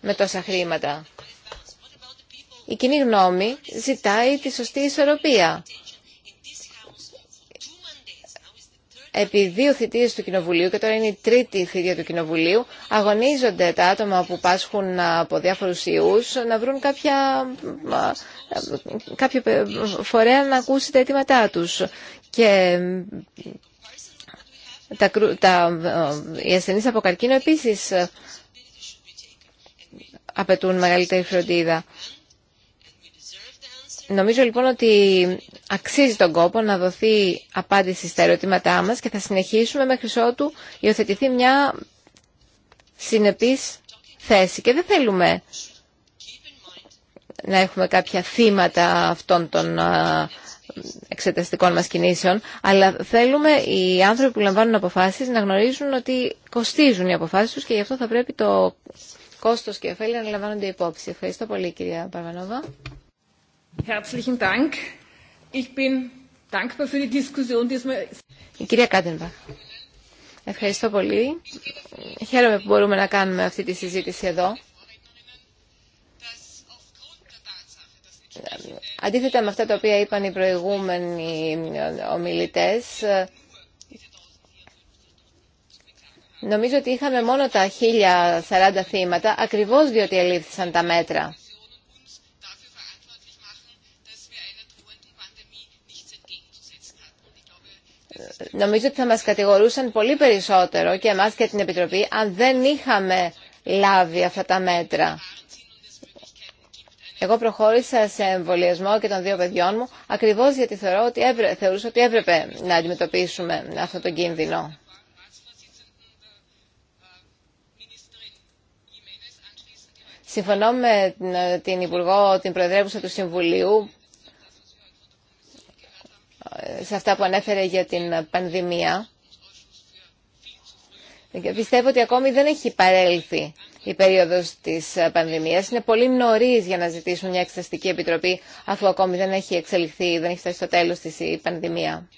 με τόσα χρήματα. Η κοινή γνώμη ζητάει τη σωστή ισορροπία. επί δύο θητείες του Κοινοβουλίου και τώρα είναι η τρίτη θητεία του Κοινοβουλίου αγωνίζονται τα άτομα που πάσχουν από διάφορους ιούς να βρουν κάποια, κάποιο φορέα να ακούσει τα αιτήματά τους. Και τα, τα, ε, οι ασθενείς από καρκίνο επίσης ε, απαιτούν μεγαλύτερη φροντίδα. Νομίζω λοιπόν ότι αξίζει τον κόπο να δοθεί απάντηση στα ερωτήματά μας και θα συνεχίσουμε μέχρι ότου υιοθετηθεί μια συνεπής θέση. Και δεν θέλουμε να έχουμε κάποια θύματα αυτών των εξεταστικών μας κινήσεων, αλλά θέλουμε οι άνθρωποι που λαμβάνουν αποφάσεις να γνωρίζουν ότι κοστίζουν οι αποφάσεις τους και γι' αυτό θα πρέπει το κόστος και ωφέλη να λαμβάνονται υπόψη. Ευχαριστώ πολύ κυρία Παρβανόβα κυρία Ευχαριστώ πολύ. Χαίρομαι που μπορούμε να κάνουμε αυτή τη συζήτηση εδώ. Αντίθετα με αυτά τα οποία είπαν οι προηγούμενοι ομιλητές, νομίζω ότι είχαμε μόνο τα 1040 θύματα, ακριβώς διότι ελήφθησαν τα μέτρα. νομίζω ότι θα μας κατηγορούσαν πολύ περισσότερο και εμάς και την Επιτροπή αν δεν είχαμε λάβει αυτά τα μέτρα. Εγώ προχώρησα σε εμβολιασμό και των δύο παιδιών μου ακριβώς γιατί θεωρώ ότι έπρεπε, θεωρούσα ότι έπρεπε να αντιμετωπίσουμε αυτό τον κίνδυνο. Συμφωνώ με την Υπουργό, την Προεδρεύουσα του Συμβουλίου σε αυτά που ανέφερε για την πανδημία. Πιστεύω ότι ακόμη δεν έχει παρέλθει η περίοδος της πανδημίας. Είναι πολύ νωρίς για να ζητήσουμε μια εξεταστική επιτροπή αφού ακόμη δεν έχει εξελιχθεί, δεν έχει φτάσει στο τέλος της η πανδημία.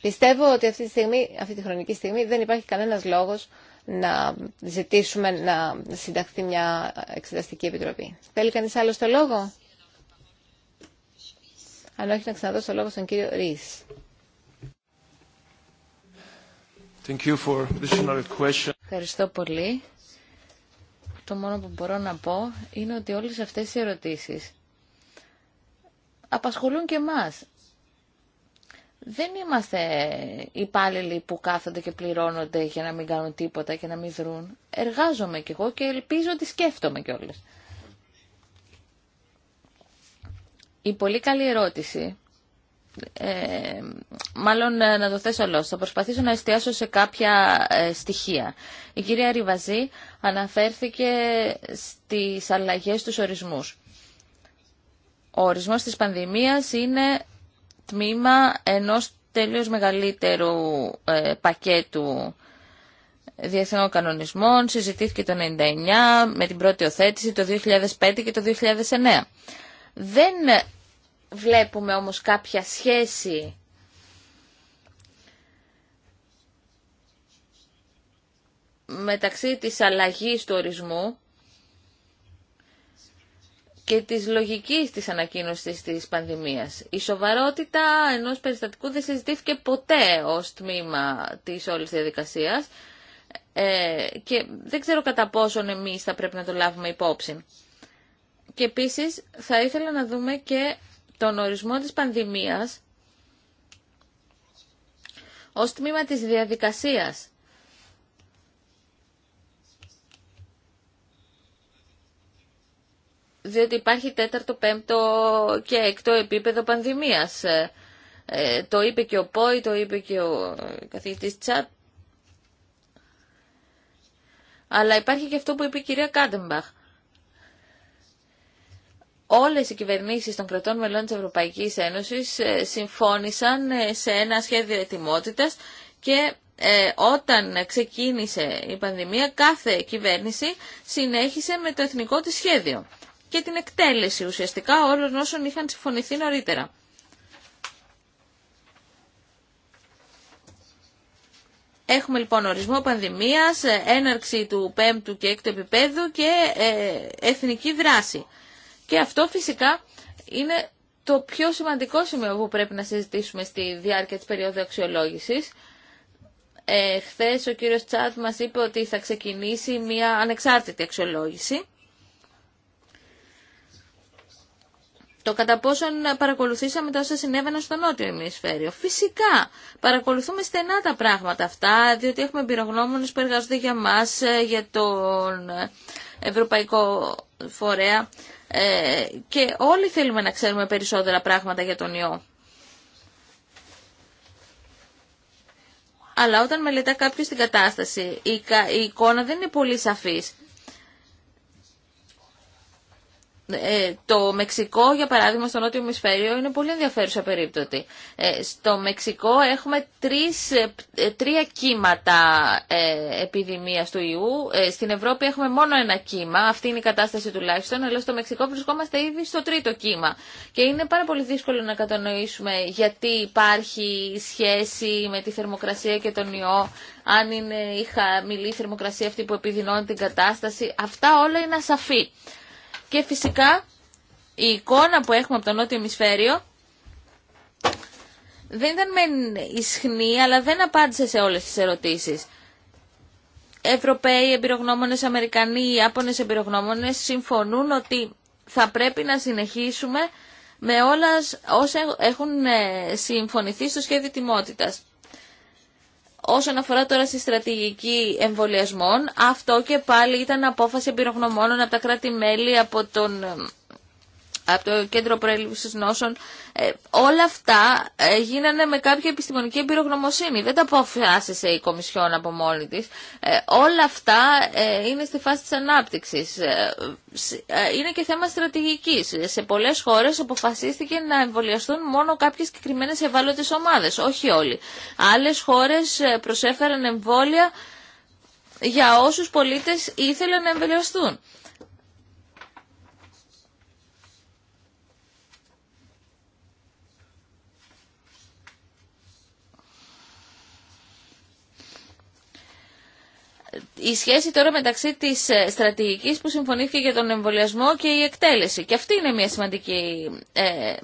Πιστεύω ότι αυτή τη, στιγμή, αυτή τη χρονική στιγμή δεν υπάρχει κανένας λόγος να ζητήσουμε να συνταχθεί μια εξεταστική επιτροπή. Θέλει κανείς άλλο το λόγο? αλλά όχι να ξαναδώσω λόγο στον κύριο ρή. Ευχαριστώ πολύ. Το μόνο που μπορώ να πω είναι ότι όλες αυτές οι ερωτήσεις απασχολούν και μας. Δεν είμαστε υπάλληλοι που κάθονται και πληρώνονται για να μην κάνουν τίποτα και να μην δρούν. Εργάζομαι κι εγώ και ελπίζω ότι σκέφτομαι κιόλας. η πολύ καλή ερώτηση, ε, μάλλον ε, να το θέσω όλος, θα προσπαθήσω να εστιάσω σε κάποια ε, στοιχεία. Η κυρία Ριβαζή αναφέρθηκε στις αλλαγές τους ορισμούς. Ο ορισμός της πανδημίας είναι τμήμα ενός τελείως μεγαλύτερου ε, πακέτου διεθνών κανονισμών. Συζητήθηκε το 1999 με την πρώτη οθέτηση το 2005 και το 2009. Δεν βλέπουμε όμως κάποια σχέση μεταξύ της αλλαγής του ορισμού και της λογικής της ανακοίνωσης της πανδημίας. Η σοβαρότητα ενός περιστατικού δεν συζητήθηκε ποτέ ως τμήμα της όλης διαδικασίας ε, και δεν ξέρω κατά πόσον εμείς θα πρέπει να το λάβουμε υπόψη. Και επίσης θα ήθελα να δούμε και τον ορισμό της πανδημίας ως τμήμα της διαδικασίας. Διότι υπάρχει τέταρτο, πέμπτο και έκτο επίπεδο πανδημίας. Ε, ε, το είπε και ο Πόη, το είπε και ο καθηγητής Τσάτ. Αλλά υπάρχει και αυτό που είπε η κυρία Κάντεμπαχ όλες οι κυβερνήσεις των κρατών μελών της Ευρωπαϊκής Ένωσης ε, συμφώνησαν ε, σε ένα σχέδιο ετοιμότητας και ε, όταν ξεκίνησε η πανδημία κάθε κυβέρνηση συνέχισε με το εθνικό της σχέδιο και την εκτέλεση ουσιαστικά όλων όσων είχαν συμφωνηθεί νωρίτερα. Έχουμε λοιπόν ορισμό πανδημίας, έναρξη του 5ου και 6ου επίπεδου και εθνική δράση. Και αυτό φυσικά είναι το πιο σημαντικό σημείο που πρέπει να συζητήσουμε στη διάρκεια της περίοδου αξιολόγησης. Ε, χθες ο κύριος Τσάτ μας είπε ότι θα ξεκινήσει μια ανεξάρτητη αξιολόγηση. το κατά πόσον παρακολουθήσαμε τα όσα συνέβαιναν στο νότιο ημισφαίριο. Φυσικά, παρακολουθούμε στενά τα πράγματα αυτά, διότι έχουμε εμπειρογνώμονες που εργάζονται για μας, ε, για τον ε, Ευρωπαϊκό Φορέα ε, και όλοι θέλουμε να ξέρουμε περισσότερα πράγματα για τον ιό. Αλλά όταν μελετά κάποιος την κατάσταση, η εικόνα δεν είναι πολύ σαφής. Ε, το Μεξικό, για παράδειγμα, στο Νότιο ημισφαίριο είναι πολύ ενδιαφέρουσα περίπτωση. Ε, στο Μεξικό έχουμε τρεις, ε, ε, τρία κύματα ε, επιδημίας του ιού. Ε, στην Ευρώπη έχουμε μόνο ένα κύμα. Αυτή είναι η κατάσταση τουλάχιστον. Αλλά στο Μεξικό βρισκόμαστε ήδη στο τρίτο κύμα. Και είναι πάρα πολύ δύσκολο να κατανοήσουμε γιατί υπάρχει σχέση με τη θερμοκρασία και τον ιό αν είναι η χαμηλή θερμοκρασία αυτή που επιδεινώνει την κατάσταση. Αυτά όλα είναι ασαφή. Και φυσικά η εικόνα που έχουμε από το νότιο ημισφαίριο δεν ήταν μεν ισχνή, αλλά δεν απάντησε σε όλες τις ερωτήσεις. Ευρωπαίοι εμπειρογνώμονες, Αμερικανοί, Ιάπωνες εμπειρογνώμονες συμφωνούν ότι θα πρέπει να συνεχίσουμε με όλα όσα έχουν ε, συμφωνηθεί στο σχέδιο τιμότητας. Όσον αφορά τώρα στη στρατηγική εμβολιασμών, αυτό και πάλι ήταν απόφαση εμπειρογνωμόνων από τα κράτη-μέλη, από τον από το Κέντρο Προέλευση Νόσων. Ε, όλα αυτά ε, γίνανε με κάποια επιστημονική εμπειρογνωμοσύνη. Δεν τα αποφάσισε η Κομισιόν από μόνη τη. Ε, όλα αυτά είναι στη φάση της ανάπτυξης. είναι και θέμα στρατηγικής. Σε πολλές χώρες αποφασίστηκε να εμβολιαστούν μόνο κάποιες συγκεκριμένε ευάλωτε ομάδες, όχι όλοι. Άλλε χώρε προσέφεραν εμβόλια για όσους πολίτες ήθελαν να εμβολιαστούν. η σχέση τώρα μεταξύ της ε, στρατηγικής που συμφωνήθηκε για τον εμβολιασμό και η εκτέλεση. Και αυτή είναι μια σημαντική ε,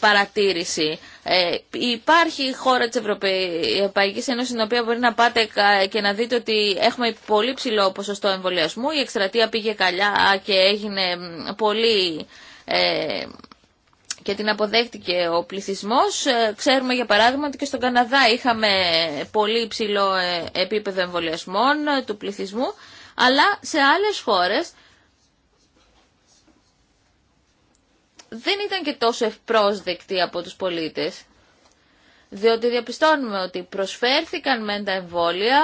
παρατήρηση. Ε, υπάρχει χώρα της Ευρωπαϊκή Ένωση στην οποία μπορεί να πάτε και να δείτε ότι έχουμε πολύ ψηλό ποσοστό εμβολιασμού. Η εκστρατεία πήγε καλιά και έγινε πολύ και την αποδέχτηκε ο πληθυσμός. Ε, ξέρουμε για παράδειγμα ότι και στον Καναδά είχαμε πολύ υψηλό ε, επίπεδο εμβολιασμών ε, του πληθυσμού, αλλά σε άλλες χώρες δεν ήταν και τόσο ευπρόσδεκτοι από τους πολίτες. Διότι διαπιστώνουμε ότι προσφέρθηκαν μεν τα εμβόλια,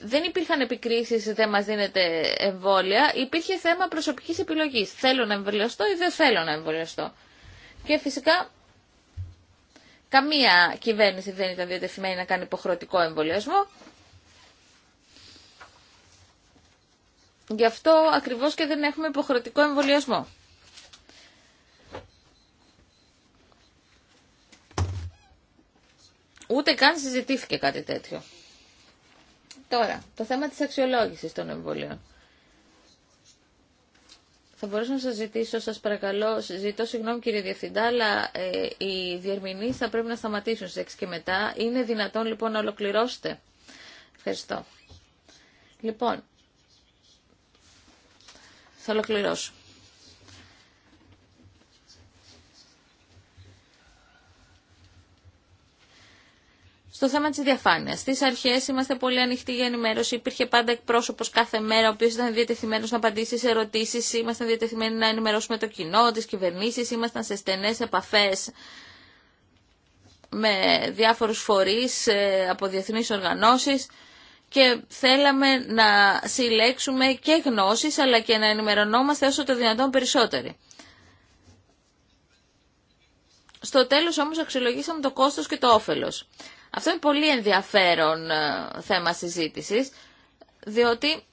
δεν υπήρχαν επικρίσεις, δεν μας δίνεται εμβόλια, υπήρχε θέμα προσωπικής επιλογής. Θέλω να εμβολιαστώ ή δεν θέλω να εμβολιαστώ. Και φυσικά καμία κυβέρνηση δεν ήταν διατεθειμένη να κάνει υποχρεωτικό εμβολιασμό. Γι' αυτό ακριβώς και δεν έχουμε υποχρεωτικό εμβολιασμό. Ούτε καν συζητήθηκε κάτι τέτοιο. Τώρα, το θέμα της αξιολόγησης των εμβολίων. Θα μπορούσα να σας ζητήσω, σας παρακαλώ, ζητώ συγγνώμη κύριε Διευθυντά, αλλά ε, οι διερμηνείς θα πρέπει να σταματήσουν στις 6 και μετά. Είναι δυνατόν λοιπόν να ολοκληρώσετε. Ευχαριστώ. Λοιπόν, θα ολοκληρώσω. Στο θέμα τη διαφάνεια. Στι αρχέ είμαστε πολύ ανοιχτοί για ενημέρωση. Υπήρχε πάντα εκπρόσωπο κάθε μέρα, ο οποίο ήταν διατεθειμένο να απαντήσει σε ερωτήσεις. Είμαστε διατεθειμένοι να ενημερώσουμε το κοινό, τις κυβερνήσει, Ήμασταν σε στενέ επαφέ με διάφορου φορεί ε, από διεθνεί οργανώσει και θέλαμε να συλλέξουμε και γνώσεις αλλά και να ενημερωνόμαστε όσο το δυνατόν περισσότεροι. Στο τέλος όμως αξιολογήσαμε το κόστος και το όφελος. Αυτό είναι πολύ ενδιαφέρον ε, θέμα συζήτησης, διότι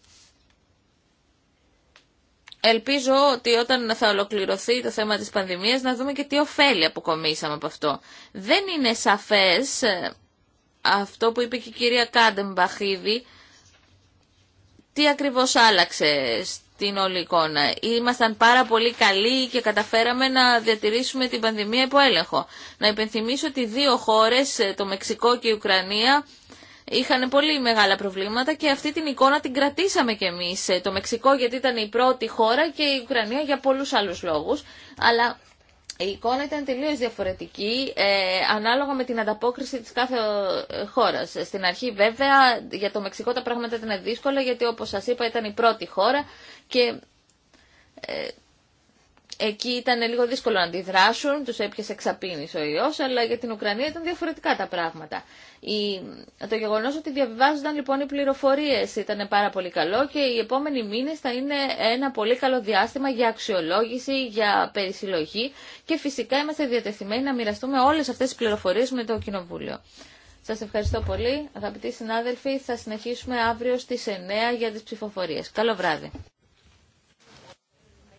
ελπίζω ότι όταν θα ολοκληρωθεί το θέμα της πανδημίας να δούμε και τι ωφέλη αποκομίσαμε από αυτό. Δεν είναι σαφές ε, αυτό που είπε και η κυρία Κάντεμπαχ τι ακριβώς άλλαξε την όλη εικόνα. Ήμασταν πάρα πολύ καλοί και καταφέραμε να διατηρήσουμε την πανδημία υπό έλεγχο. Να υπενθυμίσω ότι δύο χώρες, ε, το Μεξικό και η Ουκρανία, είχαν πολύ μεγάλα προβλήματα και αυτή την εικόνα την κρατήσαμε κι εμείς. Ε, το Μεξικό γιατί ήταν η πρώτη χώρα και η Ουκρανία για πολλούς άλλους λόγους. Αλλά η εικόνα ήταν τελείως διαφορετική ε, ανάλογα με την ανταπόκριση της κάθε ε, χώρας. Στην αρχή βέβαια για το Μεξικό τα πράγματα ήταν δύσκολα γιατί όπως σας είπα ήταν η πρώτη χώρα και ε, Εκεί ήταν λίγο δύσκολο να αντιδράσουν, τους έπιασε εξαπίνης ο ιός, αλλά για την Ουκρανία ήταν διαφορετικά τα πράγματα. Η... Το γεγονός ότι διαβιβάζονταν λοιπόν οι πληροφορίες ήταν πάρα πολύ καλό και οι επόμενοι μήνες θα είναι ένα πολύ καλό διάστημα για αξιολόγηση, για περισυλλογή και φυσικά είμαστε διατεθειμένοι να μοιραστούμε όλες αυτές τις πληροφορίες με το Κοινοβούλιο. Σας ευχαριστώ πολύ. Αγαπητοί συνάδελφοι, θα συνεχίσουμε αύριο στις 9 για τις ψηφοφορίες. Καλό βράδυ.